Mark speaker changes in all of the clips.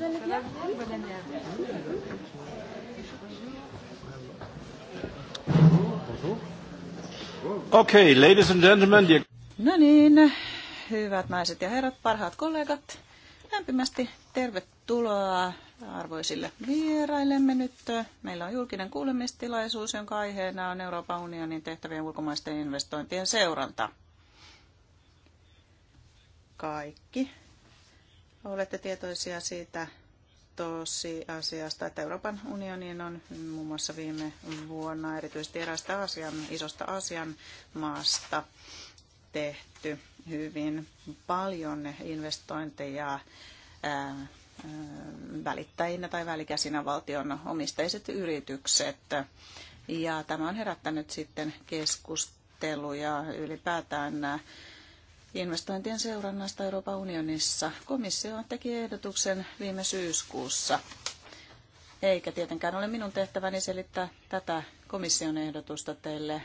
Speaker 1: Vous allez bien
Speaker 2: Oui, Okei, okay, ladies and gentlemen. Dear...
Speaker 3: No niin, hyvät naiset ja herrat, parhaat kollegat, lämpimästi tervetuloa arvoisille vierailemme nyt. Meillä on julkinen kuulemistilaisuus, jonka aiheena on Euroopan unionin tehtävien ulkomaisten investointien seuranta. Kaikki olette tietoisia siitä tosi asiasta, että Euroopan unionin on muun muassa viime vuonna erityisesti erästä asian, isosta asian maasta tehty hyvin paljon investointeja välittäjinä tai välikäsinä valtion omisteiset yritykset. Ja tämä on herättänyt sitten keskusteluja ylipäätään investointien seurannasta Euroopan unionissa. Komissio teki ehdotuksen viime syyskuussa. Eikä tietenkään ole minun tehtäväni selittää tätä komission ehdotusta teille,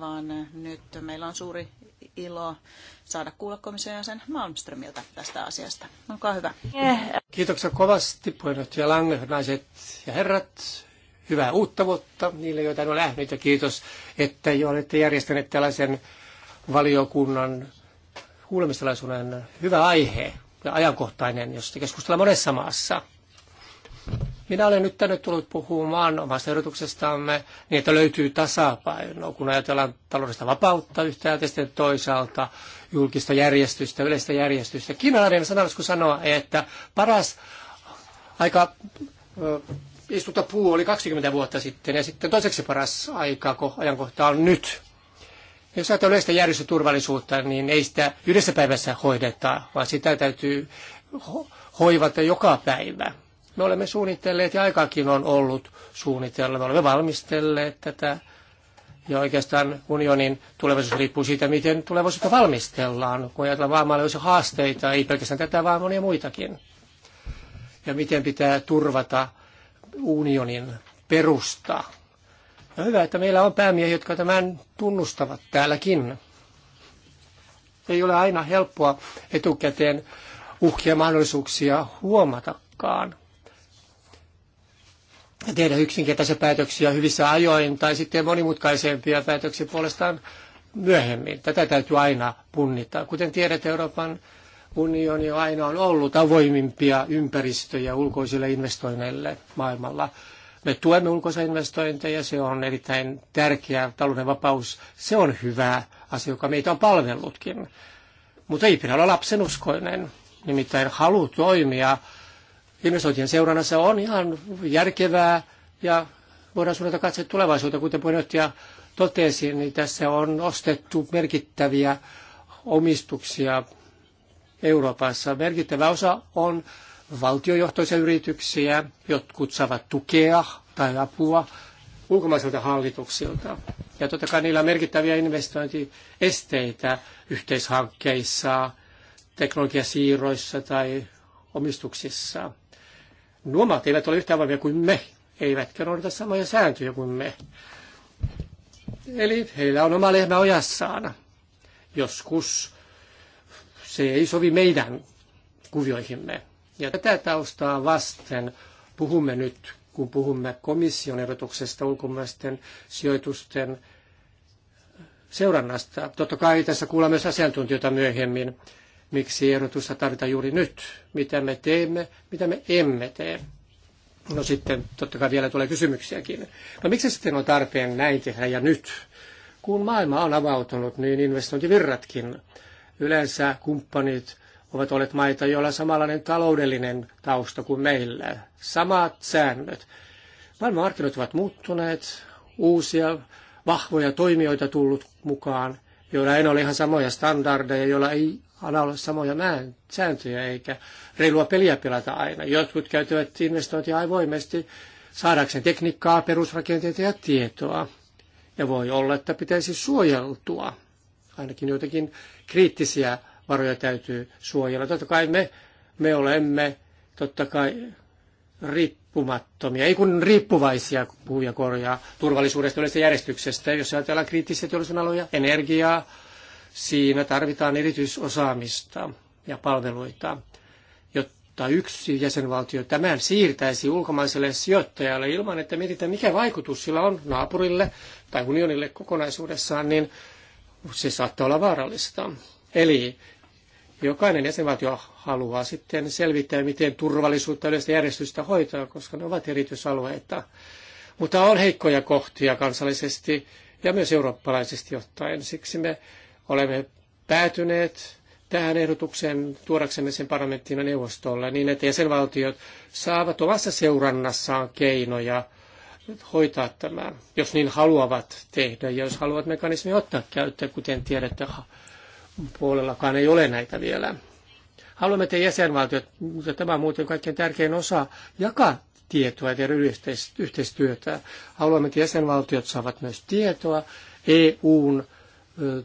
Speaker 3: vaan nyt meillä on suuri ilo saada kuulla komission jäsen Malmströmiltä tästä asiasta. Olkaa hyvä. Kiitoksia
Speaker 4: kovasti puheenjohtaja Lange, naiset ja herrat. Hyvää uutta vuotta niille, joita en ole nähnyt, ja kiitos, että jo olette järjestäneet tällaisen valiokunnan kuulemistilaisuuden hyvä aihe ja ajankohtainen, josta keskustellaan monessa maassa. Minä olen nyt tänne tullut puhumaan omasta ehdotuksestamme niin, että löytyy tasapaino, kun ajatellaan taloudellista vapautta yhtäältä ja toisaalta julkista järjestystä, yleistä järjestystä. Kiinalainen kun sanoa, että paras aika puu oli 20 vuotta sitten ja sitten toiseksi paras aika, ajankohta on nyt. Jos ajatellaan yleistä järjestöturvallisuutta, niin ei sitä yhdessä päivässä hoideta, vaan sitä täytyy ho- hoivata joka päivä. Me olemme suunnitelleet ja aikaakin on ollut suunnitella. Me olemme valmistelleet tätä ja oikeastaan unionin tulevaisuus riippuu siitä, miten tulevaisuutta valmistellaan. Kun ajatellaan maailmanlaajuisia haasteita, ei pelkästään tätä, vaan monia muitakin. Ja miten pitää turvata unionin perusta. No hyvä, että meillä on päämiehiä, jotka tämän tunnustavat täälläkin. Ei ole aina helppoa etukäteen uhkia mahdollisuuksia huomatakaan. Ja tehdä yksinkertaisia päätöksiä hyvissä ajoin tai sitten monimutkaisempia päätöksiä puolestaan myöhemmin. Tätä täytyy aina punnita. Kuten tiedät, Euroopan unioni on aina ollut avoimimpia ympäristöjä ulkoisille investoinneille maailmalla. Me tuemme ulkoisia investointeja, se on erittäin tärkeä talouden vapaus, se on hyvä asia, joka meitä on palvellutkin. Mutta ei pidä olla lapsenuskoinen, nimittäin halu toimia investointien seurannassa on ihan järkevää ja voidaan suunnata katse tulevaisuuteen, kuten puheenjohtaja totesi, niin tässä on ostettu merkittäviä omistuksia Euroopassa. Merkittävä osa on valtiojohtoisia yrityksiä, jotkut saavat tukea tai apua ulkomaisilta hallituksilta. Ja totta kai niillä on merkittäviä investointiesteitä yhteishankkeissa, teknologiasiirroissa tai omistuksissa. Nuo maat eivät ole yhtä avoimia kuin me, eivätkä noudata samoja sääntöjä kuin me. Eli heillä on oma lehmä ojassaan. Joskus se ei sovi meidän kuvioihimme. Ja tätä taustaa vasten puhumme nyt, kun puhumme komission erotuksesta ulkomaisten sijoitusten seurannasta. Totta kai tässä kuullaan myös asiantuntijoita myöhemmin, miksi erotusta tarvitaan juuri nyt, mitä me teemme, mitä me emme tee. No sitten totta kai vielä tulee kysymyksiäkin. No miksi sitten on tarpeen näin tehdä ja nyt? Kun maailma on avautunut, niin investointivirratkin yleensä kumppanit ovat olleet maita, joilla on samanlainen taloudellinen tausta kuin meillä. Samat säännöt. markkinat ovat muuttuneet, uusia vahvoja toimijoita tullut mukaan, joilla ei ole ihan samoja standardeja, joilla ei aina ole samoja sääntöjä eikä reilua peliä pelata aina. Jotkut käyttävät investointia avoimesti saadakseen tekniikkaa, perusrakenteita ja tietoa. Ja voi olla, että pitäisi suojeltua ainakin joitakin kriittisiä varoja täytyy suojella. Totta kai me, me olemme totta kai riippumattomia, ei kun riippuvaisia puhuja korjaa turvallisuudesta yleisestä järjestyksestä. Jos ajatellaan kriittisiä teollisuuden energiaa, siinä tarvitaan erityisosaamista ja palveluita, jotta yksi jäsenvaltio tämän siirtäisi ulkomaiselle sijoittajalle ilman, että mietitään mikä vaikutus sillä on naapurille tai unionille kokonaisuudessaan, niin se saattaa olla vaarallista. Eli Jokainen jäsenvaltio haluaa sitten selvittää, miten turvallisuutta yleistä järjestystä hoitaa, koska ne ovat erityisalueita. Mutta on heikkoja kohtia kansallisesti ja myös eurooppalaisesti ottaen. Siksi me olemme päätyneet tähän ehdotukseen tuodaksemme sen parlamenttiin ja neuvostolle niin, että jäsenvaltiot saavat omassa seurannassaan keinoja hoitaa tämän, jos niin haluavat tehdä ja jos haluavat mekanismi ottaa käyttöön, kuten tiedätte, puolellakaan ei ole näitä vielä. Haluamme te jäsenvaltiot, mutta tämä on muuten kaikkein tärkein osa, jakaa tietoa ja yhteistyötä. Haluamme, että jäsenvaltiot saavat myös tietoa EUn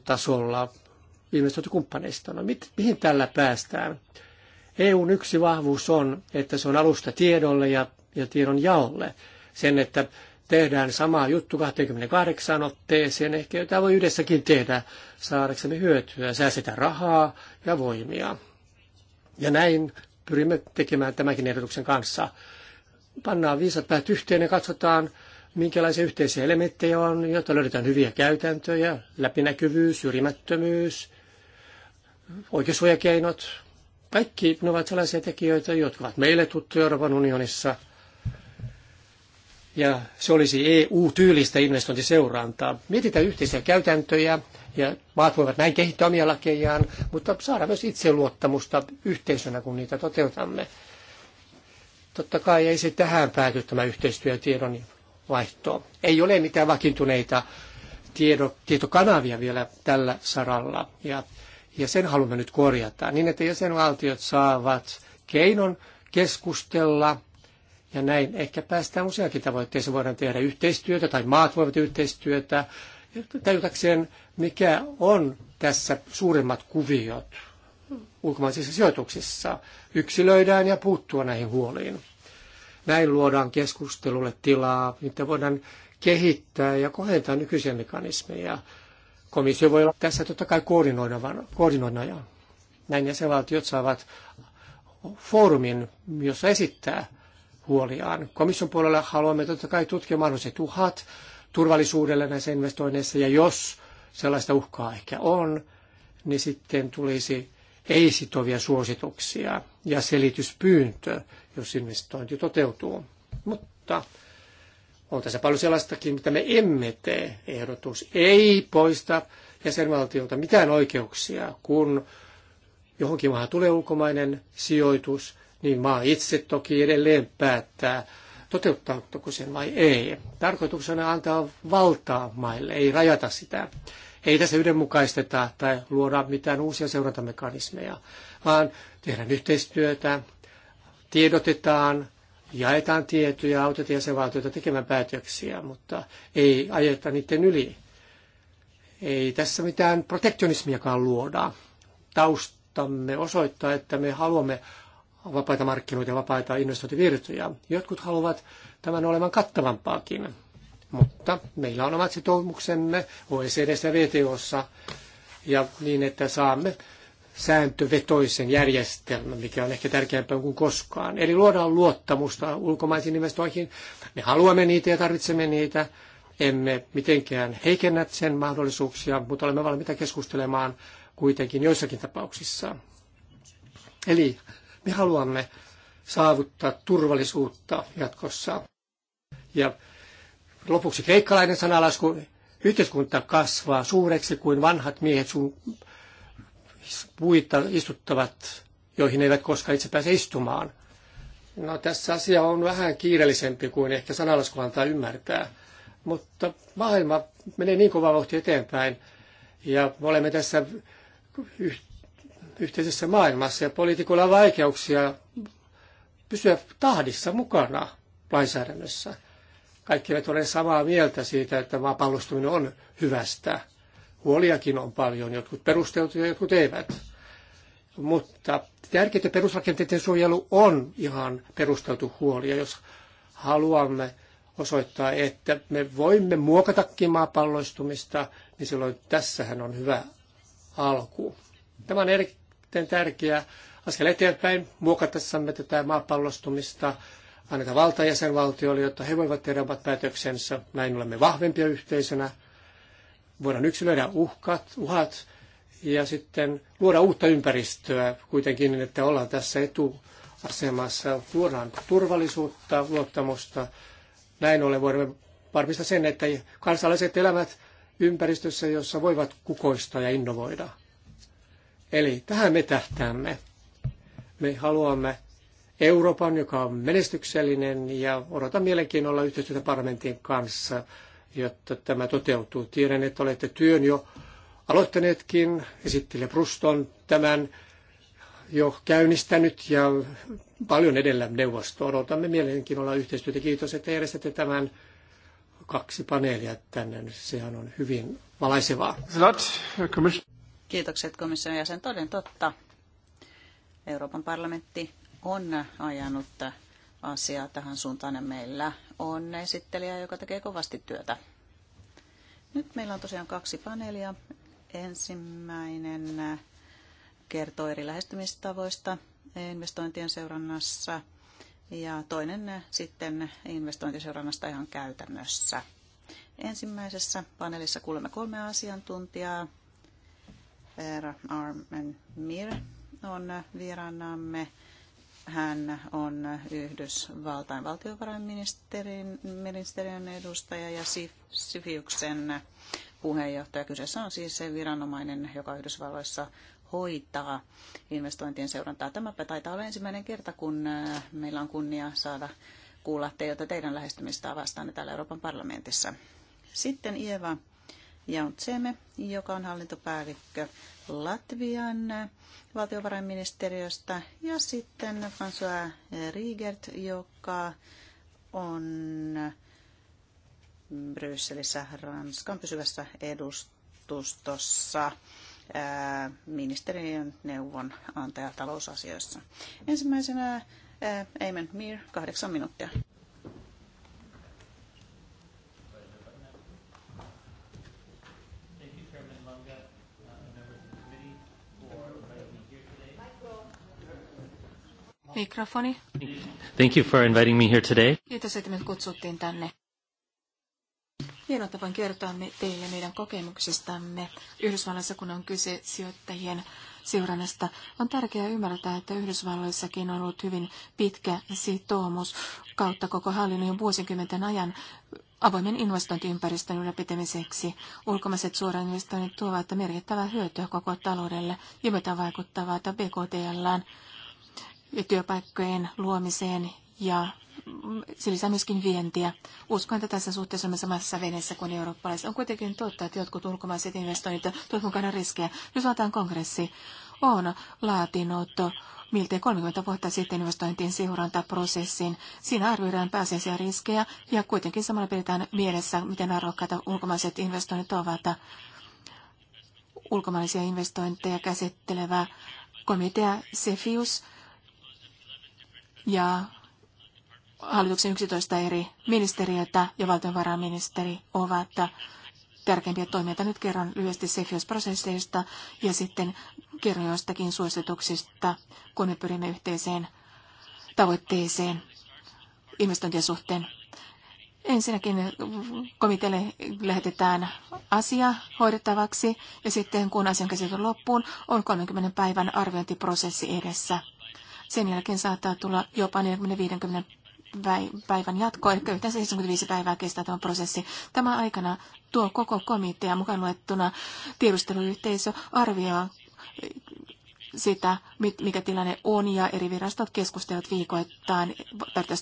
Speaker 4: tasolla investointikumppaneista. No, mit, mihin tällä päästään? EUn yksi vahvuus on, että se on alusta tiedolle ja, ja tiedon jaolle. Sen, että tehdään sama juttu 28 otteeseen. Ehkä jotain voi yhdessäkin tehdä saadaksemme hyötyä, säästetään rahaa ja voimia. Ja näin pyrimme tekemään tämänkin ehdotuksen kanssa. Pannaan viisat päät yhteen ja katsotaan, minkälaisia yhteisiä elementtejä on, jotta löydetään hyviä käytäntöjä, läpinäkyvyys, syrjimättömyys, oikeusuojakeinot. Kaikki ne ovat sellaisia tekijöitä, jotka ovat meille tuttuja Euroopan unionissa – ja se olisi EU-tyylistä investointiseurantaa. Mietitään yhteisiä käytäntöjä ja maat voivat näin kehittää omia lakejaan, mutta saada myös itseluottamusta yhteisönä, kun niitä toteutamme. Totta kai ei se tähän pääty tämä yhteistyö tiedon vaihto. Ei ole mitään vakiintuneita tiedo, tietokanavia vielä tällä saralla ja, ja sen haluamme nyt korjata niin, että jäsenvaltiot saavat keinon keskustella – ja näin ehkä päästään useakin tavoitteessa. Voidaan tehdä yhteistyötä tai maat voivat yhteistyötä tajutakseen, mikä on tässä suuremmat kuviot ulkomaisissa sijoituksissa. Yksilöidään ja puuttua näihin huoliin. Näin luodaan keskustelulle tilaa, mitä voidaan kehittää ja kohentaa nykyisiä mekanismeja. Komissio voi olla tässä totta kai koordinoidana. Näin jäsenvaltiot saavat foorumin, jossa esittää huoliaan. Komission puolella haluamme totta kai tutkia mahdolliset uhat turvallisuudelle näissä investoinneissa, ja jos sellaista uhkaa ehkä on, niin sitten tulisi ei-sitovia suosituksia ja selityspyyntö, jos investointi toteutuu. Mutta on tässä paljon sellaistakin, mitä me emme tee. Ehdotus ei poista jäsenvaltiolta mitään oikeuksia, kun johonkin maahan tulee ulkomainen sijoitus niin maa itse toki edelleen päättää, toteuttaako sen vai ei. Tarkoituksena antaa valtaa maille, ei rajata sitä. Ei tässä yhdenmukaisteta tai luoda mitään uusia seurantamekanismeja, vaan tehdään yhteistyötä, tiedotetaan, jaetaan tietoja, autetaan jäsenvaltioita tekemään päätöksiä, mutta ei ajeta niiden yli. Ei tässä mitään protektionismiakaan luoda. Taustamme osoittaa, että me haluamme vapaita markkinoita ja vapaita investointivirtoja. Jotkut haluavat tämän olevan kattavampaakin, mutta meillä on omat sitoumuksemme OECDssä ja VTOssa ja niin, että saamme sääntövetoisen järjestelmän, mikä on ehkä tärkeämpää kuin koskaan. Eli luodaan luottamusta ulkomaisiin investoihin. Me haluamme niitä ja tarvitsemme niitä. Emme mitenkään heikennä sen mahdollisuuksia, mutta olemme valmiita keskustelemaan kuitenkin joissakin tapauksissa. Eli me haluamme saavuttaa turvallisuutta jatkossa. Ja lopuksi kreikkalainen sanalasku, yhteiskunta kasvaa suureksi kuin vanhat miehet sun puita istuttavat, joihin eivät koskaan itse pääse istumaan. No tässä asia on vähän kiireellisempi kuin ehkä sanalasku antaa ymmärtää, mutta maailma menee niin kovaa vauhtia eteenpäin ja me olemme tässä yhteisessä maailmassa ja poliitikoilla on vaikeuksia pysyä tahdissa mukana lainsäädännössä. Kaikki eivät ole samaa mieltä siitä, että maapallostuminen on hyvästä. Huoliakin on paljon, jotkut perusteltuja, jotkut eivät. Mutta tärkeintä perusrakenteiden suojelu on ihan perusteltu huoli. Ja jos haluamme osoittaa, että me voimme muokatakin maapalloistumista, niin silloin tässähän on hyvä alku. Tämä on erittäin tärkeä askel eteenpäin muokatessamme tätä maapallostumista, annetaan valta jäsenvaltioille, jotta he voivat tehdä omat päätöksensä. Näin olemme vahvempia yhteisönä. Voidaan yksilöidä uhkat, uhat ja sitten luoda uutta ympäristöä kuitenkin, niin että ollaan tässä etuasemassa, luodaan turvallisuutta, luottamusta. Näin ollen voimme varmistaa sen, että kansalaiset elävät ympäristössä, jossa voivat kukoistaa ja innovoida. Eli tähän me tähtäämme. Me haluamme Euroopan, joka on menestyksellinen ja odotan mielenkiinnolla yhteistyötä parlamentin kanssa, jotta tämä toteutuu. Tiedän, että olette työn jo aloittaneetkin. Esittelijä Bruston tämän jo käynnistänyt ja paljon edellä neuvosto. Odotamme mielenkiinnolla yhteistyötä. Kiitos, että järjestätte tämän kaksi paneelia tänne. Sehän on hyvin valaisevaa.
Speaker 3: Kiitokset komission jäsen. Toden totta. Euroopan parlamentti on ajanut asiaa tähän suuntaan ja meillä on esittelijä, joka tekee kovasti työtä. Nyt meillä on tosiaan kaksi paneelia. Ensimmäinen kertoo eri lähestymistavoista investointien seurannassa ja toinen sitten investointiseurannasta ihan käytännössä. Ensimmäisessä paneelissa kuulemme kolme asiantuntijaa. Vera Armen Mir on vieraanamme. Hän on Yhdysvaltain valtiovarainministeriön edustaja ja Sifiuksen puheenjohtaja. Kyseessä on siis se viranomainen, joka Yhdysvalloissa hoitaa investointien seurantaa. Tämäpä taitaa olla ensimmäinen kerta, kun äh, meillä on kunnia saada kuulla teiltä teidän lähestymistä vastaan täällä Euroopan parlamentissa. Sitten Ieva Jauntseme, joka on hallintopäällikkö Latvian valtiovarainministeriöstä, ja sitten François Riegert, joka on Brysselissä Ranskan pysyvässä edustustossa ministeriön neuvonantaja talousasioissa. Ensimmäisenä Eimen Mir, kahdeksan minuuttia.
Speaker 2: Mikrofoni.
Speaker 1: Thank you for inviting me here today.
Speaker 2: Kiitos, että minut kutsuttiin tänne. Hienoa tavan kertoa teille meidän kokemuksistamme Yhdysvalloissa, kun on kyse sijoittajien seurannasta. On tärkeää ymmärtää, että Yhdysvalloissakin on ollut hyvin pitkä sitoumus kautta koko hallinnon vuosikymmenten ajan avoimen investointiympäristön ylläpitämiseksi. Ulkomaiset suorainvestoinnit tuovat merkittävää hyötyä koko taloudelle ja myötä BKTL BKTLään työpaikkojen luomiseen ja se lisää myöskin vientiä. Uskon, että tässä suhteessa olemme samassa veneessä kuin eurooppalaiset. On kuitenkin totta, että jotkut ulkomaiset investoinnit tuovat mukana riskejä. Nyt valtaan kongressi on laatinut miltei 30 vuotta sitten investointien seurantaprosessin. Siinä arvioidaan pääasiassa riskejä ja kuitenkin samalla pidetään mielessä, miten arvokkaita ulkomaiset investoinnit ovat. Ulkomaisia investointeja käsittelevä komitea Cefius ja hallituksen 11 eri ministeriötä ja valtionvarainministeri ovat tärkeimpiä toimijoita. Nyt kerron lyhyesti CFIOS-prosesseista ja sitten kerron joistakin suosituksista, kun me pyrimme yhteiseen tavoitteeseen investointien suhteen. Ensinnäkin komitealle lähetetään asia hoidettavaksi ja sitten kun asian käsitys on loppuun, on 30 päivän arviointiprosessi edessä. Sen jälkeen saattaa tulla jopa 50 päivän jatko, eli yhteensä 75 päivää kestää tämä prosessi. Tämä aikana tuo koko komitea mukaan luettuna tiedusteluyhteisö arvioi sitä, mikä tilanne on, ja eri virastot keskustelevat viikoittain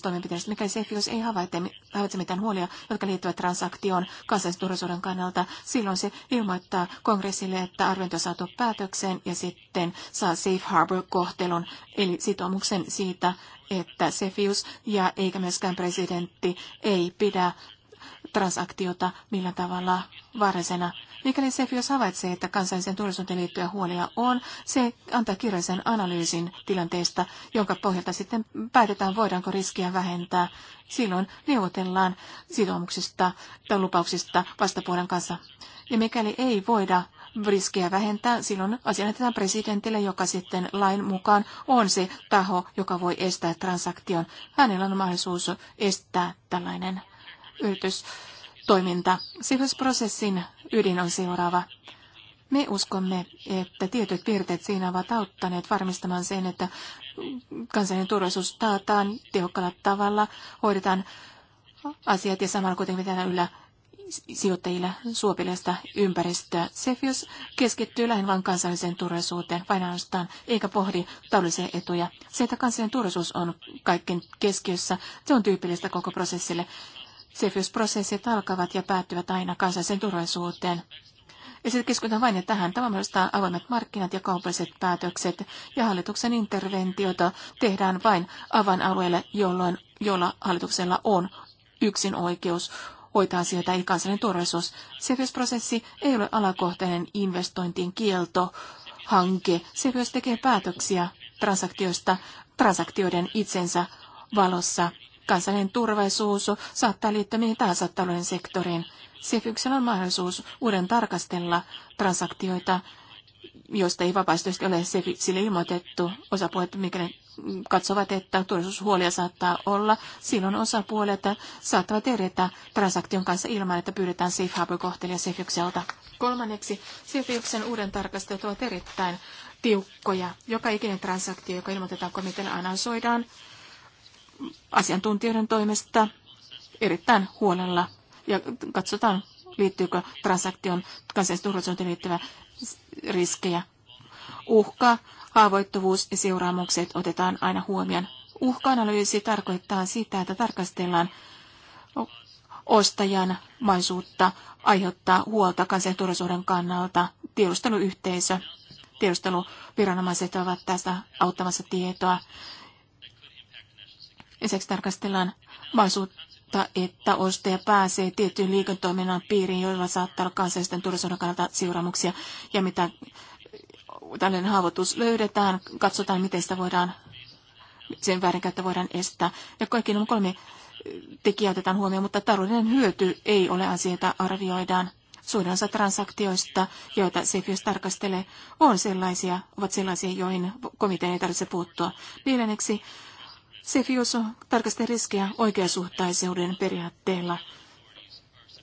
Speaker 2: toimenpiteistä, mikä se, jos ei havaitse, havaitse mitään huolia, jotka liittyvät transaktioon kansallisen kannalta, silloin se ilmoittaa kongressille, että arviointi on saatu päätökseen, ja sitten saa safe harbor-kohtelun, eli sitoumuksen siitä, että Cefius ja eikä myöskään presidentti ei pidä transaktiota millään tavalla varsena Mikäli CEFIOS havaitsee, että kansalliseen turvallisuuteen liittyviä huolia on, se antaa kirjallisen analyysin tilanteesta, jonka pohjalta sitten päätetään, voidaanko riskiä vähentää. Silloin neuvotellaan sitoumuksista tai lupauksista vastapuolen kanssa. Ja mikäli ei voida riskejä vähentää, silloin asennetaan presidentille, joka sitten lain mukaan on se taho, joka voi estää transaktion. Hänellä on mahdollisuus estää tällainen yritys toiminta. Sijoitusprosessin ydin on seuraava. Me uskomme, että tietyt piirteet siinä ovat auttaneet varmistamaan sen, että kansallinen turvallisuus taataan tehokkaalla tavalla, hoidetaan asiat ja samalla kuitenkin pitää yllä sijoittajilla suopilasta ympäristöä. Cefius keskittyy lähinnä vain kansalliseen turvallisuuteen, vain ainoastaan, eikä pohdi taloudellisia etuja. Se, että kansallinen turvallisuus on kaikkien keskiössä, se on tyypillistä koko prosessille cfius alkavat ja päättyvät aina kansallisen turvallisuuteen. Ja sitten keskitytään vain tähän. Tämä avoimet markkinat ja kaupalliset päätökset, ja hallituksen interventiota tehdään vain alueelle, jolloin, jolla hallituksella on yksin oikeus hoitaa asioita, eli kansallinen turvallisuus. cfius ei ole alakohtainen investointien kielto, hanke. Se myös tekee päätöksiä transaktioista transaktioiden itsensä valossa Kansallinen turvallisuus saattaa liittyä mihin tahansa talouden sektoriin. SEFYksellä on mahdollisuus uuden tarkastella transaktioita, joista ei vapaaehtoisesti ole sille ilmoitettu. Osapuolet, ne katsovat, että turvallisuushuolia saattaa olla, silloin osapuolet saattavat edetä transaktion kanssa ilman, että pyydetään safe harbor-kohtelia SEFYkseltä. Kolmanneksi, SEFYksen uuden tarkastelut ovat erittäin tiukkoja. Joka ikinen transaktio, joka ilmoitetaan komitealle, analysoidaan asiantuntijoiden toimesta erittäin huolella ja katsotaan, liittyykö transaktion kansalliseen turvallisuuteen liittyvä riskejä. Uhka, haavoittuvuus ja seuraamukset otetaan aina huomioon. Uhka-analyysi tarkoittaa sitä, että tarkastellaan ostajan maisuutta aiheuttaa huolta kansallisen turvallisuuden kannalta. Tiedusteluyhteisö, tiedusteluviranomaiset ovat tästä auttamassa tietoa. Ensiksi tarkastellaan mahdollisuutta, että ostaja pääsee tiettyyn liiketoiminnan piiriin, joilla saattaa olla kansallisten turvallisuuden kannalta seuraamuksia ja mitä tällainen haavoitus löydetään, katsotaan miten sitä voidaan, sen väärinkäyttö voidaan estää. Ja kaikki nämä kolme tekijää otetaan huomioon, mutta taloudellinen hyöty ei ole asioita arvioidaan. Suurin osa transaktioista, joita CFIUS tarkastelee, on sellaisia, ovat sellaisia, joihin komitean ei tarvitse puuttua. Viidenneksi Sefius tarkasti riskejä oikeasuhtaisuuden periaatteella.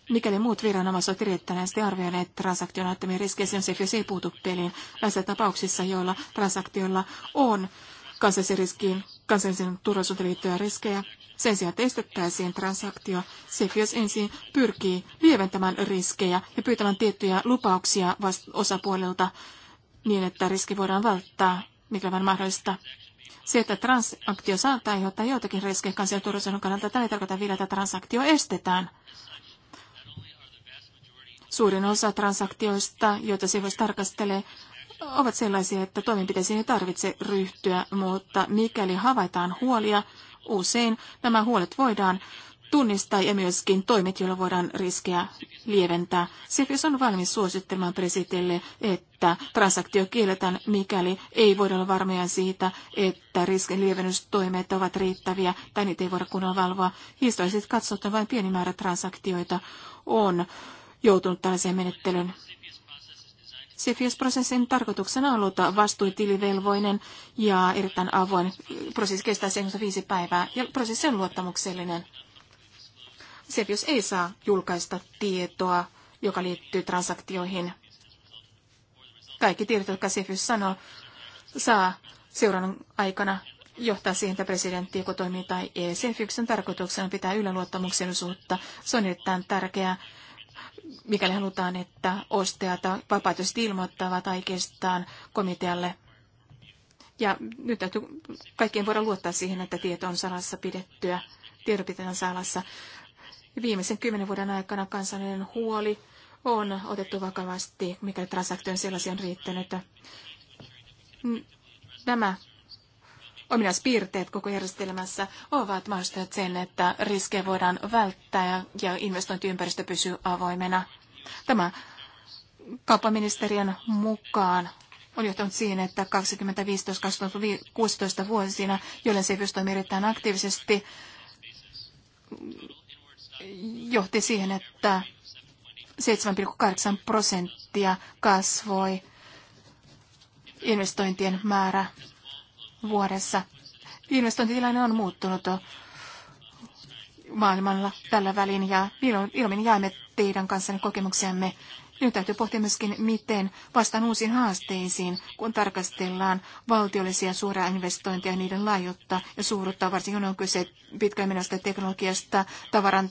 Speaker 2: Mikäli muut viranomaiset ovat erittäneet arvioineet transaktion aiheuttamia riskejä, Sefius ei puutu peliin näissä tapauksissa, joilla transaktioilla on kansallisen riskiin, kansallisen turvallisuuteen liittyviä riskejä. Sen sijaan, testettäisiin transaktio, Sefius ensin pyrkii lieventämään riskejä ja pyytämään tiettyjä lupauksia osapuolilta niin, että riski voidaan välttää, mikä on mahdollista. Se, että transaktio saattaa aiheuttaa joitakin riskejä kansallisen turvallisuuden kannalta, tämä ei tarkoita vielä, että transaktio estetään. Suurin osa transaktioista, joita voisi tarkastelee, ovat sellaisia, että toimenpiteisiin ei tarvitse ryhtyä, mutta mikäli havaitaan huolia, usein nämä huolet voidaan tunnistaa ja myöskin toimet, joilla voidaan riskejä lieventää. CFIUS on valmis suosittelemaan presidentille, että transaktio kielletään, mikäli ei voida olla varmoja siitä, että riskin lievennystoimet ovat riittäviä tai niitä ei voida kunnolla valvoa. Historiallisesti katsottuna vain pieni määrä transaktioita on joutunut tällaiseen menettelyyn. CFIUS-prosessin tarkoituksena on ollut vastuutilivelvoinen ja erittäin avoin. Prosessi kestää 75 päivää ja prosessi on luottamuksellinen. Sirius ei saa julkaista tietoa, joka liittyy transaktioihin. Kaikki tiedot, jotka Sirius sanoo, saa seurannan aikana johtaa siihen, että presidentti joko toimii tai ei. Siriuksen tarkoituksena pitää yllä luottamuksellisuutta. Se on erittäin tärkeää mikäli halutaan, että ostajat vapaaehtoisesti ilmoittavat aikeistaan komitealle. Ja nyt täytyy kaikkien voida luottaa siihen, että tieto on salassa pidettyä, tiedot pitää salassa. Viimeisen kymmenen vuoden aikana kansallinen huoli on otettu vakavasti, mikä transaktioon sellaisia on riittänyt. Nämä ominaispiirteet koko järjestelmässä ovat mahdollistaneet sen, että riskejä voidaan välttää ja investointiympäristö pysyy avoimena. Tämä kauppaministeriön mukaan on johtanut siihen, että 2015-2016 vuosina, jolloin se toimii erittäin aktiivisesti, johti siihen, että 7,8 prosenttia kasvoi investointien määrä vuodessa. Investointitilanne on muuttunut maailmalla tällä välin ja ilmin jaamme teidän kanssanne kokemuksiamme nyt täytyy pohtia myöskin, miten vastaan uusiin haasteisiin, kun tarkastellaan valtiollisia suoraa investointeja, niiden laajuutta ja suuruutta, varsinkin on kyse pitkäminästä teknologiasta, tavaran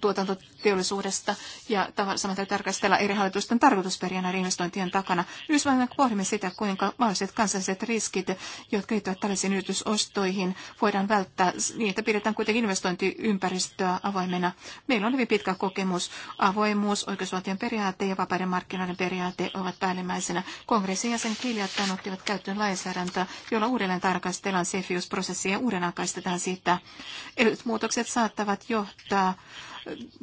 Speaker 2: tuotantoteollisuudesta ja samalla täytyy tarkastella eri hallitusten tarkoitusperiaan näiden investointien takana. Yhdysvaltain pohdimme sitä, kuinka mahdolliset kansalliset riskit, jotka liittyvät tällaisiin yritysostoihin, voidaan välttää niin, että pidetään kuitenkin investointiympäristöä avoimena. Meillä on hyvin pitkä kokemus. Avoimuus, oikeusvaltion periaate ja vapaiden markkinoiden periaate ovat päällimmäisenä. Kongressin jäsen hiljattain ottivat käyttöön lainsäädäntöä, jolla uudelleen tarkastellaan CFIUS-prosessia ja uudenaikaistetaan siitä. Elyt muutokset saattavat johtaa antaa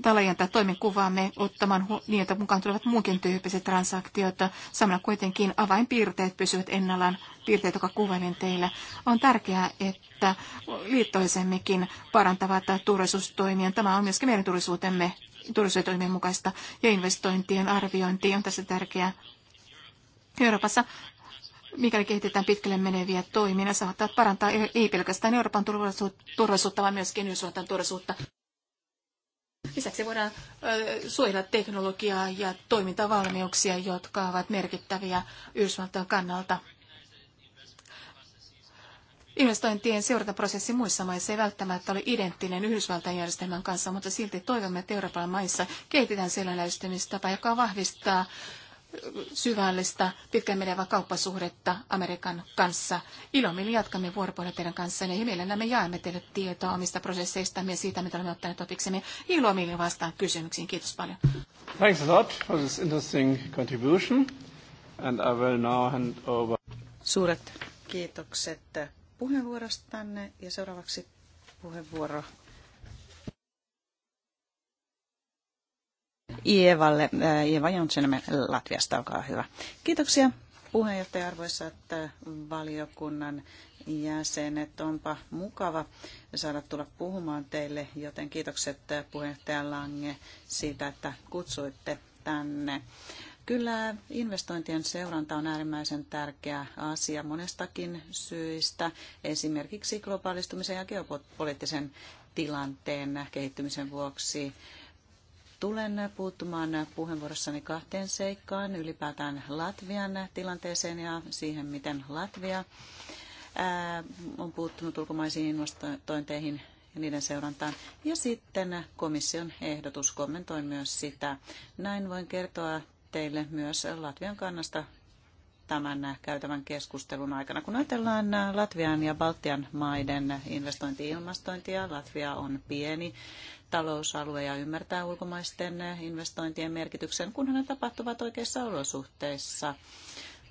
Speaker 2: tai laajentaa toimenkuvaamme ottamaan niin, että mukaan tulevat muunkin tyyppiset transaktiot. Samalla kuitenkin avainpiirteet pysyvät ennallaan, piirteet, jotka kuvailin teille. On tärkeää, että liittoisemmekin parantavat turvallisuustoimia. Tämä on myöskin meidän turvallisuutemme turvallisuustoimien mukaista ja investointien arviointi on tässä tärkeää. Euroopassa mikäli kehitetään pitkälle meneviä toimia, saattaa parantaa ei pelkästään Euroopan turvallisuutta, vaan myöskin Yhdysvaltain turvallisuutta. Lisäksi voidaan suojella teknologiaa ja toimintavalmiuksia, jotka ovat merkittäviä Yhdysvaltain kannalta. Investointien seurantaprosessi muissa maissa ei välttämättä ole identtinen Yhdysvaltain järjestelmän kanssa, mutta silti toivomme, että Euroopan maissa kehitetään sellainen lähestymistapa, joka vahvistaa syvällistä pitkään menevää kauppasuhdetta Amerikan kanssa. Ilomielin jatkamme vuoropuhelua teidän kanssa ja me jaamme teille tietoa omista prosesseista ja siitä, mitä olemme ottaneet opiksemme. Ilomielin vastaan kysymyksiin. Kiitos paljon.
Speaker 4: Thanks a lot for this interesting contribution. And I will now hand over.
Speaker 3: Suuret kiitokset puheenvuorostanne ja seuraavaksi puheenvuoro Ievalle, äh, Ieva Jontsenemme Latviasta, olkaa hyvä. Kiitoksia puheenjohtaja arvoisat äh, valiokunnan jäsenet. Onpa mukava saada tulla puhumaan teille, joten kiitokset äh, puheenjohtaja Lange siitä, että kutsuitte tänne. Kyllä investointien seuranta on äärimmäisen tärkeä asia monestakin syistä, esimerkiksi globaalistumisen ja geopoliittisen tilanteen kehittymisen vuoksi Tulen puuttumaan puheenvuorossani kahteen seikkaan, ylipäätään Latvian tilanteeseen ja siihen, miten Latvia on puuttunut ulkomaisiin investointeihin ja niiden seurantaan. Ja sitten komission ehdotus, kommentoin myös sitä. Näin voin kertoa teille myös Latvian kannasta tämän käytävän keskustelun aikana. Kun ajatellaan Latvian ja Baltian maiden investointi-ilmastointia, Latvia on pieni talousalue ja ymmärtää ulkomaisten investointien merkityksen, kunhan ne tapahtuvat oikeissa olosuhteissa.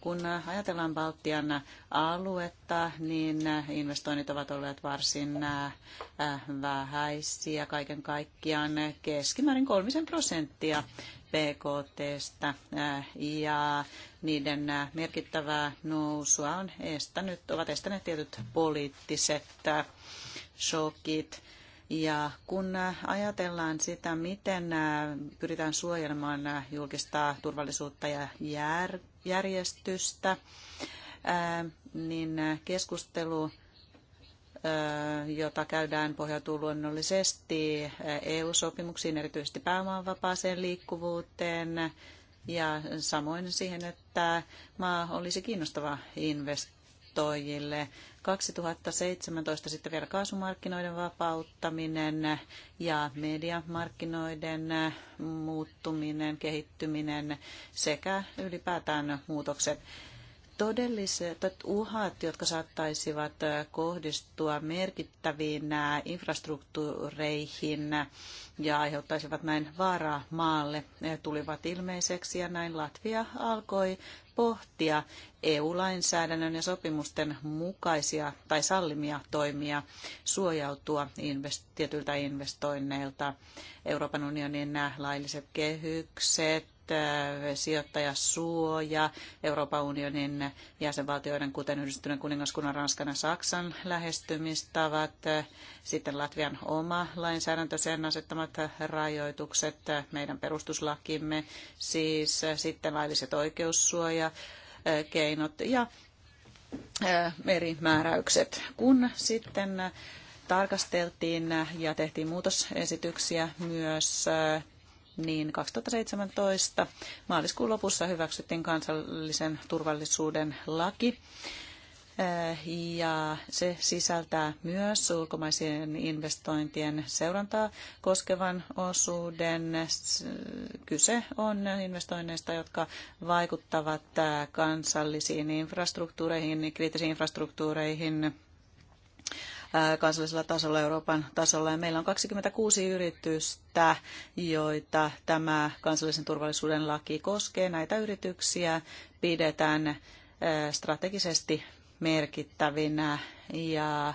Speaker 3: Kun ajatellaan Baltian aluetta, niin investoinnit ovat olleet varsin äh, vähäisiä kaiken kaikkiaan keskimäärin kolmisen prosenttia BKTstä äh, ja niiden merkittävää nousua on estänyt, ovat estäneet tietyt poliittiset äh, shokit. Ja kun ajatellaan sitä, miten äh, pyritään suojelemaan äh, julkista turvallisuutta ja järjestystä, äh, niin keskustelu jota käydään pohjautuu luonnollisesti EU-sopimuksiin, erityisesti pääomaanvapaaseen liikkuvuuteen ja samoin siihen, että maa olisi kiinnostava investointi investoijille. 2017 sitten vielä kaasumarkkinoiden vapauttaminen ja mediamarkkinoiden muuttuminen, kehittyminen sekä ylipäätään muutokset todelliset uhat, jotka saattaisivat kohdistua merkittäviin infrastruktuureihin ja aiheuttaisivat näin vaaraa maalle, tulivat ilmeiseksi ja näin Latvia alkoi pohtia EU-lainsäädännön ja sopimusten mukaisia tai sallimia toimia suojautua invest- tietyiltä investoinneilta. Euroopan unionin nämä lailliset kehykset, sijoittajasuoja, Euroopan unionin jäsenvaltioiden, kuten Yhdistyneen kuningaskunnan, Ranskan ja Saksan lähestymistavat, sitten Latvian oma lainsäädäntö, sen asettamat rajoitukset, meidän perustuslakimme, siis sitten lailliset oikeussuoja, keinot ja eri määräykset. Kun sitten tarkasteltiin ja tehtiin muutosesityksiä myös niin 2017 maaliskuun lopussa hyväksyttiin kansallisen turvallisuuden laki. Äh, ja se sisältää myös ulkomaisien investointien seurantaa koskevan osuuden. Kyse on investoinneista, jotka vaikuttavat äh, kansallisiin infrastruktuureihin, kriittisiin infrastruktuureihin, kansallisella tasolla, Euroopan tasolla. Ja meillä on 26 yritystä, joita tämä kansallisen turvallisuuden laki koskee. Näitä yrityksiä pidetään strategisesti merkittävinä ja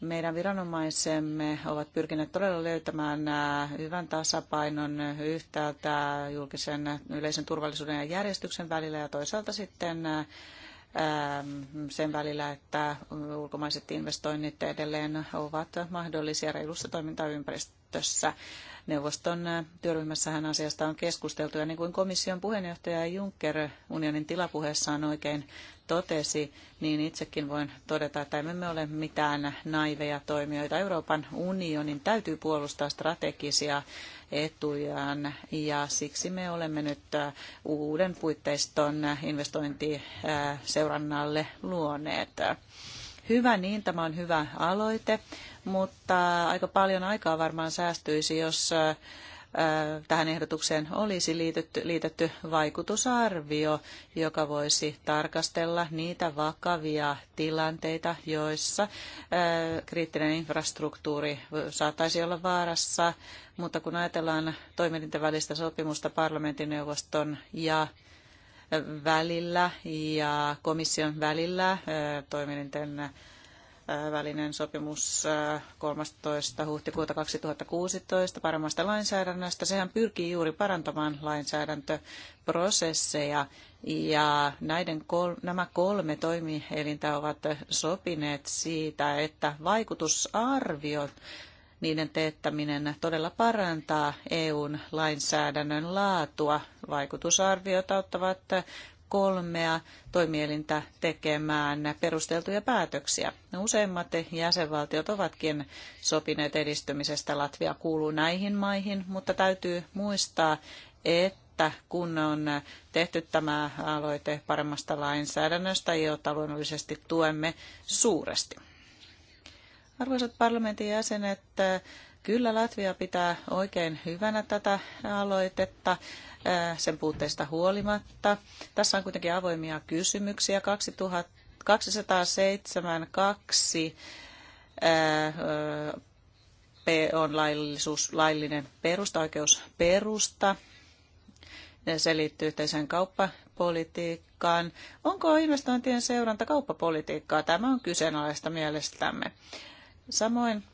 Speaker 3: meidän viranomaisemme ovat pyrkineet todella löytämään hyvän tasapainon yhtäältä julkisen yleisen turvallisuuden ja järjestyksen välillä ja toisaalta sitten Ähm, sen välillä, että ulkomaiset investoinnit edelleen ovat mahdollisia reilussa toimintaympäristössä. Neuvoston äh, työryhmässähän asiasta on keskusteltu ja niin kuin komission puheenjohtaja Juncker unionin tilapuheessaan oikein totesi, niin itsekin voin todeta, että emme me ole mitään naiveja toimijoita. Euroopan unionin täytyy puolustaa strategisia etujaan ja siksi me olemme nyt äh, uuden puitteiston investointiseurannalle luoneet. Hyvä niin, tämä on hyvä aloite, mutta aika paljon aikaa varmaan säästyisi, jos äh, tähän ehdotukseen olisi liitetty, liitetty vaikutusarvio, joka voisi tarkastella niitä vakavia tilanteita, joissa kriittinen infrastruktuuri saattaisi olla vaarassa, mutta kun ajatellaan toimintavälistä välistä sopimusta parlamentineuvoston ja välillä ja komission välillä toiminnan välinen sopimus 13. Äh, huhtikuuta 2016 paremmasta lainsäädännöstä. Sehän pyrkii juuri parantamaan lainsäädäntöprosesseja ja näiden kol- nämä kolme toimielintä ovat sopineet siitä, että vaikutusarviot niiden teettäminen todella parantaa EUn lainsäädännön laatua. Vaikutusarviot auttavat kolmea toimielintä tekemään perusteltuja päätöksiä. No, useimmat jäsenvaltiot ovatkin sopineet edistymisestä. Latvia kuuluu näihin maihin, mutta täytyy muistaa, että kun on tehty tämä aloite paremmasta lainsäädännöstä, jota luonnollisesti tuemme suuresti. Arvoisat parlamentin jäsenet, Kyllä Latvia pitää oikein hyvänä tätä aloitetta sen puutteista huolimatta. Tässä on kuitenkin avoimia kysymyksiä. 2272 on laillisuus, laillinen perusta, oikeusperusta. Se liittyy yhteiseen kauppapolitiikkaan. Onko investointien seuranta kauppapolitiikkaa? Tämä on kyseenalaista mielestämme. Samoin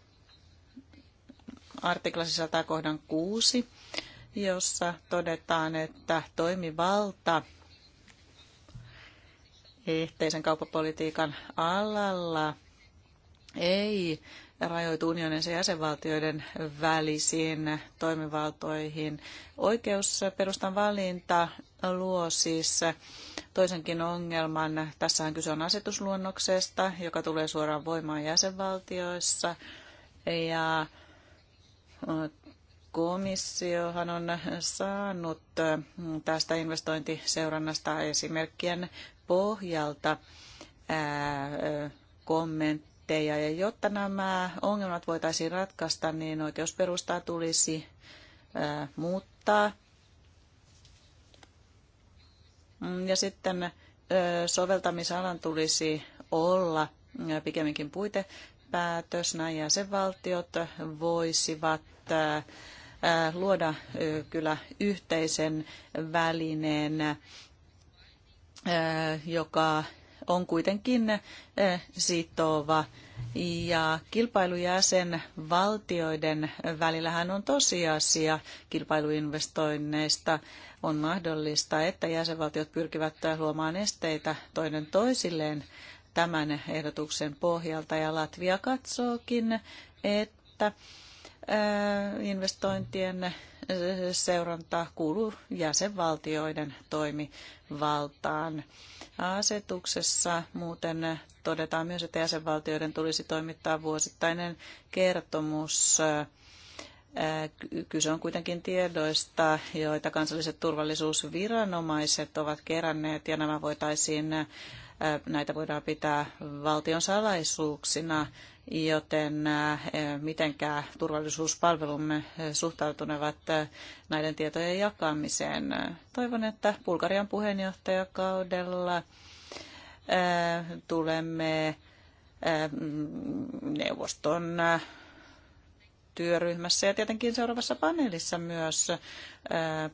Speaker 3: artikla sisältää kohdan 6, jossa todetaan, että toimivalta yhteisen kauppapolitiikan alalla ei rajoitu unionin ja jäsenvaltioiden välisiin toimivaltoihin. Oikeusperustan valinta luo siis toisenkin ongelman. Tässähän kyse on asetusluonnoksesta, joka tulee suoraan voimaan jäsenvaltioissa. Ja Komissiohan on saanut tästä investointiseurannasta esimerkkien pohjalta kommentteja. Ja jotta nämä ongelmat voitaisiin ratkaista, niin oikeusperustaa tulisi muuttaa. Ja sitten soveltamisalan tulisi olla pikemminkin puite päätös. nämä jäsenvaltiot voisivat äh, luoda kyllä yhteisen välineen, äh, joka on kuitenkin äh, sitova. Ja kilpailujäsen valtioiden välillähän on tosiasia kilpailuinvestoinneista. On mahdollista, että jäsenvaltiot pyrkivät luomaan esteitä toinen toisilleen, tämän ehdotuksen pohjalta ja Latvia katsookin, että investointien seurantaa kuuluu jäsenvaltioiden toimivaltaan. Asetuksessa muuten todetaan myös, että jäsenvaltioiden tulisi toimittaa vuosittainen kertomus. Kyse on kuitenkin tiedoista, joita kansalliset turvallisuusviranomaiset ovat keränneet, ja nämä voitaisiin näitä voidaan pitää valtion salaisuuksina, joten mitenkään turvallisuuspalvelumme suhtautunevat näiden tietojen jakamiseen. Toivon, että Bulgarian puheenjohtajakaudella tulemme neuvoston työryhmässä ja tietenkin seuraavassa paneelissa myös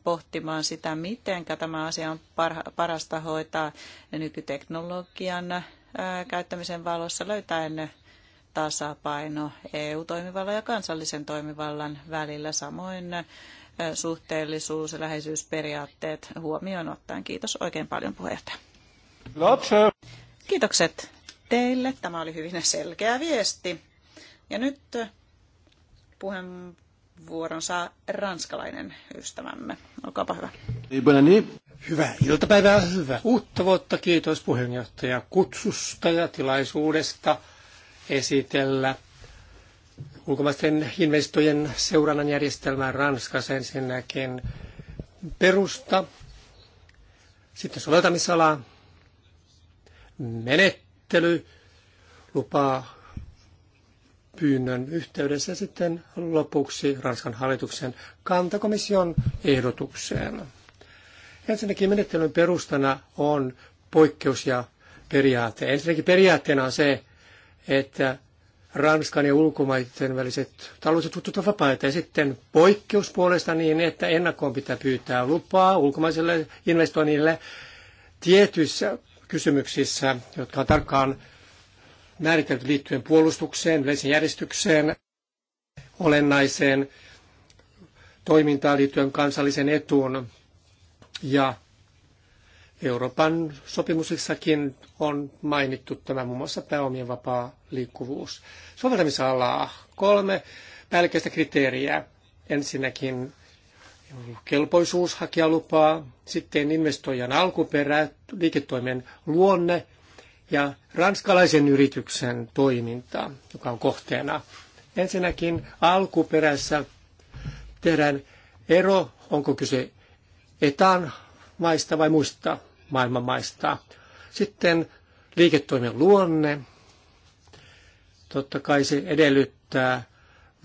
Speaker 3: pohtimaan sitä, miten tämä asia on parasta hoitaa nykyteknologian käyttämisen valossa löytäen tasapaino EU-toimivallan ja kansallisen toimivallan välillä, samoin suhteellisuus- ja läheisyysperiaatteet huomioon ottaen. Kiitos oikein paljon puheenjohtaja. Kiitokset teille. Tämä oli hyvin selkeä viesti. Ja nyt puheenvuoronsa ranskalainen ystävämme.
Speaker 2: Olkaapa hyvä. Niin, hyvää
Speaker 4: iltapäivää, hyvää uutta vuotta. Kiitos puheenjohtaja kutsusta ja tilaisuudesta esitellä ulkomaisten investojen seurannan järjestelmää Ranskassa ensinnäkin perusta, sitten soveltamisala, menettely, lupaa pyynnön yhteydessä. sitten lopuksi Ranskan hallituksen kantakomission ehdotukseen. Ensinnäkin menettelyn perustana on poikkeus ja periaate. Ensinnäkin periaatteena on se, että Ranskan ja ulkomaiden väliset taloudelliset suhteet vapaita. Ja sitten poikkeus puolesta niin, että ennakkoon pitää pyytää lupaa ulkomaiselle investoinnille tietyissä kysymyksissä, jotka on tarkkaan määritelty liittyen puolustukseen, yleiseen järjestykseen, olennaiseen toimintaan liittyen kansallisen etuun. Ja Euroopan sopimuksissakin on mainittu tämä muun muassa pääomien vapaa liikkuvuus. Soveltamisalaa kolme päällekkäistä kriteeriä. Ensinnäkin kelpoisuus hakea lupaa, sitten investoijan alkuperä, liiketoimen luonne ja ranskalaisen yrityksen toimintaa, joka on kohteena. Ensinnäkin alkuperässä tehdään ero, onko kyse etan maista vai muista maailman maista. Sitten liiketoimen luonne. Totta kai se edellyttää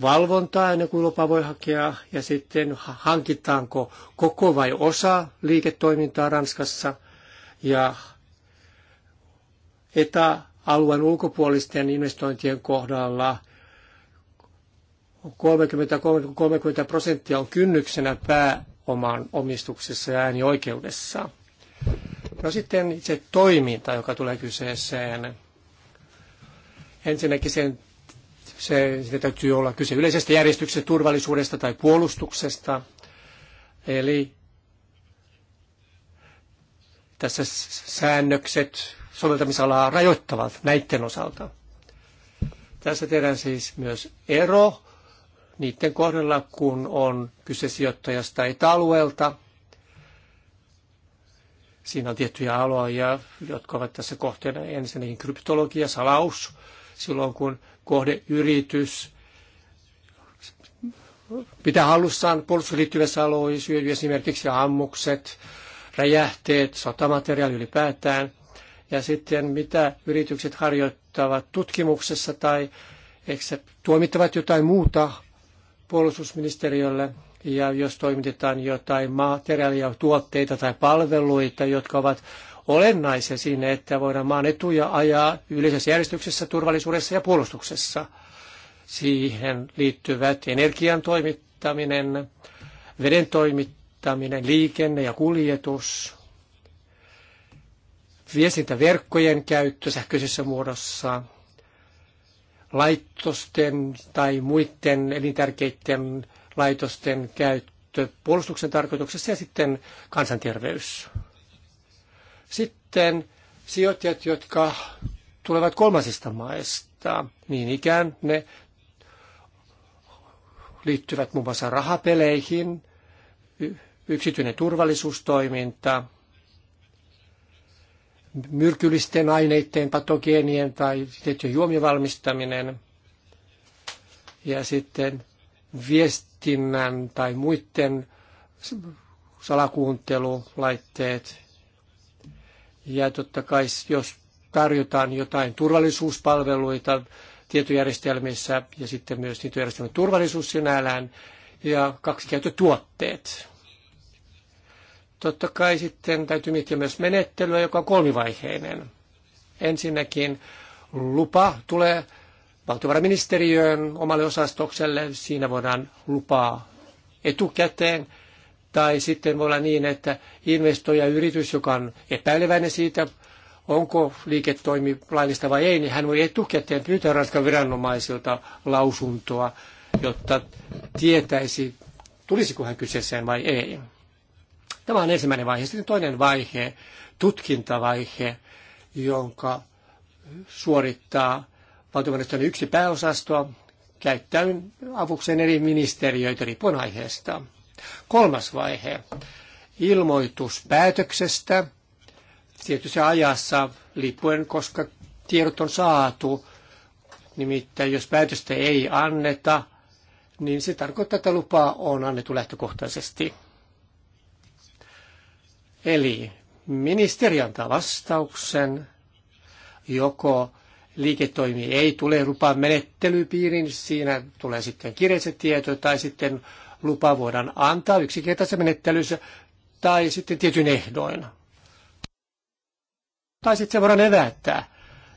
Speaker 4: valvontaa ennen kuin lupa voi hakea ja sitten hankitaanko koko vai osa liiketoimintaa Ranskassa ja että alueen ulkopuolisten investointien kohdalla 30-30 prosenttia on kynnyksenä pääoman omistuksessa ja äänioikeudessa. No sitten itse toiminta, joka tulee kyseeseen. Ensinnäkin sen, se, se täytyy olla kyse yleisestä järjestyksestä, turvallisuudesta tai puolustuksesta. Eli tässä säännökset soveltamisalaa rajoittavat näiden osalta. Tässä tehdään siis myös ero niiden kohdalla, kun on kyse sijoittajasta etäalueelta. Siinä on tiettyjä aloja, jotka ovat tässä kohteena ensinnäkin kryptologia, salaus, silloin kun kohdeyritys pitää hallussaan puolustusliittyvissä aloissa, esimerkiksi ammukset, räjähteet, sotamateriaali ylipäätään – ja sitten mitä yritykset harjoittavat tutkimuksessa tai se tuomittavat jotain muuta puolustusministeriölle ja jos toimitetaan jotain materiaalia, tuotteita tai palveluita, jotka ovat olennaisia siinä, että voidaan maan etuja ajaa yleisessä järjestyksessä, turvallisuudessa ja puolustuksessa. Siihen liittyvät energian toimittaminen, veden toimittaminen, liikenne ja kuljetus, viestintäverkkojen käyttö sähköisessä muodossa, laitosten tai muiden elintärkeiden laitosten käyttö puolustuksen tarkoituksessa ja sitten kansanterveys. Sitten sijoittajat, jotka tulevat kolmasista maista, niin ikään ne liittyvät muun muassa rahapeleihin, yksityinen turvallisuustoiminta – myrkyllisten aineiden, patogeenien tai tiettyjen juomivalmistaminen. valmistaminen. Ja sitten viestinnän tai muiden salakuuntelulaitteet. Ja totta kai, jos tarjotaan jotain turvallisuuspalveluita tietojärjestelmissä ja sitten myös tietojärjestelmän turvallisuus sinällään ja kaksikäyttötuotteet. Totta kai sitten täytyy miettiä myös menettelyä, joka on kolmivaiheinen. Ensinnäkin lupa tulee valtiovarainministeriöön omalle osastokselle, siinä voidaan lupaa etukäteen. Tai sitten voi olla niin, että investoija yritys, joka on epäileväinen siitä, onko liiketoimi laillista vai ei, niin hän voi etukäteen pyytää Ranskan viranomaisilta lausuntoa, jotta tietäisi, tulisiko hän kyseeseen vai ei. Tämä on ensimmäinen vaihe. Sitten toinen vaihe, tutkintavaihe, jonka suorittaa valtiovarainministeriön yksi pääosasto käyttäen avukseen eri ministeriöitä riippuen aiheesta. Kolmas vaihe, ilmoitus päätöksestä tietyssä ajassa liippuen, koska tiedot on saatu. Nimittäin jos päätöstä ei anneta, niin se tarkoittaa, että lupaa on annettu lähtökohtaisesti. Eli ministeri antaa vastauksen, joko liiketoimi ei tule lupaan menettelypiirin, siinä tulee sitten kirjalliset tieto, tai sitten lupa voidaan antaa yksinkertaisessa menettelyssä tai sitten tietyn ehdoin. Tai sitten se voidaan evättää,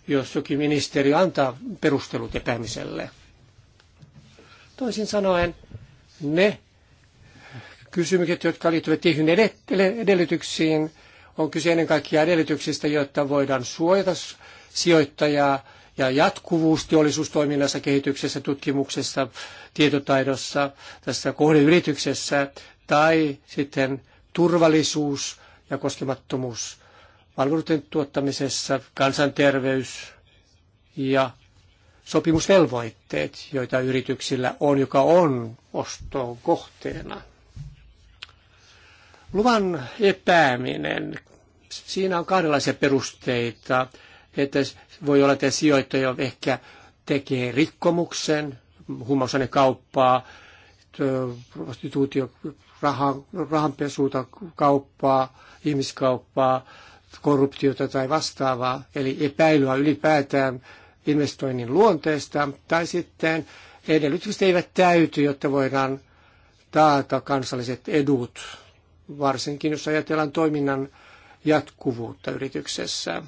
Speaker 4: jos jokin ministeri antaa perustelut epäämiselle. Toisin sanoen, ne kysymykset, jotka liittyvät tietyihin edellytyksiin. On kyse ennen kaikkea edellytyksistä, jotta voidaan suojata sijoittajaa ja jatkuvuus teollisuustoiminnassa, kehityksessä, tutkimuksessa, tietotaidossa, tässä kohdeyrityksessä tai sitten turvallisuus ja koskemattomuus palveluiden tuottamisessa, kansanterveys ja sopimusvelvoitteet, joita yrityksillä on, joka on oston kohteena. Luvan epääminen, siinä on kahdenlaisia perusteita, että voi olla, että sijoittaja ehkä tekee rikkomuksen, kauppaa, prostituutio, rahan, rahanpesuuta, kauppaa, ihmiskauppaa, korruptiota tai vastaavaa, eli epäilyä ylipäätään investoinnin luonteesta, tai sitten edellytykset eivät täyty, jotta voidaan taata kansalliset edut varsinkin jos ajatellaan toiminnan jatkuvuutta yrityksessä.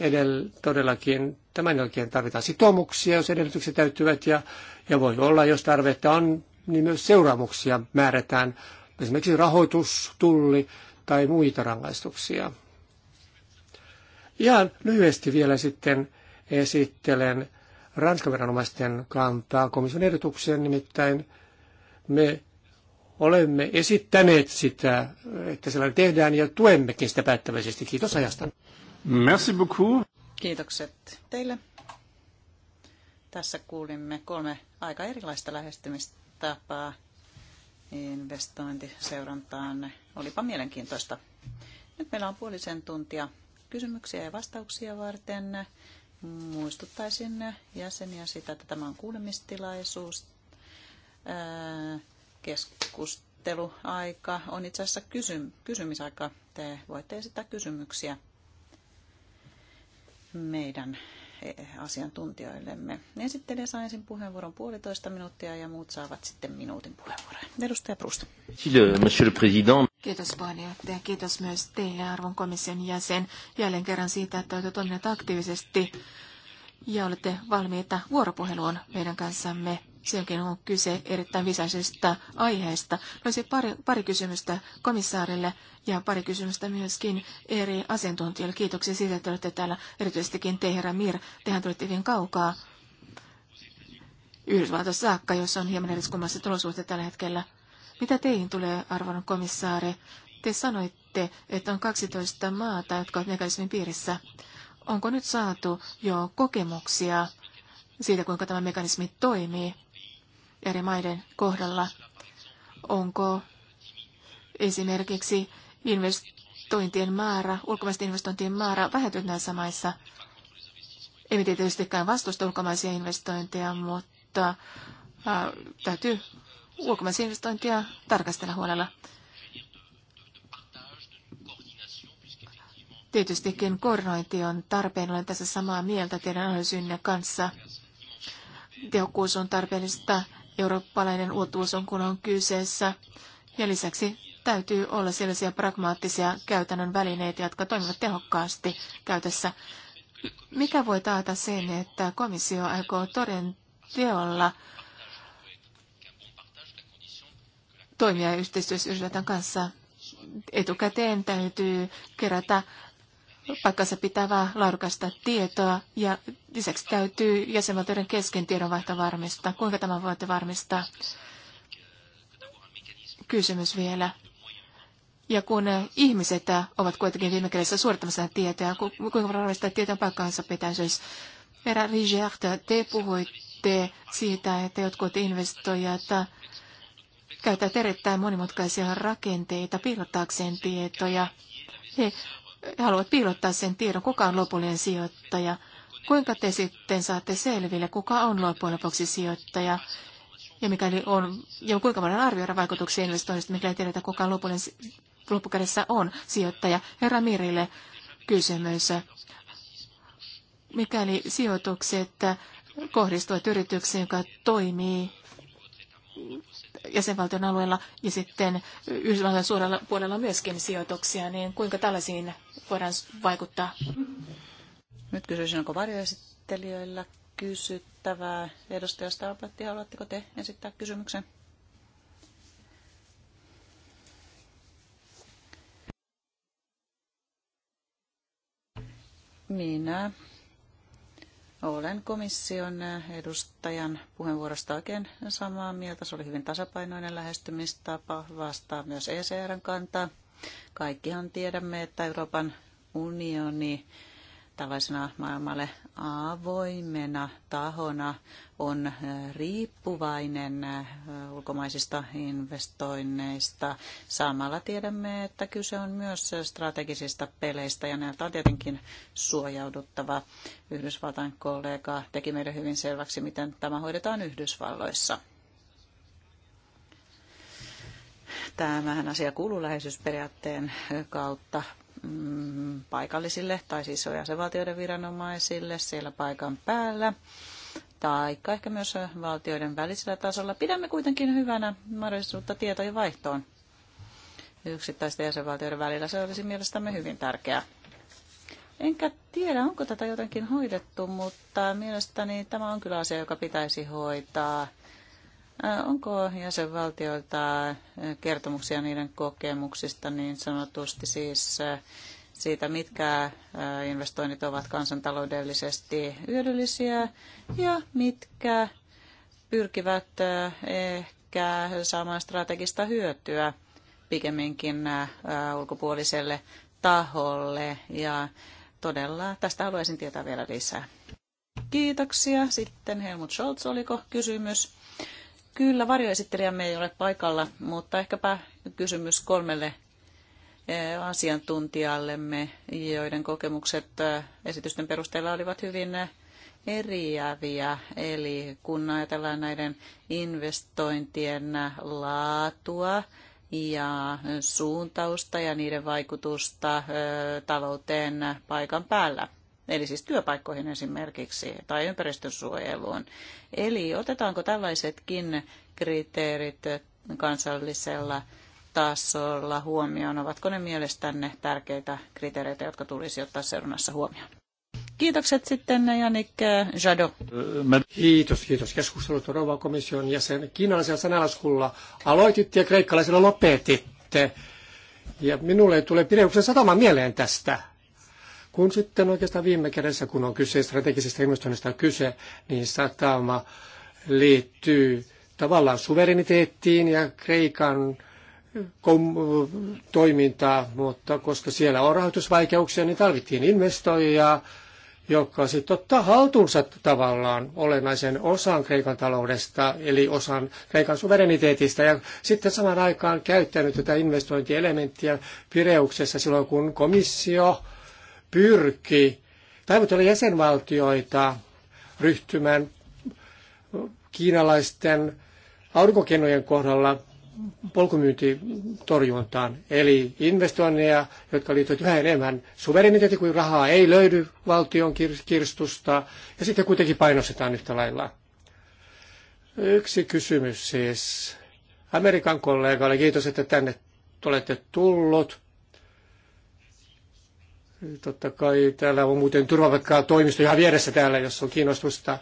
Speaker 4: Edell todellakin tämän jälkeen tarvitaan sitoumuksia, jos edellytykset täyttyvät, ja, ja voi olla, jos tarvetta on, niin myös seuraamuksia määrätään, esimerkiksi rahoitus, tulli tai muita rangaistuksia. Ihan lyhyesti vielä sitten esittelen Ranskan viranomaisten kantaa komission ehdotukseen, nimittäin me olemme esittäneet sitä, että sellainen tehdään ja tuemmekin sitä päättäväisesti. Kiitos ajasta. Merci beaucoup.
Speaker 3: Kiitokset teille. Tässä kuulimme kolme aika erilaista lähestymistapaa investointiseurantaan. Olipa mielenkiintoista. Nyt meillä on puolisen tuntia kysymyksiä ja vastauksia varten. Muistuttaisin jäseniä sitä, että tämä on kuulemistilaisuus keskusteluaika on itse asiassa kysym- kysymysaika. Te voitte esittää kysymyksiä meidän eh, asiantuntijoillemme. Esittelijä saa ensin puheenvuoron puolitoista minuuttia ja muut saavat sitten minuutin puheenvuoroja.
Speaker 2: Edustaja Proust. Kiitos puheenjohtaja. Kiitos myös teille arvon komission jäsen jälleen kerran siitä, että olette toimineet aktiivisesti ja olette valmiita vuoropuheluun meidän kanssamme sielläkin on kyse erittäin visaisesta aiheesta. Olisi pari, pari kysymystä komissaarille ja pari kysymystä myöskin eri asiantuntijoille. Kiitoksia siitä, että olette täällä, erityisestikin te, herra Mir. Tehän tulitte hyvin kaukaa Yhdysvaltoista saakka, jossa on hieman eriskummassa olosuhteet tällä hetkellä. Mitä teihin tulee, arvon komissaari? Te sanoitte, että on 12 maata, jotka ovat mekanismin piirissä. Onko nyt saatu jo kokemuksia siitä, kuinka tämä mekanismi toimii? eri maiden kohdalla? Onko esimerkiksi investointien määrä, ulkomaisten investointien määrä vähentynyt näissä maissa? Emme tietystikään vastusta ulkomaisia investointeja, mutta ää, äh, täytyy ulkomaisia investointeja tarkastella huolella. Tietystikin koordinointi on tarpeen, olen tässä samaa mieltä teidän analyysinne kanssa. Tehokkuus on tarpeellista eurooppalainen uutuus on kun on kyseessä. Ja lisäksi täytyy olla sellaisia pragmaattisia käytännön välineitä, jotka toimivat tehokkaasti käytössä. Mikä voi taata sen, että komissio aikoo toden teolla toimia yhteistyössä kanssa? Etukäteen täytyy kerätä paikkansa pitävää laadukasta tietoa ja lisäksi täytyy jäsenvaltioiden kesken tiedonvaihto varmistaa. Kuinka tämä voitte varmistaa? Kysymys vielä. Ja kun ihmiset ovat kuitenkin viime kädessä suorittamassa tietoa, kuinka varmistaa tietoa paikkansa pitäisyys? Herra Rijert, te puhuitte siitä, että jotkut investoijat käyttävät erittäin monimutkaisia rakenteita piilottaakseen tietoja. He haluavat piilottaa sen tiedon, kuka on lopullinen sijoittaja. Kuinka te sitten saatte selville, kuka on loppujen lopuksi sijoittaja? Ja mikäli on, ja kuinka voidaan arvioida vaikutuksia investoinnista, ei tiedetä, kuka on lopullinen, loppukädessä on sijoittaja. Herra Mirille kysymys. Mikäli sijoitukset kohdistuvat yritykseen, joka toimii jäsenvaltion alueella ja sitten Yhdysvaltain suurella puolella myöskin sijoituksia, niin kuinka tällaisiin voidaan vaikuttaa? Nyt kysyisin, onko varjoesittelijöillä
Speaker 3: kysyttävää. Edustaja Staapatti, haluatteko te esittää kysymyksen? Minä olen komission edustajan puheenvuorosta oikein samaa mieltä. Se oli hyvin tasapainoinen lähestymistapa, vastaa myös ECRn kantaa. Kaikkihan tiedämme, että Euroopan unioni tällaisena maailmalle avoimena tahona on äh, riippuvainen äh, ulkomaisista investoinneista. Samalla tiedämme, että kyse on myös strategisista peleistä ja näiltä on tietenkin suojauduttava. Yhdysvaltain kollega teki meille hyvin selväksi, miten tämä hoidetaan Yhdysvalloissa. Tämähän asia kuuluu läheisyysperiaatteen kautta Mm, paikallisille tai siis jäsenvaltioiden viranomaisille siellä paikan päällä tai ehkä myös valtioiden välisellä tasolla. Pidämme kuitenkin hyvänä mahdollisuutta tietojen vaihtoon yksittäisten jäsenvaltioiden välillä. Se olisi mielestämme hyvin tärkeää. Enkä tiedä, onko tätä jotenkin hoidettu, mutta mielestäni tämä on kyllä asia, joka pitäisi hoitaa Äh, onko jäsenvaltioilta äh, kertomuksia niiden kokemuksista niin sanotusti siis äh, siitä, mitkä investoinnit ovat kansantaloudellisesti hyödyllisiä ja mitkä pyrkivät ehkä saamaan strategista hyötyä pikemminkin ulkopuoliselle taholle. Ja todella tästä haluaisin tietää vielä lisää. Kiitoksia. Sitten Helmut Scholz, oliko kysymys? Kyllä, varjoesittelijämme ei ole paikalla, mutta ehkäpä kysymys kolmelle eh, asiantuntijallemme, joiden kokemukset eh, esitysten perusteella olivat hyvin eh, eriäviä. Eli kun ajatellaan näiden investointien laatua ja suuntausta ja niiden vaikutusta talouteen paikan päällä eli siis työpaikkoihin esimerkiksi tai ympäristönsuojeluun. Eli otetaanko tällaisetkin kriteerit kansallisella tasolla huomioon? Ovatko ne mielestänne tärkeitä kriteereitä, jotka tulisi ottaa seurannassa huomioon? Kiitokset sitten Janik Jado.
Speaker 4: Kiitos, kiitos. Keskustelut Euroopan komission jäsen. Kiinalaisella sanalaskulla aloititte ja kreikkalaisella lopetitte. Ja minulle tulee Pireuksen satama mieleen tästä. Kun sitten oikeastaan viime kädessä, kun on kyse strategisesta investoinnista kyse, niin satama liittyy tavallaan suvereniteettiin ja Kreikan toimintaa, mutta koska siellä on rahoitusvaikeuksia, niin tarvittiin investoijaa, joka sitten ottaa haltuunsa tavallaan olennaisen osan Kreikan taloudesta, eli osan Kreikan suvereniteetista, ja sitten samaan aikaan käyttänyt tätä investointielementtiä Pireuksessa silloin, kun komissio pyrki taivutella jäsenvaltioita ryhtymään kiinalaisten aurinkokennojen kohdalla polkumyyntitorjuntaan. Eli investoinneja, jotka liittyvät yhä enemmän suvereniteetti, kuin rahaa ei löydy valtion kirstusta, ja sitten kuitenkin painostetaan yhtä lailla. Yksi kysymys siis Amerikan kollegalle. Kiitos, että tänne olette tullut. Totta kai täällä on muuten turvapaikkaa toimisto ihan vieressä täällä, jos on kiinnostusta.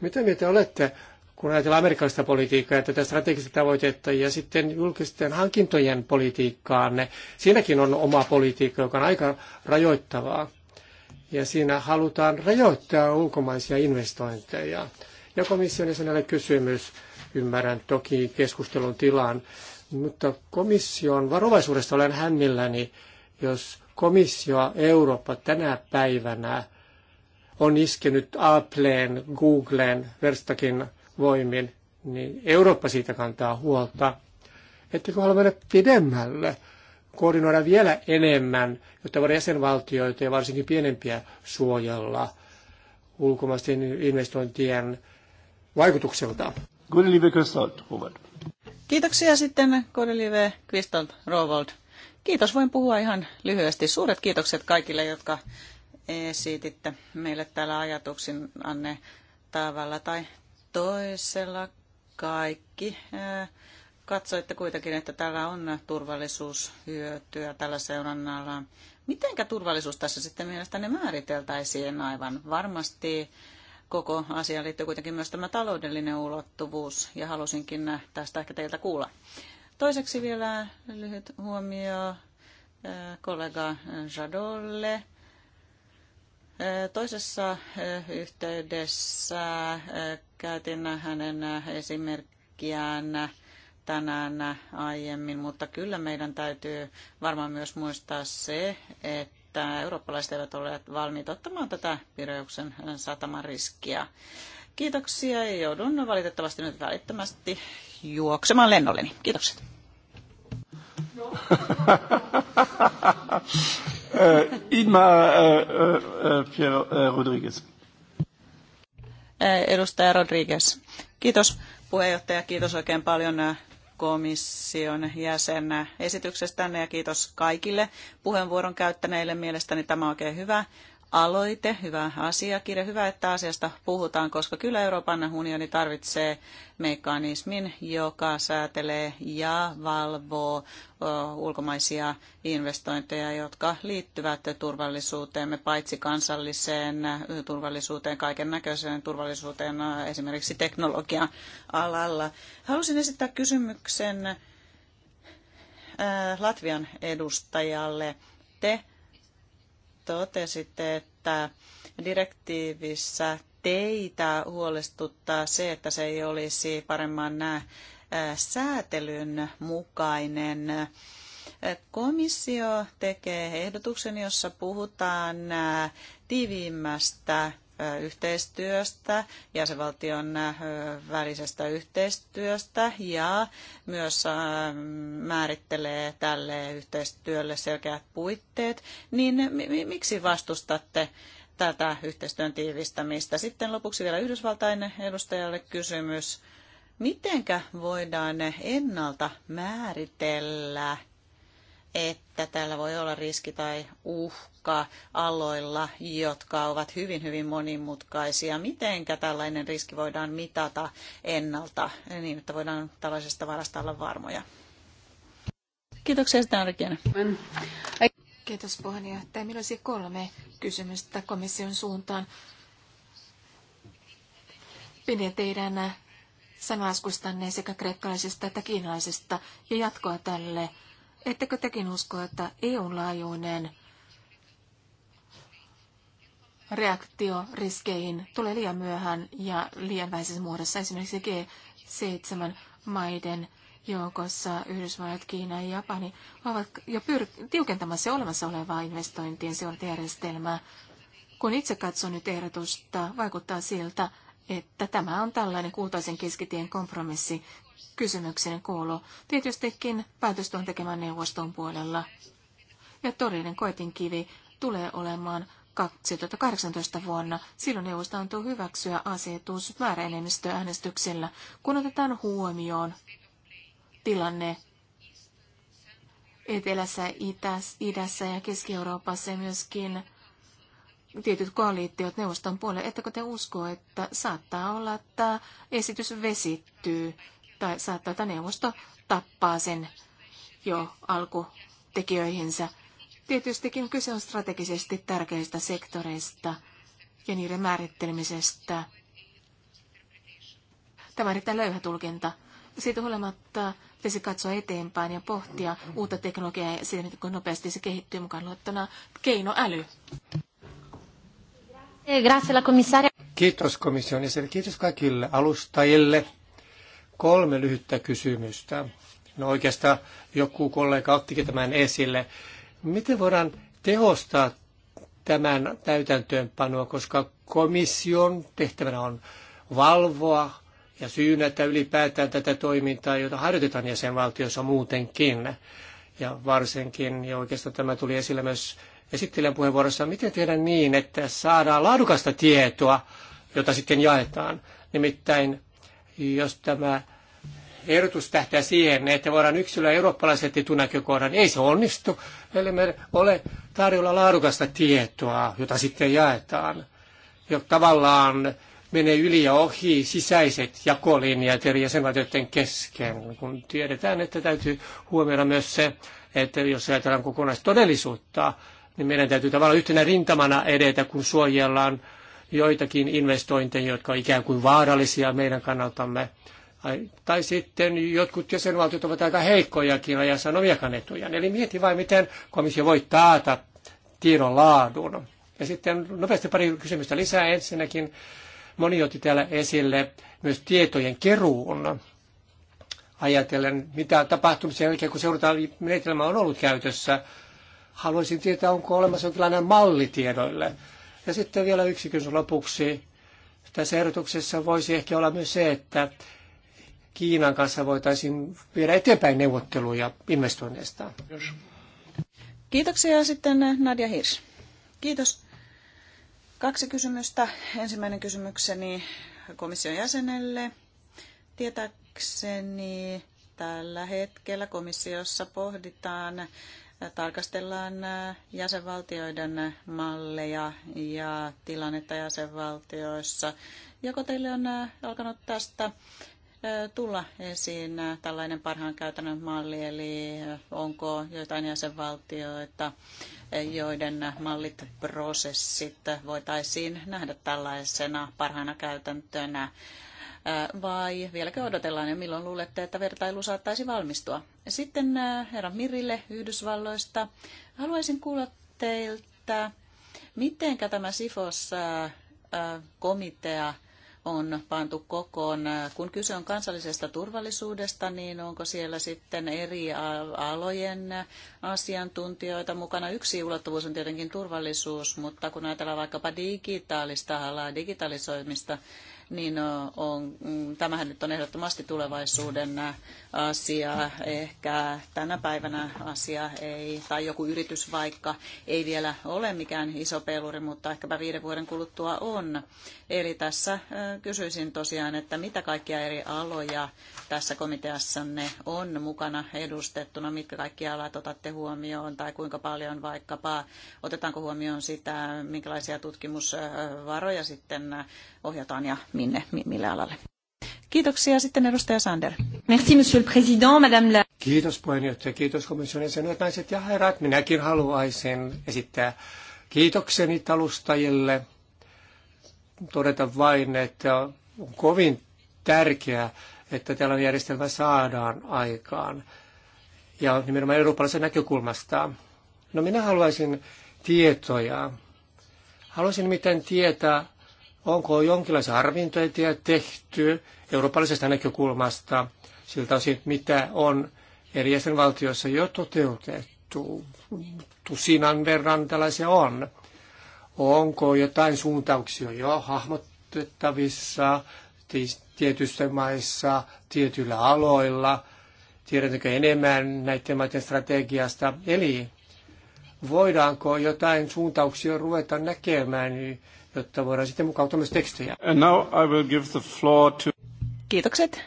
Speaker 4: Mitä mieltä olette, kun ajatellaan amerikkalaista politiikkaa ja tätä strategista tavoitetta ja sitten julkisten hankintojen politiikkaanne? Siinäkin on oma politiikka, joka on aika rajoittavaa. Ja siinä halutaan rajoittaa ulkomaisia investointeja. Ja komission jäsenelle kysymys. Ymmärrän toki keskustelun tilan, mutta komission varovaisuudesta olen hämmilläni, jos komissio Eurooppa tänä päivänä on iskenyt Appleen, Googleen, Verstakin voimin, niin Eurooppa siitä kantaa huolta. kun haluaa mennä pidemmälle, koordinoida vielä enemmän, jotta voidaan jäsenvaltioita ja varsinkin pienempiä suojella ulkomaisten investointien vaikutukselta?
Speaker 3: Kiitoksia sitten Kodelive Kristolt Rovold. Kiitos, voin puhua ihan lyhyesti. Suuret kiitokset kaikille, jotka esititte meille täällä ajatuksin Anne tavalla tai toisella. Kaikki eh, katsoitte kuitenkin, että täällä on turvallisuushyötyä tällä seurannalla. Mitenkä turvallisuus tässä sitten mielestäni määriteltäisiin aivan? Varmasti koko asiaan liittyy kuitenkin myös tämä taloudellinen ulottuvuus ja halusinkin tästä ehkä teiltä kuulla. Toiseksi vielä lyhyt huomio kollega Jadolle. Toisessa yhteydessä käytin hänen esimerkkiään tänään aiemmin, mutta kyllä meidän täytyy varmaan myös muistaa se, että eurooppalaiset eivät ole valmiit ottamaan tätä Pireuksen sataman riskiä. Kiitoksia ja joudun valitettavasti nyt välittömästi juoksemaan lennolleni. Kiitokset. Eh, Idma
Speaker 4: eh, eh, Rodriguez.
Speaker 3: Edustaja Rodriguez. Kiitos puheenjohtaja, kiitos oikein paljon komission jäsen esityksestänne ja kiitos kaikille puheenvuoron käyttäneille. Mielestäni tämä on oikein hyvä aloite, hyvä asiakirja. Hyvä, että asiasta puhutaan, koska kyllä Euroopan unioni tarvitsee mekanismin, joka säätelee ja valvoo ulkomaisia investointeja, jotka liittyvät turvallisuuteemme, paitsi kansalliseen turvallisuuteen, kaiken näköiseen turvallisuuteen, esimerkiksi teknologian alalla. Haluaisin esittää kysymyksen Latvian edustajalle. Te totesitte, että direktiivissä teitä huolestuttaa se, että se ei olisi paremman äh, säätelyn mukainen. Komissio tekee ehdotuksen, jossa puhutaan äh, tiiviimmästä yhteistyöstä, jäsenvaltion välisestä yhteistyöstä ja myös määrittelee tälle yhteistyölle selkeät puitteet, niin miksi vastustatte tätä yhteistyön tiivistämistä? Sitten lopuksi vielä Yhdysvaltain edustajalle kysymys. Mitenkä voidaan ennalta määritellä että täällä voi olla riski tai uhka aloilla, jotka ovat hyvin, hyvin monimutkaisia. Mitenkä tällainen riski voidaan mitata ennalta niin, että voidaan tällaisesta varasta olla varmoja?
Speaker 2: Kiitoksia, Stanrikian. Kiitos puheenjohtaja. Minulla olisi kolme kysymystä komission suuntaan. Pidin teidän sanaskustanne sekä kreikkalaisesta että kiinalaisesta ja jatkoa tälle Ettekö tekin usko, että EUn laajuinen reaktio riskeihin tulee liian myöhään ja liian vähäisessä muodossa esimerkiksi G7 maiden joukossa Yhdysvallat, Kiina ja Japani ovat jo pyr- tiukentamassa olemassa olevaa investointien seurantajärjestelmää. Kun itse katson nyt ehdotusta, vaikuttaa siltä, että tämä on tällainen kultaisen keskitien kompromissi kysymykseen kuuluu tietystikin päätös on tekemään neuvoston puolella. Ja todellinen koetinkivi tulee olemaan 2018 vuonna. Silloin neuvosto antoi hyväksyä asetus määräenemmistöäänestyksellä, kun otetaan huomioon tilanne etelässä, itässä, idässä ja Keski-Euroopassa ja myöskin tietyt koalitiot neuvoston puolelle. Ettekö te usko, että saattaa olla, että esitys vesittyy tai saattaa, että neuvosto tappaa sen jo alkutekijöihinsä. Tietystikin kyse on strategisesti tärkeistä sektoreista ja niiden määrittelemisestä. Tämä on erittäin löyhä tulkinta. Siitä huolimatta pitäisi katsoa eteenpäin ja pohtia uutta teknologiaa ja sitä, kuinka nopeasti se kehittyy mukaan luettuna keinoäly.
Speaker 4: Kiitos komission jäsenille, kiitos kaikille alustajille kolme lyhyttä kysymystä. No oikeastaan joku kollega ottikin tämän esille. Miten voidaan tehostaa tämän täytäntöönpanoa, koska komission tehtävänä on valvoa ja syynätä ylipäätään tätä toimintaa, jota harjoitetaan jäsenvaltiossa muutenkin. Ja varsinkin, ja oikeastaan tämä tuli esille myös esittelijän puheenvuorossa, miten tehdä niin, että saadaan laadukasta tietoa, jota sitten jaetaan. Nimittäin jos tämä ehdotus tähtää siihen, että voidaan yksilöä eurooppalaiset etunäkökohdan, ei se onnistu, eli me ole tarjolla laadukasta tietoa, jota sitten jaetaan. Jo tavallaan menee yli ja ohi sisäiset jakolinjat eri jäsenvaltioiden kesken, kun tiedetään, että täytyy huomioida myös se, että jos ajatellaan kokonaistodellisuutta, niin meidän täytyy tavallaan yhtenä rintamana edetä, kun suojellaan joitakin investointeja, jotka ovat ikään kuin vaarallisia meidän kannaltamme. Tai sitten jotkut jäsenvaltiot ovat aika heikkojakin ajassa omiakaan etujaan. Eli mieti vain, miten komissio voi taata tiedon laadun. Ja sitten nopeasti pari kysymystä lisää. Ensinnäkin moni otti täällä esille myös tietojen keruun ajatellen, mitä on sen jälkeen, kun menetelmä on ollut käytössä. Haluaisin tietää, onko olemassa jonkinlainen malli tiedoille ja sitten vielä yksi kysymys lopuksi. Tässä ehdotuksessa voisi ehkä olla myös se, että Kiinan kanssa voitaisiin viedä eteenpäin neuvotteluja investoinneista.
Speaker 3: Kiitoksia sitten eh, Nadia Hirsch. Kiitos. Kaksi kysymystä. Ensimmäinen kysymykseni komission jäsenelle. Tietääkseni tällä hetkellä komissiossa pohditaan tarkastellaan äh, jäsenvaltioiden malleja ja tilannetta jäsenvaltioissa. Joko teille on äh, alkanut tästä äh, tulla esiin tällainen parhaan käytännön malli, eli onko joitain jäsenvaltioita, joiden mallit, prosessit voitaisiin nähdä tällaisena parhaana käytäntönä vai vieläkö odotellaan ja milloin luulette, että vertailu saattaisi valmistua? Sitten herra Mirille Yhdysvalloista. Haluaisin kuulla teiltä, miten tämä SIFOS-komitea on pantu kokoon. Kun kyse on kansallisesta turvallisuudesta, niin onko siellä sitten eri alojen asiantuntijoita mukana? Yksi ulottuvuus on tietenkin turvallisuus, mutta kun ajatellaan vaikkapa digitaalista alaa, digitalisoimista, niin on, mm, tämähän nyt on ehdottomasti tulevaisuuden asia. Ehkä tänä päivänä asia ei, tai joku yritys vaikka, ei vielä ole mikään iso peluri, mutta ehkäpä viiden vuoden kuluttua on. Eli tässä kysyisin tosiaan, että mitä kaikkia eri aloja tässä komiteassanne on mukana edustettuna, mitkä kaikki alat otatte huomioon, tai kuinka paljon vaikkapa, otetaanko huomioon sitä, minkälaisia tutkimusvaroja sitten ohjataan ja minne, millä alalle. Kiitoksia sitten edustaja Sander. Merci, monsieur le président, madame la... Kiitos
Speaker 4: puheenjohtaja, kiitos komission jäsenet, naiset ja herrat. Minäkin haluaisin esittää kiitokseni talustajille. Todeta vain, että on kovin tärkeää, että tällainen järjestelmä saadaan aikaan. Ja nimenomaan eurooppalaisen näkökulmasta. No minä haluaisin tietoja. Haluaisin miten tietää, Onko jonkinlaisia arviointeja tehty eurooppalaisesta näkökulmasta siltä osin, mitä on eri jäsenvaltioissa jo toteutettu? Tusinan verran tällaisia on. Onko jotain suuntauksia jo hahmotettavissa tietyissä maissa, tietyillä aloilla? Tiedätkö enemmän näiden maiden strategiasta? Eli voidaanko jotain suuntauksia ruveta näkemään jotta voidaan sitten mukautua myös tekstejä. And now
Speaker 3: I will give the floor to... Kiitokset.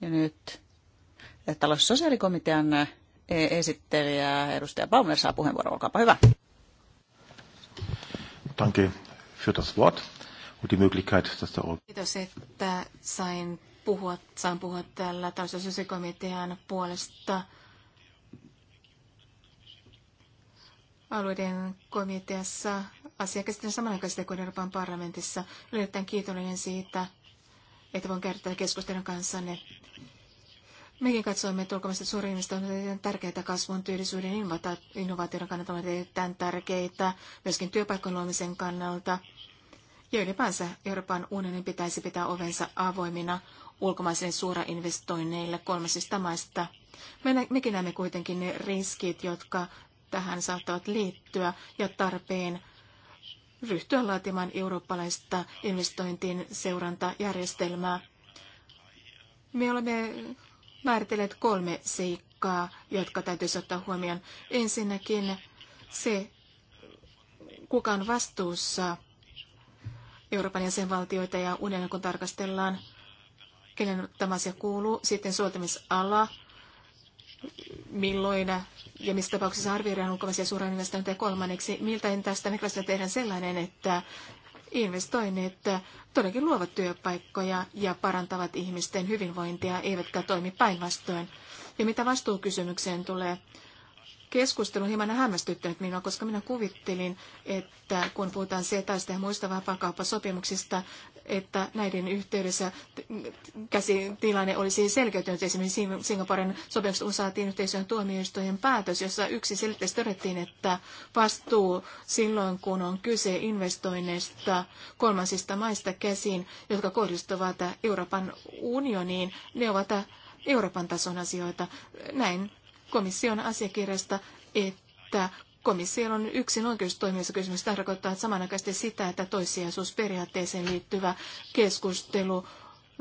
Speaker 3: Ja nyt talous- sosiaalikomitean eh, esittelijä edustaja Baumer saa puheenvuoron. Olkaapa hyvä.
Speaker 2: Danke für das Wort und die Möglichkeit, dass der Kiitos, että sain puhua, saan puhua täällä talous- ja sosiaalikomitean puolesta. alueiden komiteassa asia käsitellään samanaikaisesti kuin Euroopan parlamentissa. Olen erittäin kiitollinen siitä, että voin käydä tätä keskustelun kanssanne. Mekin katsoimme, että ulkomaiset suurimmista on erittäin tärkeitä kasvun, työllisyyden ja innovaatioiden kannalta on erittäin tärkeitä, myöskin työpaikkojen luomisen kannalta. Ja ylipäänsä Euroopan unionin pitäisi pitää ovensa avoimina ulkomaisille suorainvestoinneille kolmasista maista. Me, mekin näemme kuitenkin ne riskit, jotka tähän saattavat liittyä ja tarpeen ryhtyä laatimaan eurooppalaista investointien seurantajärjestelmää. Me olemme määritelleet kolme seikkaa, jotka täytyisi ottaa huomioon. Ensinnäkin se, kuka on vastuussa Euroopan jäsenvaltioita ja unionin, kun tarkastellaan, kenen tämä asia kuuluu. Sitten suotamisala, milloin ja missä tapauksessa arvioidaan ulkomaisia suoraan investointeja kolmanneksi. Miltä en tästä Microsoft tehdään sellainen, että investoinnit todellakin luovat työpaikkoja ja parantavat ihmisten hyvinvointia, eivätkä toimi päinvastoin. Ja mitä vastuukysymykseen tulee, keskustelu hieman hämmästyttänyt minua, koska minä kuvittelin, että kun puhutaan CETAista ja muista vapaakauppasopimuksista, että näiden yhteydessä käsitilanne olisi selkeytynyt. Esimerkiksi Singaporen sopimuksesta saatiin yhteisöjen tuomioistuimen päätös, jossa yksi selitteisesti todettiin, että vastuu silloin, kun on kyse investoinneista kolmansista maista käsin, jotka kohdistuvat Euroopan unioniin, ne ovat Euroopan tason asioita. Näin komission asiakirjasta, että Komissiolla on yksin oikeustoimijoissa kysymys tarkoittaa samanaikaisesti sitä, että toissijaisuusperiaatteeseen liittyvä keskustelu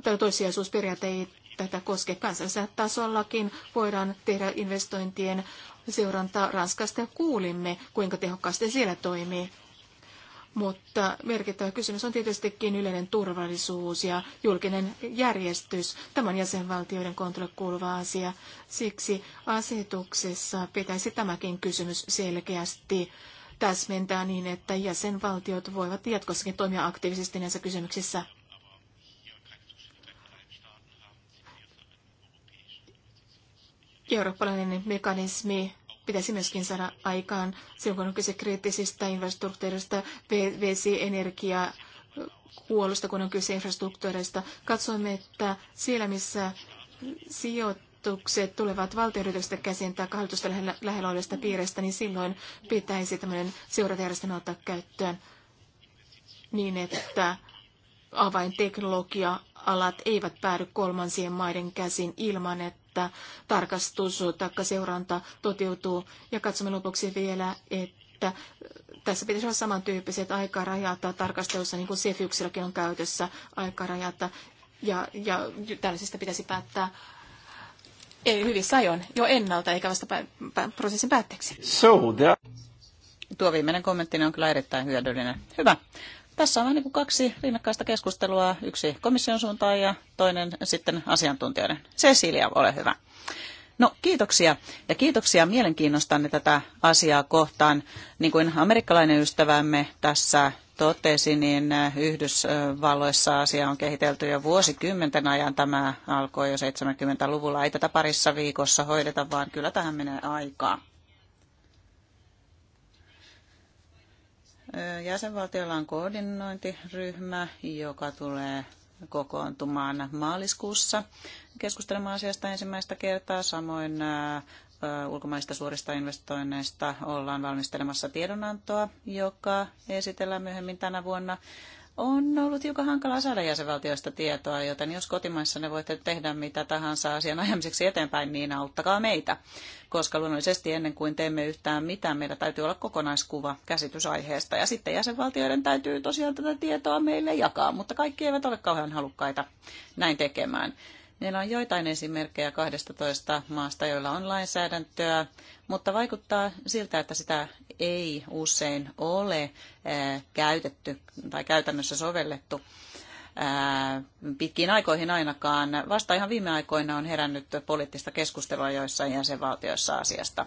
Speaker 2: tai toissijaisuusperiaate ei tätä koske kansallisella tasollakin. Voidaan tehdä investointien seurantaa Ranskasta ja kuulimme, kuinka tehokkaasti siellä toimii mutta merkittävä kysymys on tietystikin yleinen turvallisuus ja julkinen järjestys. Tämä on jäsenvaltioiden kontrolle kuuluva asia. Siksi asetuksessa pitäisi tämäkin kysymys selkeästi täsmentää niin, että jäsenvaltiot voivat jatkossakin toimia aktiivisesti näissä kysymyksissä. Eurooppalainen mekanismi pitäisi myöskin saada aikaan silloin, kun on kyse kriittisistä infrastruktuureista, vesi, energia, huollosta, kun on kyse infrastruktuureista. Katsoimme, että siellä, missä sijoitukset tulevat valtioyrityksestä käsin tai hallitusta lähellä, lähellä olevista piireistä, niin silloin pitäisi tämmöinen seurantajärjestelmä ottaa käyttöön niin, että avainteknologia-alat eivät päädy kolmansien maiden käsiin ilman, että että tarkastus tai seuranta toteutuu. Ja katsomme lopuksi vielä, että tässä pitäisi olla samantyyppiset aikarajat tarkastelussa, niin kuin SEFYksillakin on käytössä aikarajat. Ja, ja tällaisista pitäisi päättää ei, hyvissä sajon jo ennalta, eikä vasta pä- pä- prosessin päätteeksi.
Speaker 3: So, that... Tuo viimeinen kommentti on kyllä erittäin hyödyllinen. Hyvä. Tässä on vähän niin kuin kaksi rinnakkaista keskustelua, yksi komission suuntaan ja toinen sitten asiantuntijoiden. Cecilia, ole hyvä. No kiitoksia ja kiitoksia mielenkiinnostanne tätä asiaa kohtaan. Niin kuin amerikkalainen ystävämme tässä totesi, niin Yhdysvalloissa asia on kehitelty jo vuosikymmenten ajan. Tämä alkoi jo 70-luvulla. Ei tätä parissa viikossa hoideta, vaan kyllä tähän menee aikaa. Jäsenvaltiolla on koordinointiryhmä, joka tulee kokoontumaan maaliskuussa keskustelemaan asiasta ensimmäistä kertaa. Samoin ulkomaista suorista investoinneista ollaan valmistelemassa tiedonantoa, joka esitellään myöhemmin tänä vuonna on ollut hiukan hankalaa saada jäsenvaltioista tietoa, joten jos kotimaissa ne voitte tehdä mitä tahansa asian ajamiseksi eteenpäin, niin auttakaa meitä. Koska luonnollisesti ennen kuin teemme yhtään mitään, meillä täytyy olla kokonaiskuva käsitysaiheesta. Ja sitten jäsenvaltioiden täytyy tosiaan tätä tietoa meille jakaa, mutta kaikki eivät ole kauhean halukkaita näin tekemään. Niillä on joitain esimerkkejä 12 maasta, joilla on lainsäädäntöä, mutta vaikuttaa siltä, että sitä ei usein ole eh, käytetty tai käytännössä sovellettu eh, pitkiin aikoihin ainakaan. Vasta ihan viime aikoina on herännyt poliittista keskustelua joissain jäsenvaltioissa asiasta.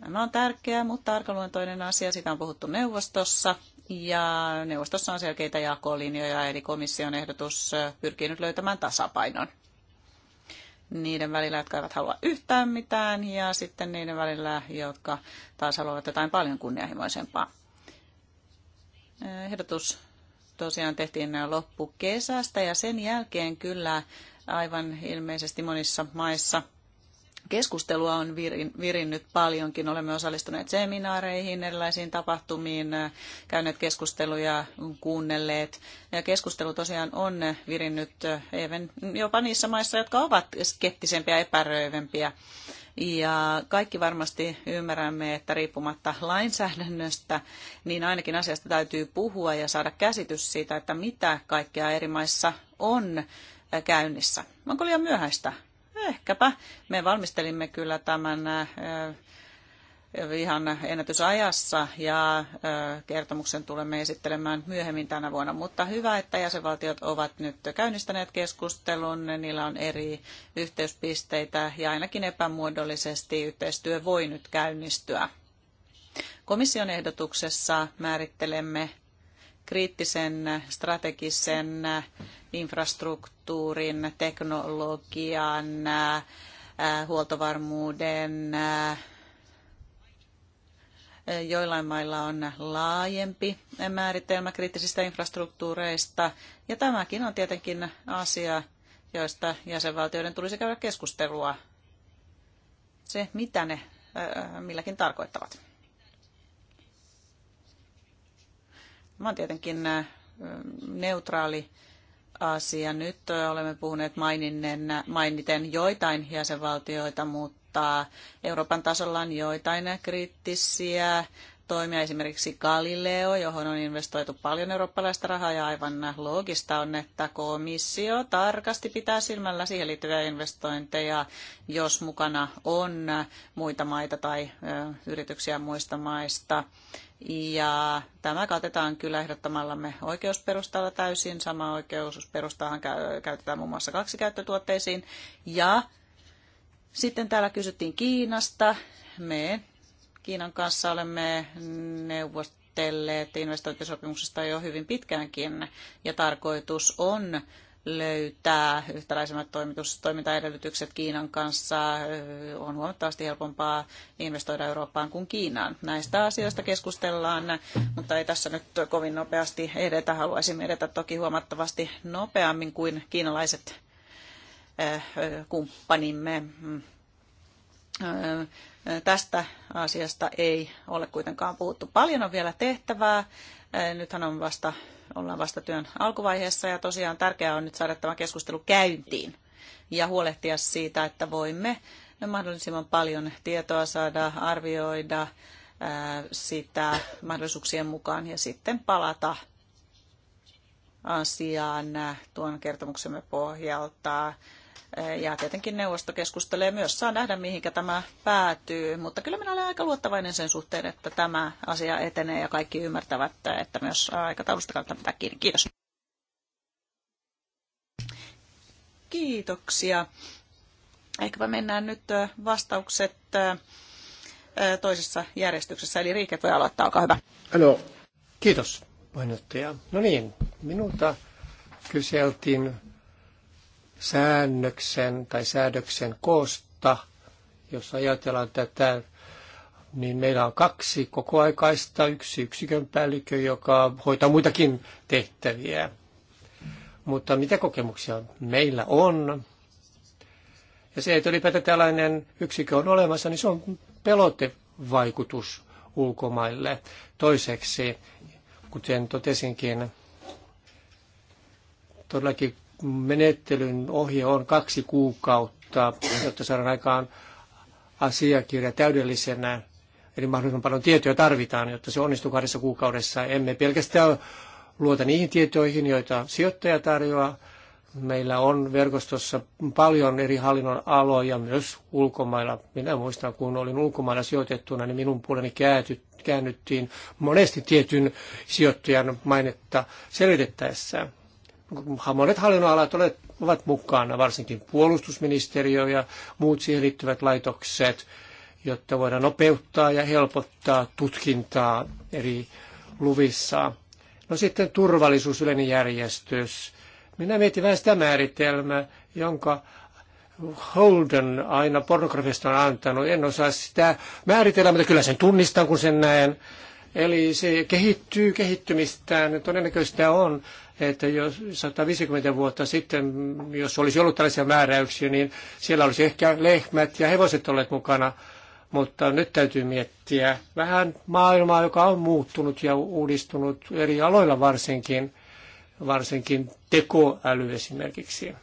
Speaker 3: Tämä on tärkeä, mutta arkaluontoinen asia. Sitä on puhuttu neuvostossa ja neuvostossa on selkeitä jakolinjoja, eli komission ehdotus pyrkii nyt löytämään tasapainon niiden välillä, jotka eivät halua yhtään mitään, ja sitten niiden välillä, jotka taas haluavat jotain paljon kunnianhimoisempaa. Ehdotus tosiaan tehtiin loppukesästä, ja sen jälkeen kyllä aivan ilmeisesti monissa maissa – Keskustelua on virinnyt paljonkin. Olemme osallistuneet seminaareihin, erilaisiin tapahtumiin, käyneet keskusteluja, kuunnelleet. Ja keskustelu tosiaan on virinnyt eh, even, jopa niissä maissa, jotka ovat skeptisempiä, epäröivempiä. Ja kaikki varmasti ymmärrämme, että riippumatta lainsäädännöstä, niin ainakin asiasta täytyy puhua ja saada käsitys siitä, että mitä kaikkea eri maissa on eh, käynnissä. Onko liian myöhäistä ehkäpä me valmistelimme kyllä tämän äh, ihan ennätysajassa ja äh, kertomuksen tulemme esittelemään myöhemmin tänä vuonna. Mutta hyvä, että jäsenvaltiot ovat nyt käynnistäneet keskustelun, niillä on eri yhteyspisteitä ja ainakin epämuodollisesti yhteistyö voi nyt käynnistyä. Komission ehdotuksessa määrittelemme kriittisen strategisen infrastruktuurin, teknologian, äh, huoltovarmuuden. Äh, joillain mailla on laajempi määritelmä kriittisistä infrastruktuureista, ja tämäkin on tietenkin asia, joista jäsenvaltioiden tulisi käydä keskustelua. Se, mitä ne äh, milläkin tarkoittavat. Mä on tietenkin neutraali asia. Nyt olemme puhuneet maininen, mainiten joitain jäsenvaltioita, mutta Euroopan tasolla on joitain kriittisiä toimia, esimerkiksi Galileo, johon on investoitu paljon eurooppalaista rahaa ja aivan loogista on, että komissio tarkasti pitää silmällä siihen liittyviä investointeja, jos mukana on muita maita tai yrityksiä muista maista. Ja tämä katetaan kyllä ehdottamallamme oikeusperustalla täysin. Sama oikeusperustahan käytetään muun muassa kaksikäyttötuotteisiin. Ja sitten täällä kysyttiin Kiinasta. Me Kiinan kanssa olemme neuvostelleet investointisopimuksesta jo hyvin pitkäänkin ja tarkoitus on löytää yhtäläisemmät toimitus, toimintaedellytykset Kiinan kanssa. On huomattavasti helpompaa investoida Eurooppaan kuin Kiinaan. Näistä asioista keskustellaan, mutta ei tässä nyt kovin nopeasti edetä. Haluaisimme edetä toki huomattavasti nopeammin kuin kiinalaiset eh, kumppanimme mm. eh, Tästä asiasta ei ole kuitenkaan puhuttu. Paljon on vielä tehtävää. Nythän on vasta, ollaan vasta työn alkuvaiheessa ja tosiaan tärkeää on nyt saada tämä keskustelu käyntiin ja huolehtia siitä, että voimme mahdollisimman paljon tietoa saada, arvioida sitä mahdollisuuksien mukaan ja sitten palata asiaan tuon kertomuksemme pohjalta ja tietenkin neuvosto keskustelee myös, saa nähdä mihinkä tämä päätyy, mutta kyllä minä olen aika luottavainen sen suhteen, että tämä asia etenee ja kaikki ymmärtävät, että myös aikataulusta kannattaa pitää kiinni. Kiitos. Kiitoksia. Ehkäpä mennään nyt vastaukset toisessa järjestyksessä, eli Riike voi aloittaa, olkaa hyvä.
Speaker 4: Hello. Kiitos, puheenjohtaja. No niin, minulta kyseltiin säännöksen tai säädöksen koosta, jos ajatellaan tätä, niin meillä on kaksi kokoaikaista, yksi yksikön päällikkö, joka hoitaa muitakin tehtäviä. Mutta mitä kokemuksia meillä on? Ja se, että ylipäätään tällainen yksikö on olemassa, niin se on pelotevaikutus ulkomaille. Toiseksi, kuten totesinkin, todellakin menettelyn ohje on kaksi kuukautta, jotta saadaan aikaan asiakirja täydellisenä. Eli mahdollisimman paljon tietoja tarvitaan, jotta se onnistuu kahdessa kuukaudessa. Emme pelkästään luota niihin tietoihin, joita sijoittaja tarjoaa. Meillä on verkostossa paljon eri hallinnon aloja myös ulkomailla. Minä muistan, kun olin ulkomailla sijoitettuna, niin minun puoleni kääty, käännyttiin monesti tietyn sijoittajan mainetta selvitettäessä monet hallinnonalat ovat mukana, varsinkin puolustusministeriö ja muut siihen liittyvät laitokset, jotta voidaan nopeuttaa ja helpottaa tutkintaa eri luvissa. No sitten turvallisuus, yleinen järjestys. Minä mietin vähän sitä määritelmää, jonka Holden aina pornografiasta on antanut. En osaa sitä määritellä, mutta kyllä sen tunnistan, kun sen näen. Eli se kehittyy kehittymistään. Todennäköistä on, että jos 150 vuotta sitten, jos olisi ollut tällaisia määräyksiä, niin siellä olisi ehkä lehmät ja hevoset olleet mukana, mutta nyt täytyy miettiä vähän maailmaa, joka on muuttunut ja uudistunut eri aloilla varsinkin, varsinkin tekoäly
Speaker 3: esimerkiksi.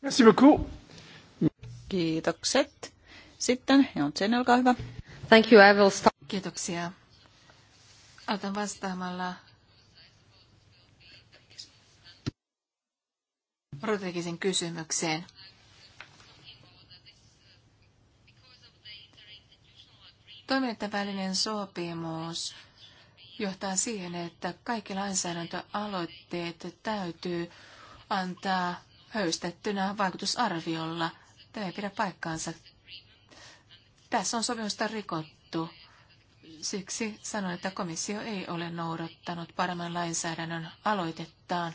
Speaker 3: Merci beaucoup. Kiitokset. Sitten Jontsen, olkaa hyvä. Thank you, I will start. Kiitoksia.
Speaker 2: Aloitan vastaamalla Rodriguezin kysymykseen. Toimintavälinen sopimus johtaa siihen, että kaikki lainsäädäntöaloitteet täytyy antaa höystettynä vaikutusarviolla. Tämä ei pidä paikkaansa. Tässä on sopimusta rikottu. Siksi sanoin, että komissio ei ole noudattanut paremman lainsäädännön aloitettaan.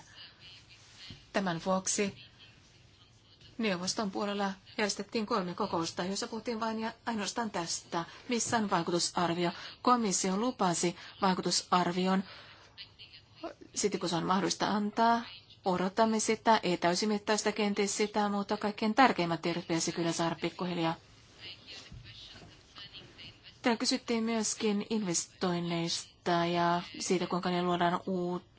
Speaker 2: Tämän vuoksi neuvoston puolella järjestettiin kolme kokousta, joissa puhuttiin vain ja ainoastaan tästä, missä on vaikutusarvio. Komissio lupasi vaikutusarvion sitten kun se on mahdollista antaa. Odotamme sitä, ei täysimittaista kenties sitä, mutta kaikkein tärkeimmät tiedot pitäisi kyllä saada pikkuhiljaa. Täällä kysyttiin myöskin investoinneista toiminnasta ja siitä, kuinka ne luodaan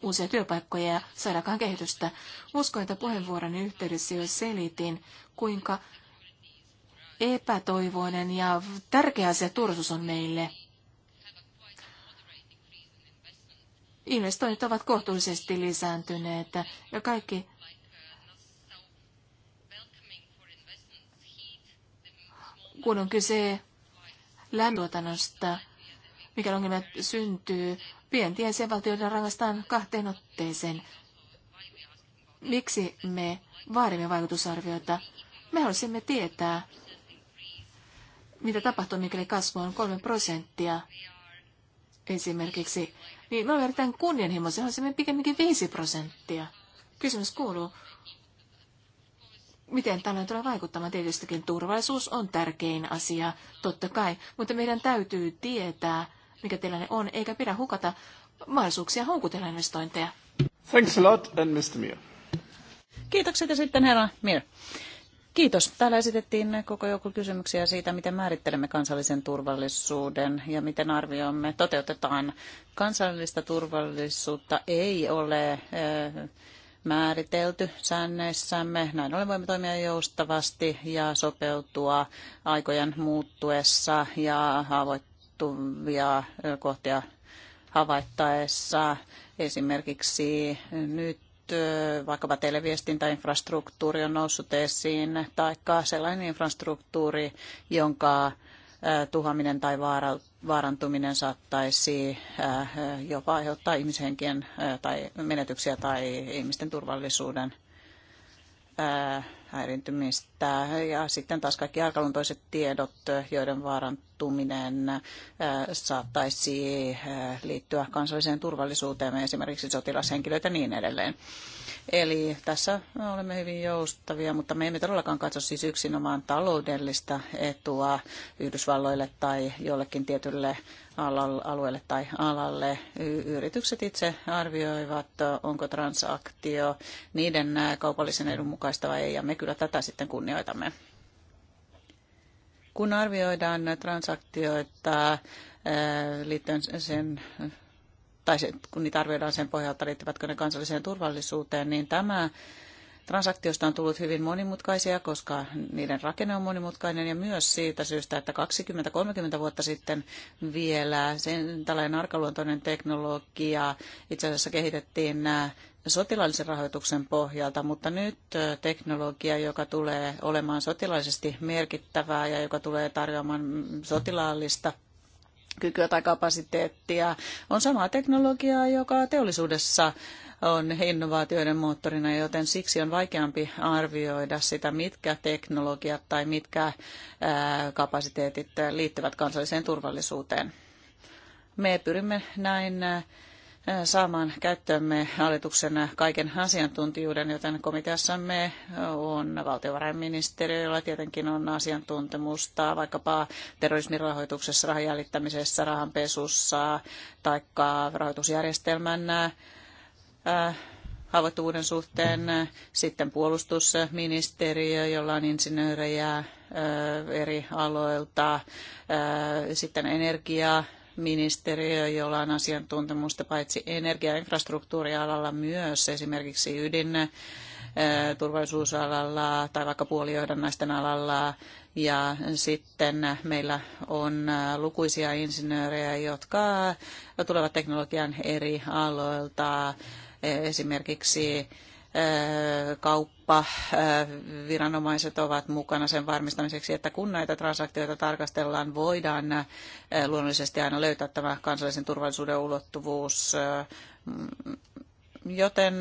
Speaker 2: uusia työpaikkoja ja saadaan kehitystä. Uskon, että puheenvuoron yhteydessä jo selitin, kuinka epätoivoinen ja tärkeä asia turvallisuus on meille. Investoinnit ovat kohtuullisesti lisääntyneet ja kaikki kun on kyse lämpötuotannosta, mikä ongelmia syntyy. Pientiä jäsenvaltioita rangaistaan kahteen otteeseen. Miksi me vaadimme vaikutusarvioita? Me haluaisimme tietää, mitä tapahtuu, mikäli kasvu on kolme prosenttia esimerkiksi. Niin me olemme erittäin kunnianhimoisia, haluaisimme pikemminkin viisi prosenttia. Kysymys kuuluu, miten tällainen tulee vaikuttamaan. Tietystikin turvallisuus on tärkein asia, totta kai, mutta meidän täytyy tietää, mikä tilanne on, eikä pidä hukata mahdollisuuksia houkutella investointeja.
Speaker 4: Thanks a lot and Mr. Mir.
Speaker 3: Kiitokset ja sitten herra Mir. Kiitos. Täällä esitettiin koko joku kysymyksiä siitä, miten määrittelemme kansallisen turvallisuuden ja miten arvioimme, toteutetaan kansallista turvallisuutta. Ei ole määritelty säännöissämme. Näin ollen voimme toimia joustavasti ja sopeutua aikojen muuttuessa ja puuttuvia kohtia havaittaessa. Esimerkiksi nyt vaikkapa televiestintäinfrastruktuuri on noussut esiin, tai sellainen infrastruktuuri, jonka tuhaminen tai vaarantuminen saattaisi jopa aiheuttaa ihmishenkien tai menetyksiä tai ihmisten turvallisuuden häirintymistä tämä. Ja sitten taas kaikki arkaluontoiset tiedot, joiden vaarantuminen saattaisi liittyä kansalliseen turvallisuuteen, esimerkiksi sotilashenkilöitä ja niin edelleen. Eli tässä olemme hyvin joustavia, mutta me emme todellakaan katso siis yksinomaan taloudellista etua Yhdysvalloille tai jollekin tietylle alueelle tai alalle. Yritykset itse arvioivat, onko transaktio niiden kaupallisen edun mukaista vai ei, ja me kyllä tätä sitten kunnioitamme huomioitamme. Kun arvioidaan transaktioita liittyen sen tai se, kun niitä arvioidaan sen pohjalta, liittyvätkö ne kansalliseen turvallisuuteen, niin tämä transaktiosta on tullut hyvin monimutkaisia, koska niiden rakenne on monimutkainen ja myös siitä syystä, että 20-30 vuotta sitten vielä sen, tällainen arkaluontoinen teknologia itse asiassa kehitettiin sotilaallisen rahoituksen pohjalta, mutta nyt teknologia, joka tulee olemaan sotilaisesti merkittävää ja joka tulee tarjoamaan mm, sotilaallista kykyä tai kapasiteettia, on samaa teknologiaa, joka teollisuudessa on innovaatioiden moottorina, joten siksi on vaikeampi arvioida sitä, mitkä teknologiat tai mitkä kapasiteetit liittyvät kansalliseen turvallisuuteen. Me pyrimme näin saamaan käyttöömme hallituksen kaiken asiantuntijuuden, joten komiteassamme on valtiovarainministeriö, jolla tietenkin on asiantuntemusta vaikkapa terrorismin rahoituksessa, rahanjäljittämisessä, rahanpesussa tai rahoitusjärjestelmän haavoittuvuuden suhteen. Sitten puolustusministeriö, jolla on insinöörejä eri aloilta. Sitten energia ministeriö, jolla on asiantuntemusta paitsi energiainfrastruktuurialalla myös esimerkiksi ydin turvallisuusalalla tai vaikka puolijohdannaisten alalla. Ja sitten meillä on lukuisia insinöörejä, jotka tulevat teknologian eri aloilta, e, esimerkiksi kauppa viranomaiset ovat mukana sen varmistamiseksi, että kun näitä transaktioita tarkastellaan, voidaan luonnollisesti aina löytää tämä kansallisen turvallisuuden ulottuvuus. Mm, joten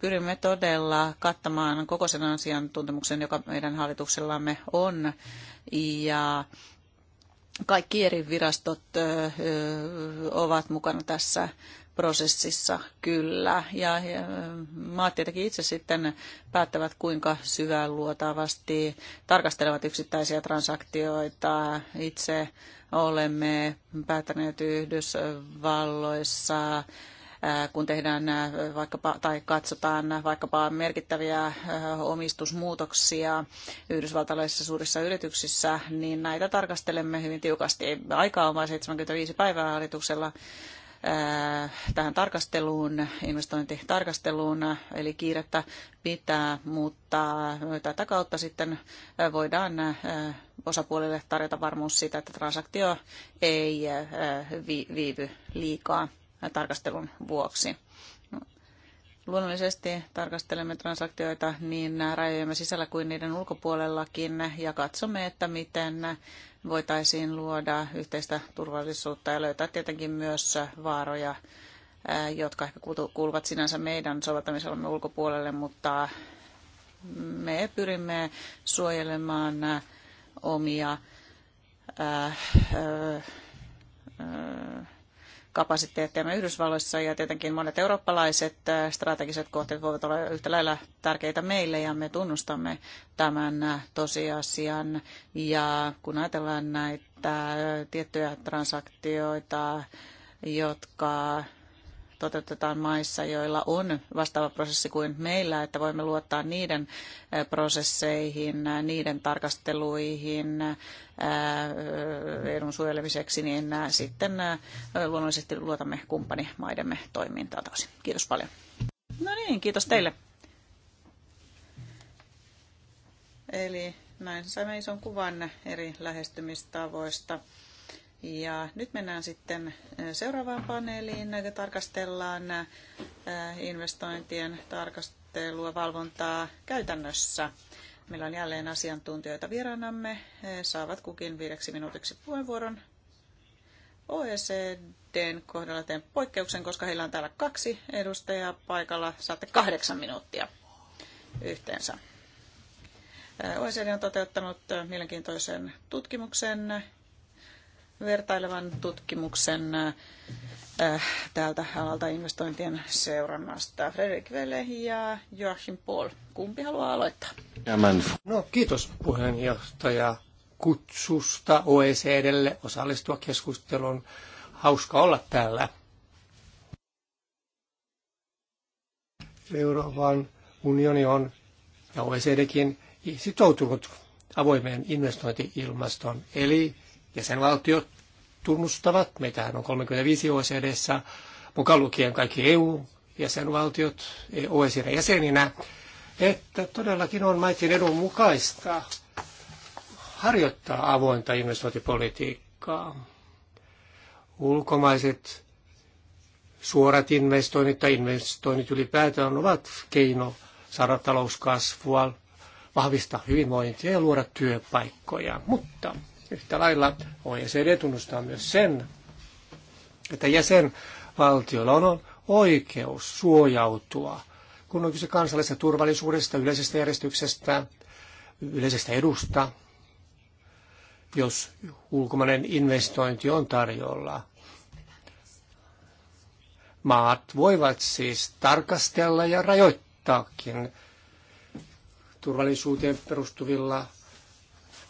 Speaker 3: pyrimme todella kattamaan koko sen asiantuntemuksen, joka meidän hallituksellamme on. Ja kaikki eri virastot ovat mukana tässä prosessissa kyllä. Ja, ja maat tietenkin itse sitten päättävät, kuinka syvään luotavasti tarkastelevat yksittäisiä transaktioita. Itse olemme päättäneet Yhdysvalloissa kun tehdään vaikkapa, tai katsotaan vaikkapa merkittäviä omistusmuutoksia yhdysvaltalaisissa suurissa yrityksissä, niin näitä tarkastelemme hyvin tiukasti. Aika on vain 75 päivää hallituksella tähän tarkasteluun, investointitarkasteluun, eli kiirettä pitää, mutta tätä kautta sitten voidaan osapuolille tarjota varmuus siitä, että transaktio ei viivy liikaa tarkastelun vuoksi. Luonnollisesti tarkastelemme transaktioita niin rajojemme sisällä kuin niiden ulkopuolellakin ja katsomme, että miten voitaisiin luoda yhteistä turvallisuutta ja löytää tietenkin myös vaaroja, jotka ehkä kuuluvat sinänsä meidän soveltamisellamme ulkopuolelle, mutta me pyrimme suojelemaan omia äh, äh, äh, Kapasiteettia me Yhdysvalloissa ja tietenkin monet eurooppalaiset äh, strategiset kohteet voivat olla yhtä lailla tärkeitä meille ja me tunnustamme tämän äh, tosiasian. Ja kun ajatellaan näitä äh, tiettyjä transaktioita, jotka toteutetaan maissa, joilla on vastaava prosessi kuin meillä, että voimme luottaa niiden prosesseihin, niiden tarkasteluihin edun suojelemiseksi, niin sitten luonnollisesti luotamme kumppanimaidemme toimintaan tosi. Kiitos paljon. No niin, kiitos teille. Eli näin saimme ison kuvan eri lähestymistavoista. Ja nyt mennään sitten seuraavaan paneeliin. Tarkastellaan investointien tarkastelua, valvontaa käytännössä. Meillä on jälleen asiantuntijoita vieraanamme. He saavat kukin viideksi minuutiksi puheenvuoron. OECDn kohdalla teen poikkeuksen, koska heillä on täällä kaksi edustajaa paikalla. Saatte kahdeksan minuuttia yhteensä. OECD on toteuttanut mielenkiintoisen tutkimuksen vertailevan tutkimuksen äh, täältä alalta investointien seurannasta. Frederik Vele ja Joachim Paul. Kumpi haluaa aloittaa?
Speaker 4: No kiitos puheenjohtaja kutsusta OECDlle osallistua keskusteluun. Hauska olla täällä. Euroopan unioni on ja OECDkin sitoutunut avoimeen investointiilmastoon, eli jäsenvaltiot tunnustavat. Meitähän on 35 OECDssä, mukaan lukien kaikki EU-jäsenvaltiot OECDn jäseninä että todellakin on maiden edun mukaista harjoittaa avointa investointipolitiikkaa. Ulkomaiset suorat investoinnit tai investoinnit ylipäätään ovat keino saada talouskasvua, vahvistaa hyvinvointia ja luoda työpaikkoja. Mutta Yhtä lailla OECD tunnustaa myös sen, että jäsenvaltioilla on oikeus suojautua, kun on kyse kansallisesta turvallisuudesta, yleisestä järjestyksestä, yleisestä edusta, jos ulkomainen investointi on tarjolla. Maat voivat siis tarkastella ja rajoittaakin turvallisuuteen perustuvilla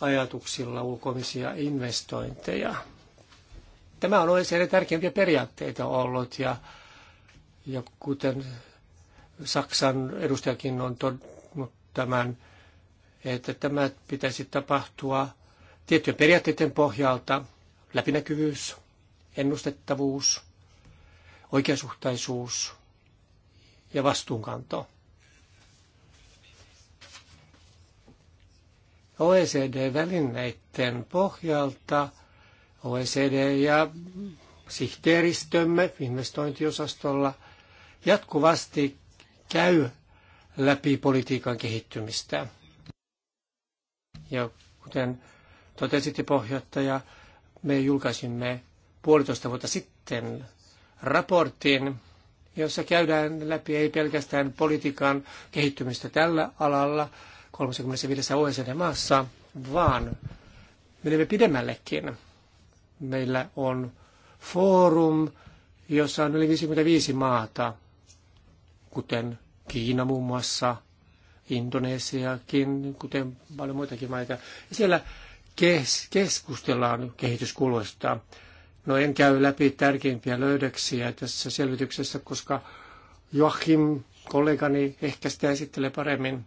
Speaker 4: ajatuksilla ulkomisia investointeja. Tämä on OECD tärkeimpiä periaatteita ollut ja, ja kuten Saksan edustajakin on todennut tämän, että tämä pitäisi tapahtua tiettyjen periaatteiden pohjalta, läpinäkyvyys, ennustettavuus, oikeasuhtaisuus ja vastuunkanto. OECD-välineiden pohjalta OECD ja sihteeristömme investointiosastolla jatkuvasti käy läpi politiikan kehittymistä. Ja kuten totesitte pohjoittaja, me julkaisimme puolitoista vuotta sitten raportin, jossa käydään läpi ei pelkästään politiikan kehittymistä tällä alalla, 35 OECD-maassa, vaan menemme pidemmällekin. Meillä on foorum, jossa on yli 55 maata, kuten Kiina muun muassa, Indonesiakin, kuten paljon muitakin maita. Ja siellä kes- keskustellaan kehityskuluista. No en käy läpi tärkeimpiä löydöksiä tässä selvityksessä, koska Joachim, kollegani, ehkä sitä esittelee paremmin.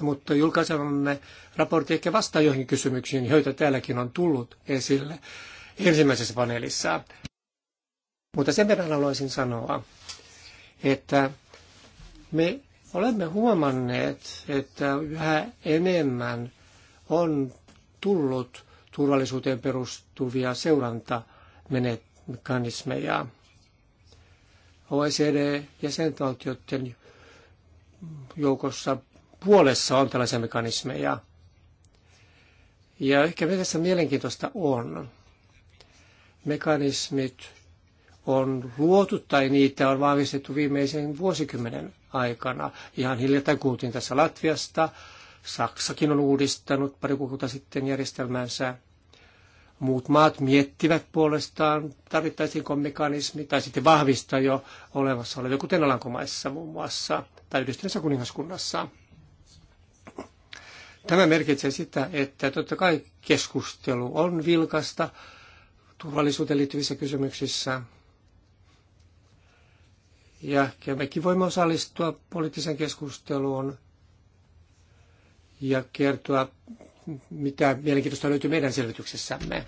Speaker 4: Mutta julkaisemamme raportti ehkä vastaa joihin kysymyksiin, joita täälläkin on tullut esille ensimmäisessä paneelissa. Mutta sen verran haluaisin sanoa, että me olemme huomanneet, että yhä enemmän on tullut turvallisuuteen perustuvia seurantamekanismeja. OECD-jäsenvaltioiden joukossa puolessa on tällaisia mekanismeja. Ja ehkä tässä mielenkiintoista on. Mekanismit on luotu tai niitä on vahvistettu viimeisen vuosikymmenen aikana. Ihan hiljattain kuultiin tässä Latviasta. Saksakin on uudistanut pari kuukautta sitten järjestelmänsä. Muut maat miettivät puolestaan, tarvittaisiinko mekanismi tai sitten vahvistaa jo olemassa olevia, kuten Alankomaissa muun muassa tai yhdistyneessä kuningaskunnassa. Tämä merkitsee sitä, että totta kai keskustelu on vilkasta turvallisuuteen liittyvissä kysymyksissä. Ja mekin voimme osallistua poliittiseen keskusteluun ja kertoa, mitä mielenkiintoista löytyy meidän selvityksessämme.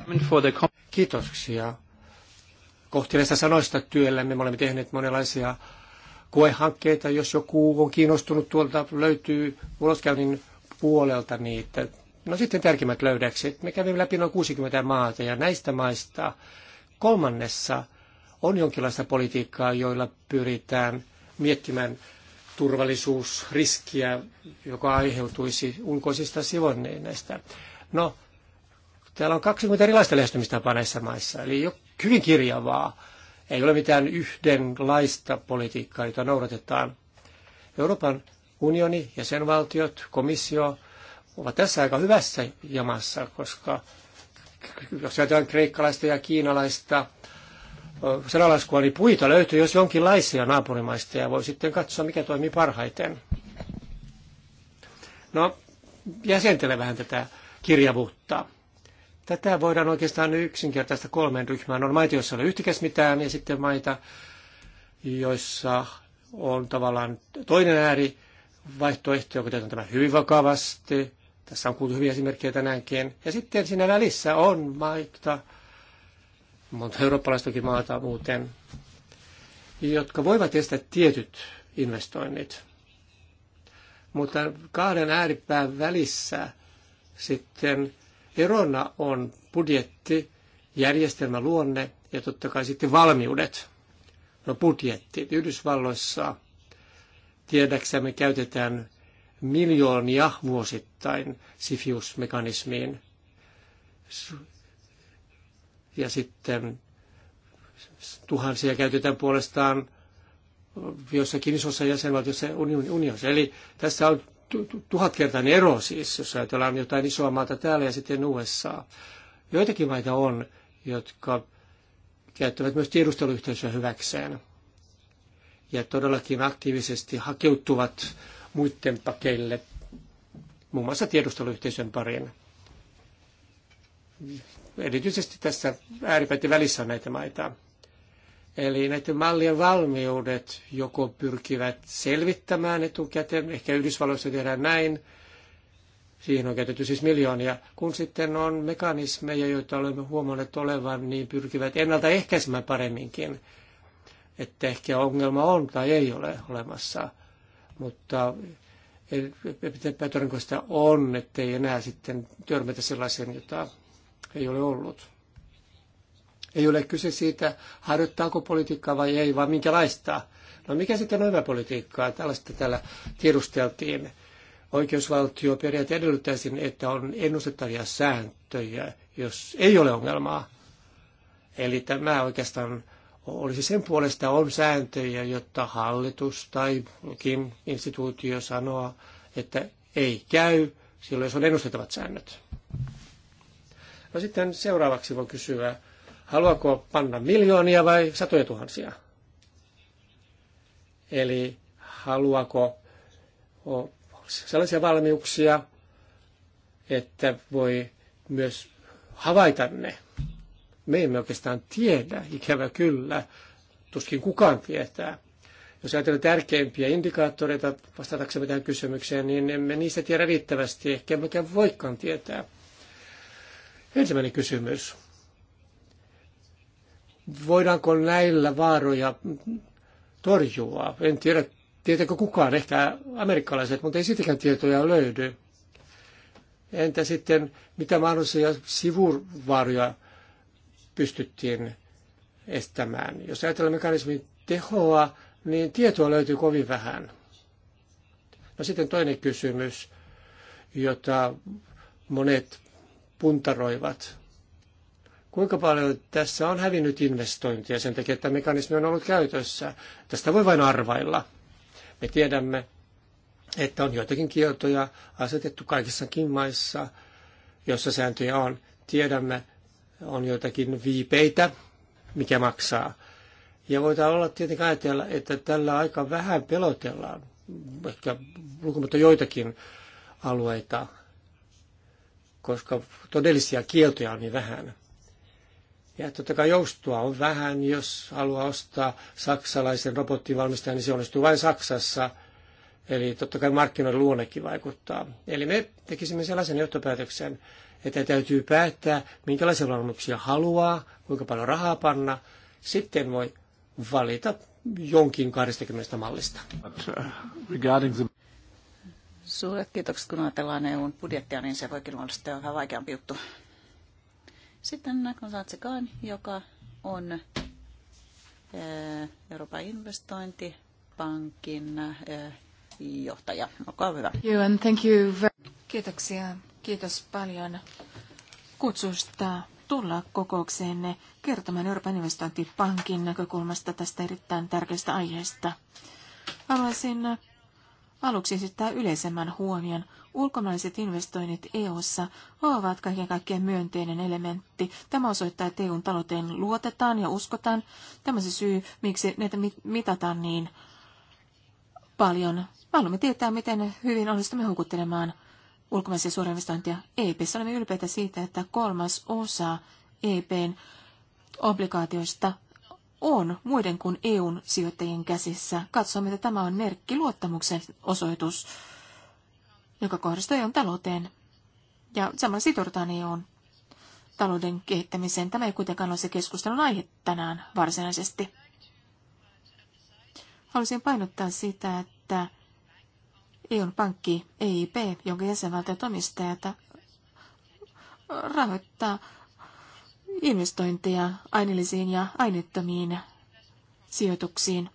Speaker 4: Kiitoksia kohteleista sanoista työllä Me olemme tehneet monenlaisia koehankkeita. Jos joku on kiinnostunut tuolta, löytyy uloskäynnin puolelta niitä. No sitten tärkeimmät löydökset. Me kävimme läpi noin 60 maata ja näistä maista kolmannessa on jonkinlaista politiikkaa, joilla pyritään miettimään turvallisuusriskiä, joka aiheutuisi ulkoisista sivonneista. No, täällä on 20 erilaista lähestymistapaa näissä maissa, eli jo hyvin kirjavaa. Ei ole mitään yhdenlaista politiikkaa, jota noudatetaan. Euroopan unioni ja sen valtiot, komissio ovat tässä aika hyvässä jamassa, koska jos ajatellaan kreikkalaista ja kiinalaista sanalaskua, niin puita löytyy, jos jonkinlaisia naapurimaista, ja voi sitten katsoa, mikä toimii parhaiten. No, jäsentele vähän tätä kirjavuutta. Tätä voidaan oikeastaan yksinkertaista kolmeen ryhmään. On maita, joissa ei ole yhtikäs mitään, ja sitten maita, joissa on tavallaan toinen ääri, vaihtoehtoja, kuten on tämä hyvin vakavasti. Tässä on kuultu hyviä esimerkkejä tänäänkin. Ja sitten siinä välissä on maita, monta eurooppalaistakin maata muuten, jotka voivat estää tietyt investoinnit. Mutta kahden ääripään välissä sitten erona on budjetti, järjestelmän luonne ja totta kai sitten valmiudet. No budjetti. Yhdysvalloissa Tiedäksemme käytetään miljoonia vuosittain sifiusmekanismiin Ja sitten tuhansia käytetään puolestaan jossakin isossa jäsenvaltiossa unionissa. Eli tässä on tuhat kertaa ero siis, jos ajatellaan jotain isoa maata täällä ja sitten USA. Joitakin maita on, jotka käyttävät myös tiedusteluyhteisöä hyväkseen ja todellakin aktiivisesti hakeutuvat muiden pakeille, muun muassa tiedusteluyhteisön parin. Erityisesti tässä ääripäätin välissä on näitä maita. Eli näiden mallien valmiudet joko pyrkivät selvittämään etukäteen, ehkä Yhdysvalloissa tehdään näin, siihen on käytetty siis miljoonia. Kun sitten on mekanismeja, joita olemme huomanneet olevan, niin pyrkivät ennaltaehkäisemään paremminkin että ehkä ongelma on tai ei ole olemassa, mutta epätodennäköistä on, ettei enää sitten törmätä sellaisen, jota ei ole ollut. Ei ole kyse siitä, harjoittaako politiikkaa vai ei, vaan minkälaista. No mikä sitten on hyvä politiikkaa? Tällaista täällä tiedusteltiin. Oikeusvaltioperiaate edellyttäisin, että on ennustettavia sääntöjä, jos ei ole ongelmaa. Eli tämä oikeastaan olisi sen puolesta on sääntöjä, jotta hallitus tai kim instituutio sanoo, että ei käy, silloin jos on ennustettavat säännöt. No sitten seuraavaksi voi kysyä, haluaako panna miljoonia vai satoja tuhansia? Eli haluaako sellaisia valmiuksia, että voi myös havaita ne me emme oikeastaan tiedä, ikävä kyllä, tuskin kukaan tietää. Jos ajatellaan tärkeimpiä indikaattoreita vastataksemme tähän kysymykseen, niin emme niistä tiedä riittävästi, ehkä emmekään voikaan tietää. Ensimmäinen kysymys. Voidaanko näillä vaaroja torjua? En tiedä, tietääkö kukaan, ehkä amerikkalaiset, mutta ei sitäkään tietoja löydy. Entä sitten, mitä mahdollisia sivuvaaroja pystyttiin estämään. Jos ajatellaan mekanismin tehoa, niin tietoa löytyy kovin vähän. No sitten toinen kysymys, jota monet puntaroivat. Kuinka paljon tässä on hävinnyt investointia sen takia, että mekanismi on ollut käytössä? Tästä voi vain arvailla. Me tiedämme, että on joitakin kieltoja asetettu kaikissakin maissa, jossa sääntöjä on. Tiedämme, on joitakin viipeitä, mikä maksaa. Ja voidaan olla tietenkin ajatella, että tällä aika vähän pelotellaan, ehkä lukumatta joitakin alueita, koska todellisia kieltoja on niin vähän. Ja totta kai joustua on vähän, jos haluaa ostaa saksalaisen robottivalmistajan, niin se onnistuu vain Saksassa. Eli totta kai markkinoiden luonnekin vaikuttaa. Eli me tekisimme sellaisen johtopäätöksen, että täytyy päättää, minkälaisia valmennuksia haluaa, kuinka paljon rahaa panna. Sitten voi valita jonkin 20 mallista. Uh,
Speaker 3: Suuret kiitokset, kun ajatellaan EUn budjettia, niin se voikin olla sitten vähän vaikeampi juttu. Sitten Konsaatsekaan, joka on eh, Euroopan investointipankin eh, johtaja. Olkaa
Speaker 2: hyvä. Kiitoksia Kiitos paljon kutsusta tulla kokoukseenne kertomaan Euroopan investointipankin näkökulmasta tästä erittäin tärkeästä aiheesta. Haluaisin aluksi esittää yleisemmän huomion. Ulkomaiset investoinnit EU:ssa ovat kaiken kaikkiaan myönteinen elementti. Tämä osoittaa, että EUn talouteen luotetaan ja uskotaan. Tämä se syy, miksi näitä mitataan niin paljon. Haluamme tietää, miten hyvin onnistumme houkuttelemaan ulkomaisia suorinvestointeja EIPissä. Olemme ylpeitä siitä, että kolmas osa EPn obligaatioista on muiden kuin EUn sijoittajien käsissä. Katsomme, että tämä on merkki luottamuksen osoitus, joka kohdistuu EUn talouteen. Ja samalla sitoudutaan EUn talouden kehittämiseen. Tämä ei kuitenkaan ole se keskustelun aihe tänään varsinaisesti. Haluaisin painottaa sitä, että EUn pankki EIP, jonka jäsenvaltiot omistajat äh, rahoittaa investointeja aineellisiin ja aineettomiin sijoituksiin,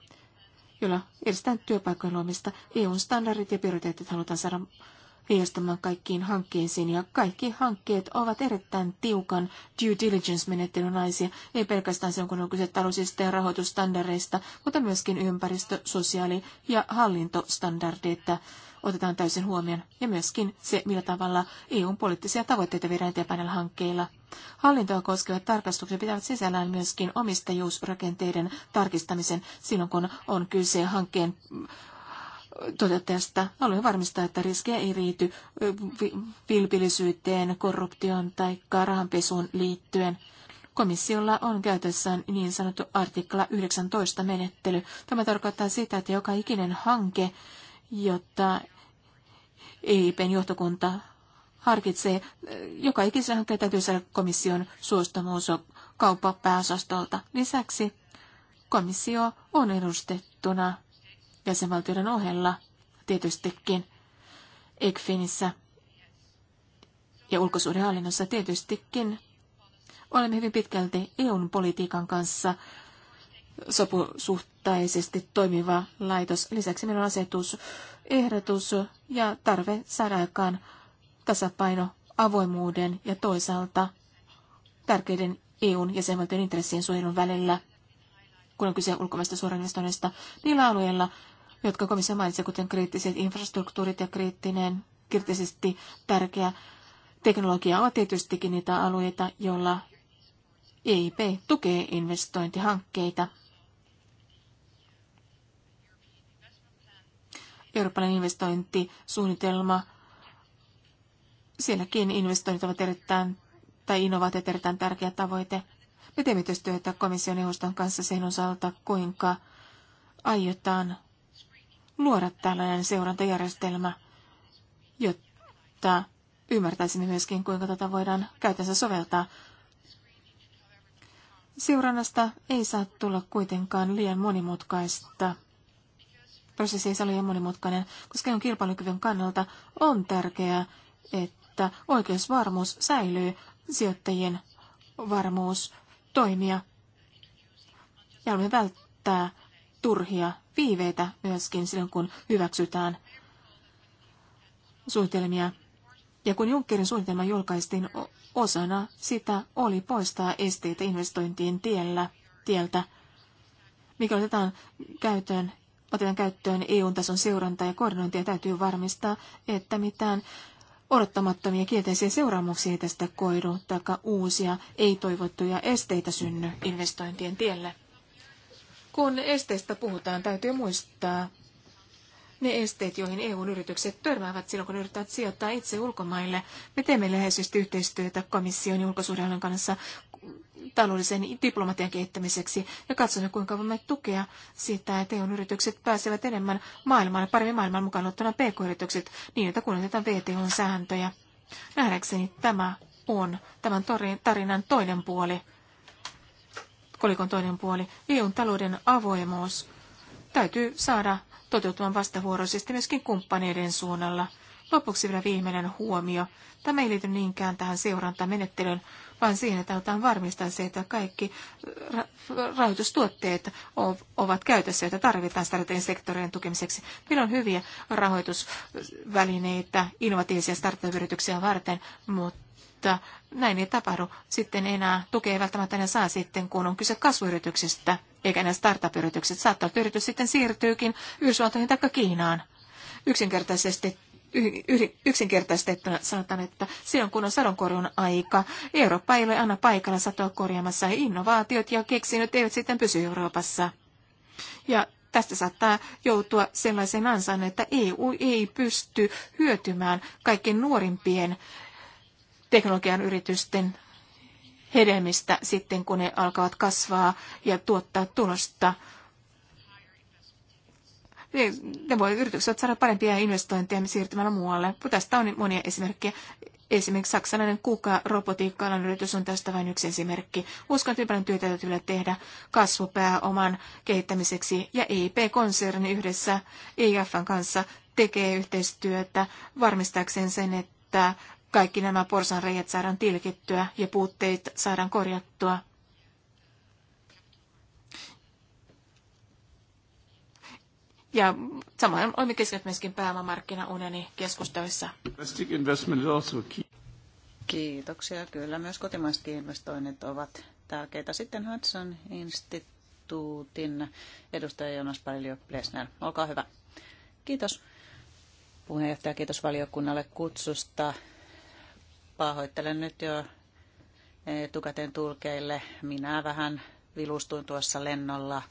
Speaker 2: joilla edistetään työpaikkojen luomista. eu standardit ja prioriteetit halutaan saada heijastamaan kaikkiin hankkeisiin, ja kaikki hankkeet ovat erittäin tiukan due diligence-menettelyn naisia, ei pelkästään sen kun on kyse talousista ja rahoitusstandardeista, mutta myöskin ympäristö-, sosiaali- ja hallintostandardeita otetaan täysin huomioon, ja myöskin se, millä tavalla EUn poliittisia tavoitteita viedään eteenpäin näillä hankkeilla. Hallintoa koskevat tarkastukset pitävät sisällään myöskin omistajuusrakenteiden tarkistamisen silloin, kun on kyse hankkeen toteuttajasta. Haluan varmistaa, että riskejä ei riity vilpillisyyteen, korruptioon tai rahanpesuun liittyen. Komissiolla on käytössään niin sanottu artikla 19 menettely. Tämä tarkoittaa sitä, että joka ikinen hanke, jotta EIPn johtokunta harkitsee, joka ikisen hanke täytyy saada komission suostumus kauppapääosastolta. Lisäksi komissio on edustettuna jäsenvaltioiden ohella tietystikin ECFINissä ja ulkosuhdehallinnossa tietystikin olemme hyvin pitkälti EUn politiikan kanssa sopusuhtaisesti toimiva laitos. Lisäksi meillä on asetus, ehdotus ja tarve saada aikaan tasapaino avoimuuden ja toisaalta tärkeiden EUn jäsenvaltion intressien suojelun välillä, kun on kyse ulkomaista suorainvestoinnista niillä alueilla, jotka komissio mainitsi, kuten kriittiset infrastruktuurit ja kriittinen, kriittisesti tärkeä teknologia ovat tietystikin niitä alueita, joilla EIP tukee investointihankkeita. Euroopan investointisuunnitelma, sielläkin investoinnit ovat erittäin, tai innovaatiot erittäin tärkeä tavoite. Me teemme työtä komission neuvoston kanssa sen osalta, kuinka aiotaan luoda tällainen seurantajärjestelmä, jotta ymmärtäisimme myöskin, kuinka tätä voidaan käytännössä soveltaa. Seurannasta ei saa tulla kuitenkaan liian monimutkaista. Prosessi ei saa liian monimutkainen, koska on kilpailukyvyn kannalta on tärkeää, että oikeusvarmuus säilyy, sijoittajien varmuus toimia. Ja haluamme välttää turhia viiveitä myöskin silloin, kun hyväksytään suunnitelmia. Ja kun Junckerin suunnitelma julkaistiin osana, sitä oli poistaa esteitä investointien tiellä, tieltä, mikä otetaan käyttöön otetaan käyttöön EU-tason seuranta ja koordinointia, täytyy varmistaa, että mitään odottamattomia kielteisiä seuraamuksia ei tästä koidu, taikka uusia ei-toivottuja esteitä synny investointien tielle. Kun esteistä puhutaan, täytyy muistaa ne esteet, joihin EUn yritykset törmäävät silloin, kun yrittävät sijoittaa itse ulkomaille. Me teemme läheisesti yhteistyötä komission ja kanssa taloudellisen diplomatian kehittämiseksi ja katsomme, kuinka voimme tukea sitä, että EUn yritykset pääsevät enemmän maailmaan, paremmin maailman mukaan ottana pk-yritykset niin, että kunnioitetaan VTOn sääntöjä. Nähdäkseni tämä on tämän tarinan toinen puoli kolikon toinen puoli, EUn talouden avoimuus, täytyy saada toteutumaan vastavuoroisesti myöskin kumppaneiden suunnalla. Lopuksi vielä viimeinen huomio. Tämä ei liity niinkään tähän seurantamenettelyyn, vaan siihen, että halutaan varmistaa se, että kaikki ra- rahoitustuotteet ovat käytössä, joita tarvitaan startupien sektorien tukemiseksi. Meillä on hyviä rahoitusvälineitä innovatiivisia startup-yrityksiä varten, mutta mutta näin ei tapahdu. Sitten enää tukea ei välttämättä enää saa sitten, kun on kyse kasvuyrityksestä, eikä enää startup-yritykset. Saattaa, että yritys sitten siirtyykin Yhdysvaltoihin tai Kiinaan. Yksinkertaisesti yksinkertaistettuna sanotaan, että silloin kun on sadonkorjun aika, Eurooppa ei ole aina paikalla satoa korjaamassa ja innovaatiot ja keksinyt eivät sitten pysy Euroopassa. Ja tästä saattaa joutua sellaisen ansaan, että EU ei pysty hyötymään kaikkien nuorimpien teknologian yritysten hedelmistä sitten, kun ne alkavat kasvaa ja tuottaa tulosta. Ne voi yritykset saada parempia investointeja siirtymällä muualle. Mutta Tästä on monia esimerkkejä. Esimerkiksi saksalainen kuka robotiikka yritys on tästä vain yksi esimerkki. Uskon, että paljon työtä täytyy tehdä kasvupääoman kehittämiseksi ja EIP-konserni yhdessä EIFn kanssa tekee yhteistyötä varmistaakseen sen, että kaikki nämä porsanreijät saadaan tilkittyä ja puutteet saadaan korjattua. Ja samoin olemme keskittyneet myöskin pääomamarkkinaunioni keskusteluissa. Kiitoksia. Kyllä myös kotimaiset
Speaker 3: investoinnit ovat tärkeitä. Sitten Hudson instituutin edustaja Jonas Palilio Plesner. Olkaa hyvä. Kiitos puheenjohtaja, kiitos valiokunnalle kutsusta Pahoittelen nyt jo etukäteen tulkeille. Minä vähän vilustuin tuossa lennolla.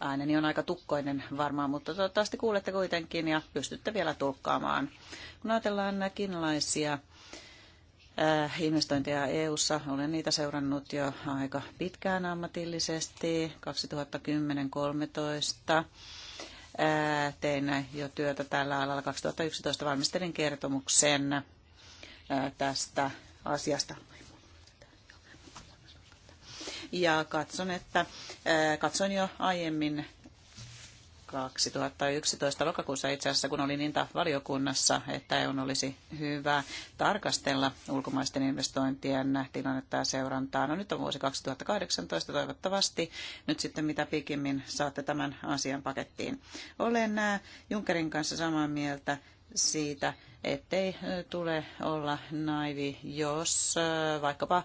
Speaker 3: Ääneni on aika tukkoinen varmaan, mutta toivottavasti kuulette kuitenkin ja pystytte vielä tulkkaamaan. Kun ajatellaan kiinalaisia äh, investointeja EU-ssa, olen niitä seurannut jo aika pitkään ammatillisesti, 2010-2013 äh, tein jo työtä tällä alalla. 2011 valmistelin kertomuksen tästä asiasta. Ja katson, että katson jo aiemmin 2011 lokakuussa itse asiassa, kun olin niitä valiokunnassa että EUn olisi hyvä tarkastella ulkomaisten investointien tilannetta ja seurantaa. No nyt on vuosi 2018, toivottavasti nyt sitten mitä pikimmin saatte tämän asian pakettiin. Olen Junckerin kanssa samaa mieltä siitä, ettei tule olla naivi, jos vaikkapa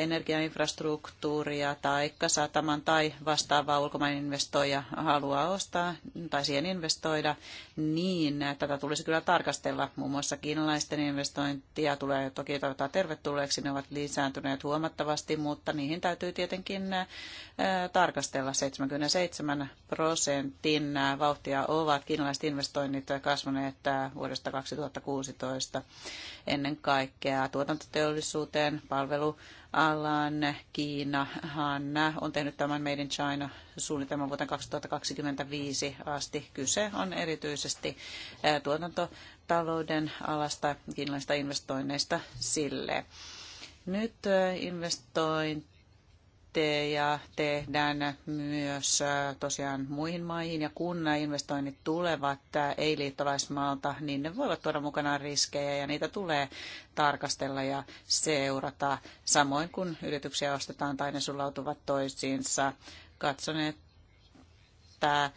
Speaker 3: energiainfrastruktuuria tai sataman tai vastaava ulkomainen investoija haluaa ostaa tai siihen investoida, niin tätä tulisi kyllä tarkastella. Muun muassa kiinalaisten investointia tulee toki toivottaa tervetulleeksi. Ne ovat lisääntyneet huomattavasti, mutta niihin täytyy tietenkin tarkastella. 77 prosentin vauhtia ovat kiinalaiset investoinnit kasvaneet vuodesta 2016 ennen kaikkea tuotantoteollisuuteen, palvelu alan. Kiinahan on tehnyt tämän Made in China suunnitelman vuoteen 2025 asti. Kyse on erityisesti tuotantotalouden alasta kiinalaisista investoinneista sille. Nyt investointi ja tehdään myös äh, tosiaan muihin maihin ja kun nämä investoinnit tulevat äh, ei-liittolaismaalta, niin ne voivat tuoda mukanaan riskejä ja niitä tulee tarkastella ja seurata. Samoin kun yrityksiä ostetaan tai ne sulautuvat toisiinsa, katson, että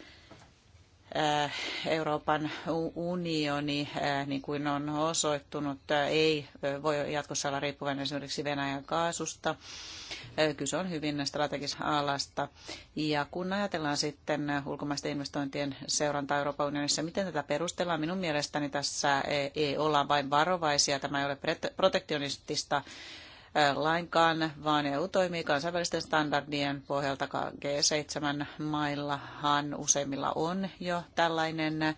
Speaker 3: Äh, Euroopan unioni, äh, niin kuin on osoittunut, äh, ei voi jatkossa olla riippuvainen esimerkiksi Venäjän kaasusta. Kyse on hyvin strategisalasta. Ja kun ajatellaan sitten ulkomaisten investointien seurantaa Euroopan unionissa, miten tätä perustellaan? Minun mielestäni tässä ei olla vain varovaisia. Tämä ei ole protektionistista Äh, lainkaan, vaan EU toimii kansainvälisten standardien pohjalta. G7-maillahan useimmilla on jo tällainen äh,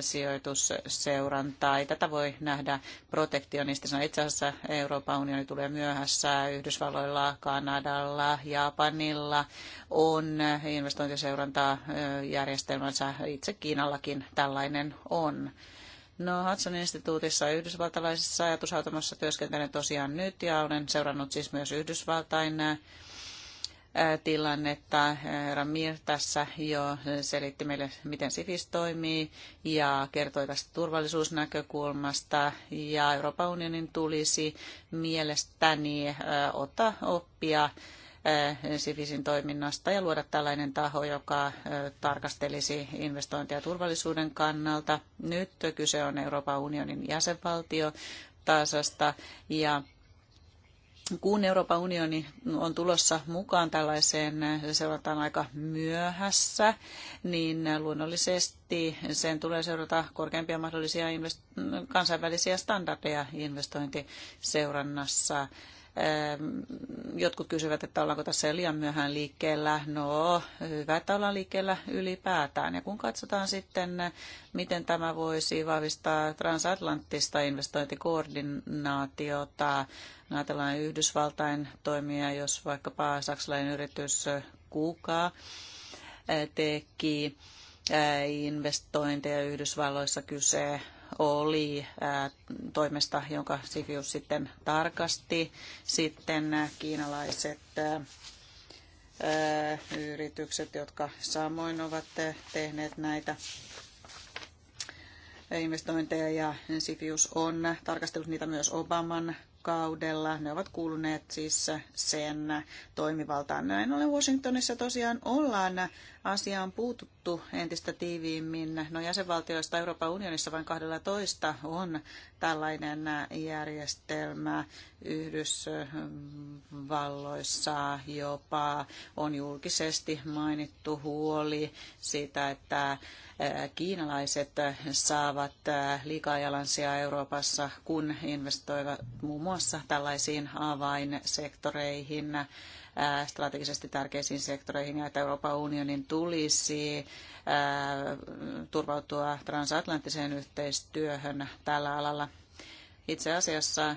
Speaker 3: sijoitusseuranta, Ei tätä voi nähdä protektionistisena. Itse asiassa Euroopan unioni tulee myöhässä. Yhdysvalloilla, Kanadalla, Japanilla on äh, investointiseurantajärjestelmänsä. Itse Kiinallakin tällainen on. No Hudson instituutissa yhdysvaltalaisessa ajatushautamassa työskentelen tosiaan nyt ja olen seurannut siis myös Yhdysvaltain tilannetta. Ramir tässä jo selitti meille, miten SIFIS toimii ja kertoi tästä turvallisuusnäkökulmasta. Ja Euroopan unionin tulisi mielestäni ottaa oppia Eh, sivisin toiminnasta ja luoda tällainen taho, joka eh, tarkastelisi investointia turvallisuuden kannalta. Nyt kyse on Euroopan unionin jäsenvaltio tasasta ja kun Euroopan unioni on tulossa mukaan tällaiseen eh, seurataan aika myöhässä, niin luonnollisesti sen tulee seurata korkeampia mahdollisia kansainvälisiä standardeja investointiseurannassa. Jotkut kysyvät, että ollaanko tässä liian myöhään liikkeellä. No, hyvä, että ollaan liikkeellä ylipäätään. Ja kun katsotaan sitten, miten tämä voisi vahvistaa transatlanttista investointikoordinaatiota, ajatellaan Yhdysvaltain toimia, jos vaikkapa saksalainen yritys Kuka eh, teki eh, investointeja Yhdysvalloissa kyse oli toimesta, jonka Sivius sitten tarkasti. Sitten kiinalaiset yritykset, jotka samoin ovat tehneet näitä investointeja ja Sivius on tarkastellut niitä myös Obaman kaudella. Ne ovat kuuluneet siis sen toimivaltaan. Näin ollen Washingtonissa tosiaan ollaan asiaan puututtu entistä tiiviimmin. No jäsenvaltioista Euroopan unionissa vain 12 on tällainen järjestelmä. Yhdysvalloissa jopa on julkisesti mainittu huoli siitä, että eh, kiinalaiset saavat eh, liikaa Euroopassa, kun investoivat muun muassa tällaisiin avainsektoreihin strategisesti tärkeisiin sektoreihin ja että Euroopan unionin tulisi turvautua transatlanttiseen yhteistyöhön tällä alalla. Itse asiassa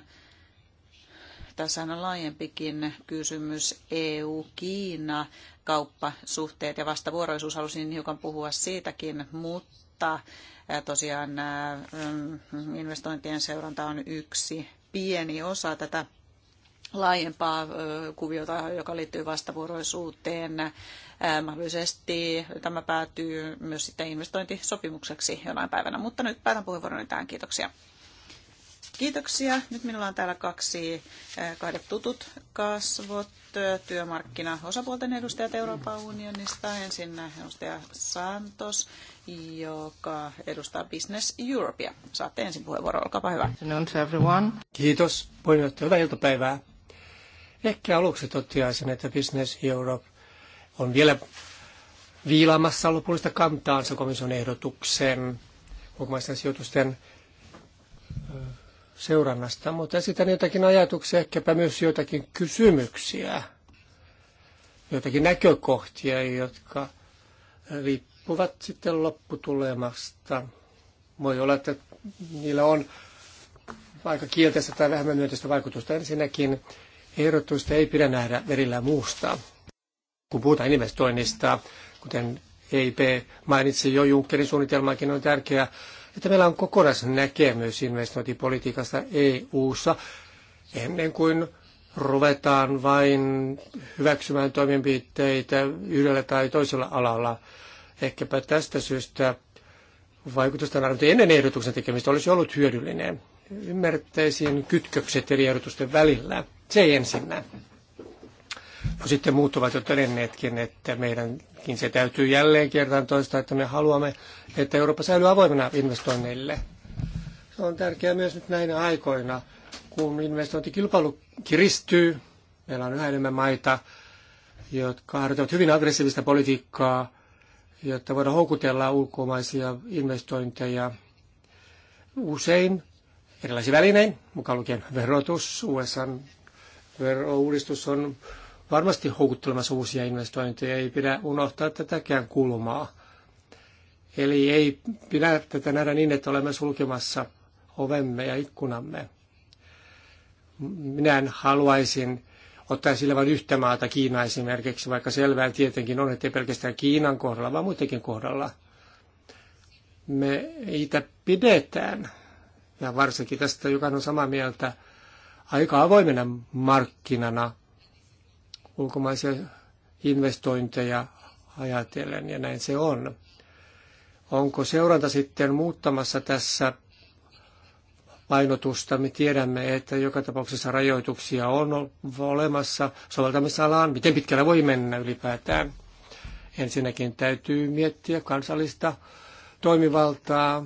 Speaker 3: tässä on laajempikin kysymys EU-Kiina kauppasuhteet ja vastavuoroisuus. Halusin hiukan puhua siitäkin, mutta tosiaan mm, investointien seuranta on yksi pieni osa tätä laajempaa kuviota, joka liittyy vastavuoroisuuteen. Mahdollisesti tämä päätyy myös sitten investointisopimukseksi jonain päivänä, mutta nyt päätän puheenvuoroni tähän. Kiitoksia. Kiitoksia. Nyt minulla on täällä kaksi kahdet tutut kasvot, työmarkkinaosapuolten edustajat Euroopan unionista. Ensin edustaja Santos, joka edustaa Business Europea. Saatte ensin puheenvuoro, olkaapa
Speaker 4: hyvä. Kiitos. Puheenjohtaja, hyvää iltapäivää. Ehkä aluksi toteaisin, että Business Europe on vielä viilaamassa lopullista kantaansa komission ehdotuksen ulkomaisten sijoitusten seurannasta, mutta esitän jotakin ajatuksia, ehkäpä myös joitakin kysymyksiä, joitakin näkökohtia, jotka riippuvat sitten lopputulemasta. Voi olla, että niillä on aika kielteistä tai vähemmän myönteistä vaikutusta. Ensinnäkin ehdotusta ei pidä nähdä verillä muusta. Kun puhutaan investoinnista, kuten EIP mainitsi jo Junckerin suunnitelmaakin, on tärkeää, että meillä on kokonaisnäkemys investointipolitiikasta EU-ssa ennen kuin ruvetaan vain hyväksymään toimenpiteitä yhdellä tai toisella alalla. Ehkäpä tästä syystä vaikutusten arviointi ennen ehdotuksen tekemistä olisi ollut hyödyllinen. Ymmärtäisiin kytkökset eri ehdotusten välillä. Se ei ensinnä. No sitten muut ovat jo todenneetkin, että meidänkin se täytyy jälleen kerran toistaa, että me haluamme, että Eurooppa säilyy avoimena investoinneille. Se on tärkeää myös nyt näinä aikoina, kun investointikilpailu kiristyy. Meillä on yhä enemmän maita, jotka harjoittavat hyvin aggressiivista politiikkaa, jotta voidaan houkutella ulkomaisia investointeja usein erilaisiin välinein, mukaan lukien verotus, USA verouudistus on varmasti houkuttelemassa uusia investointeja. Ei pidä unohtaa tätäkään kulmaa. Eli ei pidä tätä nähdä niin, että olemme sulkemassa ovemme ja ikkunamme. Minä en haluaisin ottaa sillä vain yhtä maata, Kiina esimerkiksi, vaikka selvää tietenkin on, että ei pelkästään Kiinan kohdalla, vaan muidenkin kohdalla. Me itä pidetään, ja varsinkin tästä jokainen on samaa mieltä, aika avoimena markkinana ulkomaisia investointeja ajatellen, ja näin se on. Onko seuranta sitten muuttamassa tässä painotusta? Me tiedämme, että joka tapauksessa rajoituksia on olemassa soveltamisalaan. Miten pitkällä voi mennä ylipäätään? Ensinnäkin täytyy miettiä kansallista toimivaltaa,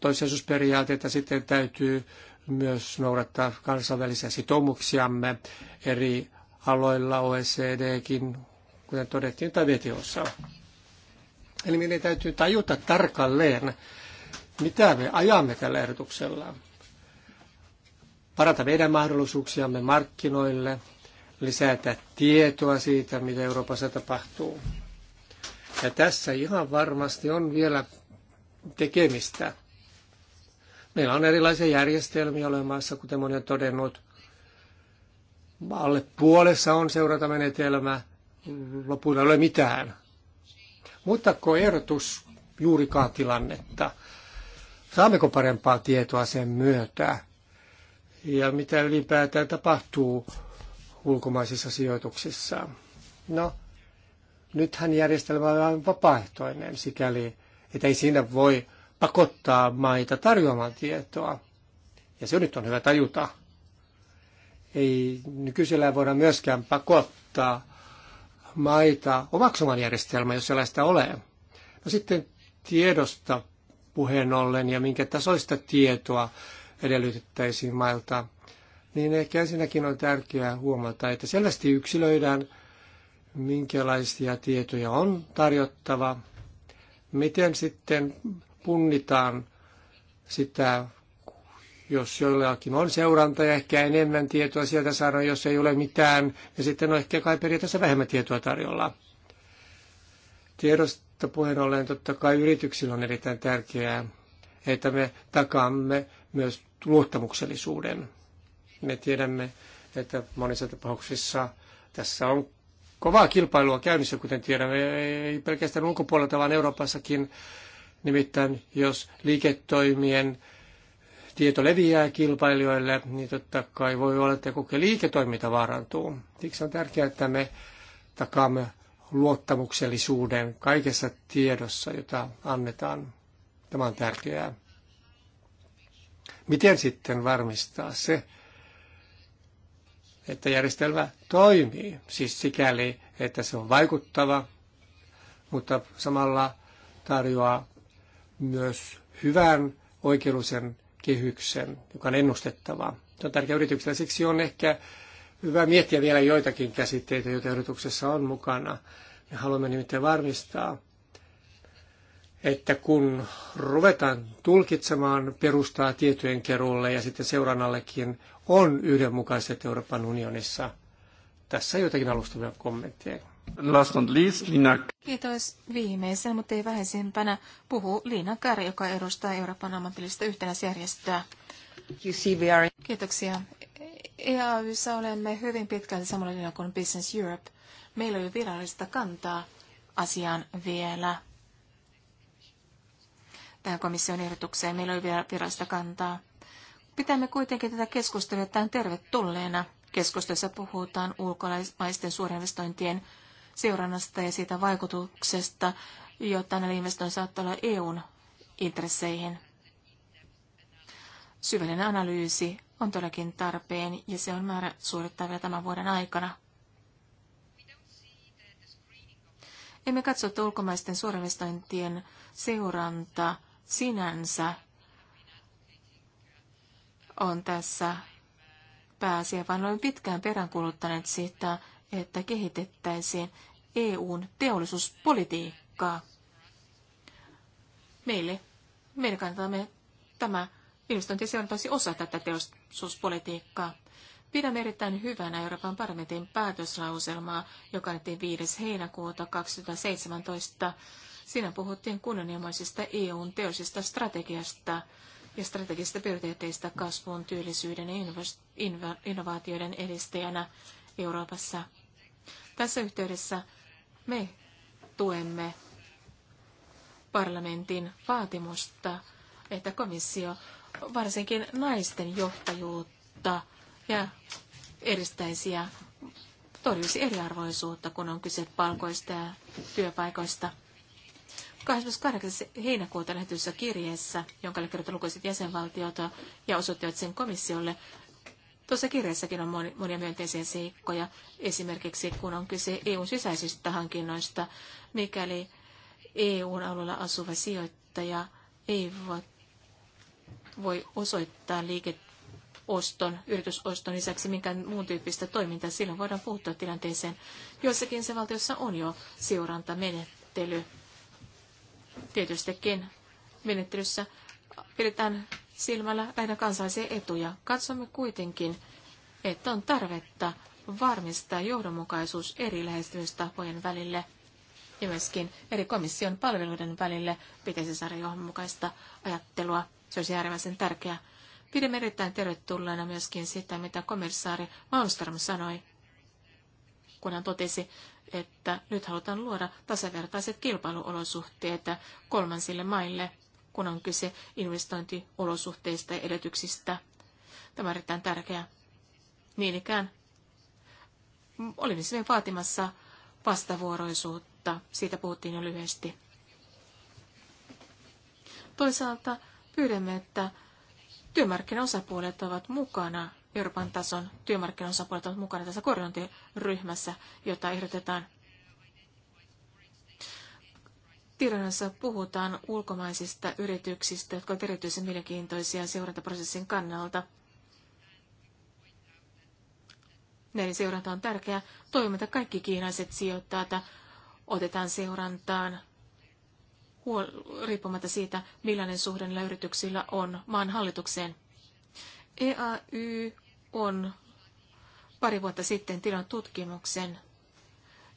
Speaker 4: toissijaisuusperiaatetta, sitten täytyy myös noudattaa kansainvälisiä sitoumuksiamme eri aloilla OECDkin, kuten todettiin, tai VTOssa. Eli meidän täytyy tajuta tarkalleen, mitä me ajamme tällä ehdotuksella. Parata meidän mahdollisuuksiamme markkinoille, lisätä tietoa siitä, mitä Euroopassa tapahtuu. Ja tässä ihan varmasti on vielä tekemistä. Meillä on erilaisia järjestelmiä olemassa, kuten moni on todennut. Alle puolessa on seurantamenetelmä, lopulla ei ole mitään. Muuttako erotus juurikaan tilannetta? Saammeko parempaa tietoa sen myötä? Ja mitä ylipäätään tapahtuu ulkomaisissa sijoituksissa? No, nythän järjestelmä on vapaaehtoinen sikäli, että ei siinä voi pakottaa maita tarjoamaan tietoa. Ja se nyt on hyvä tajuta. Ei nykyisellä voida myöskään pakottaa maita omaksumaan järjestelmä, jos sellaista ole. No sitten tiedosta puheen ollen ja minkä tasoista tietoa edellytettäisiin mailta, niin ehkä ensinnäkin on tärkeää huomata, että selvästi yksilöidään, minkälaisia tietoja on tarjottava, miten sitten punnitaan sitä, jos joillakin on seuranta ja ehkä enemmän tietoa sieltä saada, jos ei ole mitään, ja sitten on ehkä kai periaatteessa vähemmän tietoa tarjolla. Tiedosta puheen ollen totta kai yrityksillä on erittäin tärkeää, että me takaamme myös luottamuksellisuuden. Me tiedämme, että monissa tapauksissa tässä on kovaa kilpailua käynnissä, kuten tiedämme, ei pelkästään ulkopuolelta, vaan Euroopassakin Nimittäin jos liiketoimien tieto leviää kilpailijoille, niin totta kai voi olla, että koko liiketoiminta vaarantuu. Siksi on tärkeää, että me takaamme luottamuksellisuuden kaikessa tiedossa, jota annetaan. Tämä on tärkeää. Miten sitten varmistaa se, että järjestelmä toimii, siis sikäli, että se on vaikuttava, mutta samalla tarjoaa myös hyvän oikeudellisen kehyksen, joka on ennustettavaa. Se on tärkeä yrityksellä. Siksi on ehkä hyvä miettiä vielä joitakin käsitteitä, joita yrityksessä on mukana. Me haluamme nimittäin varmistaa, että kun ruvetaan tulkitsemaan perustaa tietojen keruulle ja sitten seurannallekin on yhdenmukaiset Euroopan unionissa. Tässä joitakin alustavia kommentteja. Last least, Lina.
Speaker 2: Kiitos viimeisen, mutta ei vähäisimpänä. Puhuu Liina Kari, joka edustaa Euroopan ammatillista yhtenäisjärjestöä. Kiitoksia. EAYssä olemme hyvin pitkälti samalla linjalla kuin Business Europe. Meillä ei virallista kantaa asiaan vielä. Tähän komission ehdotukseen meillä ei vielä virallista kantaa. Pitämme kuitenkin tätä keskustelua tämän tervetulleena. Keskustelussa puhutaan ulkomaisten suurinvestointien seurannasta ja siitä vaikutuksesta, jota näillä investoinneilla saattaa olla EUn intresseihin. Syvällinen analyysi on todellakin tarpeen ja se on määrä suorittaa vielä tämän vuoden aikana. Emme katso, että ulkomaisten suorinvestointien seuranta sinänsä on tässä pääasia, vaan olen pitkään peräänkuluttaneet sitä, että kehitettäisiin EUn teollisuuspolitiikkaa. Meille, meidän kannatamme tämä investointiseuranta seurantaisi osa tätä teollisuuspolitiikkaa. Pidämme erittäin hyvänä Euroopan parlamentin päätöslauselmaa, joka annettiin 5. heinäkuuta 2017. Siinä puhuttiin kunnianhimoisesta EUn teollisesta strategiasta ja strategisista prioriteeteista kasvun, työllisyyden ja innovaatioiden edistäjänä Euroopassa. Tässä yhteydessä me tuemme parlamentin vaatimusta, että komissio varsinkin naisten johtajuutta ja edistäisi ja torjuisi eriarvoisuutta, kun on kyse palkoista ja työpaikoista. 28. heinäkuuta lähetyssä kirjeessä, jonka oli kirjoittanut lukuiset jäsenvaltiot ja osoittivat sen komissiolle, Tuossa kirjassakin on monia myönteisiä seikkoja, esimerkiksi kun on kyse EUn sisäisistä hankinnoista, mikäli EUn alueella asuva sijoittaja ei voi, voi osoittaa liikeoston, yritysoston lisäksi minkään muun tyyppistä toimintaa, silloin voidaan puuttua tilanteeseen. Joissakin se valtiossa on jo seurantamenettely. Tietystikin menettelyssä pidetään silmällä näitä kansallisia etuja. Katsomme kuitenkin, että on tarvetta varmistaa johdonmukaisuus eri lähestymistapojen välille ja myöskin eri komission palveluiden välille pitäisi saada johdonmukaista ajattelua. Se olisi äärimmäisen tärkeää. Pidämme erittäin tervetulleena myöskin sitä, mitä komissaari Malmström sanoi, kun hän totesi, että nyt halutaan luoda tasavertaiset kilpailuolosuhteet kolmansille maille – kun on kyse investointiolosuhteista ja edellytyksistä. Tämä on erittäin tärkeää. Niin ikään olin sinne vaatimassa vastavuoroisuutta. Siitä puhuttiin jo lyhyesti. Toisaalta pyydämme, että työmarkkinaosapuolet ovat mukana, Euroopan tason työmarkkinaosapuolet ovat mukana tässä koordinointiryhmässä, jota ehdotetaan Tiranassa puhutaan ulkomaisista yrityksistä, jotka ovat erityisen mielenkiintoisia seurantaprosessin kannalta. Näiden seuranta on tärkeää. Toiminta kaikki kiinaiset sijoittajat otetaan seurantaan huol- riippumatta siitä, millainen suhde näillä yrityksillä on maan hallitukseen. EAY on pari vuotta sitten tilannut tutkimuksen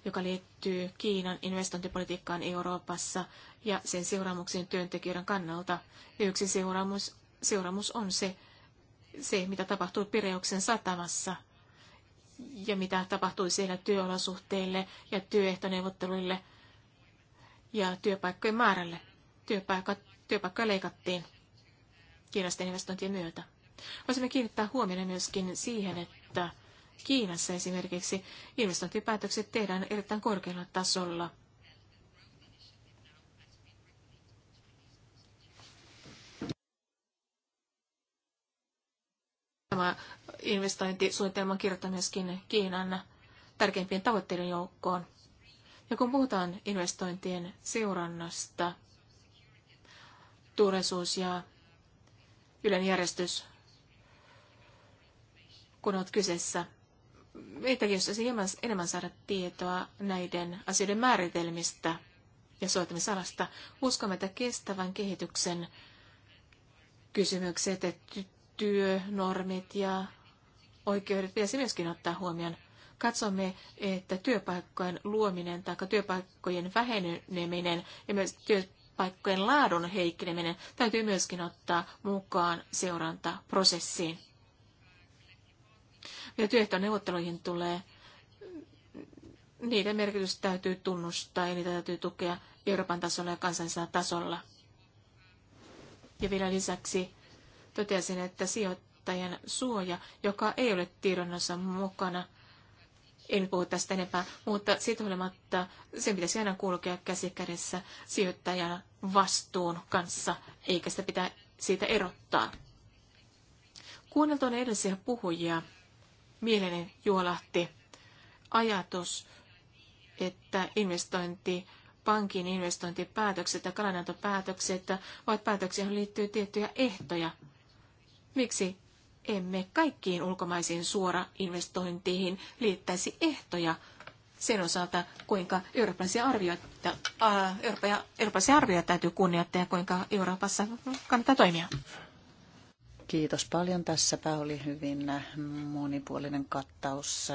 Speaker 2: joka liittyy Kiinan investointipolitiikkaan Euroopassa ja sen seuraamuksiin työntekijöiden kannalta. Yksi seuraamus, seuraamus on se, se, mitä tapahtuu Pireuksen satamassa ja mitä tapahtui siellä työolosuhteille ja työehtoneuvotteluille ja työpaikkojen määrälle. Työpaikka, työpaikkoja leikattiin kiinnosten investointien myötä. Voisimme kiinnittää huomiota myöskin siihen, että Kiinassa esimerkiksi investointipäätökset tehdään erittäin korkealla tasolla. Tämä investointisuunnitelma kirjoittaa myöskin Kiinan tärkeimpien tavoitteiden joukkoon. Ja kun puhutaan investointien seurannasta, turvallisuus ja yleinen järjestys, kun olet kyseessä, meitä kiinnostaisi hieman enemmän saada tietoa näiden asioiden määritelmistä ja soittamisalasta. Uskomme, että kestävän kehityksen kysymykset, että työnormit ja oikeudet pitäisi myöskin ottaa huomioon. Katsomme, että työpaikkojen luominen tai työpaikkojen väheneminen ja myös työpaikkojen laadun heikkeneminen täytyy myöskin ottaa mukaan seurantaprosessiin ja työehtoneuvotteluihin tulee, niiden merkitys täytyy tunnustaa ja niitä täytyy tukea Euroopan tasolla ja kansallisella tasolla. Ja vielä lisäksi totesin, että sijoittajan suoja, joka ei ole tiedonnossa mukana, en puhu tästä enempää, mutta siitä huolimatta sen pitäisi aina kulkea käsi kädessä sijoittajan vastuun kanssa, eikä sitä pitää siitä erottaa. Kuunneltuani edellisiä puhujia mieleni juolahti ajatus, että investointi pankin investointipäätökset ja kalanantopäätökset ovat päätöksiä, joihin liittyy tiettyjä ehtoja. Miksi emme kaikkiin ulkomaisiin investointiin liittäisi ehtoja sen osalta, kuinka eurooppalaisia arvioita, ää, eurooppalaisia arvioita täytyy kunnioittaa ja kuinka Euroopassa kannattaa toimia? Kiitos
Speaker 3: paljon. Tässäpä oli hyvin monipuolinen kattaus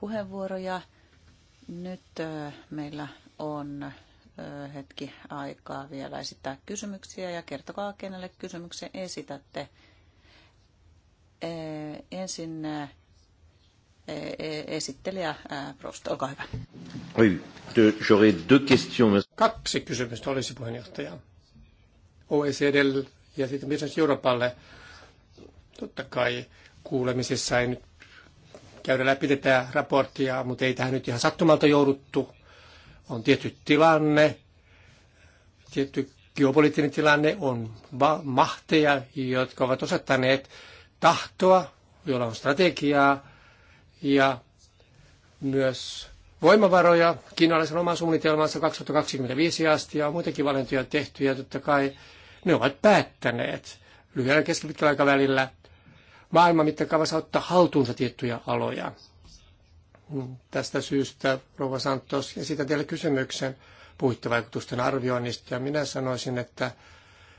Speaker 3: puheenvuoroja. Nyt meillä on hetki aikaa vielä esittää kysymyksiä ja kertokaa, kenelle kysymyksen esitätte. Ensin e, e, esittelijä Prost, olkaa hyvä.
Speaker 4: Kaksi kysymystä olisi puheenjohtaja. OECD ja sitten Business Euroopalle Totta kai kuulemisessa ei nyt käydä läpi tätä raporttia, mutta ei tähän nyt ihan sattumalta jouduttu. On tietty tilanne, tietty geopoliittinen tilanne, on mahteja, jotka ovat osattaneet tahtoa, joilla on strategiaa ja myös voimavaroja. Kiinalaisen oman suunnitelmansa 2025 asti ja on muitakin valintoja tehty ja totta kai ne ovat päättäneet lyhyellä keskipitkällä aikavälillä – maailman mittakaavassa ottaa haltuunsa tiettyjä aloja. Tästä syystä, Rova Santos, esitän teille kysymyksen puhittavaikutusten arvioinnista. Ja minä sanoisin, että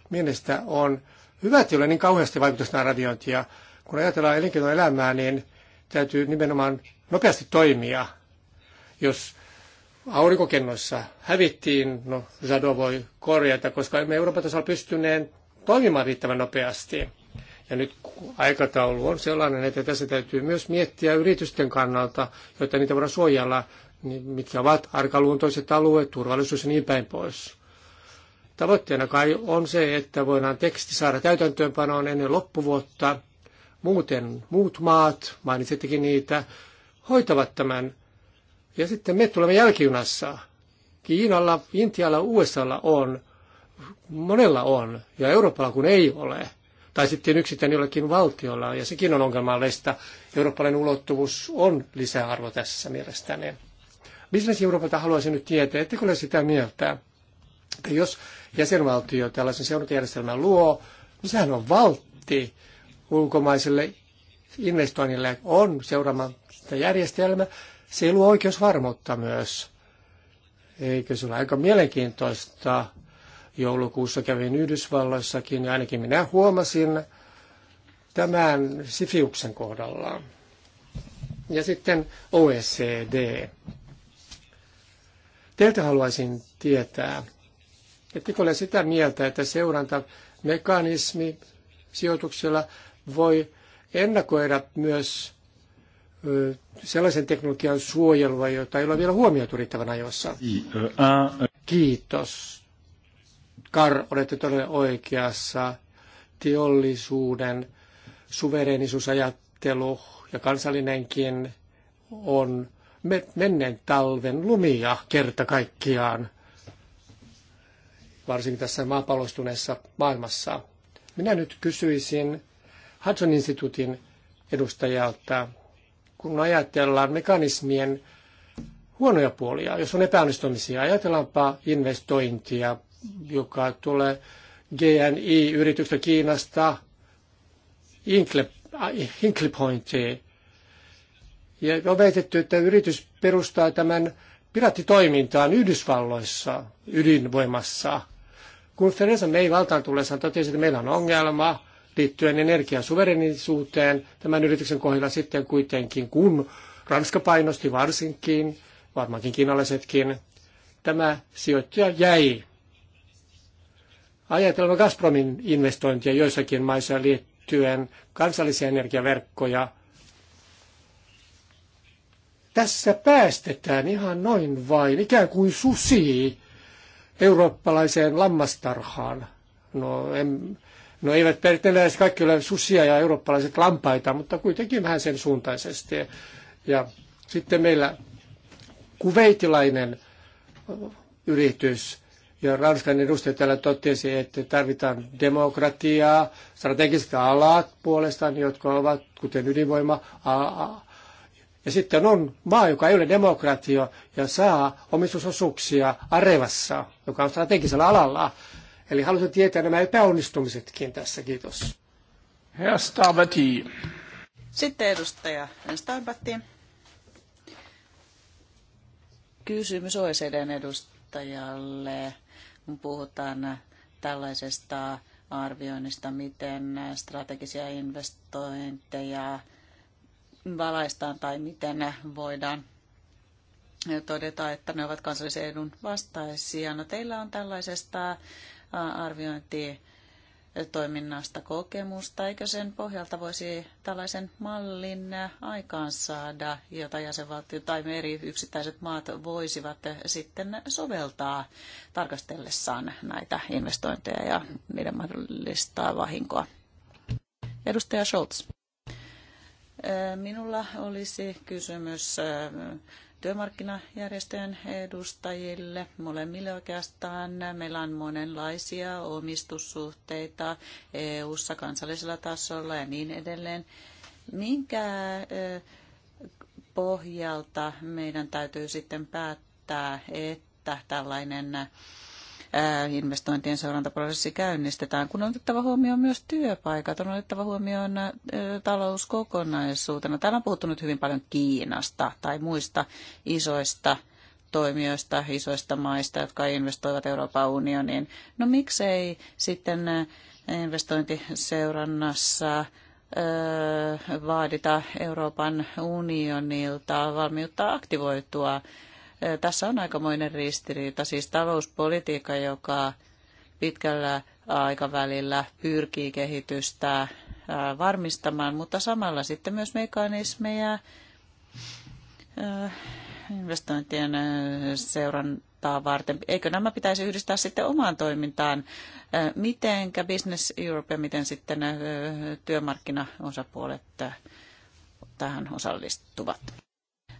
Speaker 4: mielestä on hyvä, että ei ole niin kauheasti vaikutusten arviointia. Kun ajatellaan elinkeinoelämää, niin täytyy nimenomaan nopeasti toimia. Jos aurinkokennoissa hävittiin, no Zado voi korjata, koska emme Euroopan tasolla pystyneen toimimaan riittävän nopeasti. Ja nyt aikataulu on sellainen, että tässä täytyy myös miettiä yritysten kannalta, jotta niitä voidaan suojella, niin mitkä ovat arkaluontoiset alueet, turvallisuus ja niin päin pois. Tavoitteena kai on se, että voidaan teksti saada täytäntöönpanoon ennen loppuvuotta. Muuten muut maat, mainitsettekin niitä, hoitavat tämän. Ja sitten me tulemme jälkijunassa. Kiinalla, Intialla, USAlla on, monella on, ja Euroopalla kun ei ole tai sitten yksittäin jollekin valtiolla, ja sekin on ongelmallista. Eurooppalainen ulottuvuus on lisäarvo tässä mielestäni. Business Euroopalta haluaisin nyt tietää, ettekö ole sitä mieltä, että jos jäsenvaltio tällaisen seurantajärjestelmän luo, niin sehän on valtti ulkomaiselle investoinnille on seuraamatta järjestelmä. Se luo oikeusvarmuutta myös. Eikö se ole aika mielenkiintoista Joulukuussa kävin Yhdysvalloissakin ja ainakin minä huomasin tämän Sifiuksen kohdallaan. Ja sitten OECD. Teiltä haluaisin tietää, ettekö ole sitä mieltä, että seurantamekanismi sijoituksella voi ennakoida myös sellaisen teknologian suojelua, jota ei ole vielä huomioitu riittävän ajoissa. Kiitos. Kar, olette todella oikeassa. Teollisuuden suvereenisuusajattelu ja kansallinenkin on menneen talven lumia kerta kaikkiaan, varsinkin tässä maapallostuneessa maailmassa. Minä nyt kysyisin Hudson instituutin edustajalta, kun ajatellaan mekanismien huonoja puolia, jos on epäonnistumisia, ajatellaanpa investointia joka tulee GNI-yrityksestä Kiinasta Inklipointiin. Ja on väitetty, että yritys perustaa tämän pirattitoimintaan Yhdysvalloissa ydinvoimassa. Kun Theresa May valtaan tullessaan totesi, että meillä on ongelma liittyen energiasuverenisuuteen tämän yrityksen kohdalla sitten kuitenkin, kun Ranska painosti varsinkin, varmaankin kiinalaisetkin, tämä sijoittaja jäi Ajatellaan Gazpromin investointia joissakin maissa liittyen kansallisia energiaverkkoja. Tässä päästetään ihan noin vain, ikään kuin susi eurooppalaiseen lammastarhaan. No, en, no eivät periaatteessa kaikki ole susia ja eurooppalaiset lampaita, mutta kuitenkin vähän sen suuntaisesti. Ja sitten meillä kuveitilainen yritys ja Ranskan edustaja täällä totesi, että tarvitaan demokratiaa, strategiset alat puolestaan, jotka ovat kuten ydinvoima. Ja sitten on maa, joka ei ole demokratia ja saa omistusosuuksia Arevassa, joka on strategisella alalla. Eli haluaisin tietää nämä epäonnistumisetkin tässä. Kiitos.
Speaker 3: Herr Sitten edustaja Starbatti. Kysymys OECDn edustajalle puhutaan tällaisesta arvioinnista, miten strategisia investointeja valaistaan tai miten ne voidaan todeta, että ne ovat kansallisen edun vastaisia. No, teillä on tällaisesta arviointi toiminnasta kokemusta, eikö sen pohjalta voisi tällaisen mallin aikaansaada, jota jäsenvaltio tai eri yksittäiset maat voisivat sitten soveltaa tarkastellessaan näitä investointeja ja niiden mahdollista vahinkoa. Edustaja Scholz. Minulla olisi kysymys työmarkkinajärjestöjen edustajille, molemmille oikeastaan. Meillä on monenlaisia omistussuhteita EU-ssa kansallisella tasolla ja niin edelleen. Minkä pohjalta meidän täytyy sitten päättää, että tällainen investointien seurantaprosessi käynnistetään, kun on otettava huomioon myös työpaikat, on otettava huomioon talous kokonaisuutena. Täällä on puhuttu nyt hyvin paljon Kiinasta tai muista isoista toimijoista, isoista maista, jotka investoivat Euroopan unioniin. No miksei sitten investointiseurannassa vaadita Euroopan unionilta valmiutta aktivoitua tässä on aikamoinen ristiriita, siis talouspolitiikka, joka pitkällä aikavälillä pyrkii kehitystä varmistamaan, mutta samalla sitten myös mekanismeja investointien seurantaa varten. Eikö nämä pitäisi yhdistää sitten omaan toimintaan? Mitenkä Business Europe ja miten sitten työmarkkinaosapuolet tähän osallistuvat?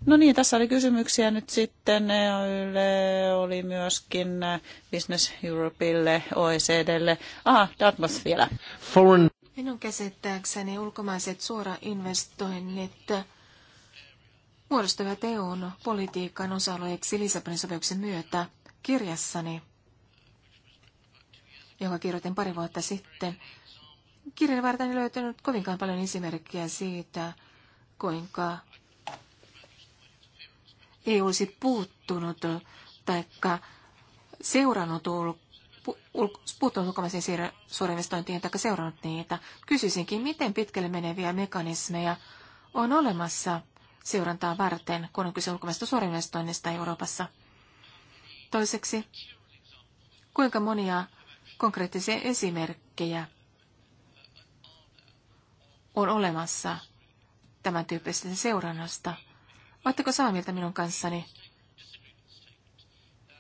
Speaker 3: No niin, tässä oli kysymyksiä nyt sitten. yle oli myöskin Business Europeille, OECDlle. Aha, Dartmouth vielä.
Speaker 2: Foreign. Minun käsittääkseni ulkomaiset suorainvestoinnit muodostuvat EUn politiikan osa-alueeksi Lisabonin sopimuksen myötä kirjassani, jonka kirjoitin pari vuotta sitten. Kirjan varten löytynyt kovinkaan paljon esimerkkejä siitä, kuinka ei olisi puuttunut tai seurannut ulkoa puuttunut ulkomaisiin suorinvestointeihin tai seurannut niitä. Kysyisinkin, miten pitkälle meneviä mekanismeja on olemassa seurantaa varten, kun on kyse ulkomaista suurinvestoinnista Euroopassa. Toiseksi, kuinka monia konkreettisia esimerkkejä on olemassa tämän tyyppisestä seurannasta – Oletteko samaa mieltä minun kanssani,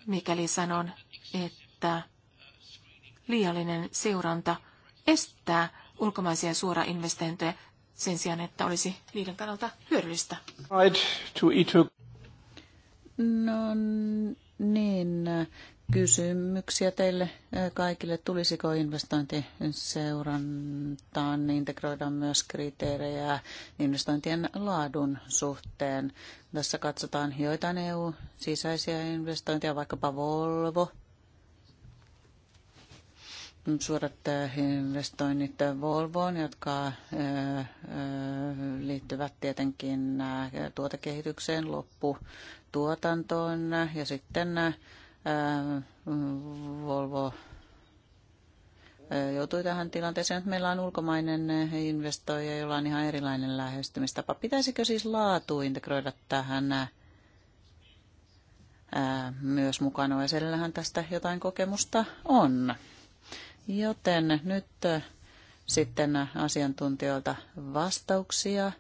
Speaker 2: mikäli sanon, että liiallinen seuranta estää ulkomaisia investointeja sen sijaan, että olisi niiden kannalta hyödyllistä?
Speaker 3: No niin, kysymyksiä teille kaikille. Tulisiko investointiseurantaan integroida myös kriteerejä investointien laadun suhteen? Tässä katsotaan joitain EU-sisäisiä investointeja, vaikkapa Volvo. Suorat investoinnit Volvoon, jotka liittyvät tietenkin tuotekehitykseen, lopputuotantoon ja sitten Volvo joutui tähän tilanteeseen, että meillä on ulkomainen investoija, jolla on ihan erilainen lähestymistapa. Pitäisikö siis laatu integroida tähän myös mukana? Oesellähän tästä jotain kokemusta on. Joten nyt sitten asiantuntijoilta vastauksia.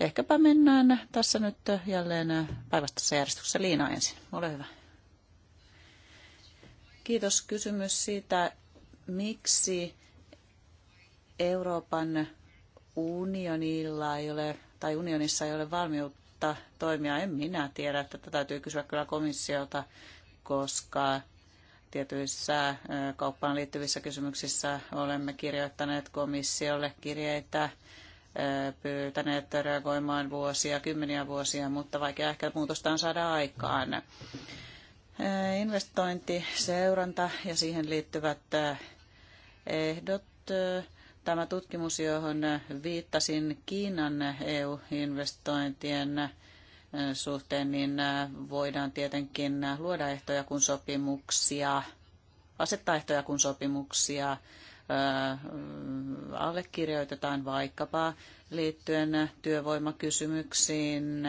Speaker 3: Ehkäpä mennään tässä nyt jälleen päivästä järjestyksessä Liina ensin. Ole hyvä. Kiitos kysymys siitä, miksi Euroopan unionilla ei ole, tai unionissa ei ole valmiutta toimia. En minä tiedä, että tätä täytyy kysyä kyllä komissiolta, koska tietyissä kauppaan liittyvissä kysymyksissä olemme kirjoittaneet komissiolle kirjeitä, pyytäneet reagoimaan vuosia, kymmeniä vuosia, mutta vaikea ehkä muutostaan saada aikaan. Äh, investointiseuranta ja siihen liittyvät äh, ehdot. Äh, tämä tutkimus, johon viittasin Kiinan EU-investointien suhteen, niin voidaan tietenkin luoda ehtoja kun sopimuksia, asettaa ehtoja kun sopimuksia allekirjoitetaan vaikkapa liittyen työvoimakysymyksiin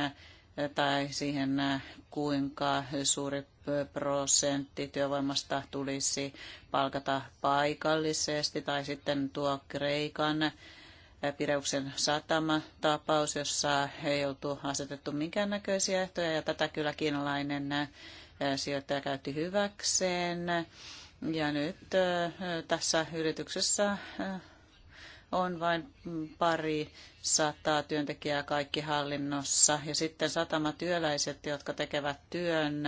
Speaker 3: tai siihen, kuinka suuri prosentti työvoimasta tulisi palkata paikallisesti tai sitten tuo Kreikan eh, Pireuksen satama-tapaus, jossa ei oltu asetettu minkäännäköisiä ehtoja ja tätä kyllä kiinalainen eh, sijoittaja käytti hyväkseen. Ja nyt eh, tässä yrityksessä on vain pari sataa työntekijää kaikki hallinnossa. Ja sitten satamatyöläiset, jotka tekevät työn,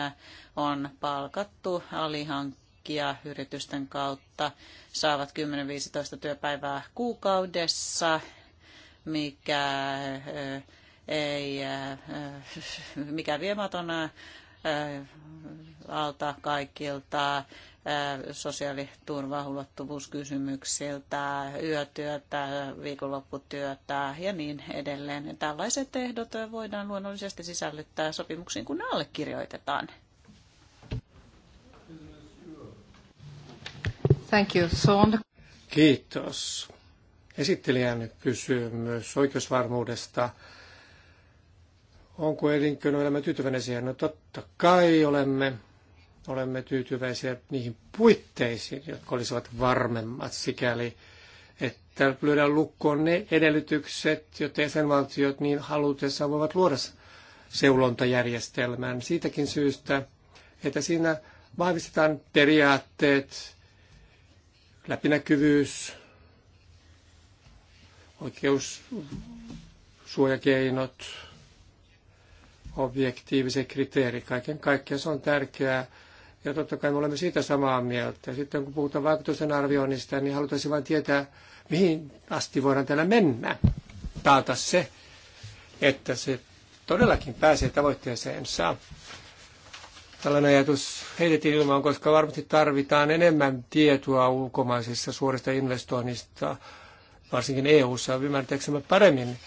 Speaker 3: on palkattu alihankkia yritysten kautta, saavat 10-15 työpäivää kuukaudessa, mikä eh, ei, eh, mikä viematon eh, alta kaikilta sosiaaliturvaulottuvuuskysymyksiltä, yötyötä, viikonlopputyötä ja niin edelleen. Tällaiset ehdot voidaan luonnollisesti sisällyttää sopimuksiin, kun ne allekirjoitetaan.
Speaker 2: Thank you. So on the...
Speaker 4: Kiitos. Esittelijän kysymys oikeusvarmuudesta Onko elinkeinoelämä tyytyväinen siihen? No totta kai olemme, olemme tyytyväisiä niihin puitteisiin, jotka olisivat varmemmat sikäli, että lyödään lukkoon ne edellytykset, jotta jäsenvaltiot niin halutessaan voivat luoda seulontajärjestelmän. Siitäkin syystä, että siinä vahvistetaan periaatteet, läpinäkyvyys, oikeussuojakeinot, objektiiviset kriteerit. Kaiken kaikkiaan se on tärkeää. Ja totta kai me olemme siitä samaa mieltä. Sitten kun puhutaan vaikutusten arvioinnista, niin haluaisin vain tietää, mihin asti voidaan täällä mennä. Taata se, että se todellakin pääsee tavoitteeseensa. Tällainen ajatus heitettiin ilmaan, koska varmasti tarvitaan enemmän tietoa ulkomaisista suorista investoinnista, varsinkin EU-ssa ymmärtääksemme paremmin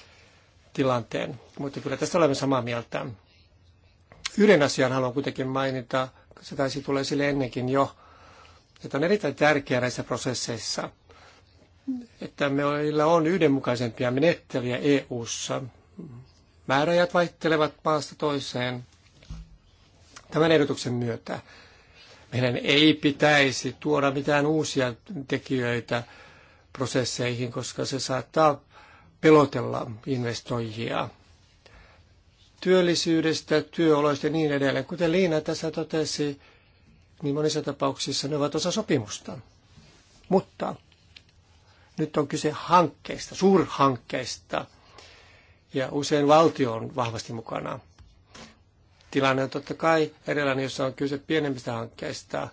Speaker 4: tilanteen, mutta kyllä tästä olemme samaa mieltä. Yhden asian haluan kuitenkin mainita, se taisi tulla sille ennenkin jo, että on erittäin tärkeää näissä prosesseissa, että meillä on yhdenmukaisempia menettelyjä EU-ssa. Määräajat vaihtelevat maasta toiseen tämän ehdotuksen myötä. Meidän ei pitäisi tuoda mitään uusia tekijöitä prosesseihin, koska se saattaa pelotella investoijia työllisyydestä, työoloista ja niin edelleen. Kuten Liina tässä totesi, niin monissa tapauksissa ne ovat osa sopimusta. Mutta nyt on kyse hankkeista, suurhankkeista, ja usein valtio on vahvasti mukana. Tilanne on totta kai erilainen, jossa on kyse pienemmistä hankkeista.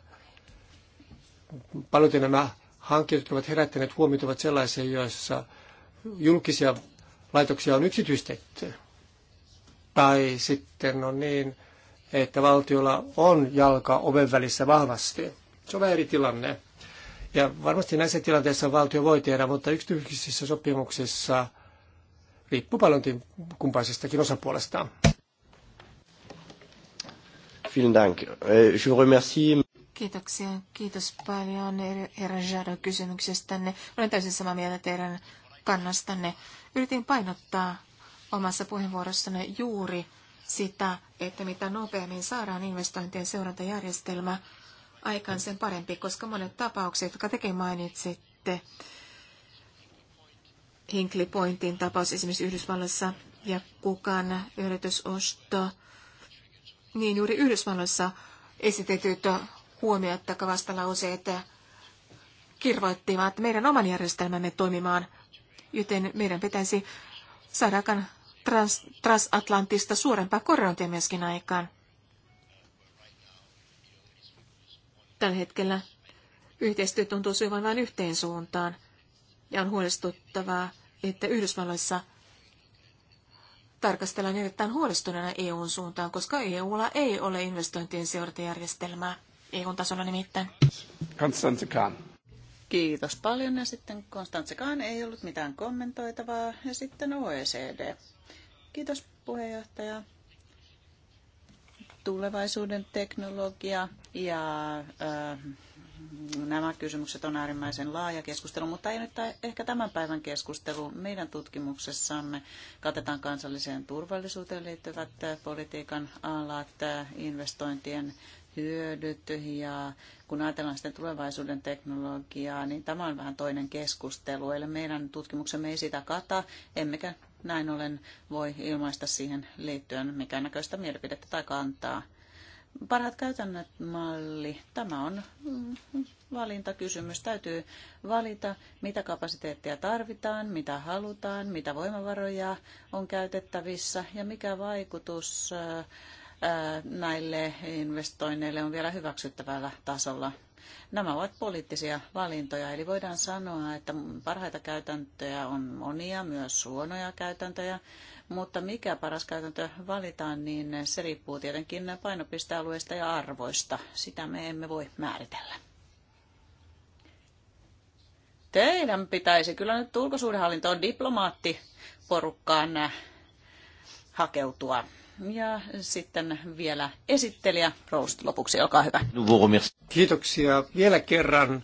Speaker 4: Paljon nämä hankkeet, jotka ovat herättäneet huomiota, ovat sellaisia, joissa julkisia laitoksia on yksityistetty. Tai sitten on niin, että valtiolla on jalka oven välissä vahvasti. Se on vähän eri tilanne. Ja varmasti näissä tilanteissa valtio voi tehdä, mutta yksityisissä sopimuksissa riippuu paljon kumpaisestakin osapuolesta. Äh,
Speaker 2: Kiitoksia. Kiitos paljon Erajado kysymyksestänne. Olen täysin samaa mieltä teidän kannastanne. Yritin painottaa omassa puheenvuorossanne juuri sitä, että mitä nopeammin saadaan investointien seurantajärjestelmä aikaan sen parempi, koska monet tapaukset, jotka tekin mainitsitte, Hinkley Pointin tapaus esimerkiksi Yhdysvalloissa ja kukan yritysosto, niin juuri Yhdysvalloissa esitetyt huomiot tai vastalauseet kirvoittivat meidän oman järjestelmämme toimimaan joten meidän pitäisi saada trans, transatlanttista suurempaa korreliointia myöskin aikaan. Tällä hetkellä yhteistyö tuntuu syvän vain yhteen suuntaan, ja on huolestuttavaa, että Yhdysvalloissa tarkastellaan erittäin huolestuneena EUn suuntaan, koska EUlla ei ole investointien seurantajärjestelmää, EUn tasolla nimittäin.
Speaker 4: Konstantin Kahn.
Speaker 3: Kiitos paljon. Ja sitten Konstantsekaan ei ollut mitään kommentoitavaa. Ja sitten OECD. Kiitos puheenjohtaja. Tulevaisuuden teknologia ja äh, nämä kysymykset on äärimmäisen laaja keskustelu, mutta ei nyt ehkä tämän päivän keskustelu. Meidän tutkimuksessamme katetaan kansalliseen turvallisuuteen liittyvät äh, politiikan alat, äh, investointien hyödyt ja kun ajatellaan sitten tulevaisuuden teknologiaa, niin tämä on vähän toinen keskustelu. Eli meidän tutkimuksemme ei sitä kata, emmekä näin ollen voi ilmaista siihen liittyen mikään näköistä mielipidettä tai kantaa. Parhaat käytännöt malli, tämä on mm, valintakysymys. Täytyy valita, mitä kapasiteettia tarvitaan, mitä halutaan, mitä voimavaroja on käytettävissä ja mikä vaikutus äh, näille investoinneille on vielä hyväksyttävällä tasolla. Nämä ovat poliittisia valintoja, eli voidaan sanoa, että parhaita käytäntöjä on monia, myös huonoja käytäntöjä, mutta mikä paras käytäntö valitaan, niin se riippuu tietenkin painopistealueista ja arvoista. Sitä me emme voi määritellä. Teidän pitäisi kyllä nyt ulkosuudenhallintoon diplomaattiporukkaan hakeutua. Ja sitten vielä esittelijä Roust lopuksi, olkaa hyvä.
Speaker 4: Kiitoksia vielä kerran.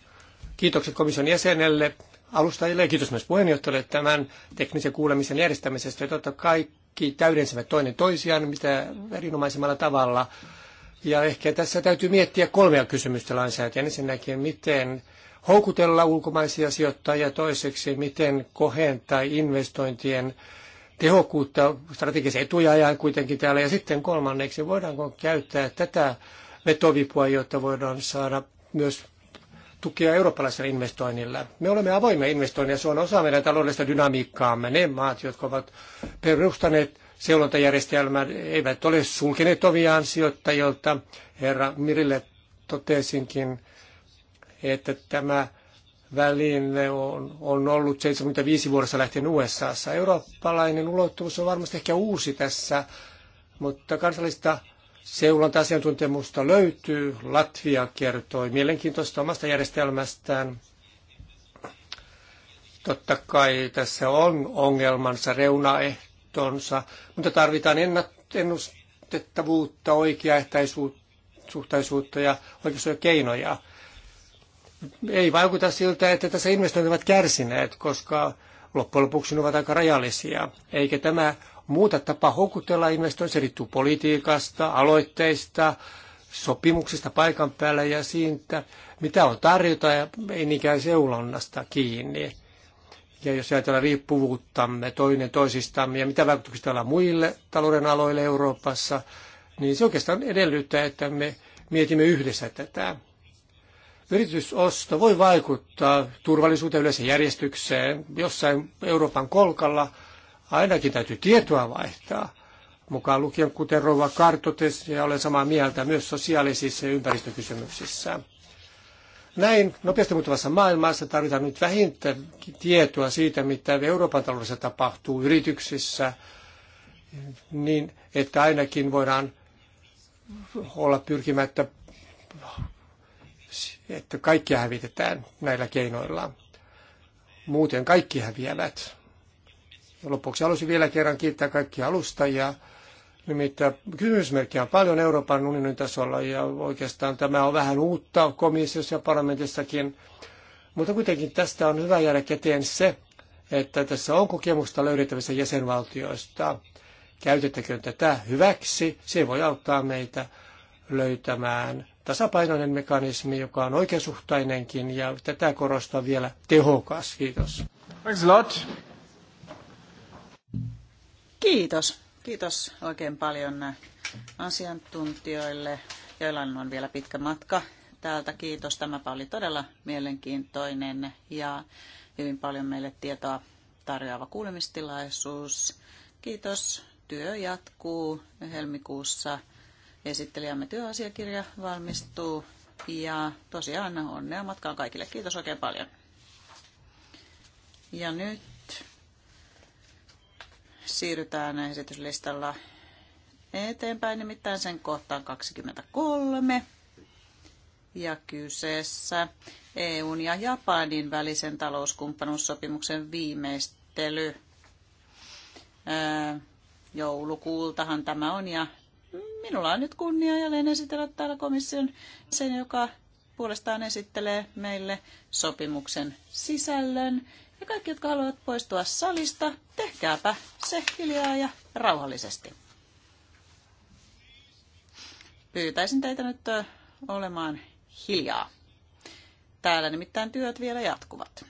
Speaker 4: Kiitokset komission jäsenelle, alustajille ja kiitos myös puheenjohtajalle tämän teknisen kuulemisen järjestämisestä. Ja totta kaikki täydensivät toinen toisiaan mitä erinomaisemmalla tavalla. Ja ehkä tässä täytyy miettiä kolmea kysymystä lainsäätäjän. Ensinnäkin, miten houkutella ulkomaisia sijoittajia, toiseksi, miten kohentaa investointien tehokkuutta, strategisia etuja ajan kuitenkin täällä. Ja sitten kolmanneksi, voidaanko käyttää tätä vetovipua, jotta voidaan saada myös tukea eurooppalaisella investoinnilla. Me olemme avoimia investoinneja, se on osa meidän taloudellista dynamiikkaamme. Ne maat, jotka ovat perustaneet seulontajärjestelmän, eivät ole sulkeneet oviaan sijoittajilta. Herra Mirille totesinkin, että tämä välille on, on ollut 75 vuodessa lähtien USAssa. Eurooppalainen ulottuvuus on varmasti ehkä uusi tässä, mutta kansallista seulonta asiantuntemusta löytyy. Latvia kertoi mielenkiintoista omasta järjestelmästään. Totta kai tässä on ongelmansa, reunaehtonsa, mutta tarvitaan ennustettavuutta, oikeaehtäisuutta suhtaisuutta ja oikeus keinoja ei vaikuta siltä, että tässä investoinnit ovat kärsineet, koska loppujen lopuksi ne ovat aika rajallisia. Eikä tämä muuta tapa houkutella investointeja, se riittuu politiikasta, aloitteista, sopimuksista paikan päällä ja siitä, mitä on tarjota ja ei niinkään seulonnasta kiinni. Ja jos ajatellaan riippuvuuttamme toinen toisistamme ja mitä vaikutuksia on muille talouden aloille Euroopassa, niin se oikeastaan edellyttää, että me mietimme yhdessä tätä. Yritysosto voi vaikuttaa turvallisuuteen yleiseen järjestykseen jossain Euroopan kolkalla. Ainakin täytyy tietoa vaihtaa. Mukaan lukien, kuten Rova Kartotes, ja olen samaa mieltä myös sosiaalisissa ja ympäristökysymyksissä. Näin nopeasti muuttuvassa maailmassa tarvitaan nyt vähintä tietoa siitä, mitä Euroopan taloudessa tapahtuu yrityksissä, niin että ainakin voidaan olla pyrkimättä että kaikki hävitetään näillä keinoilla. Muuten kaikki häviävät. Ja lopuksi halusin vielä kerran kiittää kaikkia alustajia. Nimittäin kysymysmerkkiä on paljon Euroopan unionin tasolla ja oikeastaan tämä on vähän uutta komissiossa ja parlamentissakin. Mutta kuitenkin tästä on hyvä jäädä käteen se, että tässä on kokemusta löydettävissä jäsenvaltioista. Käytettäkö tätä hyväksi, se voi auttaa meitä löytämään tasapainoinen mekanismi, joka on oikeasuhtainenkin ja tätä korostaa vielä tehokas. Kiitos. Thanks a lot.
Speaker 3: Kiitos. Kiitos oikein paljon asiantuntijoille, joilla on vielä pitkä matka täältä. Kiitos. Tämä oli todella mielenkiintoinen ja hyvin paljon meille tietoa tarjoava kuulemistilaisuus. Kiitos. Työ jatkuu helmikuussa esittelijämme työasiakirja valmistuu. Ja tosiaan onnea matkaan kaikille. Kiitos oikein paljon. Ja nyt siirrytään esityslistalla eteenpäin, nimittäin sen kohtaan 23. Ja kyseessä EUn ja Japanin välisen talouskumppanuussopimuksen viimeistely. joulukuultahan tämä on ja Minulla on nyt kunnia jälleen esitellä täällä komission sen, joka puolestaan esittelee meille sopimuksen sisällön. Ja kaikki, jotka haluavat poistua salista, tehkääpä se hiljaa ja rauhallisesti. Pyytäisin teitä nyt olemaan hiljaa. Täällä nimittäin työt vielä jatkuvat.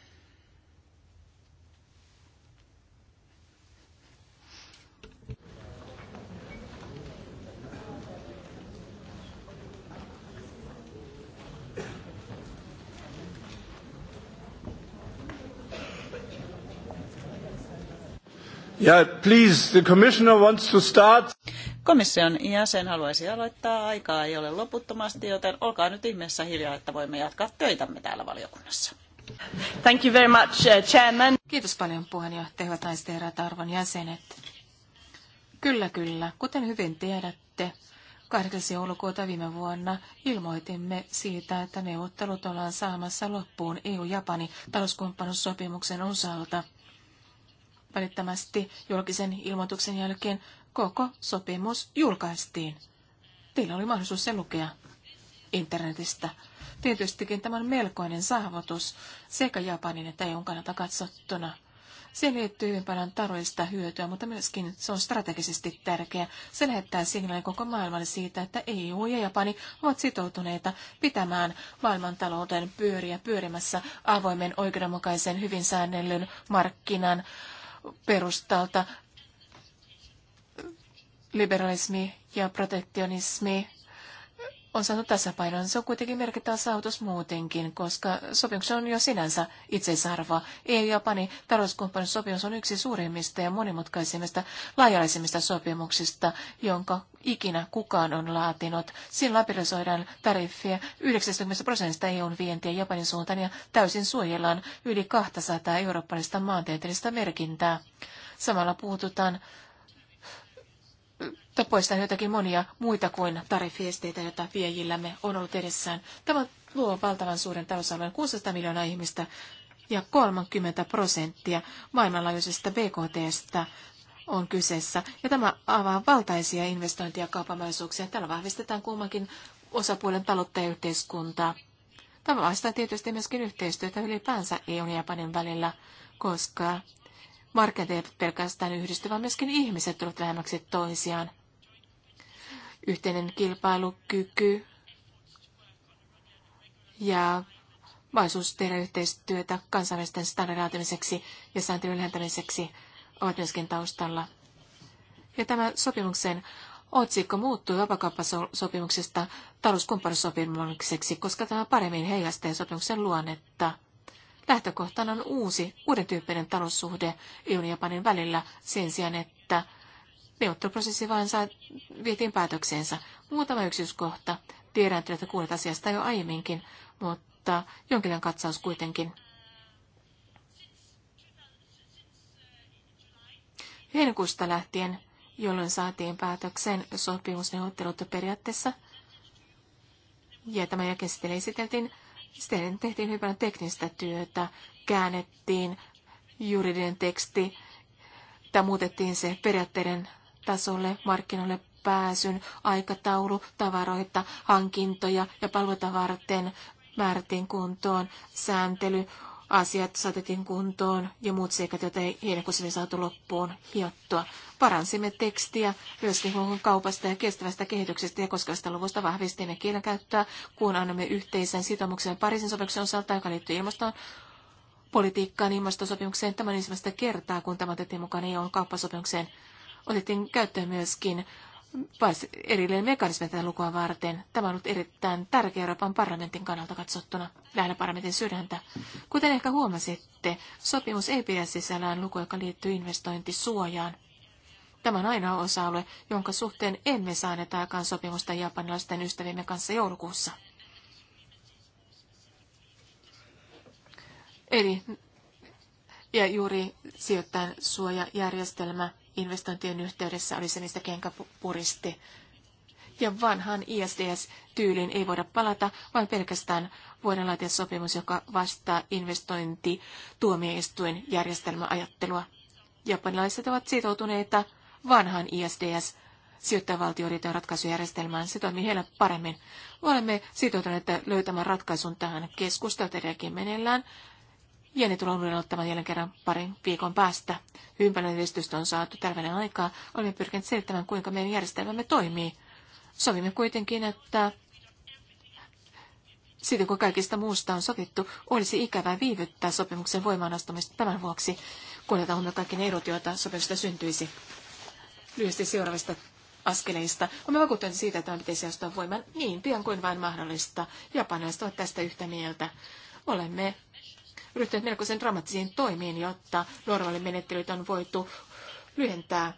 Speaker 3: Yeah, please, the commissioner wants to start. Komission jäsen haluaisi aloittaa. Aikaa ei ole loputtomasti, joten olkaa nyt ihmeessä hiljaa, että voimme jatkaa töitämme täällä valiokunnassa.
Speaker 2: Thank you very much, uh, chairman. Kiitos paljon puheenjohtaja, hyvät naiset ja arvon jäsenet. Kyllä, kyllä. Kuten hyvin tiedätte, 8. joulukuuta viime vuonna ilmoitimme siitä, että neuvottelut ollaan saamassa loppuun EU-Japani talouskumppanussopimuksen osalta välittömästi julkisen ilmoituksen jälkeen koko sopimus julkaistiin. Teillä oli mahdollisuus se lukea internetistä. Tietystikin tämä on melkoinen saavutus sekä Japanin että EUn kannalta katsottuna. Se liittyy hyvin paljon taroista hyötyä, mutta myöskin se on strategisesti tärkeä. Se lähettää signaalin koko maailmalle siitä, että EU ja Japani ovat sitoutuneita pitämään maailmantalouden pyöriä pyörimässä avoimen, oikeudenmukaisen, hyvin säännellyn markkinan perustalta liberalismi ja protektionismi on saanut tasapainon. Se on kuitenkin merkittävä saavutus muutenkin, koska sopimus on jo sinänsä itseisarvoa. EU- Japani Japanin talouskumppanin sopimus on yksi suurimmista ja monimutkaisimmista, laajalaisimmista sopimuksista, jonka ikinä kukaan on laatinut. Siinä liberalisoidaan tariffia 90 prosentista EUn vientiä Japanin suuntaan ja täysin suojellaan yli 200 eurooppalaista maantieteellistä merkintää. Samalla puututaan tapoista jotakin monia muita kuin tarifiesteitä, joita viejillämme on ollut edessään. Tämä luo valtavan suuren talousalueen 600 miljoonaa ihmistä ja 30 prosenttia maailmanlaajuisesta BKTstä on kyseessä. Ja tämä avaa valtaisia investointi- ja kaupamaisuuksia. Tällä vahvistetaan kummankin osapuolen taloutta ja yhteiskuntaa. Tämä vastaa tietysti myöskin yhteistyötä ylipäänsä EUn ja Japanin välillä, koska markkinat eivät pelkästään yhdisty, vaan myöskin ihmiset tulevat lähemmäksi toisiaan yhteinen kilpailukyky ja mahdollisuus tehdä yhteistyötä kansainvälisten standardaatimiseksi ja sääntelyn lähentämiseksi ovat myöskin taustalla. Ja tämä sopimuksen otsikko muuttui vapakauppasopimuksesta talouskumppanussopimukseksi, koska tämä paremmin heijastaa sopimuksen luonnetta. Lähtökohtana on uusi, uuden tyyppinen taloussuhde EUn ja Japanin välillä sen sijaan, että Neuvotteluprosessi vain saa, vietiin päätökseensä. Muutama yksityiskohta. Tiedän, että kuulet asiasta jo aiemminkin, mutta jonkinlainen katsaus kuitenkin. Heinäkuusta lähtien, jolloin saatiin päätöksen sopimusneuvottelut periaatteessa, ja tämän jälkeen sitten esiteltiin, sitten tehtiin hyvin paljon teknistä työtä, käännettiin juridinen teksti, tai muutettiin se periaatteiden tasolle markkinoille pääsyn aikataulu tavaroita, hankintoja ja palveluita varten määrättiin kuntoon, sääntely, asiat saatettiin kuntoon ja muut seikat, joita ei heinäkuussa saatu loppuun hiottua. Paransimme tekstiä myöskin kaupasta ja kestävästä kehityksestä ja koskevasta luvusta vahvistimme kielenkäyttöä, kun annamme yhteisen sitoumuksen Pariisin sopimuksen osalta, joka liittyy ilmastoon politiikkaan ilmastosopimukseen. Tämä on ensimmäistä kertaa, kun tämä otettiin mukaan ole kauppasopimukseen otettiin käyttöön myöskin erillinen mekanismi tätä lukua varten. Tämä on ollut erittäin tärkeä Euroopan parlamentin kannalta katsottuna lähellä parlamentin sydäntä. Kuten ehkä huomasitte, sopimus ei pidä sisällään lukua, joka liittyy investointisuojaan. Tämä on ainoa osa-alue, jonka suhteen emme saaneet aikaan sopimusta japanilaisten ystävimme kanssa joulukuussa. Eli ja juuri sijoittajan suojajärjestelmä investointien yhteydessä oli se, mistä kenkä puristi. Ja vanhan ISDS-tyyliin ei voida palata, vaan pelkästään voidaan laatia sopimus, joka vastaa investointi järjestelmäajattelua. Japanilaiset ovat sitoutuneita vanhan ISDS sijoittajavaltioriitojen ratkaisujärjestelmään. Se toimii heillä paremmin. Olemme sitoutuneet löytämään ratkaisun tähän keskusteltereekin meneillään. Jenni ne tullaan uudelleen ottamaan jälleen kerran parin viikon päästä. Ympäröinen edistystä on saatu tärvelen aikaa. Olemme pyrkineet selittämään, kuinka meidän järjestelmämme toimii. Sovimme kuitenkin, että sitten kun kaikista muusta on sovittu, olisi ikävää viivyttää sopimuksen voimaanastumista tämän vuoksi, kun otetaan huomioon kaikki ne erot, joita sopimusta syntyisi. Lyhyesti seuraavista askeleista. Olemme vakuuttuneet siitä, että tämä pitäisi astua voimaan niin pian kuin vain mahdollista. Japanilaiset ovat tästä yhtä mieltä. Olemme ryhtyneet melkoisen dramaattisiin toimiin, jotta normaali menettelyt on voitu lyhentää.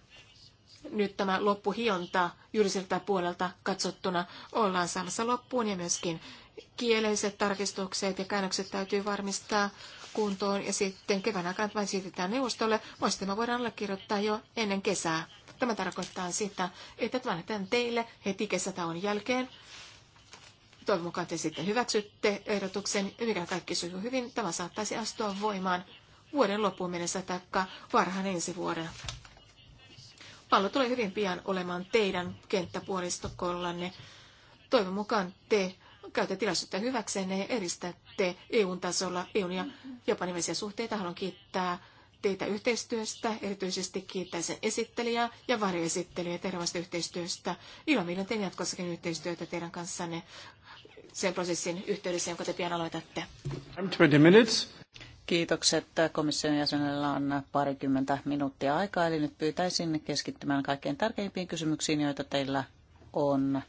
Speaker 2: Nyt tämä loppuhionta juridiselta puolelta katsottuna ollaan saamassa loppuun ja myöskin kieliset tarkistukset ja käännökset täytyy varmistaa kuntoon ja sitten kevään aikana vain siirretään neuvostolle. Muista voidaan allekirjoittaa jo ennen kesää. Tämä tarkoittaa sitä, että annetaan teille heti kesätauon jälkeen Toivon mukaan te sitten hyväksytte ehdotuksen, mikä kaikki sujuu hyvin. Tämä saattaisi astua voimaan vuoden loppuun mennessä tai varhain ensi vuoden. Pallo tulee hyvin pian olemaan teidän kenttäpuolistokollanne. Toivon mukaan te käytätte tilaisuutta hyväksenne ja edistätte EUn tasolla EUn ja Japanin välisiä suhteita. Haluan kiittää teitä yhteistyöstä, erityisesti kiittäisin esittelijää ja varjoesittelijää tervasta yhteistyöstä. Ilomielen teen jatkossakin yhteistyötä teidän kanssanne sen prosessin yhteydessä, jonka te pian aloitatte.
Speaker 4: 20 minutes.
Speaker 3: Kiitokset. Komission jäsenellä on parikymmentä minuuttia aikaa, eli nyt pyytäisin keskittymään kaikkein tärkeimpiin kysymyksiin, joita teillä on.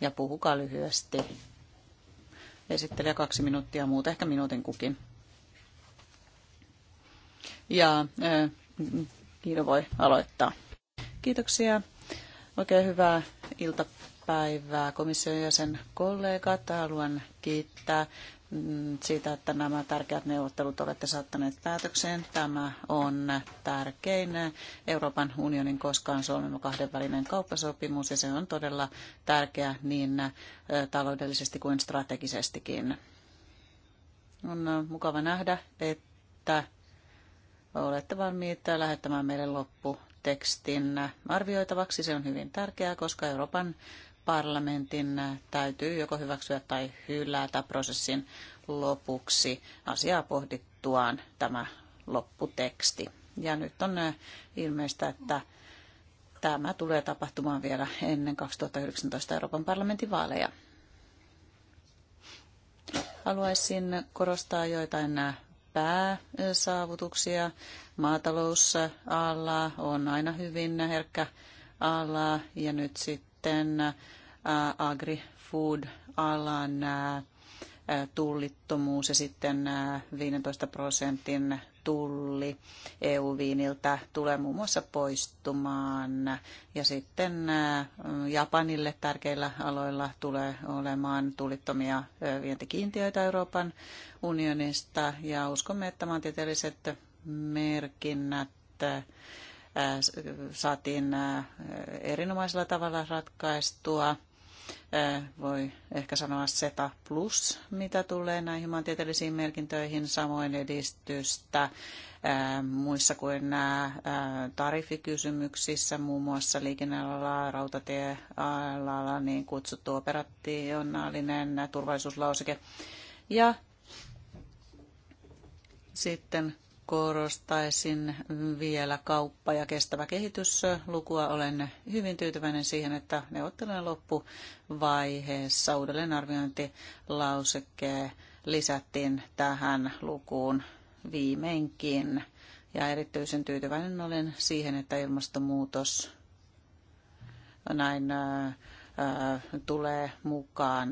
Speaker 3: Ja puhukaa lyhyesti. Esittelijä kaksi minuuttia, muuta ehkä minuutin kukin. Ja äh, voi aloittaa. Kiitoksia. Oikein hyvää iltapäivää päivää komission jäsen kollegat. Haluan kiittää mm, siitä, että nämä tärkeät neuvottelut olette saattaneet päätökseen. Tämä on tärkein Euroopan unionin koskaan Suomen kahdenvälinen kauppasopimus ja se on todella tärkeä niin taloudellisesti kuin strategisestikin. On mukava nähdä, että olette valmiita lähettämään meille lopputekstin arvioitavaksi. Se on hyvin tärkeää, koska Euroopan parlamentin täytyy joko hyväksyä tai hylätä prosessin lopuksi asiaa pohdittuaan tämä lopputeksti. Ja nyt on äh, ilmeistä, että tämä tulee tapahtumaan vielä ennen 2019 Euroopan parlamentin vaaleja. Haluaisin korostaa joitain äh, pääsaavutuksia. Maatalousala on aina hyvin herkkä ala ja nyt sitten äh, agri-food-alan tullittomuus ja sitten 15 prosentin tulli EU-viiniltä tulee muun muassa poistumaan. Ja sitten Japanille tärkeillä aloilla tulee olemaan tulittomia vientikiintiöitä Euroopan unionista. Ja uskomme, että maantieteelliset merkinnät saatiin erinomaisella tavalla ratkaistua Äh, voi ehkä sanoa SETA plus, mitä tulee näihin maantieteellisiin merkintöihin, samoin edistystä äh, muissa kuin nämä äh, tarifikysymyksissä, muun muassa liikennealalla, rautatiealalla, niin kutsuttu operationaalinen turvallisuuslauseke. Ja sitten korostaisin vielä kauppa- ja kestävä kehityslukua. Olen hyvin tyytyväinen siihen, että neuvottelujen loppuvaiheessa uudelleenarviointilauseke lisättiin tähän lukuun viimeinkin. Ja erityisen tyytyväinen olen siihen, että ilmastonmuutos näin ää, tulee mukaan.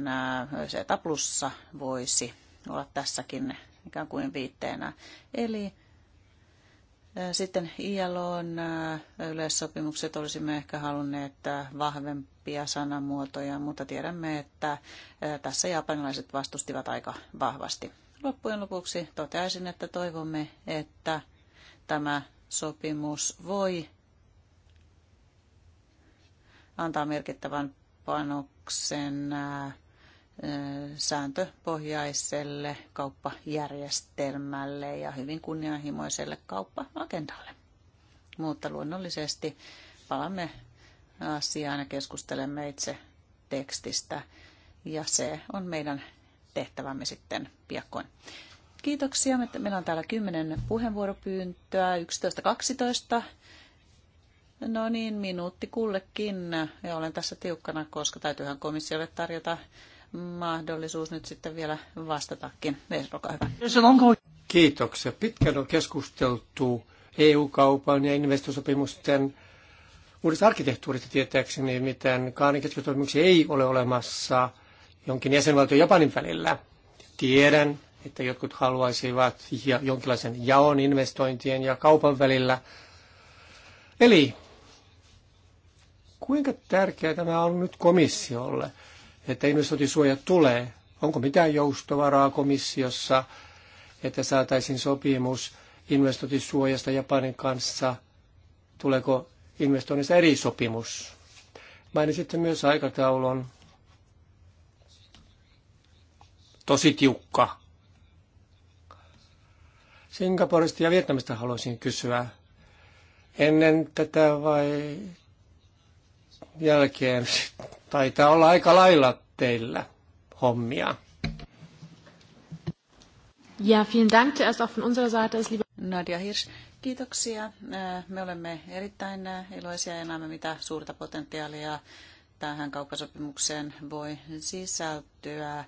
Speaker 3: se plussa voisi olla tässäkin ikään kuin viitteenä. Eli sitten ILOn yleissopimukset olisimme ehkä halunneet vahvempia sanamuotoja, mutta tiedämme, että tässä japanilaiset vastustivat aika vahvasti. Loppujen lopuksi toteaisin, että toivomme, että tämä sopimus voi antaa merkittävän panoksen sääntöpohjaiselle kauppajärjestelmälle ja hyvin kunnianhimoiselle kauppa-agendalle. Mutta luonnollisesti palaamme asiaan ja keskustelemme itse tekstistä ja se on meidän tehtävämme sitten piakkoin. Kiitoksia. Meillä on täällä 10 puheenvuoropyyntöä, 11.12. No niin, minuutti kullekin. Ja olen tässä tiukkana, koska täytyyhän komissiolle tarjota mahdollisuus nyt sitten vielä vastatakin. Vees, olkaa hyvä.
Speaker 4: Kiitoksia. Pitkään on keskusteltu EU-kaupan ja investointisopimusten uudesta arkkitehtuurista tietääkseni, miten kahden keskustelumiksi ei ole olemassa jonkin jäsenvaltion Japanin välillä. Tiedän, että jotkut haluaisivat jonkinlaisen jaon investointien ja kaupan välillä. Eli kuinka tärkeää tämä on nyt komissiolle? että investointisuoja tulee. Onko mitään joustovaraa komissiossa, että saataisiin sopimus investointisuojasta Japanin kanssa? Tuleeko investoinnissa eri sopimus? Mainitsitte myös aikataulun. Tosi tiukka. Singaporesta ja Vietnamista haluaisin kysyä. Ennen tätä vai jälkeen taitaa olla aika lailla teillä hommia.
Speaker 2: Ja, vielen Dank.
Speaker 3: Zuerst auch von unserer Seite ist lieber Nadja Hirsch. Kiitoksia. Äh, me olemme erittäin äh, iloisia ja näemme, mitä suurta potentiaalia tähän kauppasopimukseen voi sisältyä.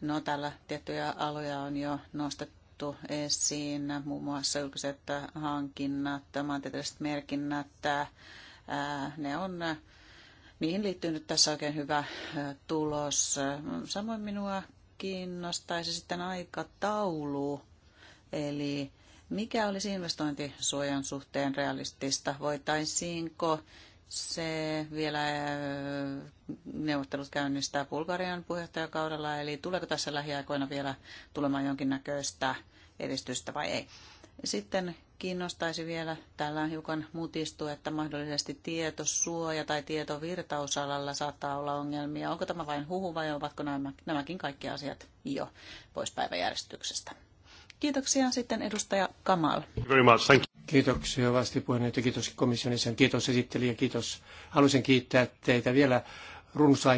Speaker 3: No, täällä tiettyjä aloja on jo nostettu esiin, muun muassa julkiset hankinnat, maantieteelliset merkinnät. Äh, ne on mihin liittyy nyt tässä oikein hyvä tulos. Samoin minua kiinnostaisi sitten aikataulu, eli mikä olisi investointisuojan suhteen realistista? Voitaisiinko se vielä neuvottelut käynnistää Bulgarian puheenjohtajakaudella, eli tuleeko tässä lähiaikoina vielä tulemaan jonkinnäköistä edistystä vai ei? Sitten kiinnostaisi vielä, täällä on hiukan mutistu, että mahdollisesti tietosuoja tai tietovirtausalalla saattaa olla ongelmia. Onko tämä vain huhu vai ovatko nämä, nämäkin kaikki asiat jo pois päiväjärjestyksestä? Kiitoksia sitten edustaja Kamal.
Speaker 4: Very much, thank you. Kiitoksia vastipuheenjohtaja, kiitos komissionissa, kiitos esittelijä, kiitos. Haluaisin kiittää teitä vielä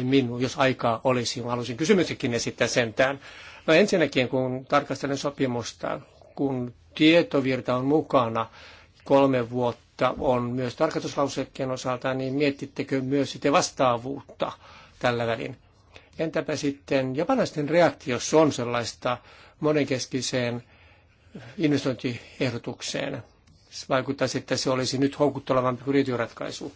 Speaker 4: minun, jos aikaa olisi. haluaisin kysymyksikin esittää sentään. No ensinnäkin, kun tarkastelen sopimusta, kun tietovirta on mukana kolme vuotta, on myös tarkastuslausekkeen osalta, niin mietittekö myös sitten vastaavuutta tällä välin? Entäpä sitten japanaisten reaktio, jos on sellaista monenkeskiseen investointiehdotukseen? Vaikuttaisi, että se olisi nyt houkuttelevampi kuin ratkaisu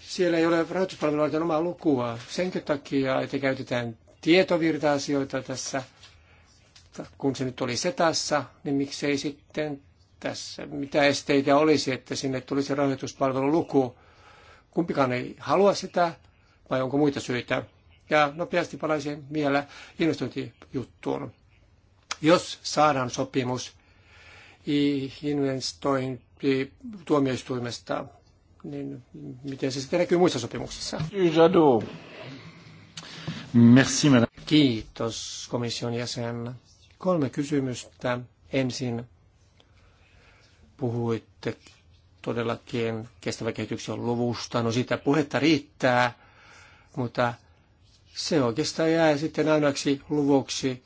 Speaker 4: siellä ei ole rahoituspalveluiden omaa lukua. Senkin takia, että käytetään tietovirta-asioita tässä kun se nyt oli setassa, niin miksei sitten tässä, mitä esteitä olisi, että sinne tulisi rahoituspalveluluku. Kumpikaan ei halua sitä, vai onko muita syitä? Ja nopeasti palaisin vielä investointijuttuun. Jos saadaan sopimus investointituomioistuimesta, niin miten se sitten näkyy muissa sopimuksissa?
Speaker 1: Merci,
Speaker 4: Kiitos komission jäsen. Kolme kysymystä. Ensin puhuitte todellakin kestävä kehityksen luvusta. No sitä puhetta riittää, mutta se oikeastaan jää sitten ainoaksi luvuksi,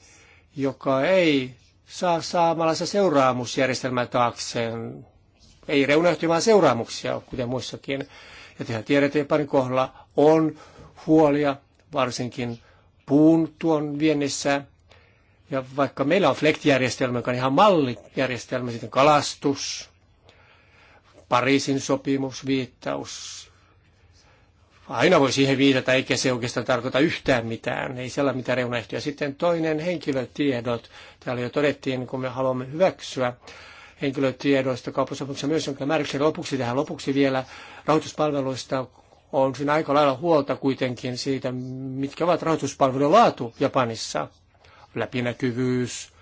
Speaker 4: joka ei saa se seuraamusjärjestelmä taakseen. Ei reunahty seuraamuksia, kuten muissakin. Ja tehän tiedät, Japanin kohdalla on huolia, varsinkin puun tuon viennissä. Ja vaikka meillä on FLECT-järjestelmä, joka on ihan mallijärjestelmä, sitten kalastus, Pariisin sopimus, viittaus. Aina voi siihen viitata, eikä se oikeastaan tarkoita yhtään mitään. Ei siellä mitään reunaehtoja. Sitten toinen henkilötiedot. Täällä jo todettiin, kun me haluamme hyväksyä henkilötiedoista kauppasopimuksia myös, jonka määräksi lopuksi tähän lopuksi vielä rahoituspalveluista on siinä aika lailla huolta kuitenkin siitä, mitkä ovat rahoituspalvelujen laatu Japanissa läpinäkyvyys.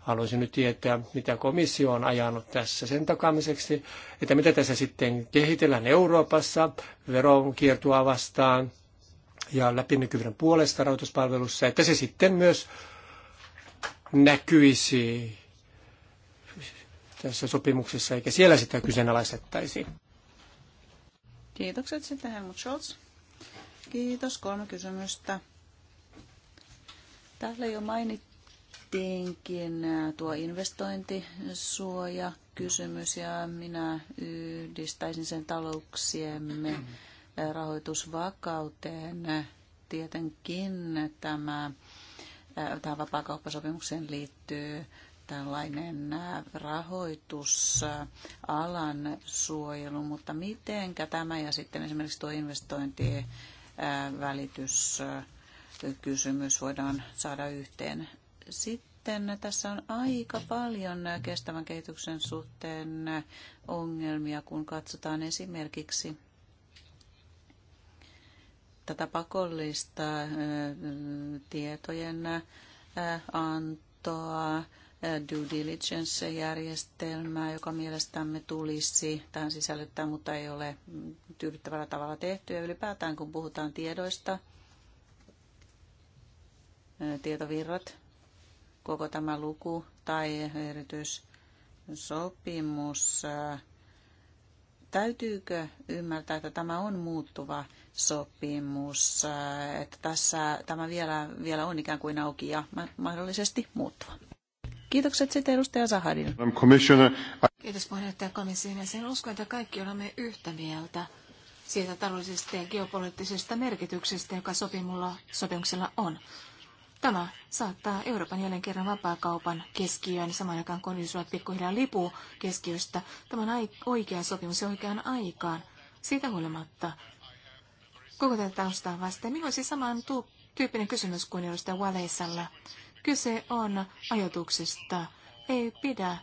Speaker 4: Haluaisin nyt tietää, mitä komissio on ajanut tässä sen takamiseksi, että mitä tässä sitten kehitellään Euroopassa veronkiertoa vastaan ja läpinäkyvyyden puolesta rahoituspalvelussa, että se sitten myös näkyisi tässä sopimuksessa, eikä siellä sitä kyseenalaistettaisi.
Speaker 3: Kiitokset sitten Helmut Scholz. Kiitos, kolme kysymystä. Täällä jo mainittiinkin tuo investointisuoja kysymys ja minä yhdistäisin sen talouksiemme rahoitusvakauteen. Tietenkin tämä, tähän vapaakauppasopimukseen liittyy tällainen rahoitusalan suojelu, mutta mitenkä tämä ja sitten esimerkiksi tuo investointivälitys kysymys voidaan saada yhteen. Sitten tässä on aika paljon kestävän kehityksen suhteen ongelmia, kun katsotaan esimerkiksi tätä pakollista tietojen antoa, due diligence-järjestelmää, joka mielestämme tulisi tähän sisällyttää, mutta ei ole tyydyttävällä tavalla tehty. Ja ylipäätään kun puhutaan tiedoista, tietovirrat, koko tämä luku tai erityissopimus. Täytyykö ymmärtää, että tämä on muuttuva sopimus, että tässä tämä vielä, vielä on ikään kuin auki ja mahdollisesti muuttuva? Kiitokset
Speaker 2: sitten edustaja Zaharin. Kiitos puheenjohtaja komission ja sen uskon, että kaikki olemme yhtä mieltä siitä taloudellisesta ja geopoliittisesta merkityksestä, joka sopimulla, sopimuksella on. Tämä saattaa Euroopan jälleen kerran vapaakaupan keskiöön samaan aikaan, kun Yhdysvallat pikkuhiljaa lipuu keskiöstä. Tämä on oikea sopimus oikeaan aikaan. Siitä huolimatta koko tätä taustaa vasten. Minulla olisi siis saman tyyppinen kysymys kuin edustaja Waleisalla. Kyse on ajatuksesta. Ei pidä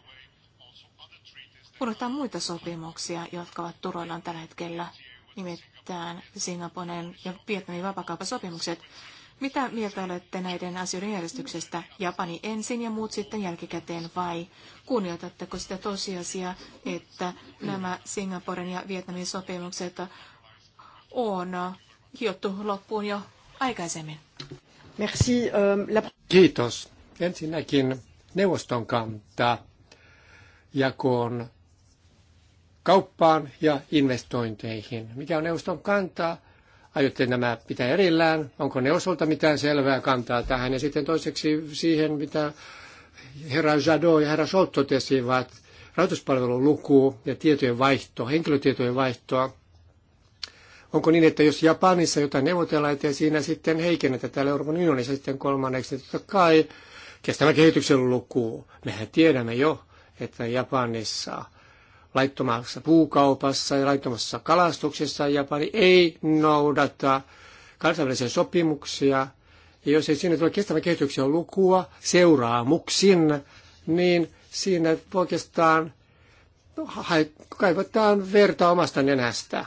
Speaker 2: unohtaa muita sopimuksia, jotka ovat turoillaan tällä hetkellä. Nimittäin Singaporen ja Vietnamin vapakauppasopimukset. Mitä mieltä olette näiden asioiden järjestyksestä? Japani ensin ja muut sitten jälkikäteen vai kunnioitatteko sitä tosiasiaa, että nämä Singaporen ja Vietnamin sopimukset on hiottu loppuun jo aikaisemmin?
Speaker 4: Merci, ähm, la... Kiitos. Ensinnäkin neuvoston kanta jakoon kauppaan ja investointeihin. Mikä on neuvoston kantaa? Aiotte nämä pitää erillään? Onko osalta mitään selvää kantaa tähän? Ja sitten toiseksi siihen, mitä herra Jadot ja herra Scholz totesivat, rahoituspalvelun luku ja tietojen vaihto, henkilötietojen vaihtoa. Onko niin, että jos Japanissa jotain neuvotellaan, että siinä sitten heikennetään täällä Euroopan unionissa sitten kolmanneksi, niin totta kai kestävän kehityksen luku. Mehän tiedämme jo, että Japanissa laittomassa puukaupassa ja laittomassa kalastuksessa. Japani ei noudata kansainvälisiä sopimuksia. Ja jos ei siinä tule kestävän kehityksen lukua seuraamuksin, niin siinä oikeastaan kaivataan verta omasta nenästä.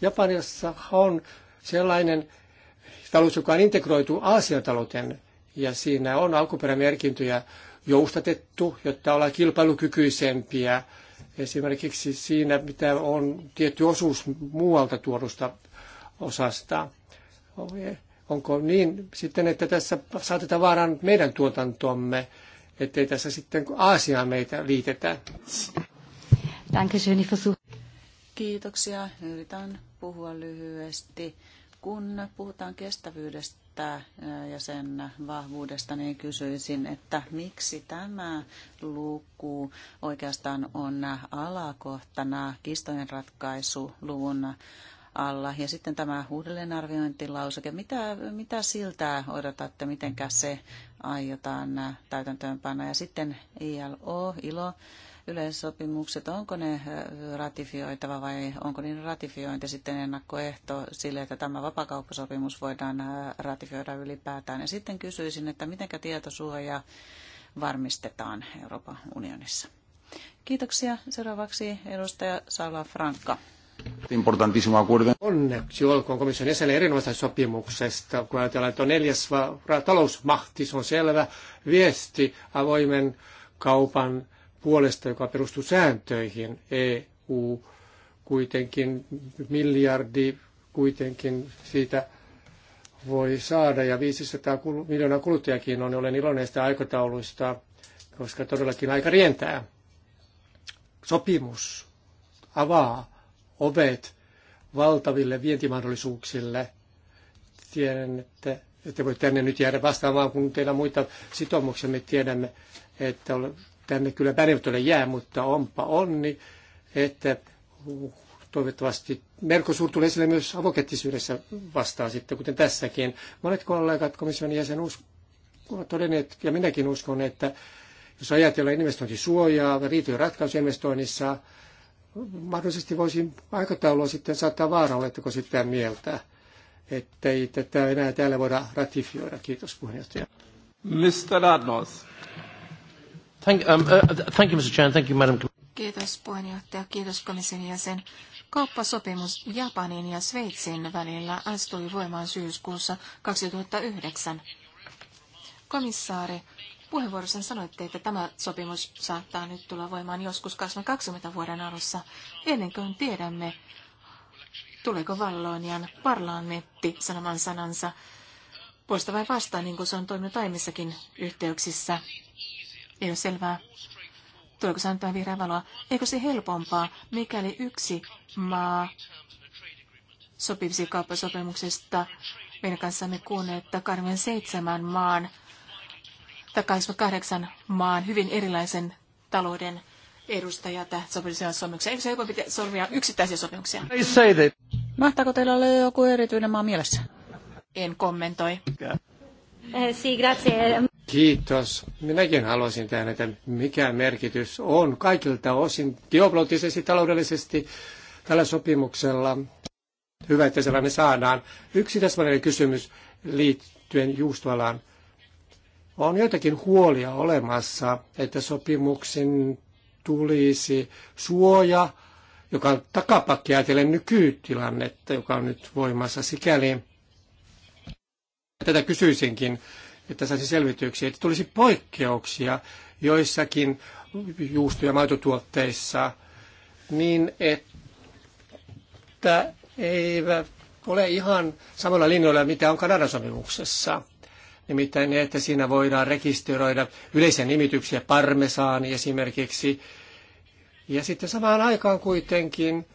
Speaker 4: Japanissa on sellainen talous, joka on integroitu Aasian talouteen, ja siinä on alkuperämerkintöjä joustatettu, jotta ollaan kilpailukykyisempiä. Esimerkiksi siinä, mitä on tietty osuus muualta tuodusta osasta. Onko niin sitten, että tässä saatetaan vaaraan meidän tuotantomme, ettei tässä sitten Aasiaa meitä liitetä?
Speaker 3: Kiitoksia. Yritän puhua lyhyesti. Kun puhutaan kestävyydestä, päättää ja sen vahvuudesta, niin kysyisin, että miksi tämä luku oikeastaan on alakohtana kistojen ratkaisuluvun alla. Ja sitten tämä uudelleenarviointilauseke, mitä, mitä siltä odotatte, miten se aiotaan täytäntöönpanna. Ja sitten ILO, ILO yleissopimukset, onko ne ratifioitava vai onko niin ratifiointi sitten ennakkoehto sille, että tämä vapakauppasopimus voidaan ratifioida ylipäätään. Ja sitten kysyisin, että miten tietosuoja varmistetaan Euroopan unionissa. Kiitoksia. Seuraavaksi edustaja Sala Frankka.
Speaker 4: Onneksi olkoon komission jäsenen erinomaisesta sopimuksesta, kun ajatellaan, että on neljäs talousmahti, se on selvä viesti avoimen kaupan puolesta, joka perustuu sääntöihin. EU kuitenkin, miljardi kuitenkin siitä voi saada ja 500 miljoonaa kuluttajakin on. Olen iloinen näistä aikatauluista, koska todellakin aika rientää. Sopimus avaa ovet valtaville vientimahdollisuuksille. Tiedän, että te voi tänne nyt jäädä vastaamaan, kun teillä muita sitoumuksia. Me tiedämme, että tänne kyllä pärjätölle jää, mutta onpa onni, että toivottavasti Merkosur tulee esille myös avokettisyydessä vastaan sitten, kuten tässäkin. Monet kollegat komission jäsen ovat todenneet, ja minäkin uskon, että jos ajatellaan investointisuojaa, riitojen investoinnissa, mahdollisesti voisi aikataulua sitten saattaa vaaraa, oletteko sitä mieltä, että ei tätä enää täällä voida ratifioida. Kiitos puheenjohtaja. Mr.
Speaker 3: Adnos.
Speaker 4: Thank, um, uh, thank you, Mr. Thank you, Madam.
Speaker 2: Kiitos puheenjohtaja, kiitos komission jäsen. Kauppasopimus Japanin ja Sveitsin välillä astui voimaan syyskuussa 2009. Komissaari, puheenvuorossa sanoitte, että tämä sopimus saattaa nyt tulla voimaan joskus 2020 vuoden alussa, ennen kuin tiedämme, tuleeko Vallonian parlamentti sanoman sanansa puolesta vai vastaan, niin kuin se on toiminut aiemmissakin yhteyksissä. Ei ole selvää, tuleeko se antaa vihreää valoa. Eikö se helpompaa, mikäli yksi maa sopivisi kauppasopimuksesta meidän kanssamme kuin, että 27 maan tai 28 maan hyvin erilaisen talouden edustajat sopisivat sopimuksia. Eikö se helpompi sormia yksittäisiä sopimuksia? Mahtaako teillä olla joku
Speaker 3: erityinen maa mielessä?
Speaker 2: En kommentoi. Eh, sì, grazie.
Speaker 4: Kiitos. Minäkin haluaisin tähän, että mikä merkitys on kaikilta osin geopoliittisesti, taloudellisesti tällä sopimuksella. Hyvä, että sellainen saadaan. Yksi täsmällinen kysymys liittyen juustoalaan. On joitakin huolia olemassa, että sopimuksen tulisi suoja, joka on takapakki ajatellen nykytilannetta, joka on nyt voimassa sikäli. Tätä kysyisinkin että saisi selvityksiä, että tulisi poikkeuksia joissakin juusto- ja maitotuotteissa, niin että eivät ole ihan samalla linjoilla, mitä on Kanadan sopimuksessa. Nimittäin ne, että siinä voidaan rekisteröidä yleisiä nimityksiä, parmesaani esimerkiksi. Ja sitten samaan aikaan kuitenkin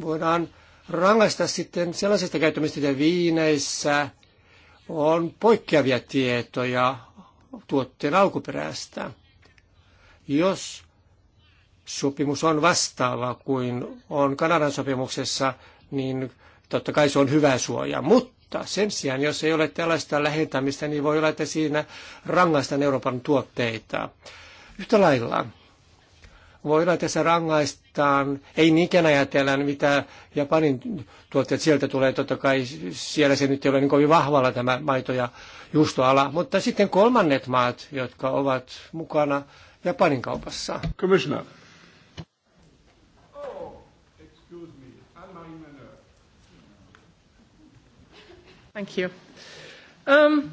Speaker 4: voidaan rangaista sitten sellaisesta käyttämistä, että viineissä on poikkeavia tietoja tuotteen alkuperästä. Jos sopimus on vastaava kuin on Kanadan sopimuksessa, niin totta kai se on hyvä suoja. Mutta sen sijaan, jos ei ole tällaista lähentämistä, niin voi olla, että siinä rangaistaan Euroopan tuotteita. Yhtä lailla voidaan tässä rangaistaan, ei niinkään ajatellaan, mitä Japanin tuotteet sieltä tulee, totta kai siellä se nyt ei ole niin kovin vahvalla tämä maito- ja juustoala, mutta sitten kolmannet maat, jotka ovat mukana Japanin kaupassa. Commissioner.
Speaker 2: Thank you. Um,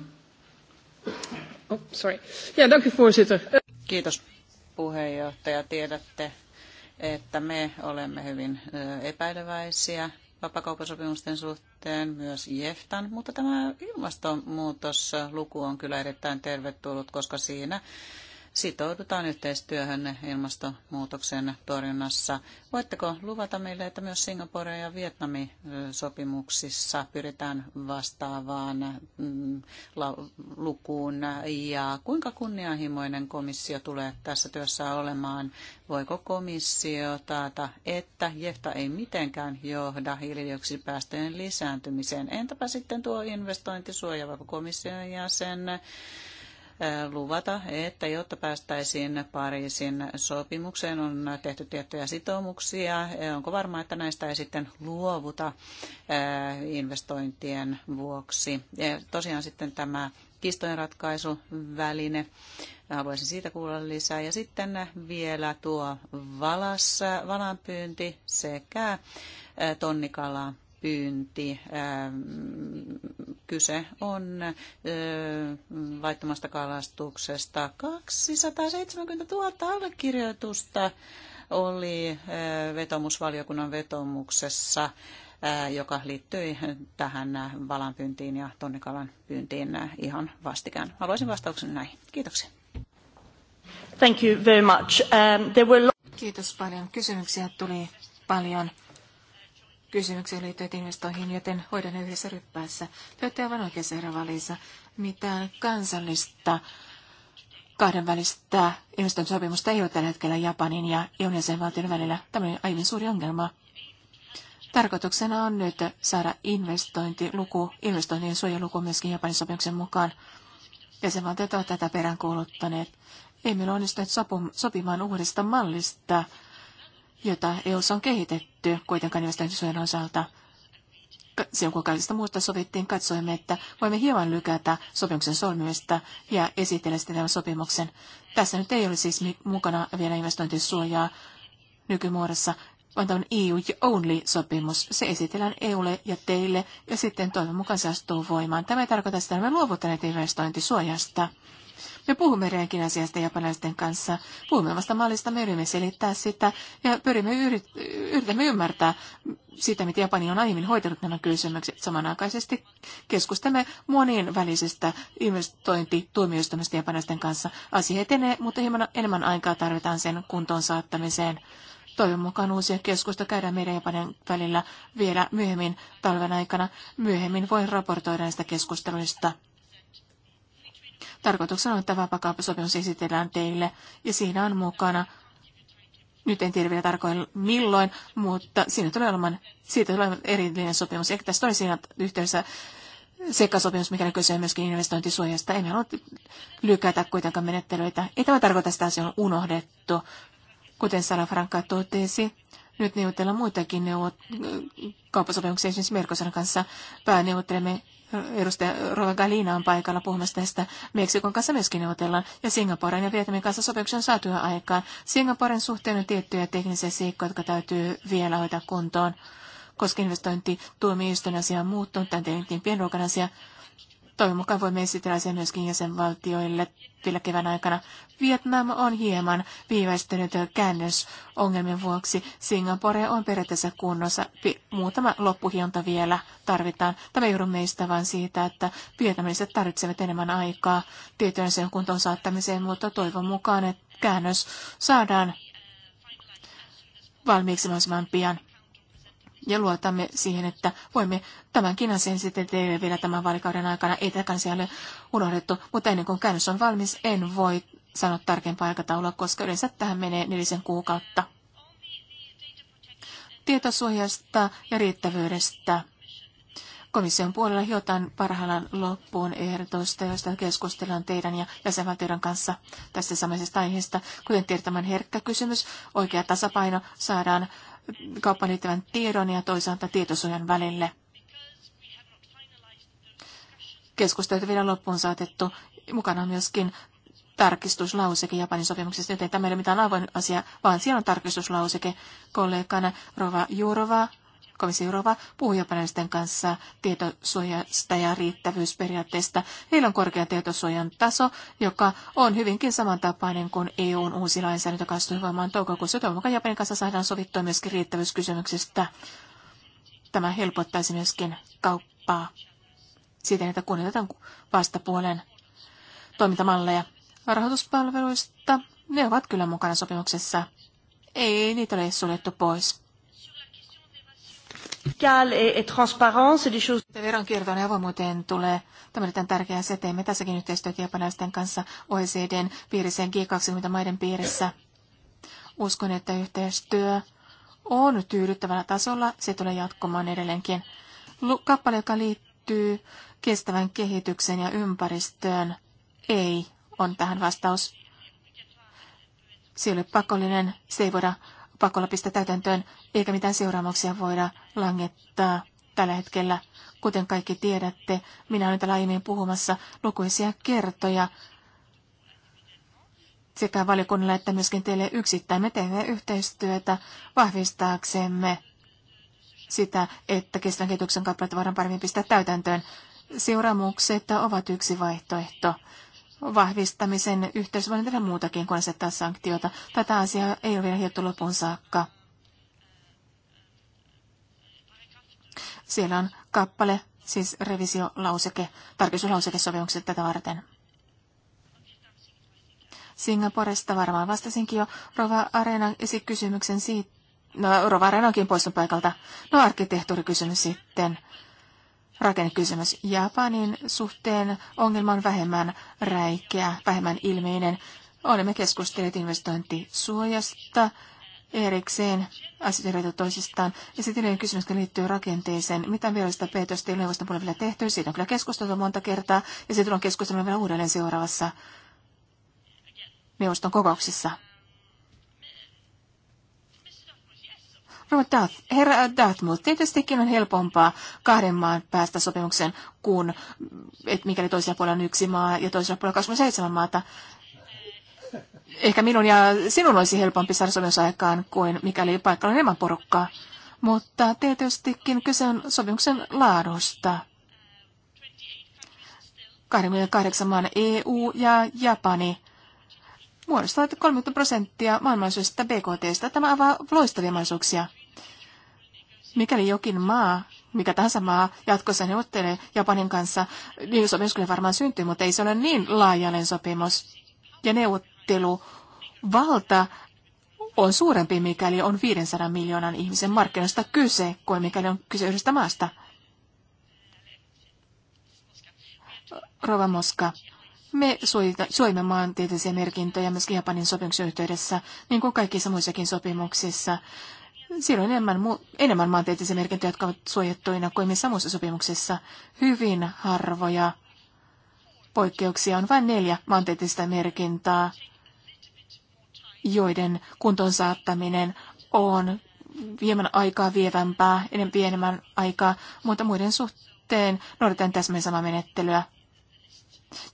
Speaker 2: oh, sorry. Ja, dank u voorzitter. Kiitos
Speaker 3: puheenjohtaja, tiedätte, että me olemme hyvin epäileväisiä vapakaupasopimusten suhteen, myös Jeftan, mutta tämä ilmastonmuutosluku on kyllä erittäin tervetullut, koska siinä sitoudutaan yhteistyöhön ilmastonmuutoksen torjunnassa. Voitteko luvata meille, että myös Singapore ja Vietnami sopimuksissa pyritään vastaavaan mm, lukuun ja kuinka kunnianhimoinen komissio tulee tässä työssä olemaan? Voiko komissio taata, että jefta ei mitenkään johda hiilidioksidipäästöjen lisääntymiseen? Entäpä sitten tuo investointisuoja, vaikka komission jäsen luvata, että jotta päästäisiin Pariisin sopimukseen, on tehty tiettyjä sitoumuksia. Onko varma, että näistä ei sitten luovuta investointien vuoksi? Ja tosiaan sitten tämä kistojen ratkaisuväline. Haluaisin siitä kuulla lisää. Ja sitten vielä tuo valas, valanpyynti sekä tonnikala pyynti kyse on laittomasta kalastuksesta. 270 000 allekirjoitusta oli vetomusvaliokunnan vetomuksessa, joka liittyi tähän valanpyyntiin ja tonnikalan pyyntiin ihan vastikään. Haluaisin vastauksen näihin.
Speaker 2: Kiitoksia. Thank you very much. Um, there were... Kiitos paljon. Kysymyksiä tuli paljon kysymyksiä liittyen investoihin, joten hoidan ne yhdessä ryppäässä. Te on aivan oikeassa, herra Valisa. Mitään kansallista kahdenvälistä investointisopimusta ei ole tällä hetkellä Japanin ja Euroopan valtion välillä. Tämä on aivan suuri ongelma. Tarkoituksena on nyt saada investointiluku, investointien suojeluku myöskin Japanin sopimuksen mukaan. Jäsenvaltiot ovat tätä peräänkuuluttaneet. Ei meillä onnistunut sopimaan uudesta mallista jota EU:ssa on kehitetty kuitenkaan investointisuojelun osalta. Silloin kun kaikista muusta sovittiin, katsoimme, että voimme hieman lykätä sopimuksen solmimista ja esitellä sitten tämän sopimuksen. Tässä nyt ei ole siis mukana vielä investointisuojaa nykymuodossa, vaan tämä EU-only-sopimus. Se esitellään EUlle ja teille ja sitten toivon mukaan se astuu voimaan. Tämä ei tarkoita sitä, että me luovuttaneet investointisuojasta. Me puhumme reikin asiasta japanilaisten kanssa. Puhumme omasta mallista, me yritämme selittää sitä ja pyrimme yrit, yritämme ymmärtää sitä, miten Japani on aiemmin hoitanut nämä kysymykset. Samanaikaisesti keskustelemme monien välisestä investointituomioistumista japanilaisten kanssa. Asia etenee, mutta hieman enemmän aikaa tarvitaan sen kuntoon saattamiseen. Toivon mukaan uusia keskusta käydään meidän Japanin välillä vielä myöhemmin talven aikana. Myöhemmin voin raportoida näistä keskusteluista. Tarkoituksena on, että vapaakauppasopimus esitellään teille ja siinä on mukana nyt en tiedä vielä tarkoin milloin, mutta siinä tulee olemaan, siitä tulee olemaan erillinen sopimus. Ehkä tässä oli siinä yhteydessä sekasopimus, mikä kysyy myöskin investointisuojasta. Emme halua lykätä kuitenkaan menettelyitä. Ei tämä tarkoita, että asia on unohdettu. Kuten Franka totesi, nyt neuvotellaan muitakin neuvot- kauppasopimuksia esimerkiksi Merkosan kanssa. Pääneuvottelemme Edustaja Rova Galina on paikalla puhumassa tästä. Meksikon kanssa myöskin neuvotellaan ja Singaporen ja Vietnamin kanssa sopimuksen on saatu aikaan. Singaporen suhteen on tiettyjä teknisiä seikkoja, jotka täytyy vielä hoitaa kuntoon koska investointi tuomioistuin asia on muuttunut, tämän tehtiin pienruokan asia Toivon mukaan voimme esitellä sen myöskin jäsenvaltioille vielä kevään aikana. Vietnam on hieman viivästynyt käännösongelmien vuoksi. Singapore on periaatteessa kunnossa. muutama loppuhionta vielä tarvitaan. Tämä ei meistä vaan siitä, että vietnamiset tarvitsevat enemmän aikaa tietojen sen kuntoon saattamiseen, mutta toivon mukaan, että käännös saadaan valmiiksi mahdollisimman pian ja luotamme siihen, että voimme tämänkin asian sitten tehdä vielä tämän vaalikauden aikana. Ei tätä kansia ole unohdettu, mutta ennen kuin käännös on valmis, en voi sanoa tarkempaa aikataulua, koska yleensä tähän menee nelisen kuukautta. Tietosuojasta ja riittävyydestä. Komission puolella hiotaan parhaillaan loppuun ehdotusta, josta keskustellaan teidän ja jäsenvaltioiden kanssa tästä samaisesta aiheesta. Kuten tiedät, herkkä kysymys, oikea tasapaino saadaan kauppaan liittyvän tiedon ja toisaalta tietosuojan välille. Keskustelut vielä loppuun saatettu. Mukana on myöskin tarkistuslauseke Japanin sopimuksesta, joten tämä ei ole mitään avoin asia, vaan siellä on tarkistuslauseke kollegana Rova Jurova Komissiorova puhuja panelisten kanssa tietosuojasta ja riittävyysperiaatteesta. Heillä on korkea tietosuojan taso, joka on hyvinkin samantapainen kuin EUn uusi lainsäädäntö kastui voimaan toukokuussa. Toivon mukaan Japanin kanssa saadaan sovittua myöskin riittävyyskysymyksistä. Tämä helpottaisi myöskin kauppaa siten, että kunnioitetaan vastapuolen toimintamalleja. Rahoituspalveluista ne ovat kyllä mukana sopimuksessa. Ei niitä ole suljettu pois fiscale et, et transparence, des choses... ja avoimuuteen tulee. Tämä on tärkeä se, Teemme tässäkin yhteistyötä japanilaisten kanssa OECDn piirissä ja G20-maiden piirissä. Uskon, että yhteistyö on tyydyttävällä tasolla. Se tulee jatkumaan edelleenkin. Kappale, joka liittyy kestävän kehityksen ja ympäristöön, ei, on tähän vastaus. Se ei ole pakollinen, se ei voida pakolla pistää täytäntöön eikä mitään seuraamuksia voida langettaa tällä hetkellä. Kuten kaikki tiedätte, minä olen täällä aiemmin puhumassa lukuisia kertoja sekä valiokunnalle että myöskin teille yksittäin. Me teemme yhteistyötä vahvistaaksemme sitä, että kestävän kehityksen kappaletta voidaan paremmin pistää täytäntöön. Seuraamukset ovat yksi vaihtoehto. Vahvistamisen yhteys voi tehdä muutakin kuin asettaa sanktiota. Tätä asiaa ei ole vielä hiottu lopun saakka. Siellä on kappale, siis revisiolauseke, tarkistuslauseke sovellukset tätä varten. Singaporesta varmaan vastasinkin jo. Rova Arena esi kysymyksen siitä. No, Rova Arena onkin poistunut paikalta. No, arkkitehtuurikysymys sitten. Rakennekysymys. Japanin suhteen ongelma on vähemmän räikeä, vähemmän ilmeinen. Olemme keskustelleet investointisuojasta erikseen asioita toisistaan. Ja sitten kysymys, joka liittyy rakenteeseen. Mitä virallista päätöstä ei neuvoston puolella vielä tehty? Siitä on kyllä keskusteltu monta kertaa ja sitten on keskusteltu vielä uudelleen seuraavassa neuvoston kokouksessa. herra Dartmouth, tietystikin on helpompaa kahden maan päästä sopimukseen kuin että mikäli toisella puolella on yksi maa ja toisella puolella 27 maata. Ehkä minun ja sinun olisi helpompi saada sopimusaikaan kuin mikäli paikalla on enemmän porukkaa. Mutta tietystikin kyse on sopimuksen laadusta. 28 maan EU ja Japani muodostavat 30 prosenttia maailmanlaajuisesta BKTstä. Tämä avaa loistavia mahdollisuuksia. Mikäli jokin maa, mikä tahansa maa, jatkossa neuvottelee Japanin kanssa, niin sopimus kyllä varmaan syntyy, mutta ei se ole niin laajainen sopimus. Ja neuvot, Valta on suurempi, mikäli on 500 miljoonan ihmisen markkinoista kyse, kuin mikäli on kyse yhdestä maasta. Rova Moska, me suojimme maantieteisiä merkintöjä myös Japanin sopimuksen yhteydessä, niin kuin kaikissa muissakin sopimuksissa. Siellä on enemmän, enemmän maantieteisiä merkintöjä, jotka ovat suojattuina kuin missä muissa sopimuksissa. Hyvin harvoja poikkeuksia on vain neljä maantieteistä merkintää joiden kuntoon saattaminen on hieman aikaa vievämpää, enempi pienemmän aikaa, mutta muiden suhteen noudatetaan täsmälleen samaa menettelyä.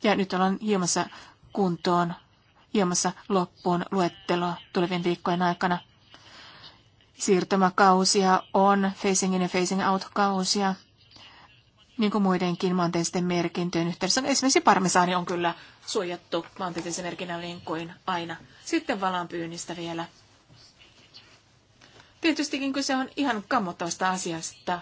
Speaker 2: Ja nyt ollaan hiemassa kuntoon, hiemassa loppuun luettelo tulevien viikkojen aikana. Siirtymäkausia on facing in ja facing out kausia niin kuin muidenkin maantieteellisten merkintöjen yhteydessä. No, esimerkiksi parmesaani on kyllä suojattu maantieteellisen merkinnän niin kuin aina. Sitten valanpyynnistä vielä. Tietystikin kyse on ihan kammottavasta asiasta,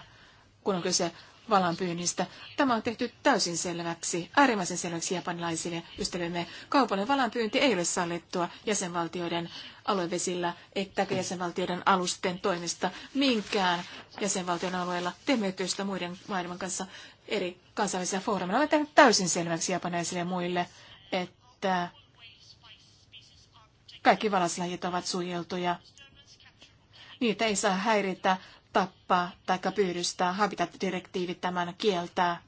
Speaker 2: kun on kyse valanpyynnistä. Tämä on tehty täysin selväksi, äärimmäisen selväksi japanilaisille ystävämme. Kaupallinen valanpyynti ei ole sallittua jäsenvaltioiden aluevesillä, että jäsenvaltioiden alusten toimesta minkään jäsenvaltion alueella teemme muiden maailman kanssa eri kansainvälisillä foorumeilla. Olen tehnyt täysin selväksi japanilaisille ja muille, että kaikki valaslajit ovat suojeltuja. Niitä ei saa häiritä tappaa tai pyydystää. Habitat-direktiivi tämän kieltää.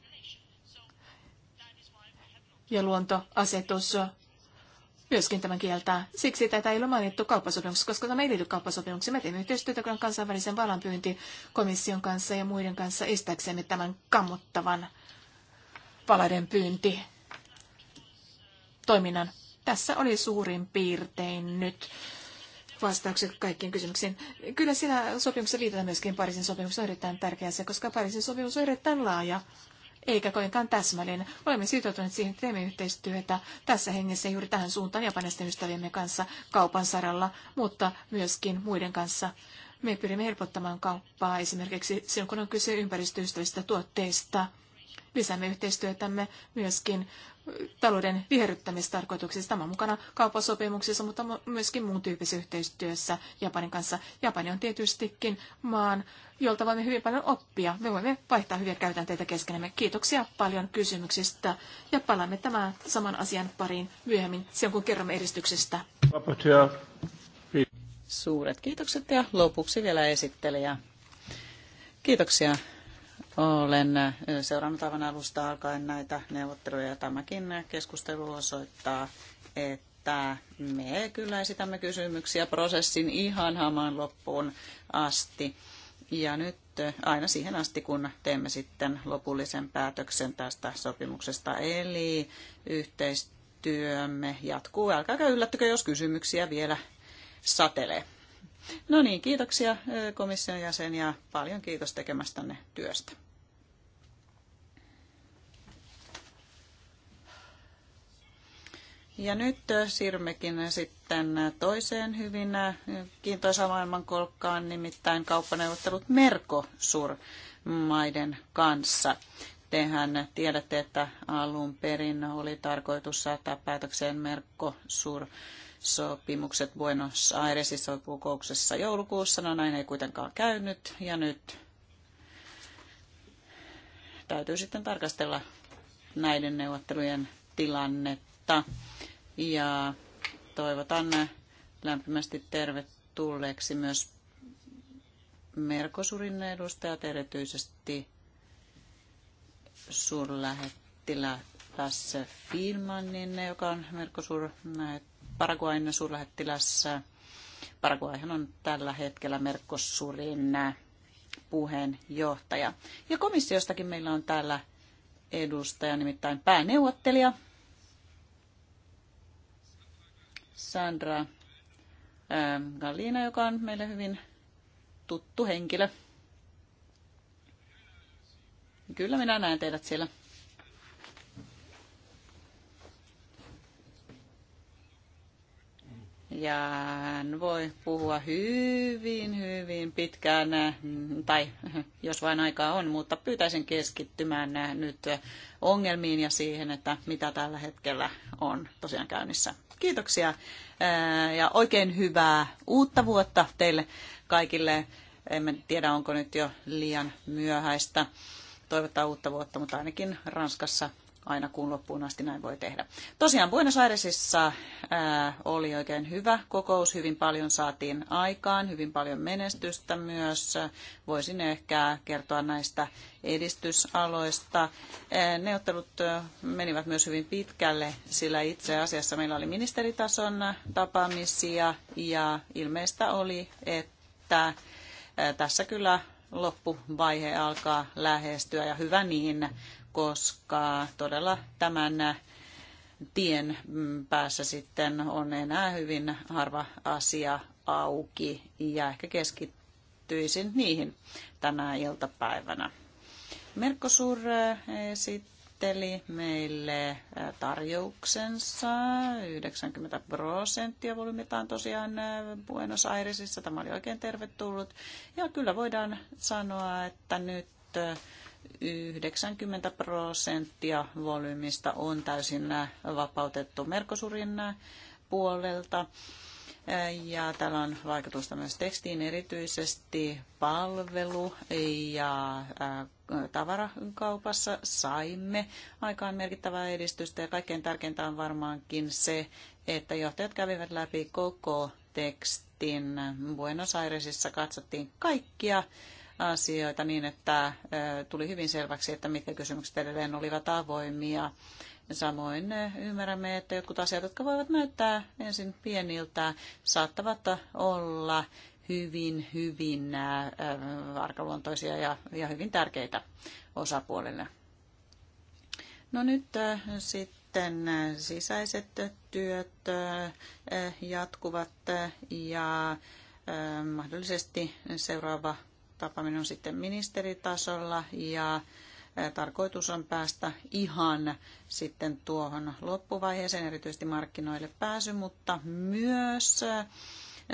Speaker 2: Ja luontoasetus myöskin tämän kieltää. Siksi tätä ei ole mainittu kauppasopimuksessa, koska tämä ei liity kauppasopimukseen. Me teemme yhteistyötä kansainvälisen komission kanssa ja muiden kanssa estääksemme tämän kammottavan valaiden pyynti toiminnan. Tässä oli suurin piirtein nyt vastaukset kaikkiin kysymyksiin. Kyllä siinä sopimuksessa viitataan myöskin Pariisin sopimus on erittäin tärkeä se, koska Pariisin sopimus on erittäin laaja eikä koinkaan täsmällinen. Olemme sitoutuneet siihen, että teemme yhteistyötä tässä hengessä juuri tähän suuntaan japanisten ystäviemme kanssa kaupan saralla, mutta myöskin muiden kanssa. Me pyrimme helpottamaan kauppaa esimerkiksi silloin, kun on kyse ympäristöystävistä tuotteista. Lisäämme yhteistyötämme myöskin talouden viherryttämistarkoituksissa. Tämä on mukana kauppasopimuksissa, mutta myöskin muun tyyppisessä yhteistyössä Japanin kanssa. Japani on tietystikin maan, jolta voimme hyvin paljon oppia. Me voimme vaihtaa hyviä käytänteitä keskenämme. Kiitoksia paljon kysymyksistä ja palaamme tämän saman asian pariin myöhemmin, silloin kun kerromme edistyksestä. Suuret kiitokset ja lopuksi vielä esittelijä.
Speaker 3: Kiitoksia olen seurannut aivan alusta alkaen näitä neuvotteluja. Tämäkin keskustelu osoittaa, että me kyllä esitämme kysymyksiä prosessin ihan hamaan loppuun asti. Ja nyt aina siihen asti, kun teemme sitten lopullisen päätöksen tästä sopimuksesta. Eli yhteistyömme jatkuu. Älkääkä yllättykö, jos kysymyksiä vielä satelee. No niin, kiitoksia komission jäsen ja paljon kiitos tekemästänne työstä. Ja nyt siirrymmekin sitten toiseen hyvin kiintoisaan maailmankolkkaan, nimittäin kauppaneuvottelut Mercosur-maiden kanssa. Tehän tiedätte, että alun perin oli tarkoitus saattaa päätökseen Mercosur sopimukset Buenos Airesissa kokouksessa joulukuussa. No näin ei kuitenkaan käynyt ja nyt täytyy sitten tarkastella näiden neuvottelujen tilannetta ja toivotan lämpimästi tervetulleeksi myös Merkosurin edustajat, erityisesti suurlähettiläs Filmanin, joka on Merkosur Paraguain suurlähettilässä. Paraguayhan on tällä hetkellä Merkosurin puheenjohtaja. Ja komissiostakin meillä on täällä edustaja, nimittäin pääneuvottelija Sandra ähm, Galina, joka on meille hyvin tuttu henkilö. Kyllä minä näen teidät siellä. Ja hän voi puhua hyvin, hyvin pitkään, mm, tai jos vain aikaa on, mutta pyytäisin keskittymään nyt ongelmiin ja siihen, että mitä tällä hetkellä on tosiaan käynnissä. Kiitoksia ja oikein hyvää uutta vuotta teille kaikille. En tiedä, onko nyt jo liian myöhäistä toivottaa uutta vuotta, mutta ainakin Ranskassa aina kun loppuun asti näin voi tehdä. Tosiaan Buenos Airesissa ää, oli oikein hyvä kokous, hyvin paljon saatiin aikaan, hyvin paljon menestystä myös. Voisin ehkä kertoa näistä edistysaloista. Neuvottelut menivät myös hyvin pitkälle, sillä itse asiassa meillä oli ministeritason tapaamisia ja ilmeistä oli, että tässä kyllä loppuvaihe alkaa lähestyä ja hyvä niin, koska todella tämän tien päässä sitten on enää hyvin harva asia auki ja ehkä keskittyisin niihin tänä iltapäivänä. Merkosur eh, esitteli meille eh, tarjouksensa 90 prosenttia volyymitaan tosiaan eh, Buenos Airesissa. Tämä oli oikein tervetullut. Ja kyllä voidaan sanoa, että nyt 90 prosenttia volyymista on täysin vapautettu Merkosurin puolelta. Ja tällä on vaikutusta myös tekstiin erityisesti palvelu- ja tavarakaupassa saimme aikaan merkittävää edistystä ja kaikkein tärkeintä on varmaankin se, että johtajat kävivät läpi koko tekstin. Buenos Airesissa katsottiin kaikkia asioita niin, että tuli hyvin selväksi, että mitkä kysymykset edelleen olivat avoimia. Samoin ymmärrämme, että jotkut asiat, jotka voivat näyttää ensin pieniltä, saattavat olla hyvin, hyvin arkaluontoisia ja, ja hyvin tärkeitä osapuolille. No nyt sitten sisäiset työt jatkuvat ja mahdollisesti seuraava tapaaminen on sitten ministeritasolla ja tarkoitus on päästä ihan sitten tuohon loppuvaiheeseen, erityisesti markkinoille pääsy, mutta myös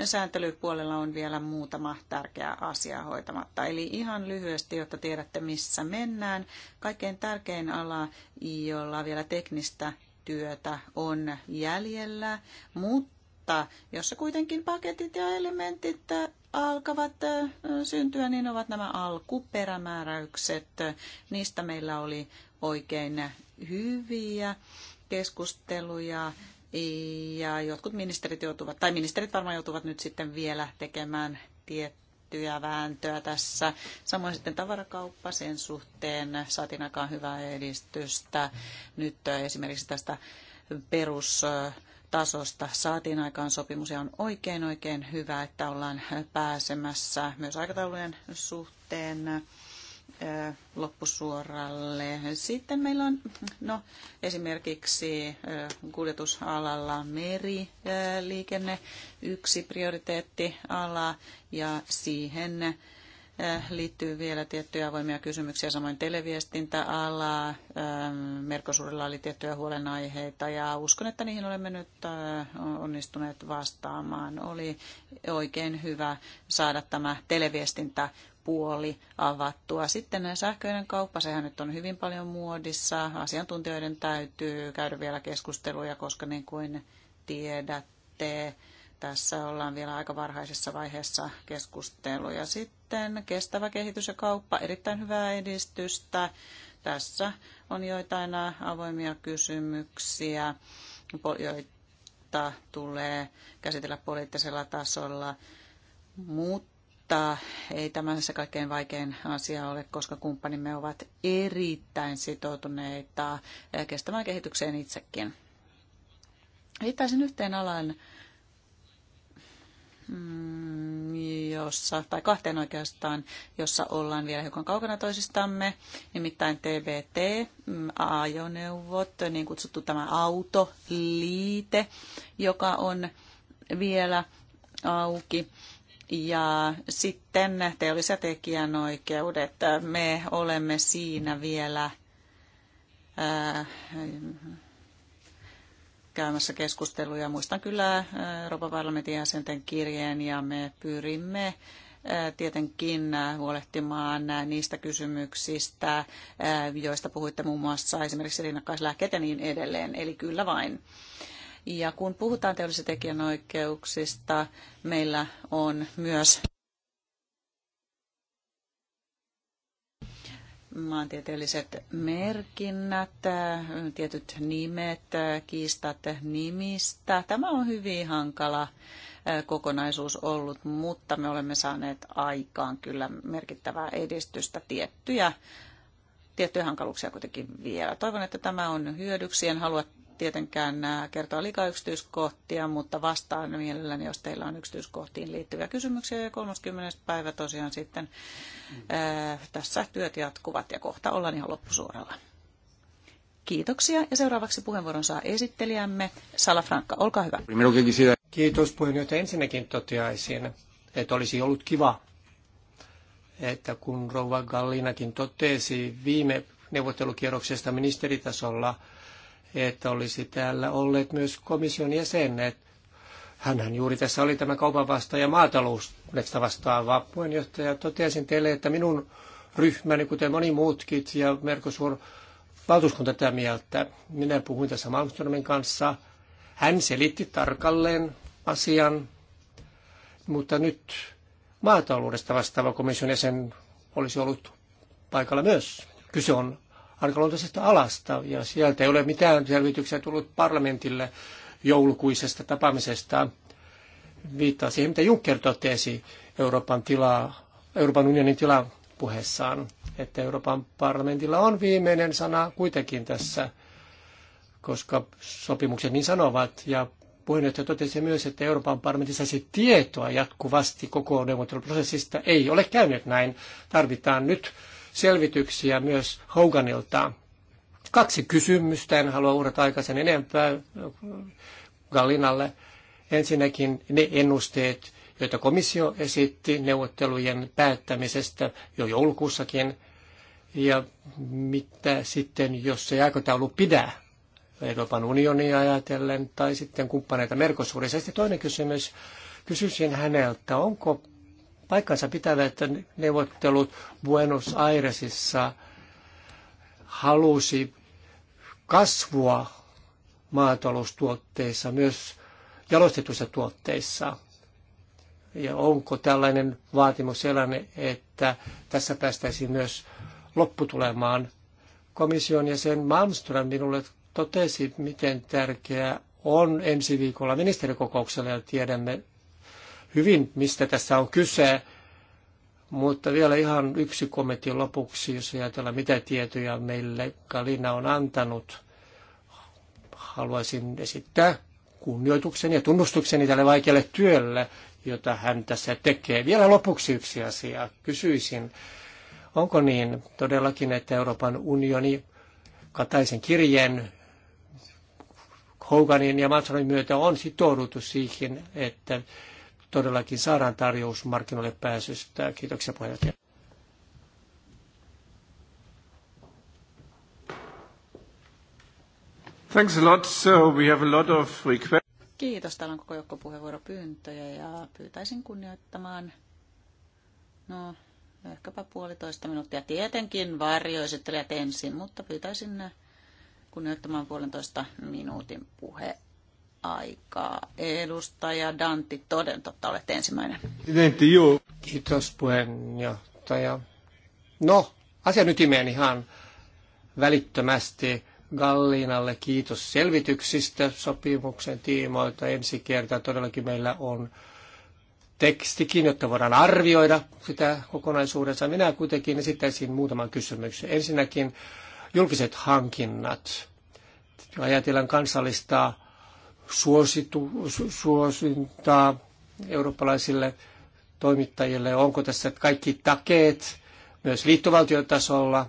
Speaker 3: sääntelypuolella on vielä muutama tärkeä asia hoitamatta. Eli ihan lyhyesti, jotta tiedätte missä mennään. Kaikkein tärkein ala, jolla vielä teknistä työtä on jäljellä, mutta jossa kuitenkin paketit ja elementit alkavat syntyä, niin ovat nämä alkuperämääräykset. Niistä meillä oli oikein hyviä keskusteluja. Ja jotkut ministerit joutuvat, tai ministerit varmaan joutuvat nyt sitten vielä tekemään tiettyä vääntöä tässä. Samoin sitten tavarakauppa sen suhteen saatiin aikaan hyvää edistystä. Nyt esimerkiksi tästä perus tasosta saatiin aikaan sopimus ja on oikein oikein hyvä, että ollaan pääsemässä myös aikataulujen suhteen loppusuoralle. Sitten meillä on no, esimerkiksi kuljetusalalla meriliikenne yksi prioriteettiala ja siihen Äh, liittyy vielä tiettyjä avoimia kysymyksiä, samoin televiestintäala, ähm, Merkosurilla oli tiettyjä huolenaiheita ja uskon, että niihin olemme nyt äh, onnistuneet vastaamaan. Oli oikein hyvä saada tämä televiestintä puoli avattua. Sitten sähköinen kauppa, sehän nyt on hyvin paljon muodissa. Asiantuntijoiden täytyy käydä vielä keskusteluja, koska niin kuin tiedätte, tässä ollaan vielä aika varhaisessa vaiheessa keskusteluja. Sitten sitten kestävä kehitys ja kauppa, erittäin hyvää edistystä. Tässä on joitain avoimia kysymyksiä, joita tulee käsitellä poliittisella tasolla, mutta ei tämä se kaikkein vaikein asia ole, koska kumppanimme ovat erittäin sitoutuneita kestävään kehitykseen itsekin. Viittaisin yhteen alan Mm, jossa, tai kahteen oikeastaan, jossa ollaan vielä hiukan kaukana toisistamme, nimittäin TBT, mm, ajoneuvot, niin kutsuttu tämä autoliite, joka on vielä auki. Ja sitten teolliset tekijänoikeudet. Me olemme siinä vielä ää, äh, käymässä keskusteluja. Muistan kyllä äh, Euroopan parlamentin jäsenten kirjeen ja me pyrimme äh, tietenkin äh, huolehtimaan niistä kysymyksistä, joista puhuitte muun muassa esimerkiksi rinnakkaislääkkeet ja niin edelleen. Eli kyllä vain. Ja kun puhutaan teollisista tekijänoikeuksista, meillä on myös maantieteelliset merkinnät, tietyt nimet, kiistat nimistä. Tämä on hyvin hankala kokonaisuus ollut, mutta me olemme saaneet aikaan kyllä merkittävää edistystä tiettyjä tiettyjä hankaluuksia kuitenkin vielä. Toivon, että tämä on hyödyksi. En halua tietenkään äh, kertoa liikaa yksityiskohtia, mutta vastaan mielelläni, jos teillä on yksityiskohtiin liittyviä kysymyksiä. Ja 30. päivä tosiaan sitten ää, äh, tässä työt jatkuvat ja kohta ollaan ihan loppusuoralla. Kiitoksia ja seuraavaksi puheenvuoron saa esittelijämme Frankka, Olkaa hyvä.
Speaker 4: Kiitos puheenjohtaja. Ensinnäkin toteaisin, että olisi ollut kiva, että kun rouva Gallinakin totesi viime neuvottelukierroksesta ministeritasolla – että olisi täällä olleet myös komission jäsenet. Hänhän juuri tässä oli tämä kaupan vastaaja maataloudesta vastaava puheenjohtaja. Totesin teille, että minun ryhmäni, kuten moni muutkin ja Merkosuor valtuuskunta tätä mieltä. Minä puhuin tässä Malmströmin kanssa. Hän selitti tarkalleen asian, mutta nyt maataloudesta vastaava komission jäsen olisi ollut paikalla myös. Kyse on arkaluontoisesta alasta, ja sieltä ei ole mitään selvityksiä tullut parlamentille joulukuisesta tapaamisesta. Viittaa siihen, mitä Juncker totesi Euroopan, tila, Euroopan unionin tila puheessaan, että Euroopan parlamentilla on viimeinen sana kuitenkin tässä, koska sopimukset niin sanovat, ja puheenjohtaja totesi myös, että Euroopan parlamentissa se tietoa jatkuvasti koko neuvotteluprosessista. Ei ole käynyt näin. Tarvitaan nyt selvityksiä myös Hoganilta. Kaksi kysymystä, en halua uudet aikaisen enempää Galinalle. Ensinnäkin ne ennusteet, joita komissio esitti neuvottelujen päättämisestä jo joulukuussakin, ja mitä sitten, jos se aikataulu pidä Euroopan unionia ajatellen tai sitten kumppaneita Merkosuurissa. Sitten toinen kysymys, kysyisin häneltä, onko paikkansa pitävä, että neuvottelut Buenos Airesissa halusi kasvua maataloustuotteissa, myös jalostetuissa tuotteissa. Ja onko tällainen vaatimus sellainen, että tässä päästäisiin myös lopputulemaan? Komission ja sen Malmström minulle totesi, miten tärkeää on ensi viikolla ministerikokouksella ja tiedämme hyvin, mistä tässä on kyse. Mutta vielä ihan yksi kommentti lopuksi, jos ajatellaan, mitä tietoja meille Kalina on antanut. Haluaisin esittää kunnioituksen ja tunnustukseni tälle vaikealle työlle, jota hän tässä tekee. Vielä lopuksi yksi asia. Kysyisin, onko niin todellakin, että Euroopan unioni Kataisen kirjeen Hoganin ja Mansonin myötä on sitouduttu siihen, että todellakin saadaan tarjous markkinoille pääsystä. Kiitoksia puheenjohtaja. Thanks a lot. So we have a lot of requests.
Speaker 3: Kiitos. Täällä on koko joukko puheenvuoropyyntöjä ja pyytäisin kunnioittamaan no, ehkäpä puolitoista minuuttia. Tietenkin varjoesittelijät ensin, mutta pyytäisin kunnioittamaan puolentoista minuutin puhe aikaa. Edustaja Dantti, toden totta olet ensimmäinen. Presidentti,
Speaker 4: juu. Kiitos puheenjohtaja. No, asia nyt imeen ihan välittömästi. Gallinalle kiitos selvityksistä sopimuksen tiimoilta. Ensi kertaa todellakin meillä on tekstikin, jotta voidaan arvioida sitä kokonaisuudessa. Minä kuitenkin esittäisin muutaman kysymyksen. Ensinnäkin julkiset hankinnat. Ajatellaan kansallista suositu, su, suosintaa eurooppalaisille toimittajille? Onko tässä kaikki takeet myös liittovaltiotasolla,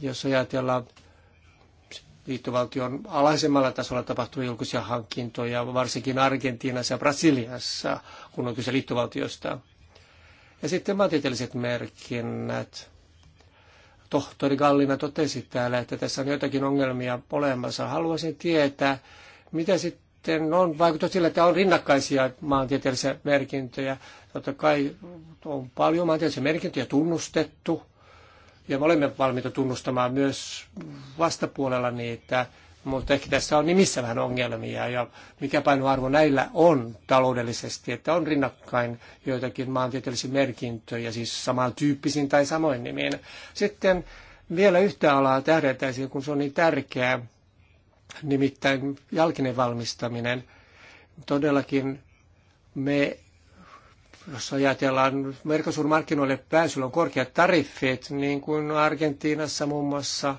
Speaker 4: jos ajatellaan liittovaltion alaisemmalla tasolla tapahtuu julkisia hankintoja, varsinkin Argentiinassa ja Brasiliassa, kun on kyse liittovaltiosta. Ja sitten maantieteelliset merkinnät. Tohtori Gallina totesi täällä, että tässä on jotakin ongelmia olemassa. Haluaisin tietää, mitä sitten on vaikuttaa sillä, että on rinnakkaisia maantieteellisiä merkintöjä? Totta kai on paljon maantieteellisiä merkintöjä tunnustettu, ja me olemme valmiita tunnustamaan myös vastapuolella niitä, mutta ehkä tässä on nimissä vähän ongelmia ja mikä painoarvo näillä on taloudellisesti, että on rinnakkain joitakin maantieteellisiä merkintöjä, siis samantyyppisin tai samoin nimiin. Sitten vielä yhtä alaa tähdätäisiin, kun se on niin tärkeää, nimittäin jalkinen valmistaminen. Todellakin me, jos ajatellaan Mercosur-markkinoille pääsyllä on korkeat tariffit, niin kuin Argentiinassa muun muassa,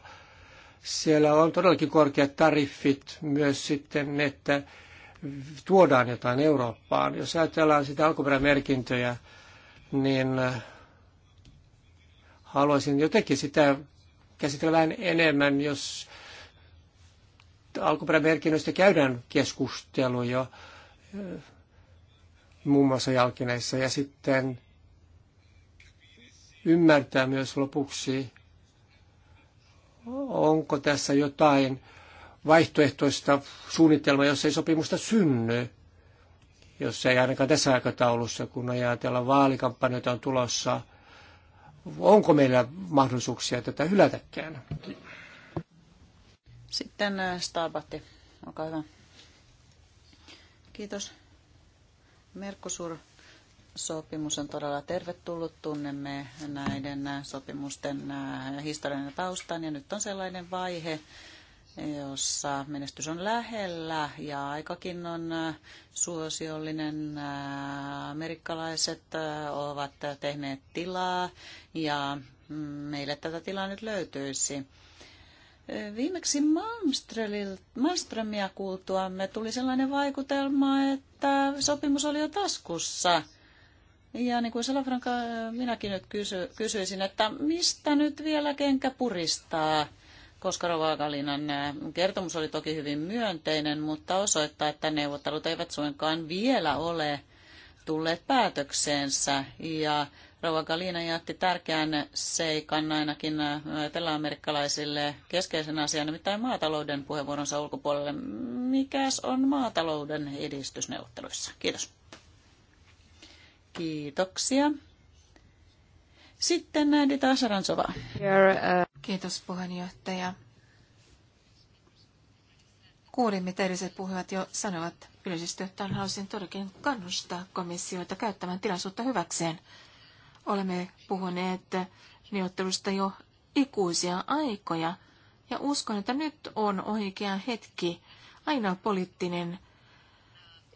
Speaker 4: siellä on todellakin korkeat tariffit myös sitten, että tuodaan jotain Eurooppaan. Jos ajatellaan sitä alkuperämerkintöjä, niin haluaisin jotenkin sitä käsitellä vähän enemmän, jos alkuperämerkinnöistä käydään keskustelu jo eh, muun muassa jalkineissa. Ja sitten ymmärtää myös lopuksi, onko tässä jotain vaihtoehtoista suunnitelmaa, jos ei sopimusta synny, jos ei ainakaan tässä aikataulussa, kun ajatellaan vaalikampanjoita on tulossa. Onko meillä mahdollisuuksia tätä hylätäkään?
Speaker 3: Sitten äh, Starbatti, olkaa hyvä. Kiitos. merkosur sopimus on todella tervetullut. Tunnemme näiden äh, sopimusten äh, historian taustan. Ja nyt on sellainen vaihe, jossa menestys on lähellä ja aikakin on suosiollinen. Amerikkalaiset ovat tehneet tilaa ja mm, meille tätä tilaa nyt löytyisi. Viimeksi Malmströmiä kuultuamme tuli sellainen vaikutelma, että sopimus oli jo taskussa. Ja niin kuin Salafranka, minäkin nyt kysy, kysyisin, että mistä nyt vielä kenkä puristaa? Koska Rovakalinan äh, kertomus oli toki hyvin myönteinen, mutta osoittaa, että neuvottelut eivät suinkaan vielä ole tulleet päätökseensä. Ja Rouva Galina jätti tärkeän seikan ainakin äh, eteläamerikkalaisille keskeisen asian, nimittäin maatalouden puheenvuoronsa ulkopuolelle. Mikäs on maatalouden edistysneuvotteluissa? Kiitos. Kiitoksia. Sitten Dita Sarantsova.
Speaker 2: Kiitos puheenjohtaja. Kuulin, mitä edelliset puhujat jo sanovat. Yleisesti ottaen haluaisin todellakin kannustaa komissioita käyttämään tilaisuutta hyväkseen – Olemme puhuneet neuvottelusta jo ikuisia aikoja, ja uskon, että nyt on oikea hetki. Aina poliittinen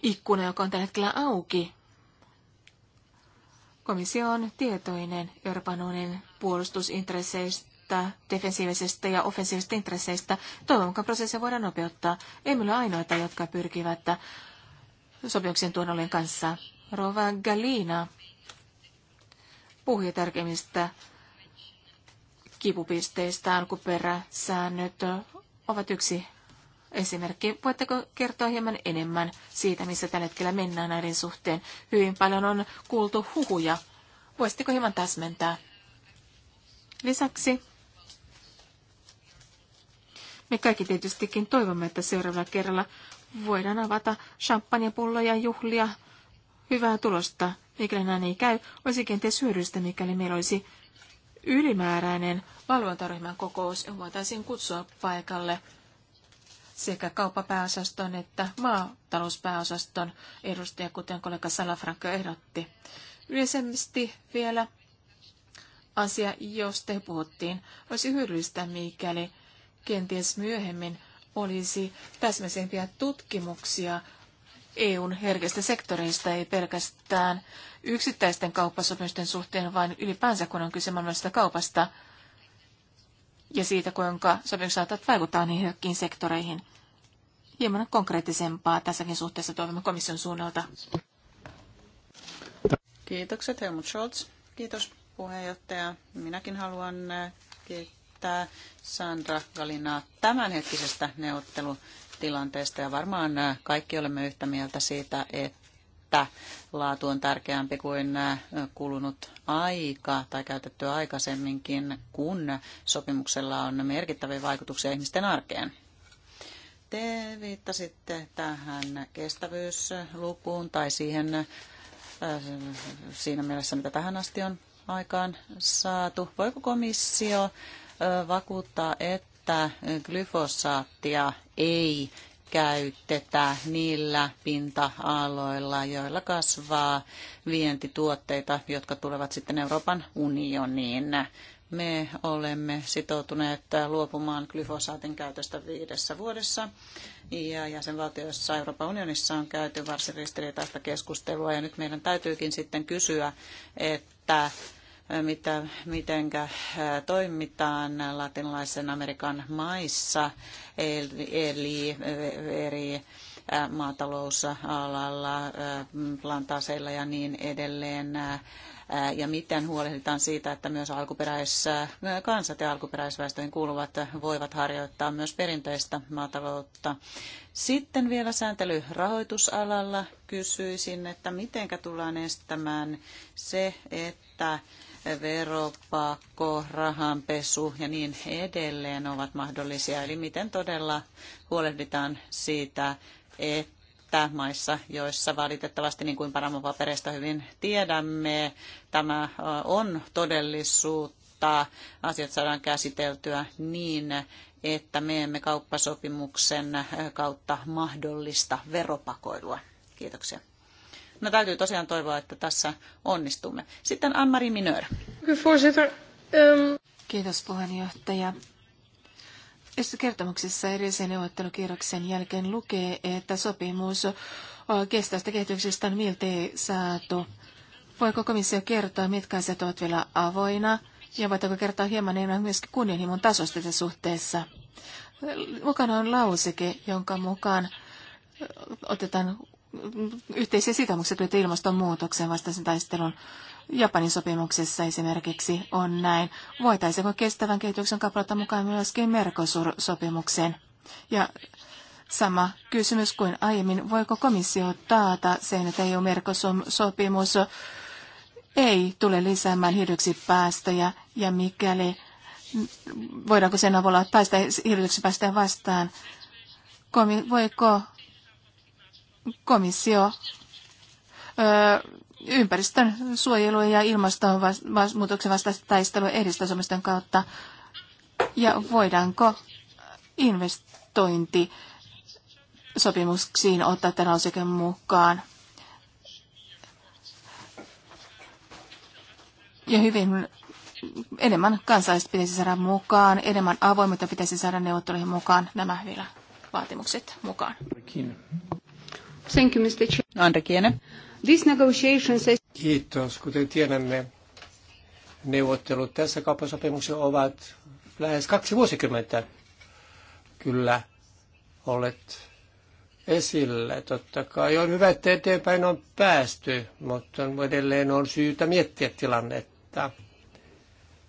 Speaker 2: ikkuna, joka on tällä hetkellä auki. Komissio on tietoinen Euroopan unionin puolustusintresseistä, defensiivisestä ja offensiivisesta intresseistä. Toivon mukaan prosessia voidaan nopeuttaa. Emme ole ainoita, jotka pyrkivät sopimuksen tuonollien kanssa. Rova Galina puhui tärkeimmistä kipupisteistään, kun peräsäännöt ovat yksi esimerkki. Voitteko kertoa hieman enemmän siitä, missä tällä hetkellä mennään näiden suhteen? Hyvin paljon on kuultu huhuja. Voisitteko hieman täsmentää? Lisäksi me kaikki tietystikin toivomme, että seuraavalla kerralla voidaan avata champagnepulloja, juhlia, hyvää tulosta Mikäli näin ei käy, olisi kenties hyödyllistä, mikäli meillä olisi ylimääräinen valvontaryhmän kokous, johon voitaisiin kutsua paikalle sekä kauppapääosaston että maatalouspääosaston edustajia, kuten kollega Salafranco ehdotti. Yleisesti vielä asia, josta puhuttiin, olisi hyödyllistä, mikäli kenties myöhemmin olisi täsmäisempiä tutkimuksia EUn herkistä sektoreista, ei pelkästään yksittäisten kauppasopimusten suhteen, vaan ylipäänsä kun on kyse maailmallisesta kaupasta ja siitä, kuinka sopimukset saattavat vaikuttaa niihin herkkiin sektoreihin. Hieman konkreettisempaa tässäkin suhteessa toivomme komission suunnalta.
Speaker 3: Kiitokset Helmut Scholz. Kiitos puheenjohtaja. Minäkin haluan äh, kiittää Sandra Galinaa tämänhetkisestä neuvottelu tilanteesta ja varmaan äh, kaikki olemme yhtä mieltä siitä, että laatu on tärkeämpi kuin äh, kulunut aika tai käytetty aikaisemminkin, kun sopimuksella on merkittäviä vaikutuksia ihmisten arkeen. Te viittasitte tähän kestävyyslukuun tai siihen äh, siinä mielessä, mitä tähän asti on aikaan saatu. Voiko komissio vakuuttaa, että että glyfosaattia ei käytetä niillä pinta-aloilla, joilla kasvaa vientituotteita, jotka tulevat sitten Euroopan unioniin. Me olemme sitoutuneet luopumaan glyfosaatin käytöstä viidessä vuodessa ja jäsenvaltioissa Euroopan unionissa on käyty varsin ristiriitaista keskustelua ja nyt meidän täytyykin sitten kysyä, että mitä, miten toimitaan latinalaisen Amerikan maissa, eli eri maatalousalalla, plantaaseilla ja niin edelleen ja miten huolehditaan siitä, että myös alkuperäiskansat ja alkuperäisväestöihin kuuluvat voivat harjoittaa myös perinteistä maataloutta. Sitten vielä sääntely rahoitusalalla kysyisin, että miten tullaan estämään se, että veropakko, rahanpesu ja niin edelleen ovat mahdollisia. Eli miten todella huolehditaan siitä, että maissa, joissa valitettavasti, niin kuin Paramo-paperista hyvin tiedämme, tämä äh, on todellisuutta, asiat saadaan käsiteltyä niin, että me emme kauppasopimuksen äh, kautta mahdollista veropakoilua. Kiitoksia. No täytyy tosiaan toivoa, että tässä onnistumme. Sitten Anmari Minör.
Speaker 2: Ehm, Kiitos puheenjohtaja. Kertomuksessa edellisen neuvottelukierroksen jälkeen lukee, että sopimus kestävästä kehityksestä on miltei saatu. Voiko komissio kertoa, mitkä asiat ovat vielä avoina? Ja voitteko kertoa hieman enemmän myöskin kunnianhimon tasosta tässä suhteessa? Mukana on lauseke, jonka mukaan otetaan yhteisiä sitoumuksia liittyy ilmastonmuutoksen vastaisen taistelun. Japanin sopimuksessa esimerkiksi on näin. Voitaisiinko kestävän kehityksen kappaletta mukaan myöskin Mercosur-sopimukseen? Ja sama kysymys kuin aiemmin, voiko komissio taata sen, että EU-Mercosur-sopimus ei tule lisäämään hiilidioksidipäästöjä ja mikäli voidaanko sen avulla päästä hiilidioksidipäästöjä vastaan, voiko komissio ympäristön suojelu ja ilmastonmuutoksen vastaista taistelua edistäsomiston kautta ja voidaanko investointi sopimuksiin ottaa tämän lausekkeen mukaan. Ja hyvin enemmän kansalaiset pitäisi saada mukaan, enemmän avoimuutta pitäisi saada neuvotteluihin mukaan, nämä vielä vaatimukset mukaan.
Speaker 3: No, Kiene.
Speaker 4: Kiitos. Kuten tiedämme, neuvottelut tässä kauppasopimuksessa ovat lähes kaksi vuosikymmentä kyllä olet esillä. Totta kai on hyvä, että eteenpäin on päästy, mutta edelleen on syytä miettiä tilannetta.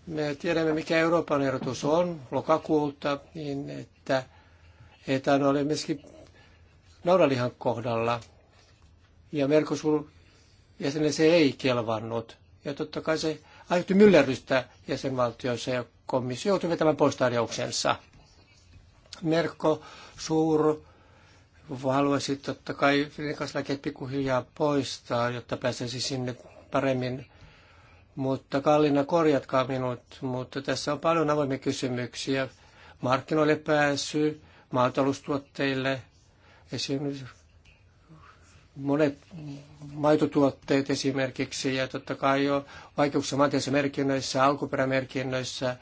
Speaker 4: Me tiedämme, mikä Euroopan erotus on lokakuulta, niin että etanoli myöskin naudanlihan kohdalla. Ja Mercosur jäsenelle se ei kelvannut. Ja totta kai se aiheutti myllerrystä jäsenvaltioissa ja komissio joutui vetämään pois tarjouksensa. Mercosur haluaisi totta kai rinnakaslääkeet pikkuhiljaa poistaa, jotta pääsisi sinne paremmin. Mutta Kallina, korjatkaa minut, mutta tässä on paljon avoimia kysymyksiä. Markkinoille pääsy, maataloustuotteille, Esimerkiksi monet maitotuotteet esimerkiksi ja totta kai jo vaikeuksia maantieteellisissä merkinnöissä, alkuperämerkinnöissä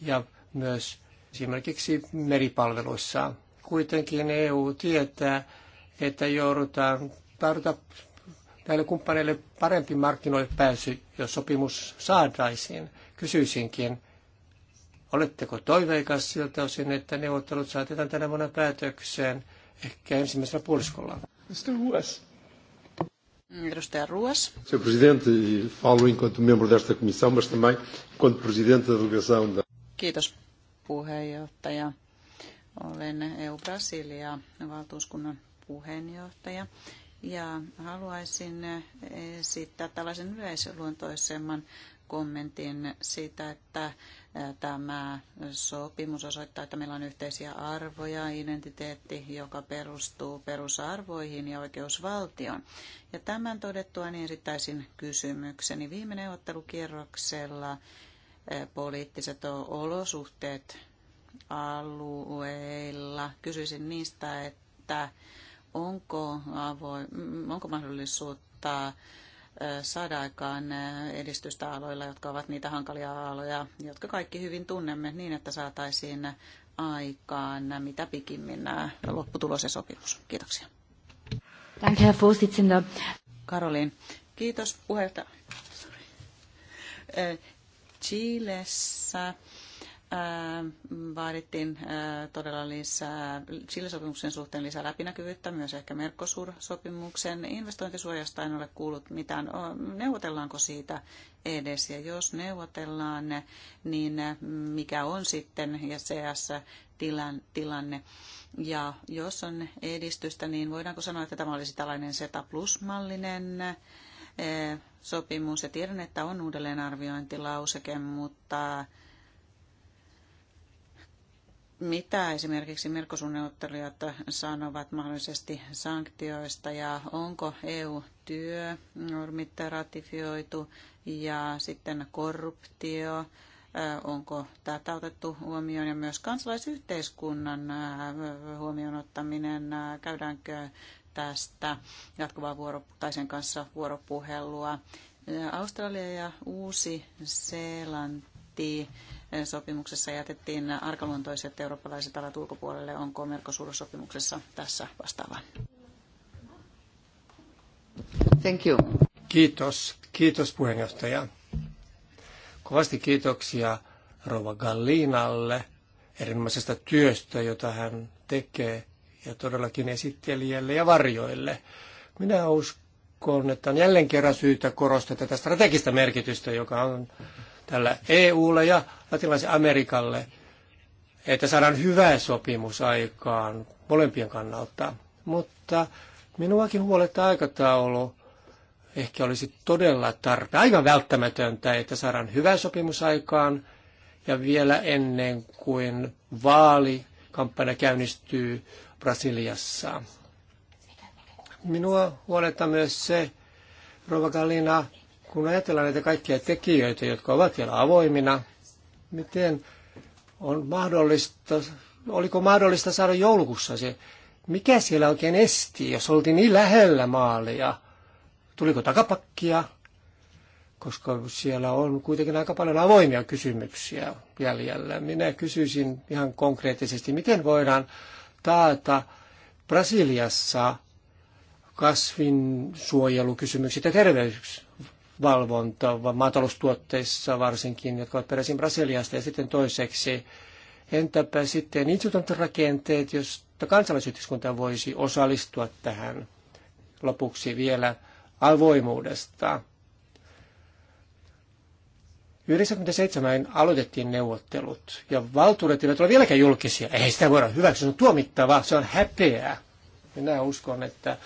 Speaker 4: ja myös esimerkiksi meripalveluissa. Kuitenkin EU tietää, että joudutaan tarjota näille kumppaneille parempi markkinoille pääsy, jos sopimus saataisiin. Kysyisinkin, oletteko toiveikas siltä osin, että neuvottelut saatetaan tänä vuonna päätökseen – ehkä ensimmäisellä puoliskolla.
Speaker 3: Mr. Ruas. Edustaja Ruas.
Speaker 4: Sr. Presidente, e falo enquanto membro desta comissão, mas também enquanto presidente da delegação da...
Speaker 3: Kiitos puheenjohtaja. Olen EU-Brasilia valtuuskunnan puheenjohtaja ja haluaisin esittää tällaisen yleisluontoisemman kommentin siitä, että tämä sopimus osoittaa, että meillä on yhteisiä arvoja, identiteetti, joka perustuu perusarvoihin ja oikeusvaltioon. Ja tämän todettua niin esittäisin kysymykseni. Viime neuvottelukierroksella eh, poliittiset olosuhteet alueilla. Kysyisin niistä, että onko, avoin, onko mahdollisuutta saada aikaan edistystä aloilla, jotka ovat niitä hankalia aloja, jotka kaikki hyvin tunnemme niin, että saataisiin aikaan mitä pikimmin lopputulos ja sopimus. Kiitoksia. Danke, Herr Vorsitzender. kiitos puheenjohtaja. Chilessä vaadittiin todella lisää, sille sopimuksen suhteen lisää läpinäkyvyyttä, myös ehkä Mercosur-sopimuksen. Investointisuojasta en ole kuullut mitään. Neuvotellaanko siitä edes? Ja jos neuvotellaan, niin mikä on sitten ja e CS-tilanne? Ja jos on edistystä, niin voidaanko sanoa, että tämä olisi tällainen SETA plus-mallinen sopimus? Ja tiedän, että on uudelleenarviointilauseke, mutta mitä esimerkiksi merkosuunnittelijat sanovat mahdollisesti sanktioista ja onko EU-työ normit ratifioitu ja sitten korruptio, onko tätä otettu huomioon ja myös kansalaisyhteiskunnan huomioon ottaminen, käydäänkö tästä jatkuvaa vuoropuhelua kanssa vuoropuhelua. Australia ja Uusi-Seelanti sopimuksessa jätettiin arkaluontoiset eurooppalaiset alat ulkopuolelle. Onko mercosur tässä vastaava?
Speaker 4: Thank you. Kiitos. Kiitos puheenjohtaja. Kovasti kiitoksia Rova Gallinalle erinomaisesta työstä, jota hän tekee, ja todellakin esittelijälle ja varjoille. Minä uskon, että on jälleen kerran syytä korostaa tätä strategista merkitystä, joka on tällä EUlla ja latinalaisen Amerikalle, että saadaan hyvä sopimus aikaan molempien kannalta. Mutta minuakin huoletta aikataulu. Ehkä olisi todella tarpeen, aivan välttämätöntä, että saadaan hyvä sopimus aikaan ja vielä ennen kuin vaalikampanja käynnistyy Brasiliassa. Minua huolettaa myös se, Rova Galina, kun ajatellaan näitä kaikkia tekijöitä, jotka ovat vielä avoimina, miten on mahdollista, oliko mahdollista saada joulukuussa se, mikä siellä oikein esti, jos oltiin niin lähellä maalia, tuliko takapakkia, koska siellä on kuitenkin aika paljon avoimia kysymyksiä jäljellä. Minä kysyisin ihan konkreettisesti, miten voidaan taata Brasiliassa kasvinsuojelukysymykset ja terveys, valvonta maataloustuotteissa varsinkin, jotka ovat peräisin Brasiliasta. Ja sitten toiseksi, entäpä sitten instituuttirakenteet, josta kansalaisyhteiskunta voisi osallistua tähän lopuksi vielä avoimuudesta. 97 aloitettiin neuvottelut ja valtuudet eivät ole vieläkään julkisia. Ei sitä voida hyväksyä, se on tuomittavaa, se on häpeää. Minä uskon, että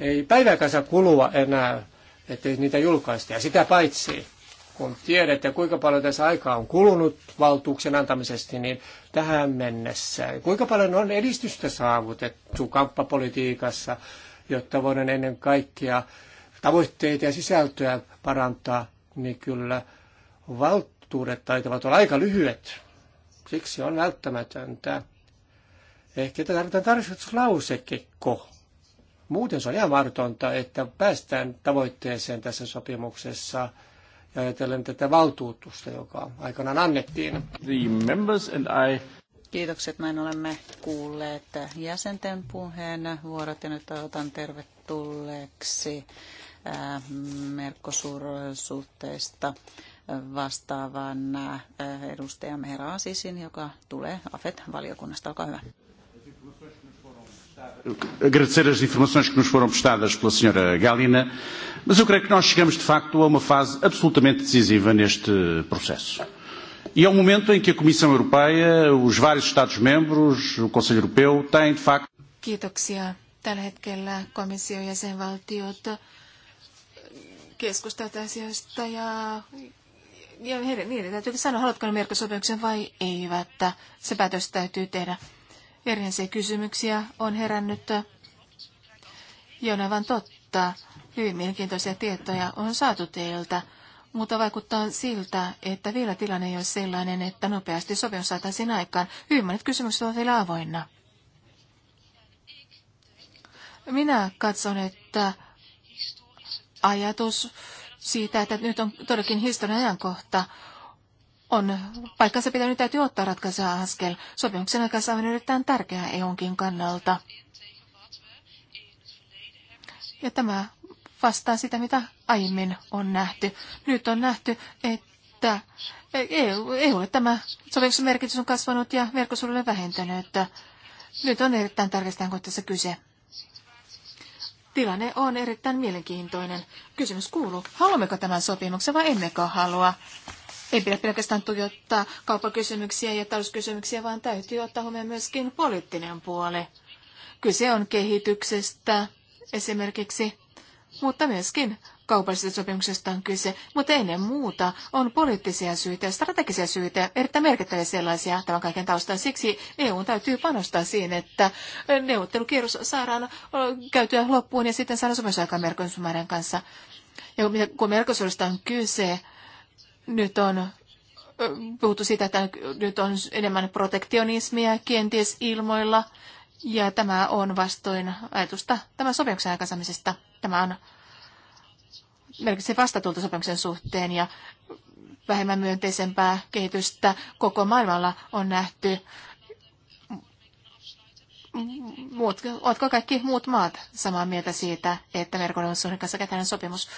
Speaker 4: ei päivääkään saa kulua enää että niitä julkaista. Ja sitä paitsi, kun tiedät, kuinka paljon tässä aikaa on kulunut valtuuksen antamisesti, niin tähän mennessä, kuinka paljon on edistystä saavutettu kamppapolitiikassa, jotta voidaan ennen kaikkea tavoitteita ja sisältöä parantaa, niin kyllä valtuudet taitavat olla aika lyhyet. Siksi on välttämätöntä. Ehkä tarvitaan tarvitaan tarkistuslausekeko Muuten se on ihan mahdotonta, että päästään tavoitteeseen tässä sopimuksessa ja ajatellen tätä valtuutusta, joka aikanaan annettiin. The members and I...
Speaker 3: Kiitokset, näin olemme kuulleet jäsenten puheen vuorot ja nyt otan tervetulleeksi äh, Merkosur-suhteista vastaavan äh, edustajamme herra Asisin, joka tulee AFET-valiokunnasta. Olkaa hyvä
Speaker 4: agradecer as informações que nos foram prestadas pela senhora Galina, mas eu creio que nós chegamos de facto a uma fase absolutamente decisiva neste processo. E é o um momento em que a Comissão Europeia, os vários Estados-membros, o Conselho Europeu têm de facto.
Speaker 2: Kiitoksia. Tällä hetkellä komission jäsenvaltiot keskustelevat asiasta ja, ja heidän, niiden täytyy sanoa, haluatko ne merkosopimuksen vai eivät. Se päätös täytyy tehdä Erinäisiä kysymyksiä on herännyt. Ja on aivan totta. Hyvin mielenkiintoisia tietoja on saatu teiltä, mutta vaikuttaa siltä, että vielä tilanne ei ole sellainen, että nopeasti sopimus saataisiin aikaan. Hyvin monet kysymykset ovat vielä avoinna. Minä katson, että ajatus siitä, että nyt on todellakin historian ajankohta, on paikkansa pitänyt niin täytyy ottaa ratkaisua askel. Sopimuksen aikaansaaminen on erittäin tärkeää EUnkin kannalta. Ja tämä vastaa sitä, mitä aiemmin on nähty. Nyt on nähty, että EU, ole e tämä sopimuksen merkitys on kasvanut ja Merkosuudelle vähentynyt. Nyt on erittäin tärkeästä, kun tässä kyse. Tilanne on erittäin mielenkiintoinen. Kysymys kuuluu, haluammeko tämän sopimuksen vai emmekö halua? Ei pidä pelkästään tuijottaa kauppakysymyksiä ja talouskysymyksiä, vaan täytyy ottaa huomioon myöskin poliittinen puoli. Kyse on kehityksestä esimerkiksi, mutta myöskin kaupallisesta sopimuksesta on kyse, mutta ennen muuta on poliittisia syitä ja strategisia syitä, erittäin merkittäviä sellaisia tämän kaiken taustan. Siksi EU täytyy panostaa siihen, että neuvottelukierros saadaan käytyä loppuun ja sitten saadaan sopimusaikaa Merkosumaiden kanssa. Ja kun Merkosurista on kyse, nyt on puhuttu siitä, että nyt on enemmän protektionismia kenties ilmoilla, ja tämä on vastoin ajatusta tämän sopimuksen aikaisemmista. Tämä on merkitsee vastatuulta sopimuksen suhteen, ja vähemmän myönteisempää kehitystä koko maailmalla on nähty. Muut, oletko kaikki muut maat samaa mieltä siitä, että Merkonon kanssa käteinen sopimus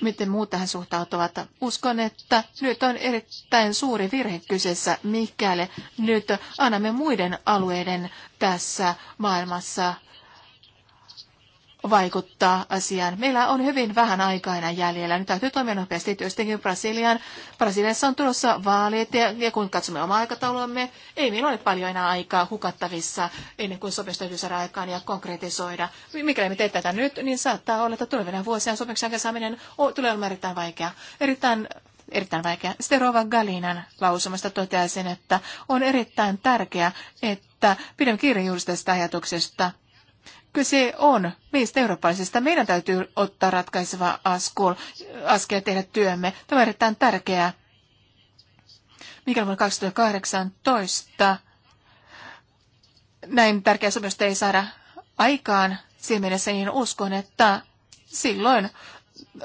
Speaker 2: miten muut tähän suhtautuvat. Uskon, että nyt on erittäin suuri virhe kyseessä, mikäli nyt annamme muiden alueiden tässä maailmassa vaikuttaa asiaan. Meillä on hyvin vähän aikaa enää jäljellä. Nyt täytyy toimia nopeasti työstäkin Brasiliaan. Brasiliassa on tulossa vaalit ja, ja kun katsomme omaa aikatauluamme, ei meillä ole paljon enää aikaa hukattavissa ennen kuin sopimus täytyy saada aikaan ja konkretisoida. Mikäli me teet tätä nyt, niin saattaa olla, että tulevina vuosina sopimuksen saaminen tulee olemaan erittäin vaikea. Erittäin erittäin vaikea. Sitten Rova Galinan lausumasta toteaisin, että on erittäin tärkeää, että pidämme juuri tästä ajatuksesta – Kyse on meistä eurooppalaisista. Meidän täytyy ottaa ratkaiseva askel, askel tehdä työmme. Tämä on erittäin tärkeää. Mikä vuonna 2018 näin tärkeä sopimusta ei saada aikaan, siinä mielessä niin uskon, että silloin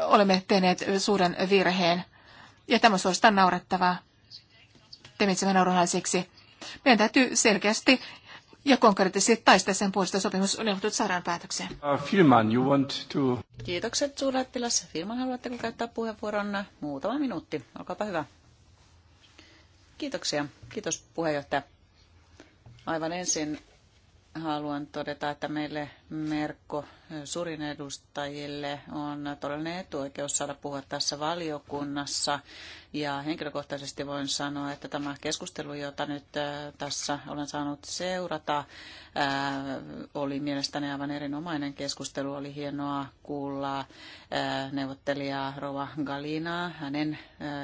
Speaker 2: olemme tehneet suuren virheen. Ja tämä on suorastaan naurettavaa. Temitsemme nauronhaiseksi. Meidän täytyy selkeästi ja konkreettisesti taistaa sen puolesta sopimus neuvottelut saadaan päätökseen.
Speaker 4: Uh, Filman, you want to...
Speaker 3: Kiitokset suurlähettiläs. Filman, haluatteko käyttää puheenvuoron? Muutama minuutti. Olkaapa hyvä. Kiitoksia. Kiitos puheenjohtaja. Aivan ensin haluan todeta, että meille Merkko Surin edustajille on todellinen etuoikeus saada puhua tässä valiokunnassa. Ja henkilökohtaisesti voin sanoa, että tämä keskustelu, jota nyt äh, tässä olen saanut seurata, äh, oli mielestäni aivan erinomainen keskustelu. Oli hienoa kuulla äh, neuvottelijaa Rova Galinaa, hänen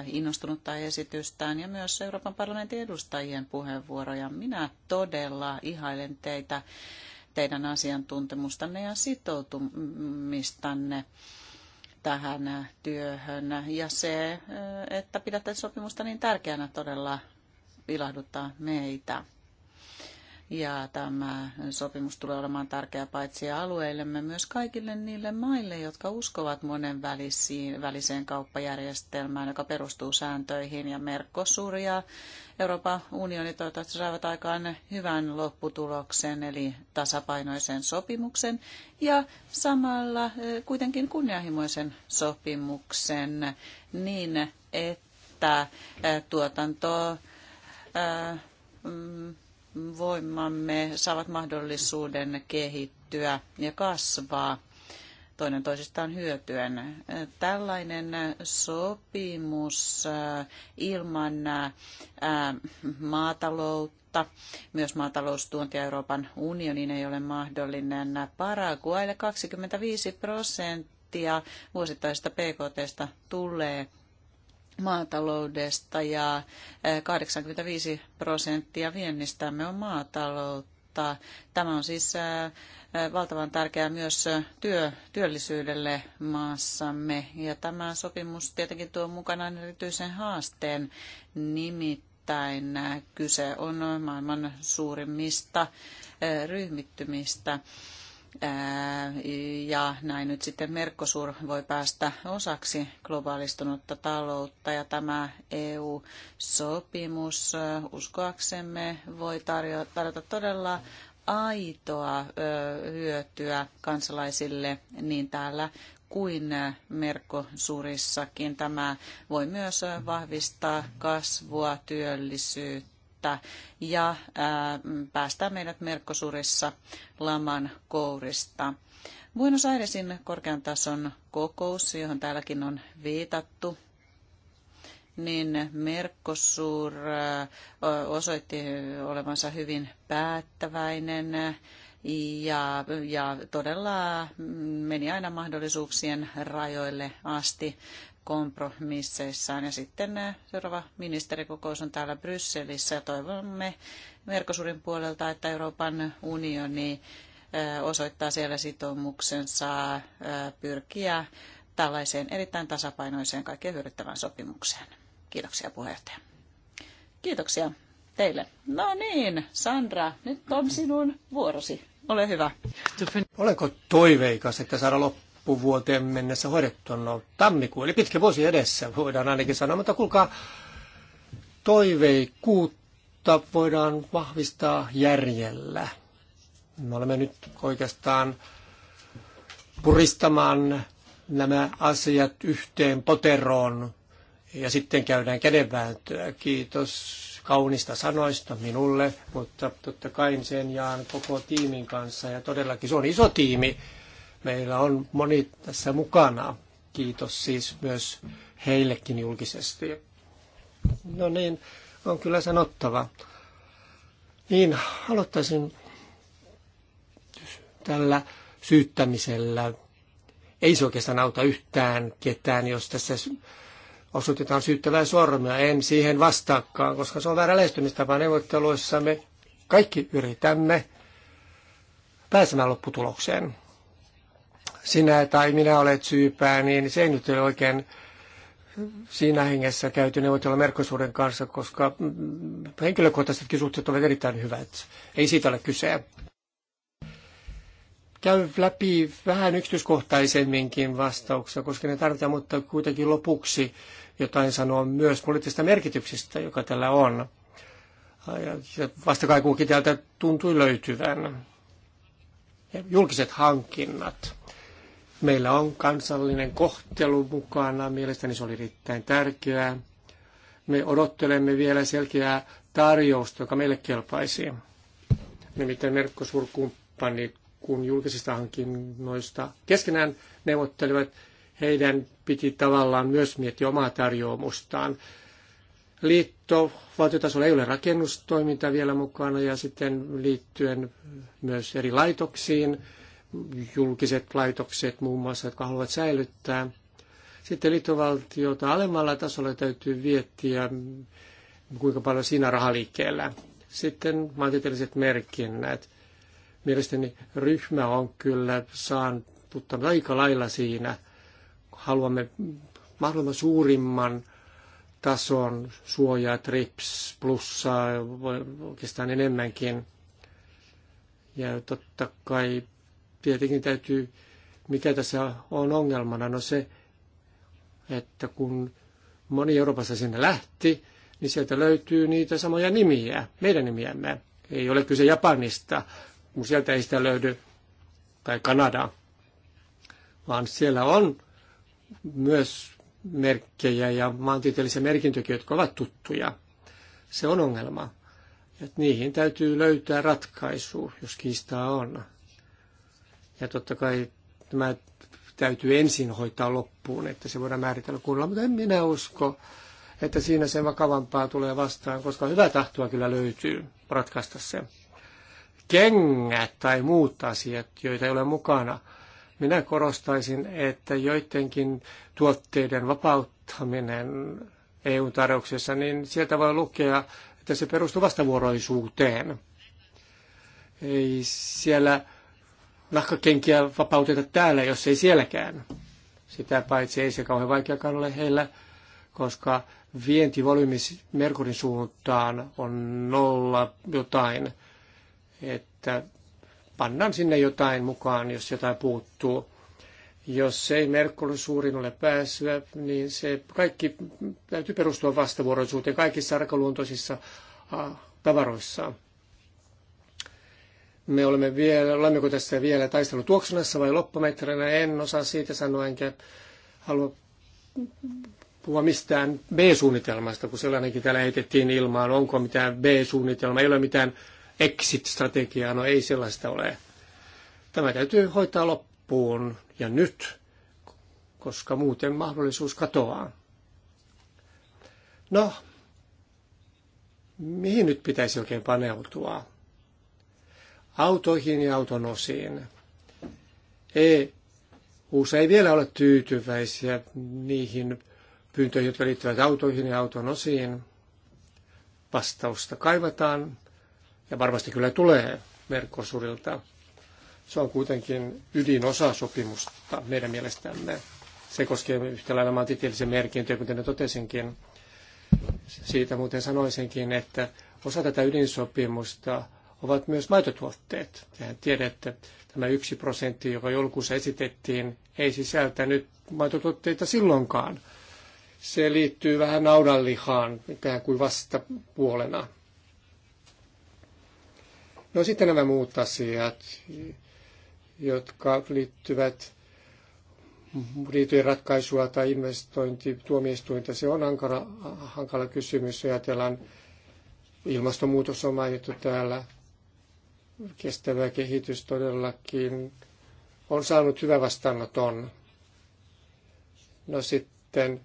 Speaker 3: innostunutta esitystään ja myös Euroopan parlamentin edustajien puheenvuoroja. Minä todella ihailen teitä teidän asiantuntemustanne ja sitoutumistanne tähän työhön. Ja se, että pidätte sopimusta niin tärkeänä todella ilahduttaa meitä. Ja tämä sopimus tulee olemaan tärkeä paitsi alueillemme myös kaikille niille maille, jotka uskovat monen välisiin, väliseen kauppajärjestelmään, joka perustuu sääntöihin ja Mercosur Euroopan unioni toivottavasti saavat aikaan hyvän lopputuloksen, eli tasapainoisen sopimuksen ja samalla eh, kuitenkin kunnianhimoisen sopimuksen niin, että eh, tuotanto ää, eh, mm, voimamme saavat mahdollisuuden kehittyä ja kasvaa toinen toisistaan hyötyen. Tällainen sopimus äh, ilman äh, maataloutta, myös maataloustuonti Euroopan unionin ei ole mahdollinen. Paraguaille 25 prosenttia vuosittaisesta PKTstä tulee maataloudesta ja 85 eh, prosenttia viennistämme on maataloutta. Tämä on siis eh, eh, valtavan tärkeää myös työ, työllisyydelle maassamme. Ja tämä sopimus tietenkin tuo mukanaan erityisen haasteen, nimittäin kyse on maailman suurimmista ryhmittymistä ja näin nyt sitten Mercosur voi päästä osaksi globaalistunutta taloutta ja tämä EU-sopimus uskoaksemme voi tarjota todella aitoa hyötyä kansalaisille niin täällä kuin Mercosurissakin. Tämä voi myös vahvistaa kasvua, työllisyyttä tilannetta ja päästää meidät Merkosurissa laman kourista. Buenos Airesin korkean tason kokous, johon täälläkin on viitattu, niin merkosur osoitti olevansa hyvin päättäväinen ja, ja todella meni aina mahdollisuuksien rajoille asti kompromisseissaan. Ja sitten äh, seuraava ministerikokous on täällä Brysselissä ja toivomme Merkosurin puolelta, että Euroopan unioni äh, osoittaa siellä sitoumuksensa äh, pyrkiä tällaiseen erittäin tasapainoiseen kaikkien hyödyttävään sopimukseen. Kiitoksia puheenjohtaja. Kiitoksia teille. No niin, Sandra, nyt on sinun vuorosi. Ole hyvä.
Speaker 4: Oleko toiveikas, että saada loppuun? loppuvuoteen mennessä hoidettua. No tammikuu, eli pitkä vuosi edessä voidaan ainakin sanoa, mutta kuulkaa toiveikkuutta voidaan vahvistaa järjellä. Me olemme nyt oikeastaan puristamaan nämä asiat yhteen poteroon ja sitten käydään kädenvääntöä. Kiitos kaunista sanoista minulle, mutta totta kai sen jaan koko tiimin kanssa ja todellakin se on iso tiimi Meillä on moni tässä mukana. Kiitos siis myös heillekin julkisesti. No niin, on kyllä sanottava. Niin, aloittaisin tällä syyttämisellä. Ei se oikeastaan auta yhtään ketään, jos tässä osoitetaan syyttävää sormia. En siihen vastaakaan, koska se on väärä lähestymistapa neuvotteluissa. Me kaikki yritämme pääsemään lopputulokseen sinä tai minä olet syypää, niin se ei nyt ole oikein siinä hengessä käyty neuvotella Merkosuuden kanssa, koska henkilökohtaisetkin suhteet ovat erittäin hyvät. Ei siitä ole kyse. Käy läpi vähän yksityiskohtaisemminkin vastauksia, koska ne tarvitaan, mutta kuitenkin lopuksi jotain sanoa myös poliittisesta merkityksestä, joka tällä on. Ja vastakaikuukin täältä tuntui löytyvän. Ja julkiset hankinnat. Meillä on kansallinen kohtelu mukana, mielestäni se oli erittäin tärkeää. Me odottelemme vielä selkeää tarjousta, joka meille kelpaisi. Nimittäin merkkosurkumppanit, kun julkisista hankinnoista keskenään neuvottelivat, heidän piti tavallaan myös miettiä omaa tarjoumustaan. Liitto, valtiotasolla ei ole rakennustoiminta vielä mukana ja sitten liittyen myös eri laitoksiin, julkiset laitokset muun muassa, jotka haluavat säilyttää. Sitten liittovaltiota alemmalla tasolla täytyy viettiä, kuinka paljon siinä rahaliikkeellä. Sitten maantieteelliset merkinnät. Mielestäni ryhmä on kyllä saanut aika lailla siinä. Haluamme mahdollisimman suurimman tason suojaa TRIPS plussaa, oikeastaan enemmänkin. Ja totta kai tietenkin täytyy, mikä tässä on ongelmana, no se, että kun moni Euroopassa sinne lähti, niin sieltä löytyy niitä samoja nimiä, meidän nimiämme. Ei ole kyse Japanista, kun sieltä ei sitä löydy, tai Kanada, vaan siellä on myös merkkejä ja maantieteellisiä merkintöjä, jotka ovat tuttuja. Se on ongelma. Et niihin täytyy löytää ratkaisu, jos kiistaa on. Ja totta kai tämä täytyy ensin hoitaa loppuun, että se voidaan määritellä kunnolla, mutta en minä usko, että siinä se vakavampaa tulee vastaan, koska hyvä tahtoa kyllä löytyy ratkaista se. Kengät tai muut asiat, joita ei ole mukana. Minä korostaisin, että joidenkin tuotteiden vapauttaminen EU-tarjouksessa, niin sieltä voi lukea, että se perustuu vastavuoroisuuteen. Ei siellä nahkakenkiä vapauteta täällä, jos ei sielläkään. Sitä paitsi ei se kauhean vaikeakaan ole heillä, koska vientivolyymi Merkurin suuntaan on nolla jotain, että pannaan sinne jotain mukaan, jos jotain puuttuu. Jos ei Merkurin suurin ole pääsyä, niin se kaikki täytyy perustua vastavuoroisuuteen kaikissa arkaluontoisissa ah, tavaroissaan me olemme vielä, olemmeko tässä vielä taistelun tuoksunassa vai loppumetrinä, en osaa siitä sanoa, enkä halua puhua mistään B-suunnitelmasta, kun sellainenkin täällä heitettiin ilmaan, onko mitään B-suunnitelma, ei ole mitään exit-strategiaa, no ei sellaista ole. Tämä täytyy hoitaa loppuun ja nyt, koska muuten mahdollisuus katoaa. No, mihin nyt pitäisi oikein paneutua? autoihin ja auton osiin. eu usein ei vielä ole tyytyväisiä niihin pyyntöihin, jotka liittyvät autoihin ja auton osiin. Vastausta kaivataan ja varmasti kyllä tulee Merkosurilta. Se on kuitenkin ydinosa sopimusta meidän mielestämme. Se koskee yhtä lailla maantieteellisiä merkintöjä, kuten totesinkin. Siitä muuten sanoisinkin, että osa tätä ydinsopimusta – ovat myös maitotuotteet. Tehän tiedätte, että tämä yksi prosentti, joka joulukuussa esitettiin, ei sisältänyt maitotuotteita silloinkaan. Se liittyy vähän naudanlihaan ikään kuin vastapuolena. No sitten nämä muut asiat, jotka liittyvät riitojen ratkaisua tai tuomioistuinta, se on hankala, hankala kysymys. Ajatellaan, ilmastonmuutos on mainittu täällä, kestävä kehitys todellakin on saanut hyvä vastaanoton. No sitten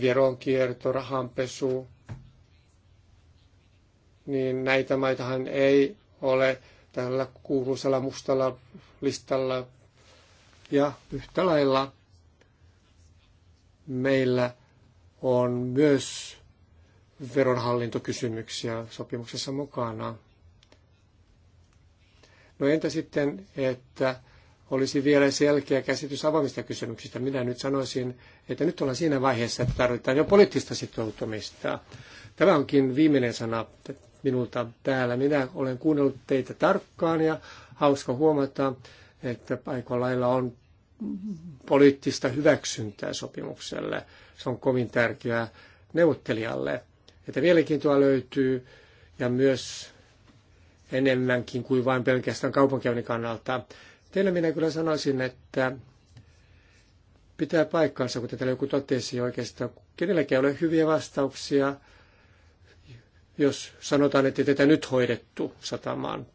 Speaker 4: veronkierto, rahanpesu, niin näitä maitahan ei ole tällä kuuluisella mustalla listalla. Ja yhtä lailla meillä on myös veronhallintokysymyksiä sopimuksessa mukana. No entä sitten, että olisi vielä selkeä käsitys avoimista kysymyksistä. Minä nyt sanoisin, että nyt ollaan siinä vaiheessa, että tarvitaan jo poliittista sitoutumista. Tämä onkin viimeinen sana minulta täällä. Minä olen kuunnellut teitä tarkkaan ja hauska huomata, että aika lailla on poliittista hyväksyntää sopimukselle. Se on kovin tärkeää neuvottelijalle, että mielenkiintoa löytyy ja myös enemmänkin kuin vain pelkästään kaupankäynnin kannalta. Teille minä kyllä sanoisin, että pitää paikkaansa, kuten täällä joku totesi oikeastaan. Kenelläkään ei ole hyviä vastauksia, jos sanotaan, että tätä nyt hoidettu satamaan.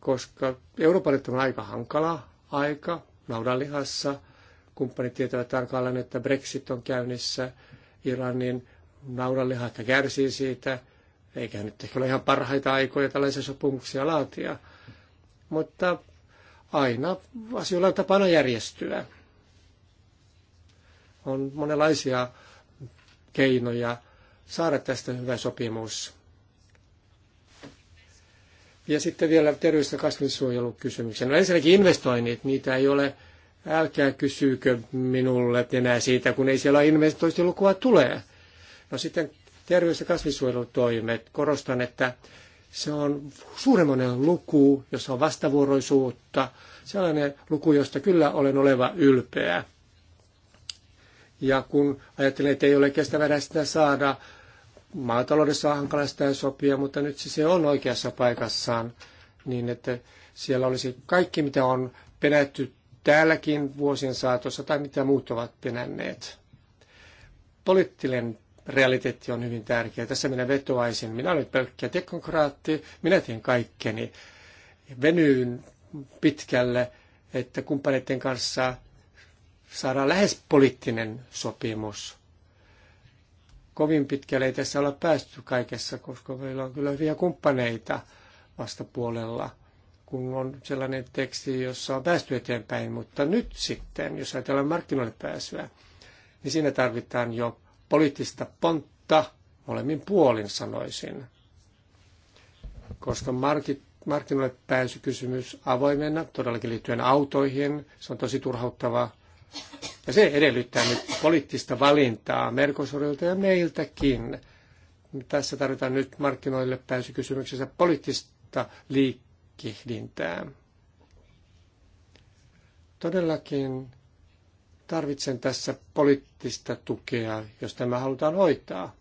Speaker 4: Koska Euroopalle on aika hankala aika naudanlihassa. Kumppanit tietävät tarkalleen, että Brexit on käynnissä. Iranin naudanlihat kärsii siitä. Eikä nyt ehkä ole ihan parhaita aikoja tällaisia sopimuksia laatia, mutta aina asioilla on tapana järjestyä. On monenlaisia keinoja saada tästä hyvä sopimus. Ja sitten vielä terveys- ja kasvinsuojelukysymyksen. No ensinnäkin investoinnit, niitä ei ole, älkää kysyykö minulle enää siitä, kun ei siellä investointilukua tulee, No sitten terveys- ja kasvisuojelutoimet. Korostan, että se on suuremmoinen luku, jossa on vastavuoroisuutta, sellainen luku, josta kyllä olen oleva ylpeä. Ja kun ajattelen, että ei ole kestävää sitä saada, maataloudessa on hankala sitä sopia, mutta nyt se on oikeassa paikassaan, niin että siellä olisi kaikki, mitä on penätty täälläkin vuosien saatossa tai mitä muut ovat penänneet. Poliittinen realiteetti on hyvin tärkeä. Tässä minä vetoaisin. Minä olen pelkkä teknokraatti, minä teen kaikkeni. Venyyn pitkälle, että kumppaneiden kanssa saadaan lähes poliittinen sopimus. Kovin pitkälle ei tässä olla päästy kaikessa, koska meillä on kyllä hyviä kumppaneita vastapuolella, kun on sellainen teksti, jossa on päästy eteenpäin. Mutta nyt sitten, jos ajatellaan markkinoille pääsyä, niin siinä tarvitaan jo poliittista pontta molemmin puolin, sanoisin. Koska markit, markkinoille pääsykysymys avoimena, todellakin liittyen autoihin, se on tosi turhauttavaa. Ja se edellyttää nyt poliittista valintaa Mercosurilta ja meiltäkin. Tässä tarvitaan nyt markkinoille pääsykysymyksessä poliittista liikkehdintää. Todellakin tarvitsen tässä poliittista tukea, jos tämä halutaan hoitaa.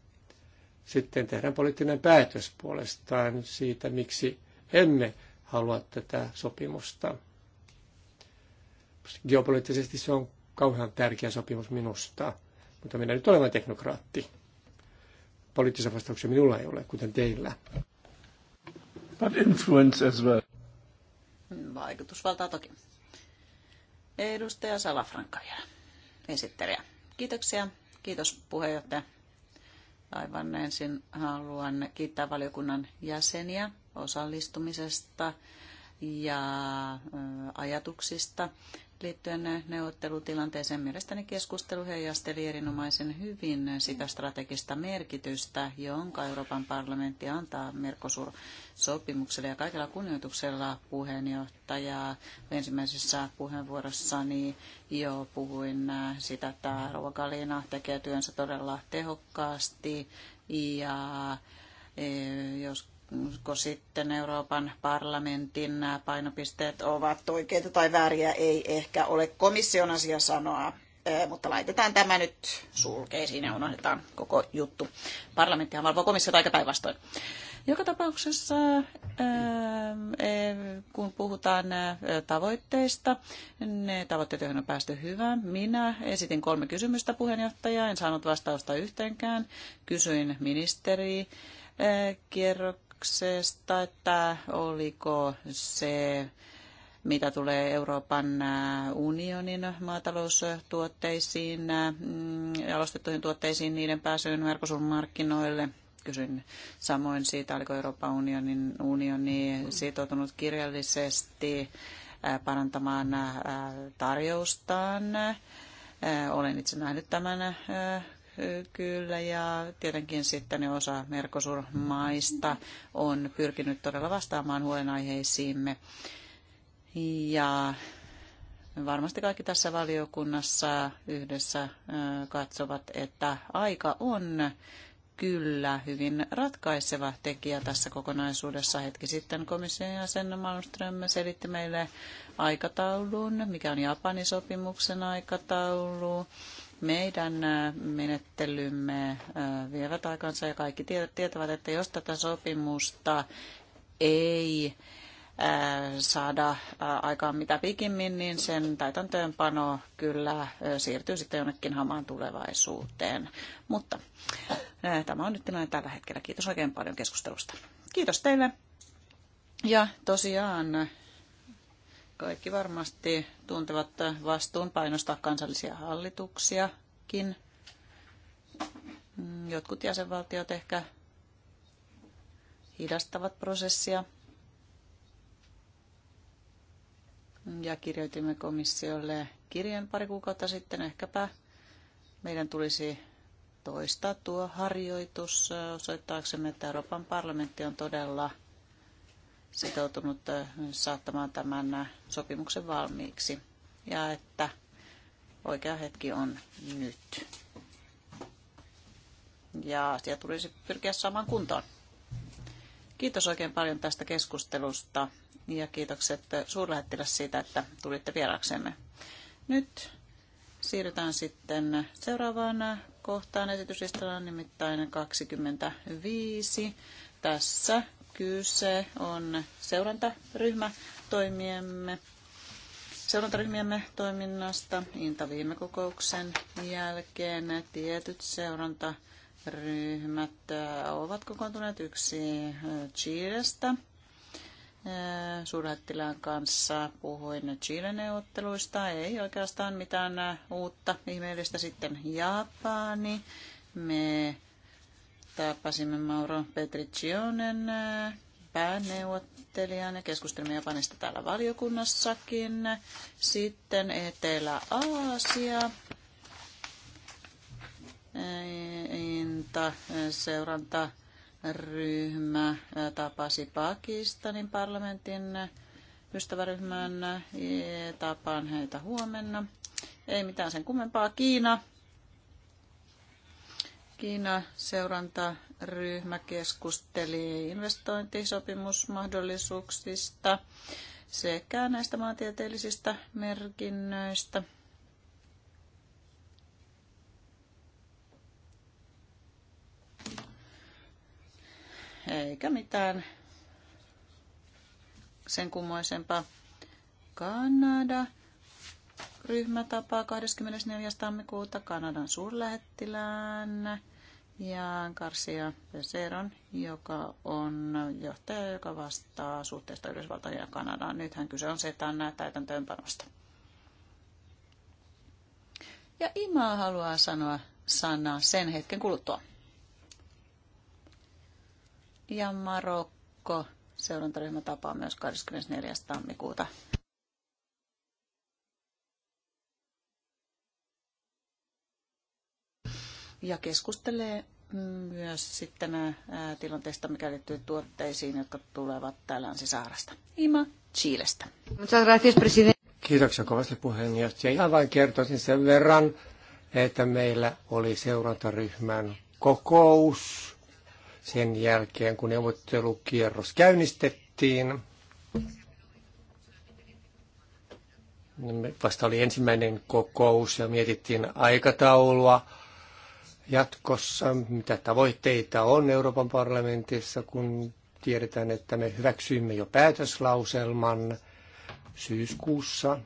Speaker 4: Sitten tehdään poliittinen päätös puolestaan siitä, miksi emme halua tätä sopimusta. Geopoliittisesti se on kauhean tärkeä sopimus minusta, mutta minä nyt olen teknokraatti. Poliittisia vastauksia minulla ei ole, kuten teillä. But influence as well.
Speaker 3: Vaikutusvaltaa toki. Edustaja Salafranka vielä esittelijä. Kiitoksia. Kiitos puheenjohtaja. Aivan ensin haluan kiittää valiokunnan jäseniä osallistumisesta ja ajatuksista liittyen neuvottelutilanteeseen. Mielestäni keskustelu heijasteli erinomaisen hyvin sitä strategista merkitystä, jonka Euroopan parlamentti antaa Mercosur-sopimukselle. Ja kaikella kunnioituksella puheenjohtaja ensimmäisessä puheenvuorossani jo puhuin sitä, että Rouva Galina tekee työnsä todella tehokkaasti ja eh, jos onko sitten Euroopan parlamentin painopisteet ovat oikeita tai vääriä, ei ehkä ole komission asia sanoa, eh, mutta laitetaan tämä nyt sulkeisiin ja unohdetaan koko juttu. Parlamenttihan valvoo komissiota aika päinvastoin. Joka tapauksessa, eh, eh, kun puhutaan tavoitteista, ne tavoitteet, joihin on päästy hyvä. Minä esitin kolme kysymystä puheenjohtajaa, en saanut vastausta yhteenkään. Kysyin ministeri kierro sopimuksesta, että oliko se mitä tulee Euroopan unionin maataloustuotteisiin, mm, jalostettuihin tuotteisiin, niiden pääsyyn Mercosur-markkinoille. Kysyn samoin siitä, oliko Euroopan unionin unioni sitoutunut kirjallisesti parantamaan tarjoustaan. Olen itse nähnyt tämän kyllä ja tietenkin sitten osa Mercosur-maista on pyrkinyt todella vastaamaan huolenaiheisiimme. Ja varmasti kaikki tässä valiokunnassa yhdessä katsovat, että aika on kyllä hyvin ratkaiseva tekijä tässä kokonaisuudessa. Hetki sitten komission jäsen Malmström selitti meille aikataulun, mikä on Japanin sopimuksen aikataulu meidän äh, menettelymme äh, vievät aikansa ja kaikki tietävät, että jos tätä sopimusta ei äh, saada aikaan mitä pikimmin, niin sen täytäntöönpano kyllä siirtyy sitten jonnekin hamaan tulevaisuuteen. Mutta tämä on nyt tilanne tällä hetkellä. Kiitos oikein paljon keskustelusta. Kiitos teille. Ja tosiaan kaikki varmasti tuntevat vastuun painostaa kansallisia hallituksiakin. Jotkut jäsenvaltiot ehkä hidastavat prosessia. Ja kirjoitimme komissiolle kirjeen pari kuukautta sitten. Ehkäpä meidän tulisi toistaa tuo harjoitus osoittaaksemme, että Euroopan parlamentti on todella – sitoutunut saattamaan tämän sopimuksen valmiiksi ja että oikea hetki on nyt. Ja asia tulisi pyrkiä saamaan kuntoon. Kiitos oikein paljon tästä keskustelusta ja kiitokset suurlähettiläs siitä, että tulitte vieraksemme. Nyt siirrytään sitten seuraavaan kohtaan esityslistalla, nimittäin 25. Tässä kyse on seurantaryhmä toimiemme seurantaryhmiemme toiminnasta Inta viime kokouksen jälkeen. Tietyt seurantaryhmät äh, ovat kokoontuneet yksi äh, Chilestä. Äh, suurlähettilään kanssa puhuin Chile-neuvotteluista. Ei oikeastaan mitään uutta ihmeellistä sitten Japani. Me Tapasimme Mauro Petricionen, äh, pääneuvottelijan ja keskustelimme Japanista täällä valiokunnassakin. Sitten Etelä-Aasia. Inta seurantaryhmä äh, tapasi Pakistanin parlamentin ystäväryhmän. Äh, tapaan heitä huomenna. Ei mitään sen kummempaa. Kiina Kiina-seurantaryhmä keskusteli investointisopimusmahdollisuuksista sekä näistä maantieteellisistä merkinnöistä. Eikä mitään sen kummoisempaa. Kanada ryhmä tapaa 24. tammikuuta Kanadan suurlähettilään ja Garcia Peseron, joka on johtaja, joka vastaa suhteesta Yhdysvaltoihin ja Kanadaan. Nythän kyse on SETAn täytäntöönpanosta. Ja Ima haluaa sanoa sana sen hetken kuluttua. Ja Marokko seurantaryhmä tapaa myös 24. tammikuuta ja keskustelee myös sitten tilanteesta, mikä liittyy tuotteisiin, jotka tulevat täällä sisaarasta. Ima Chiilestä.
Speaker 4: Kiitoksia kovasti puheenjohtaja. Ihan vain kertoisin sen verran, että meillä oli seurantaryhmän kokous sen jälkeen, kun neuvottelukierros käynnistettiin. Vasta oli ensimmäinen kokous ja mietittiin aikataulua jatkossa, mitä tavoitteita on Euroopan parlamentissa, kun tiedetään, että me hyväksyimme jo päätöslauselman syyskuussa.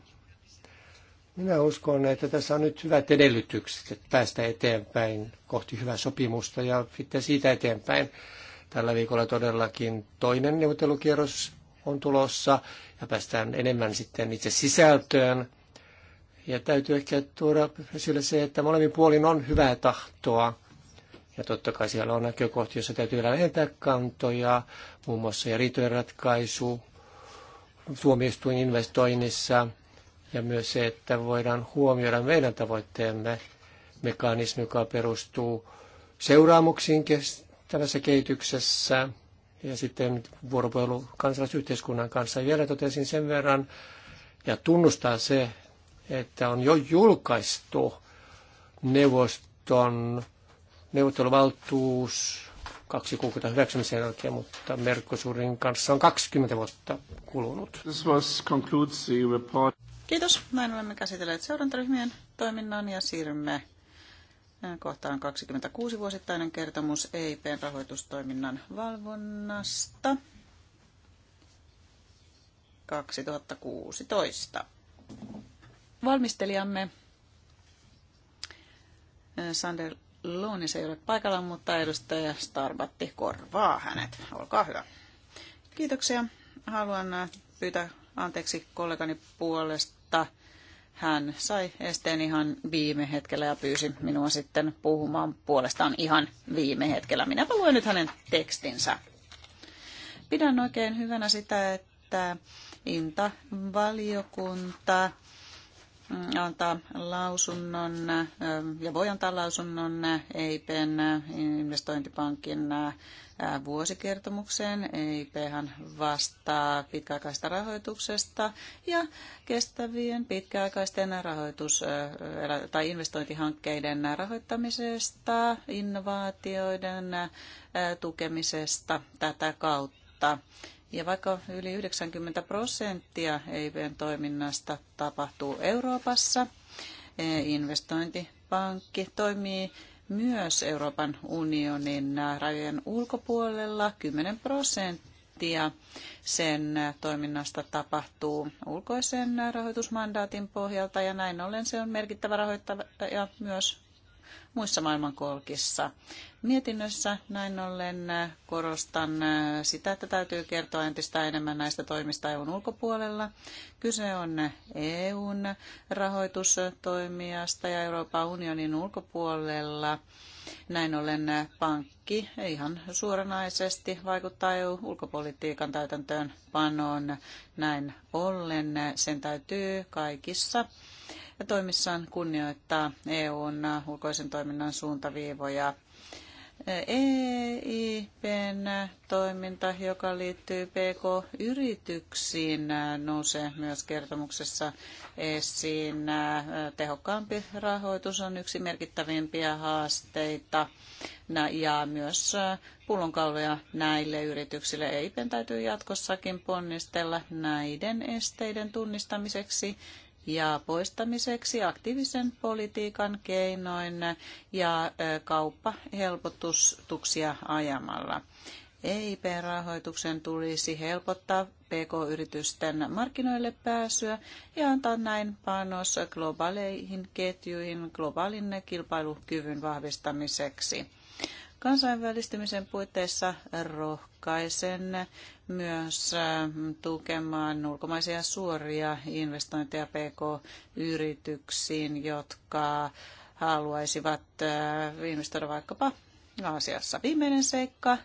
Speaker 4: Minä uskon, että tässä on nyt hyvät edellytykset päästä eteenpäin kohti hyvää sopimusta ja sitten siitä eteenpäin. Tällä viikolla todellakin toinen neuvottelukierros on tulossa ja päästään enemmän sitten itse sisältöön ja täytyy ehkä tuoda esille se, että molemmin puolin on hyvää tahtoa. Ja totta kai siellä on näkökohtia, joissa täytyy lähentää kantoja, muun muassa ja riitojen ratkaisu, tuomioistuin investoinnissa ja myös se, että voidaan huomioida meidän tavoitteemme mekanismi, joka perustuu seuraamuksiin kestävässä kehityksessä ja sitten vuoropuhelu kansalaisyhteiskunnan kanssa. Ja vielä totesin sen verran ja tunnustaa se, että on jo julkaistu neuvoston neuvotteluvaltuus kaksi kuukautta hyväksymisen jälkeen, mutta Merkosurin kanssa on 20 vuotta kulunut. This was concludes the report.
Speaker 3: Kiitos. Näin olemme käsitelleet seurantaryhmien toiminnan ja siirrymme äh, kohtaan 26 vuosittainen kertomus EIPn rahoitustoiminnan valvonnasta 2016 valmistelijamme eh, Sander Luunis ei ole paikalla, mutta edustaja Starbatti korvaa hänet. Olkaa hyvä. Kiitoksia. Haluan eh, pyytää anteeksi kollegani puolesta. Hän sai esteen ihan viime hetkellä ja pyysi minua sitten puhumaan puolestaan ihan viime hetkellä. Minäpä luen nyt hänen tekstinsä. Pidän oikein hyvänä sitä, että Inta-valiokunta antaa lausunnon ja voi antaa lausunnon EIPn investointipankin vuosikertomukseen. EIP vastaa pitkäaikaista rahoituksesta ja kestävien pitkäaikaisten rahoitus- tai investointihankkeiden rahoittamisesta, innovaatioiden tukemisesta tätä kautta. Ja vaikka yli 90 prosenttia EIPn toiminnasta tapahtuu Euroopassa, eh, investointipankki toimii myös Euroopan unionin rajojen ulkopuolella 10 prosenttia. Sen toiminnasta tapahtuu ulkoisen rahoitusmandaatin pohjalta ja näin ollen se on merkittävä rahoittaja myös muissa maailmankolkissa. Mietinnössä näin ollen korostan sitä, että täytyy kertoa entistä enemmän näistä toimista EUn ulkopuolella. Kyse on EUn rahoitustoimijasta ja Euroopan unionin ulkopuolella. Näin ollen pankki ihan suoranaisesti vaikuttaa EU-ulkopolitiikan täytäntöön panoon. Näin ollen sen täytyy kaikissa toimissaan kunnioittaa EUn ulkoisen toiminnan suuntaviivoja. EIPn toiminta, joka liittyy PK-yrityksiin, nousee myös kertomuksessa esiin. Tehokkaampi rahoitus on yksi merkittävimpiä haasteita ja myös pullonkauloja näille yrityksille. EIPn täytyy jatkossakin ponnistella näiden esteiden tunnistamiseksi ja poistamiseksi aktiivisen politiikan keinoin ja kauppahelpotustuksia ajamalla. EIP-rahoituksen tulisi helpottaa PK-yritysten markkinoille pääsyä ja antaa näin panos globaaleihin ketjuihin globaalin kilpailukyvyn vahvistamiseksi. Kansainvälistymisen puitteissa rohkaisen myös äh, tukemaan ulkomaisia suoria investointeja PK-yrityksiin, jotka haluaisivat äh, investoida vaikkapa Aasiassa. Viimeinen seikka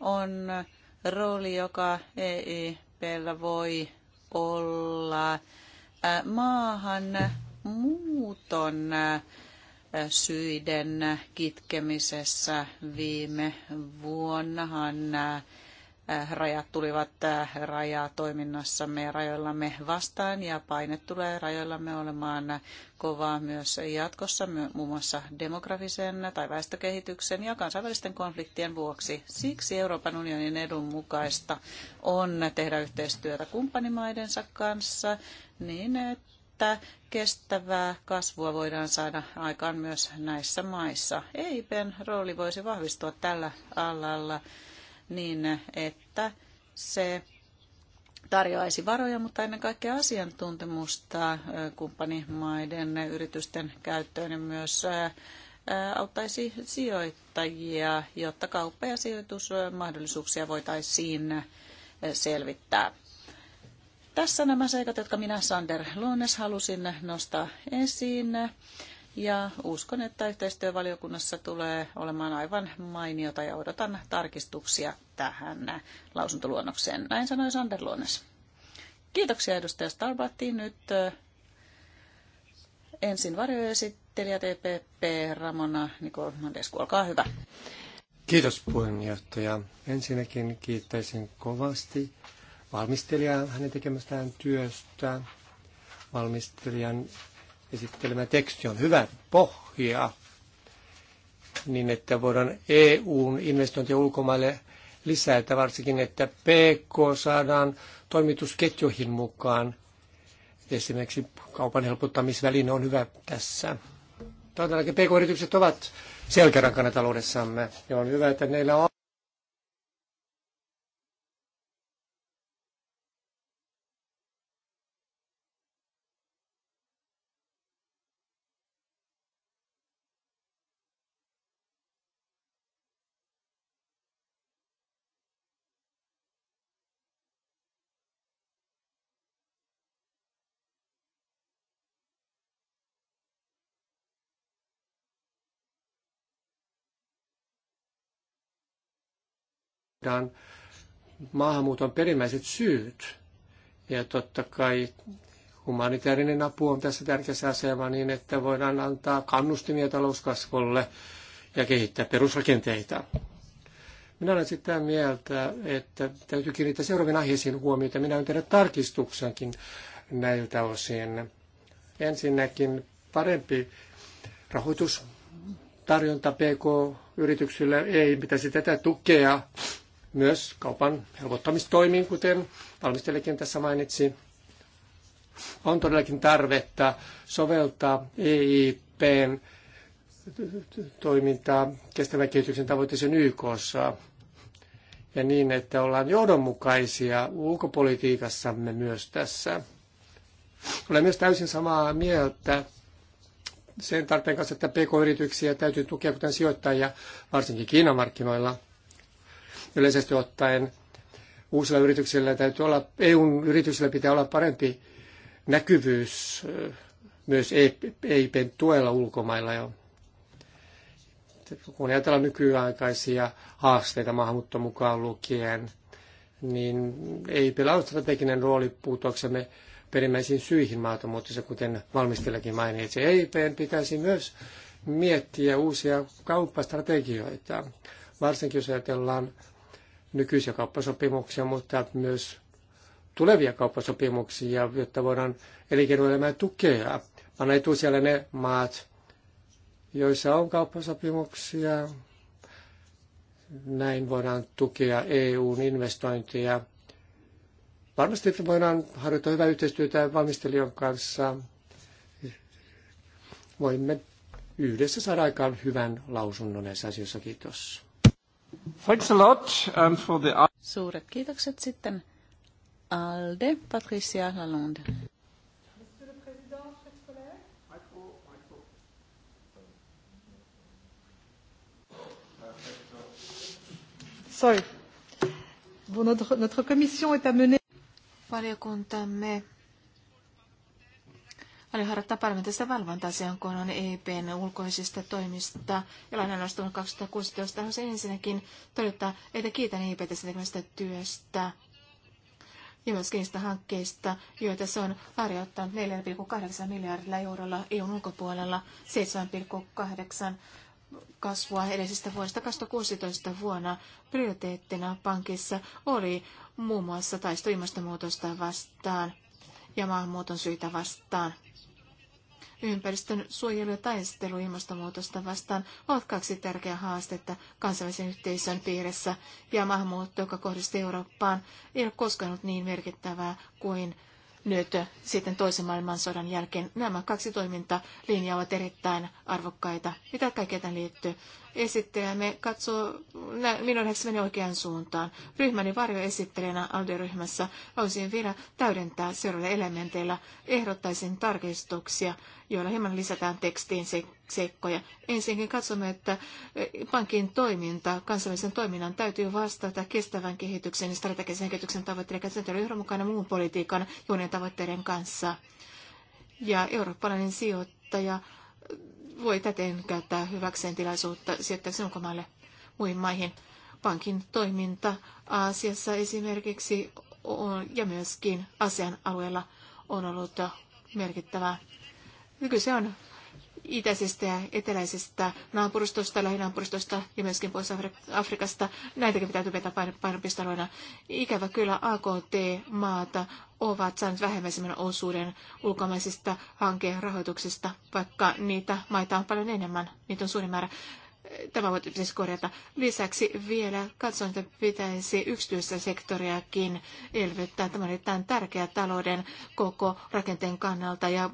Speaker 3: on rooli, joka EIPllä voi olla äh, maahan muuton syiden kitkemisessä viime vuonnahan äh, rajat tulivat äh, rajatoiminnassamme ja rajoillamme vastaan ja paine tulee rajoillamme olemaan kovaa myös jatkossa muun muassa demografisen tai väestökehityksen ja kansainvälisten konfliktien vuoksi. Siksi Euroopan unionin edun mukaista on tehdä yhteistyötä kumppanimaidensa kanssa niin, että että kestävää kasvua voidaan saada aikaan myös näissä maissa. EIPn rooli voisi vahvistua tällä alalla niin, että se tarjoaisi varoja, mutta ennen kaikkea asiantuntemusta kumppanimaiden yritysten käyttöön ja myös auttaisi sijoittajia, jotta kauppa- ja sijoitusmahdollisuuksia voitaisiin selvittää. Tässä nämä seikat, jotka minä Sander Lones halusin nostaa esiin. Ja uskon, että yhteistyövaliokunnassa tulee olemaan aivan mainiota ja odotan tarkistuksia tähän lausuntoluonnokseen. Näin sanoi Sander Lones. Kiitoksia edustaja Starbatti. Nyt äh, ensin varjoesittelijä TPP Ramona Nikol Mandesku, olkaa hyvä.
Speaker 4: Kiitos puheenjohtaja. Ensinnäkin kiittäisin kovasti valmistelija hänen tekemästään työstä. Valmistelijan esittelemä teksti on hyvä pohja, niin että voidaan EUn investointia ulkomaille lisätä, varsinkin että PK saadaan toimitusketjuihin mukaan. Esimerkiksi kaupan helpottamisväline on hyvä tässä. Todellakin PK-yritykset ovat selkärankana taloudessamme ja on hyvä, että neillä on voidaan maahanmuuton perimmäiset syyt. Ja totta kai humanitaarinen apu on tässä tärkeässä asema niin, että voidaan antaa kannustimia talouskasvulle ja kehittää perusrakenteita. Minä olen sitä mieltä, että täytyy kiinnittää seuraavien aiheisiin huomiota. Minä olen tehnyt tarkistuksenkin näiltä osin. Ensinnäkin parempi rahoitustarjonta PK-yrityksille ei pitäisi tätä tukea myös kaupan helpottamistoimiin, kuten valmistelijakin tässä mainitsi. On todellakin tarvetta soveltaa EIPn toimintaa kestävän kehityksen tavoitteeseen YKssa ja niin, että ollaan johdonmukaisia ulkopolitiikassamme myös tässä. Olen myös täysin samaa mieltä sen tarpeen kanssa, että pk-yrityksiä täytyy tukea, kuten sijoittajia, varsinkin Kiinan markkinoilla – yleisesti ottaen uusilla yrityksillä täytyy olla, EUn yrityksillä pitää olla parempi näkyvyys äh, myös EIPn e tuella ulkomailla jo. Kun ajatellaan nykyaikaisia haasteita maahanmuutto mukaan lukien, niin ei pelaa strateginen rooli puutuaksemme perimmäisiin syihin maahanmuuttossa, kuten valmistelijakin mainitsi. EIPn pitäisi myös miettiä uusia kauppastrategioita, varsinkin jos ajatellaan nykyisiä kauppasopimuksia, mutta myös tulevia kauppasopimuksia, jotta voidaan elinkeinoelämää tukea. Anna etusijalle ne maat, joissa on kauppasopimuksia. Näin voidaan tukea EUn investointeja. Varmasti voidaan harjoittaa hyvää yhteistyötä valmistelijan kanssa. Voimme yhdessä saada aikaan hyvän lausunnon näissä asioissa. Kiitos. Thanks a lot and um,
Speaker 3: for the... Suuret kiitokset sitten Alde Patricia Lalonde.
Speaker 2: Sorry. Bon, notre, notre commission est amenée... Valiokuntamme Eli harjoittaa parlamentista valvontaa sen, kun on EPn ulkoisista toimista, jolla on astunut 2016. se ensinnäkin todeta, että kiitän EPtä sen tekemästä työstä ja myös niistä hankkeista, joita se on harjoittanut 4,8 miljardilla eurolla EUn ulkopuolella, 7,8 kasvua edellisestä vuodesta 2016 vuonna. Prioriteettina pankissa oli muun muassa taisto ilmastonmuutosta vastaan ja maahanmuuton syitä vastaan. Ympäristön suojelu ja taistelu ilmastonmuutosta vastaan ovat kaksi tärkeää haastetta kansainvälisen yhteisön piirissä, ja maahanmuutto, joka kohdistuu Eurooppaan, ei ole koskaan ollut niin merkittävää kuin nyt sitten toisen maailmansodan jälkeen. Nämä kaksi toimintalinjaa ovat erittäin arvokkaita. Mitä kaikkea tämän liittyy? me katsoo minun nähdäkseni oikeaan suuntaan. Ryhmäni varjoesittelijänä ALDE-ryhmässä haluaisin vielä täydentää seuraavilla elementeillä. Ehdottaisin tarkistuksia, joilla hieman lisätään tekstiin se, seikkoja. Ensinnäkin katsomme, että eh, pankin toiminta, kansainvälisen toiminnan täytyy vastata kestävän kehityksen ja strategisen kehityksen tavoitteiden yhden mukana muun politiikan juonien tavoitteiden kanssa. Ja eurooppalainen sijoittaja voi täten käyttää hyväkseen tilaisuutta sijoittaakseen ulkomaille muihin maihin. Pankin toiminta Aasiassa esimerkiksi on, ja myöskin asian alueella on ollut merkittävää. se on itäisestä ja eteläisestä naapurustosta, lähinaapurustosta ja myöskin pois Afrikasta. Näitäkin pitää vetää painopistoalueena. Ikävä kyllä AKT-maata ovat saaneet vähemmäisemmän osuuden ulkomaisista hankerahoituksista, vaikka niitä maita on paljon enemmän. Niitä on suuri määrä tämä voitaisiin korjata. Lisäksi vielä katson, että pitäisi yksityistä sektoriakin elvyttää. Tämä on erittäin tärkeä talouden koko rakenteen kannalta ja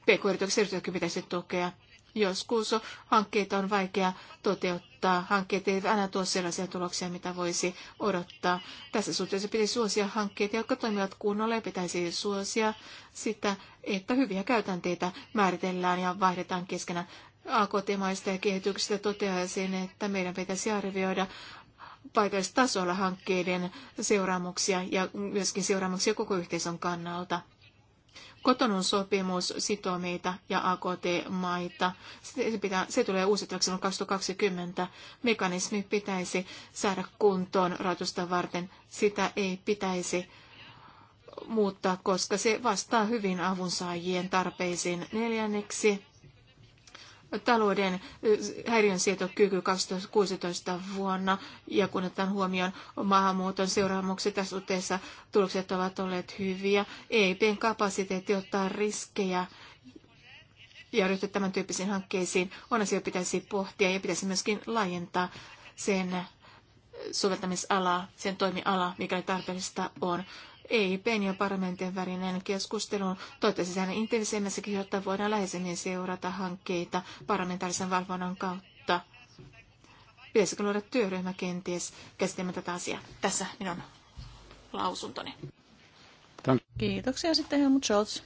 Speaker 2: pk-yrityksiä pitäisi tukea. Joskus hankkeita on vaikea toteuttaa. Hankkeet eivät aina tuo sellaisia tuloksia, mitä voisi odottaa. Tässä suhteessa pitäisi suosia hankkeita, jotka toimivat kunnolla ja pitäisi suosia sitä, että hyviä käytänteitä määritellään ja vaihdetaan keskenään AKT-maista ja kehityksestä toteaisin, että meidän pitäisi arvioida paikallistasolla hankkeiden seuraamuksia ja myöskin seuraamuksia koko yhteisön kannalta. Kotonun sopimus sitoo meitä ja AKT-maita. Se, pitää, se tulee uusittavaksi vuonna 2020. Mekanismi pitäisi saada kuntoon rahoitusta varten. Sitä ei pitäisi muuttaa, koska se vastaa hyvin avunsaajien tarpeisiin. Neljänneksi talouden eh, häiriönsietokyky 2016 vuonna, ja kun otetaan huomioon maahanmuuton seuraamukset tässä suhteessa, tulokset ovat olleet hyviä. EIPn kapasiteetti ottaa riskejä ja ryhtyä tämän tyyppisiin hankkeisiin on asia, pitäisi pohtia ja pitäisi myöskin laajentaa sen soveltamisalaa, sen toimialaa, mikä tarpeellista on. EIPn ja parlamentin välinen keskustelu. Toivottavasti aina intensiivisemmässäkin, jotta voidaan läheisemmin seurata hankkeita parlamentaarisen valvonnan kautta. Pitäisikö luoda työryhmä kenties käsittelemään tätä asiaa? Tässä minun lausuntoni. Kiitoksia sitten Helmut Scholz.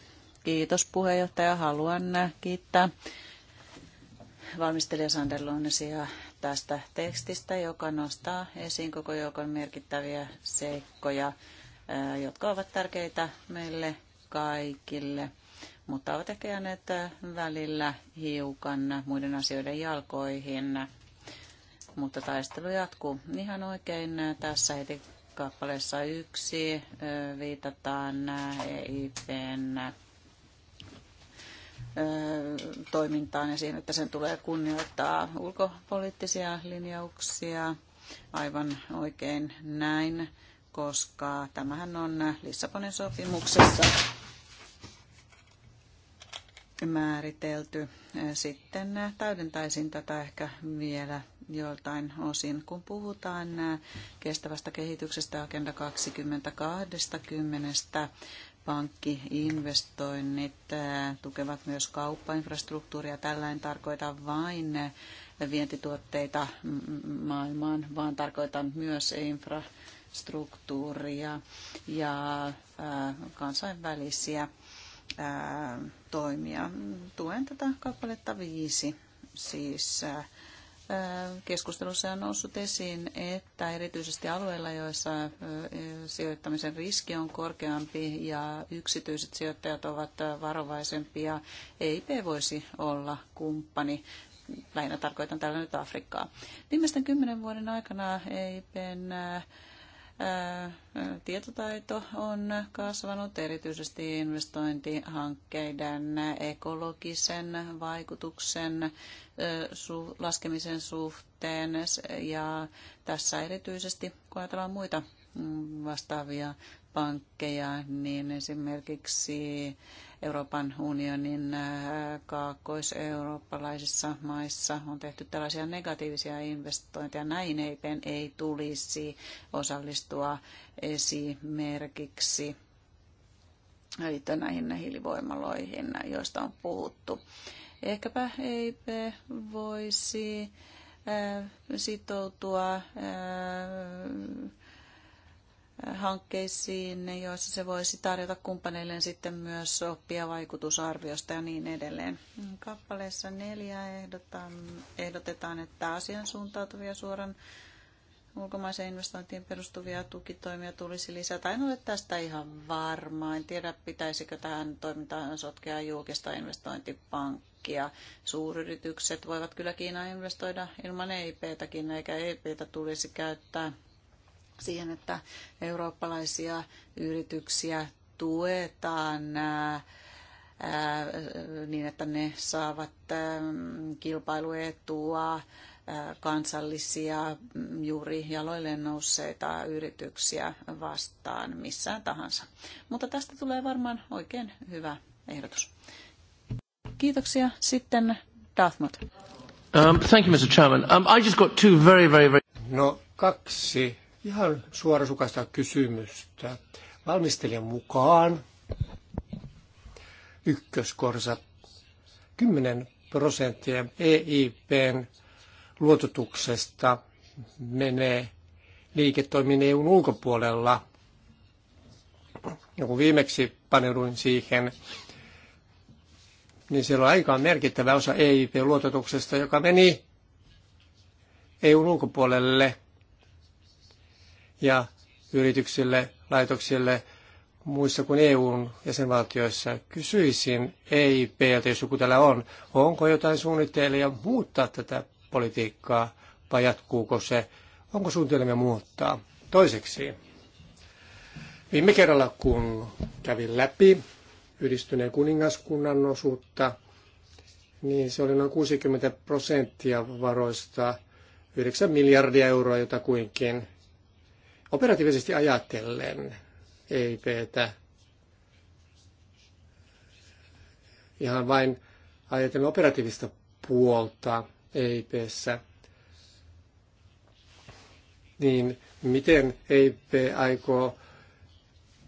Speaker 3: Kiitos puheenjohtaja. Haluan kiittää valmistelija Sander Lonnesia tästä tekstistä, joka nostaa esiin koko joukon merkittäviä seikkoja jotka ovat tärkeitä meille kaikille, mutta ovat ehkä jääneet välillä hiukan muiden asioiden jalkoihin. Mutta taistelu jatkuu ihan oikein tässä heti kappaleessa yksi viitataan EIPn toimintaan ja siihen, että sen tulee kunnioittaa ulkopoliittisia linjauksia. Aivan oikein näin koska tämähän on Lissabonin sopimuksessa määritelty. Sitten täydentäisin tätä ehkä vielä joiltain osin, kun puhutaan kestävästä kehityksestä Agenda 2020, pankkiinvestoinnit tukevat myös kauppainfrastruktuuria. Tällainen tarkoita vain vientituotteita maailmaan, vaan tarkoitan myös infrastruktuuria struktuuria ja kansainvälisiä toimia. Tuen tätä kappaletta viisi. Siis keskustelussa on noussut esiin, että erityisesti alueilla, joissa sijoittamisen riski on korkeampi ja yksityiset sijoittajat ovat varovaisempia, EIP voisi olla kumppani. Lähinnä tarkoitan täällä nyt Afrikkaa. Viimeisten kymmenen vuoden aikana EIPn tietotaito on kasvanut erityisesti investointihankkeiden ekologisen vaikutuksen laskemisen suhteen ja tässä erityisesti kun ajatellaan muita mm, vastaavia pankkeja, niin esimerkiksi Euroopan unionin äh, kaakkois-eurooppalaisissa maissa on tehty tällaisia negatiivisia investointeja. Näin ei, ei tulisi osallistua esimerkiksi liittyen näihin hiilivoimaloihin, joista on puhuttu. Ehkäpä EIP voisi äh, sitoutua äh, hankkeisiin, joissa se voisi tarjota kumppaneilleen sitten myös oppia vaikutusarviosta ja niin edelleen. Kappaleessa neljä ehdotan, ehdotetaan, että asian suuntautuvia suoran ulkomaiseen investointien perustuvia tukitoimia tulisi lisätä. En ole tästä ihan varma. En tiedä, pitäisikö tähän toimintaan sotkea julkista investointipankkia. Suuryritykset voivat kyllä Kiinaan investoida ilman EIPtäkin, eikä EIPtä tulisi käyttää siihen, että eurooppalaisia yrityksiä tuetaan niin, että ne saavat kilpailuetua, kansallisia mm, juuri jaloilleen nousseita yrityksiä vastaan missään tahansa. Mutta tästä tulee varmaan oikein hyvä ehdotus. Kiitoksia. Sitten Dartmouth.
Speaker 4: Um, thank you, Mr. Chairman. Um, I just got two very, very, very... No, kaksi ihan suorasukaista kysymystä. Valmistelijan mukaan ykköskorsa 10 prosenttia EIPn luototuksesta menee liiketoiminnan EUn ulkopuolella. Ja kun viimeksi paneuduin siihen, niin siellä on aika merkittävä osa EIP-luototuksesta, joka meni EUn ulkopuolelle ja yrityksille, laitoksille muissa kuin EUn jäsenvaltioissa. Kysyisin EIPltä, jos joku täällä on, onko jotain suunnitelmia muuttaa tätä politiikkaa vai jatkuuko se, onko suunnitelmia muuttaa. Toiseksi, viime kerralla kun kävin läpi yhdistyneen kuningaskunnan osuutta, niin se oli noin 60 prosenttia varoista, 9 miljardia euroa jotakuinkin. Operatiivisesti ajatellen EIPtä ihan vain ajatellen operatiivista puolta EIPssä, niin miten EIP aikoo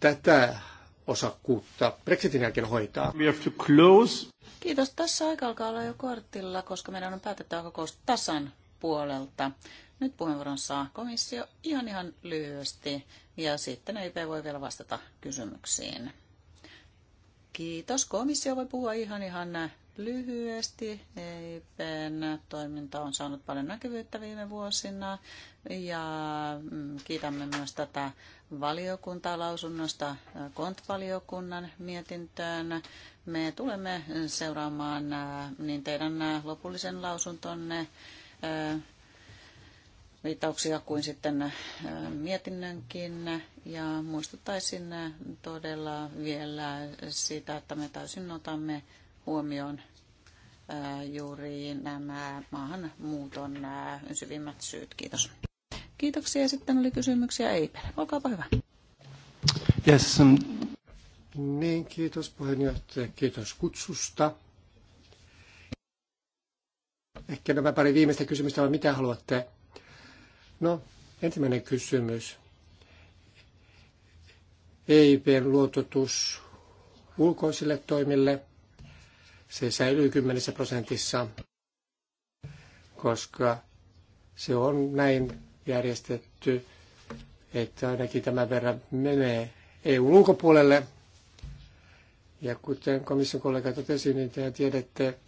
Speaker 4: tätä osakkuutta Brexitin jälkeen hoitaa. We have to close.
Speaker 3: Kiitos. Tässä aika alkaa olla jo kortilla, koska meidän on päätettävä kokous tasan puolelta. Nyt puheenvuoron saa komissio ihan ihan lyhyesti ja sitten EIP voi vielä vastata kysymyksiin. Kiitos. Komissio voi puhua ihan ihan lyhyesti. EIPn toiminta on saanut paljon näkyvyyttä viime vuosina ja mm, kiitämme myös tätä valiokuntaa lausunnosta kontvaliokunnan mietintöön. Me tulemme seuraamaan niin teidän lopullisen lausuntonne viitauksia kuin sitten äh, mietinnönkin. Ja muistuttaisin äh, todella vielä sitä, että me täysin otamme huomioon äh, juuri nämä maahanmuuton syvimmät syyt. Kiitos. Kiitoksia. Sitten oli kysymyksiä Eipel. Olkaapa hyvä.
Speaker 1: Yes. Um,
Speaker 4: niin, kiitos puheenjohtaja. Kiitos kutsusta. Ehkä nämä pari viimeistä kysymystä mitä haluatte No, ensimmäinen kysymys. EIPn luototus ulkoisille toimille, se säilyy 10 prosentissa, koska se on näin järjestetty, että ainakin tämän verran menee EU-ulkopuolelle. Ja kuten komission kollega totesi, niin te tiedätte,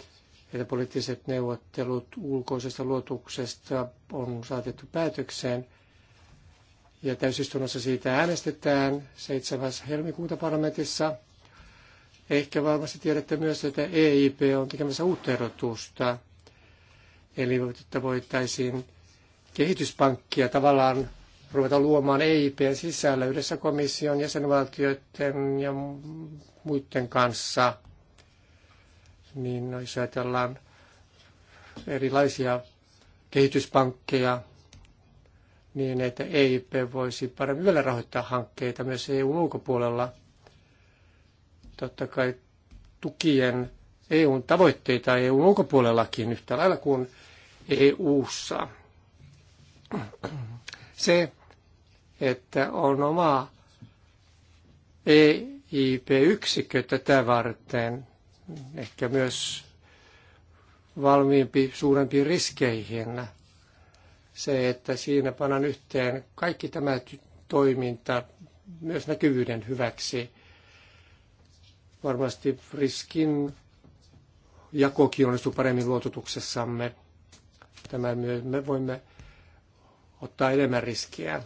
Speaker 4: että poliittiset neuvottelut ulkoisesta luotuksesta on saatettu päätökseen. Ja täysistunnossa siitä äänestetään 7. helmikuuta parlamentissa. Ehkä varmasti tiedätte myös, että EIP on tekemässä uutta erotusta. Eli että voitaisiin kehityspankkia tavallaan ruveta luomaan EIPn sisällä yhdessä komission jäsenvaltioiden ja muiden kanssa niin jos ajatellaan erilaisia kehityspankkeja, niin että EIP voisi paremmin vielä rahoittaa hankkeita myös EU-ulkopuolella. Totta kai tukien eu tavoitteita EUn ulkopuolellakin yhtä lailla kuin EUssa. Se, että on oma EIP-yksikkö tätä varten, ehkä myös valmiimpi suurempiin riskeihin. Se, että siinä panan yhteen kaikki tämä toiminta myös näkyvyyden hyväksi. Varmasti riskin jakokin onnistuu paremmin luototuksessamme. Tämä myös me voimme ottaa enemmän riskiä.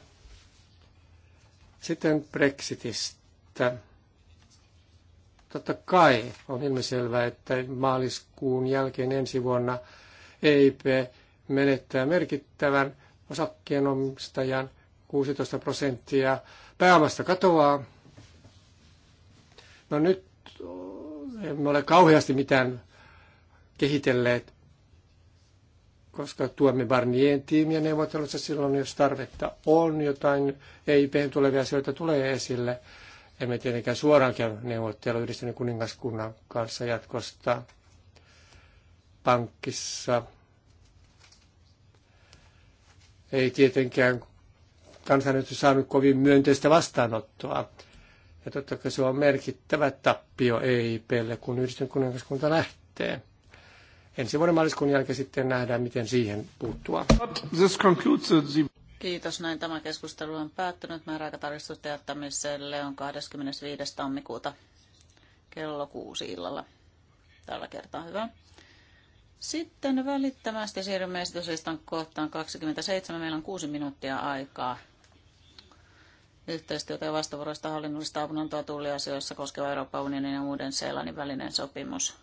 Speaker 4: Sitten Brexitistä. Totta kai on ilmiselvää, että maaliskuun jälkeen ensi vuonna EIP menettää merkittävän osakkeenomistajan 16 prosenttia. Pääomasta katoaa. No nyt emme ole kauheasti mitään kehitelleet, koska tuemme Barnien tiimiä neuvottelussa silloin, jos tarvetta on, jotain ei tulevia asioita tulee esille. Emme tietenkään suoraan käy neuvottelua yhdistyneen kuningaskunnan kanssa jatkosta pankissa. Ei tietenkään kansanäänestys saanut kovin myönteistä vastaanottoa. Ja totta kai se on merkittävä tappio EIPlle, kun yhdistyneen kuningaskunta lähtee. Ensi vuoden maaliskuun jälkeen sitten nähdään, miten siihen puuttua. This
Speaker 3: Kiitos. Näin tämä keskustelu on päättynyt. Määräaikatarkistusten jättämiselle on 25. tammikuuta kello kuusi illalla. Tällä kertaa hyvä. Sitten välittömästi siirrymme esityslistan kohtaan 27. Meillä on kuusi minuuttia aikaa yhteistyötä ja vastavuoroista hallinnollista avunantoa tulliasioissa koskeva Euroopan unionin ja muiden Seelannin välinen sopimus.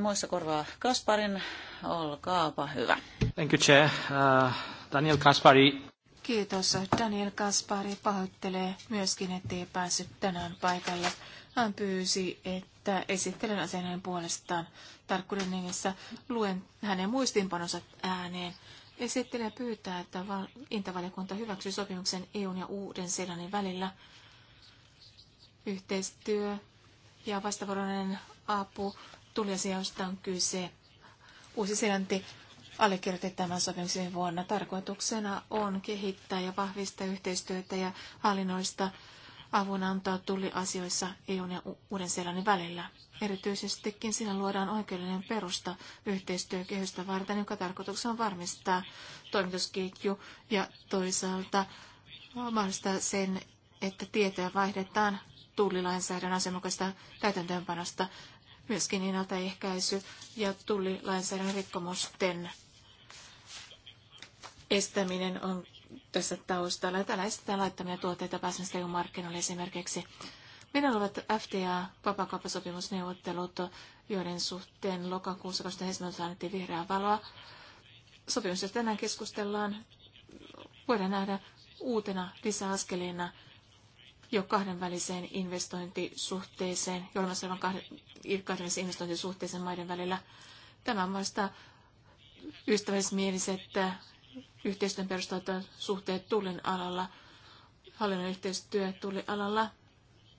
Speaker 3: Muissa korvaa Kasparin,
Speaker 2: olkaapa hyvä. Thank you, Chair. Uh, Daniel Kaspari. Kiitos. Daniel Kaspari pahoittelee myöskin, ettei päässyt tänään paikalle. Hän pyysi, että esittelen asian hänen puolestaan tarkkuuden nimissä. Luen hänen muistiinpanonsa ääneen. Esittelijä pyytää, että intavaliokunta hyväksyy sopimuksen EUn ja Uuden-Seelannin välillä. Yhteistyö ja vastavuoroinen apu tulisijoista on kyse. Uusi-Seelanti allekirjoitti tämän sopimuksen vuonna. Tarkoituksena on kehittää ja vahvistaa yhteistyötä ja hallinnoista avunantoa tulliasioissa EUn ja Uuden-Seelannin välillä. Erityisestikin siinä luodaan oikeudellinen perusta yhteistyökehystä varten, jonka tarkoituksena on varmistaa toimitusketju ja toisaalta mahdollistaa sen, että tietoja vaihdetaan tullilainsäädännön asianmukaista täytäntöönpanosta, myöskin ennaltaehkäisy ja tullilainsäädännön rikkomusten estäminen on tässä taustalla. Täällä estetään laittamia tuotteita pääsemistä EU-markkinoille esimerkiksi. Meillä ovat FTA, vapakauppasopimusneuvottelut, joiden suhteen lokakuussa 2017 annettiin vihreää valoa. Sopimus, josta tänään keskustellaan, voidaan nähdä uutena lisäaskeleena jo kahdenväliseen investointisuhteeseen, jo olemassa olevan kahdenväliseen investointisuhteeseen maiden välillä. Tämä on vasta ystävällismieliset yhteistyön perustuvat suhteet tullin alalla, hallinnon yhteistyö tullin alalla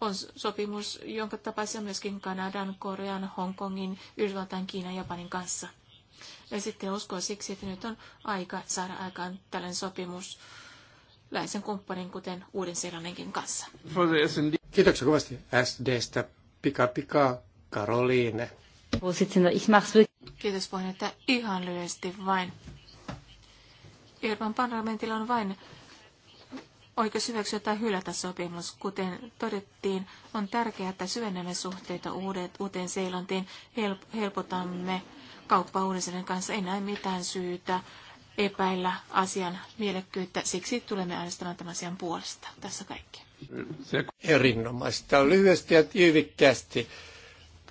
Speaker 2: on sopimus, jonka tapaisin myöskin Kanadan, Korean, Hongkongin, Yhdysvaltain, Kiinan ja Japanin kanssa. Ja sitten uskoa siksi, että nyt on aika saada aikaan tällainen sopimus läheisen kumppanin, kuten uuden seurannenkin kanssa.
Speaker 4: Kiitoksia kovasti SDstä. Pika pika Karoliine.
Speaker 2: Kiitos puheenjohtaja. Ihan lyhyesti vain. Euroopan parlamentilla on vain oikeus hyväksyä tai hylätä sopimus. Kuten todettiin, on tärkeää, että syvennämme suhteita uudet, uuteen help, helpotamme kauppaa uudelleen kanssa. Ei näe mitään syytä epäillä asian mielekkyyttä. Siksi tulemme äänestämään tämän asian puolesta. Tässä kaikki.
Speaker 4: Erinomaista. Lyhyesti ja tiivikkäästi.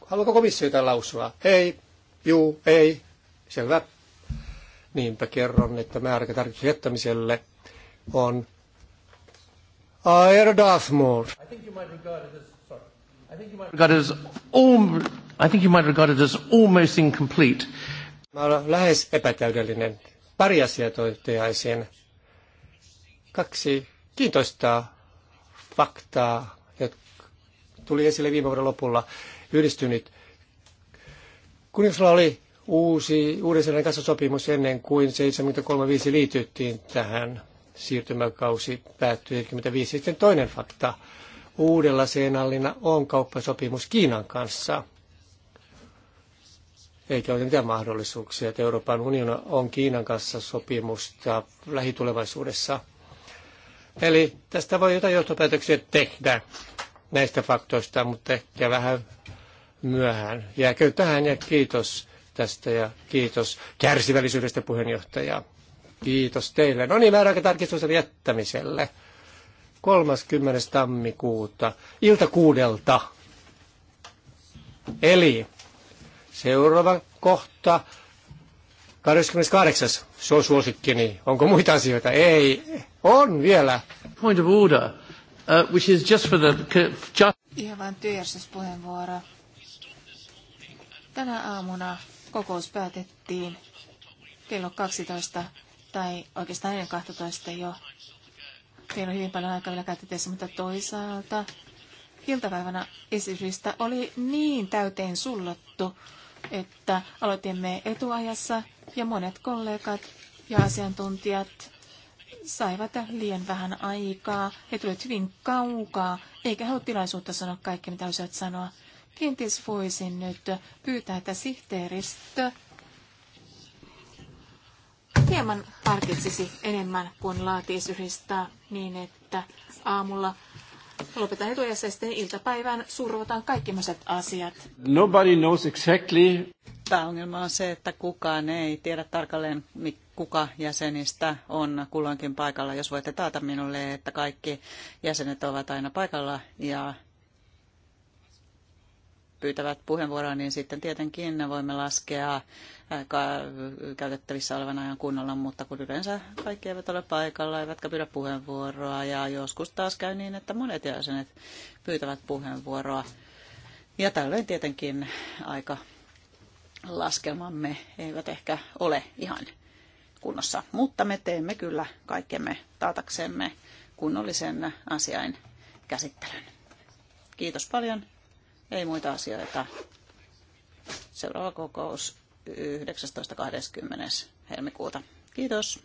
Speaker 4: Haluaako komissio lausua? Ei, juu, ei. Selvä. Niinpä kerron, että määräkä tarkoitus jättämiselle on Aero I
Speaker 1: think you might regard it as, I think
Speaker 4: you might regard it as, almost incomplete. Mä olen lähes epätäydellinen. Pari asiaa toteaisin. Kaksi kiintoista faktaa, jotka tuli esille viime vuoden lopulla. Yhdistynyt kuningaslla oli uusi uuden kanssa sopimus ennen kuin 735 liityttiin tähän. Siirtymäkausi päättyi 75. Sitten toinen fakta. Uudella seenallina on kauppasopimus Kiinan kanssa. Eikä ole mitään mahdollisuuksia, että Euroopan unioni on Kiinan kanssa sopimusta lähitulevaisuudessa. Eli tästä voi jotain johtopäätöksiä tehdä näistä faktoista, mutta ehkä vähän myöhään. Jääkö tähän ja kiitos tästä ja kiitos kärsivällisyydestä puheenjohtaja. Kiitos teille. No niin, määräaikatarkistusten jättämiselle. 30. tammikuuta ilta kuudelta. Eli seuraava kohta 28. Se on suosikkini. Niin onko muita asioita? Ei. On vielä. Point of order, uh, which is just for the... Just...
Speaker 2: Ihan vain työjärjestyspuheenvuoro. Tänä aamuna kokous päätettiin kello 12 tai oikeastaan ennen 12 jo. Meillä on hyvin paljon aikaa vielä käytetessä, mutta toisaalta iltapäivänä esitystä oli niin täyteen sullottu, että aloitimme etuajassa ja monet kollegat ja asiantuntijat saivat liian vähän aikaa. He tulivat hyvin kaukaa, eikä he ole tilaisuutta sanoa kaikki, mitä olisivat sanoa. Kenties voisin nyt pyytää, että sihteeristö hieman harkitsisi enemmän, kuin laatii niin, että aamulla lopetetaan etuajassa ja sitten iltapäivään survotaan kaikkimaiset asiat. Nobody knows exactly.
Speaker 3: Pääongelma on se, että kukaan ei tiedä tarkalleen, kuka jäsenistä on kulloinkin paikalla. Jos voitte taata minulle, että kaikki jäsenet ovat aina paikalla ja pyytävät puheenvuoroa, niin sitten tietenkin ne voimme laskea äh, käytettävissä olevan ajan kunnolla, mutta kun yleensä kaikki eivät ole paikalla, eivätkä pyydä puheenvuoroa, ja joskus taas käy niin, että monet jäsenet pyytävät puheenvuoroa. Ja tällöin tietenkin aika laskelmamme eivät ehkä ole ihan kunnossa, mutta me teemme kyllä kaikkemme taataksemme kunnollisen asiain käsittelyn. Kiitos paljon ei muita asioita. Seuraava kokous 19.20. helmikuuta. Kiitos.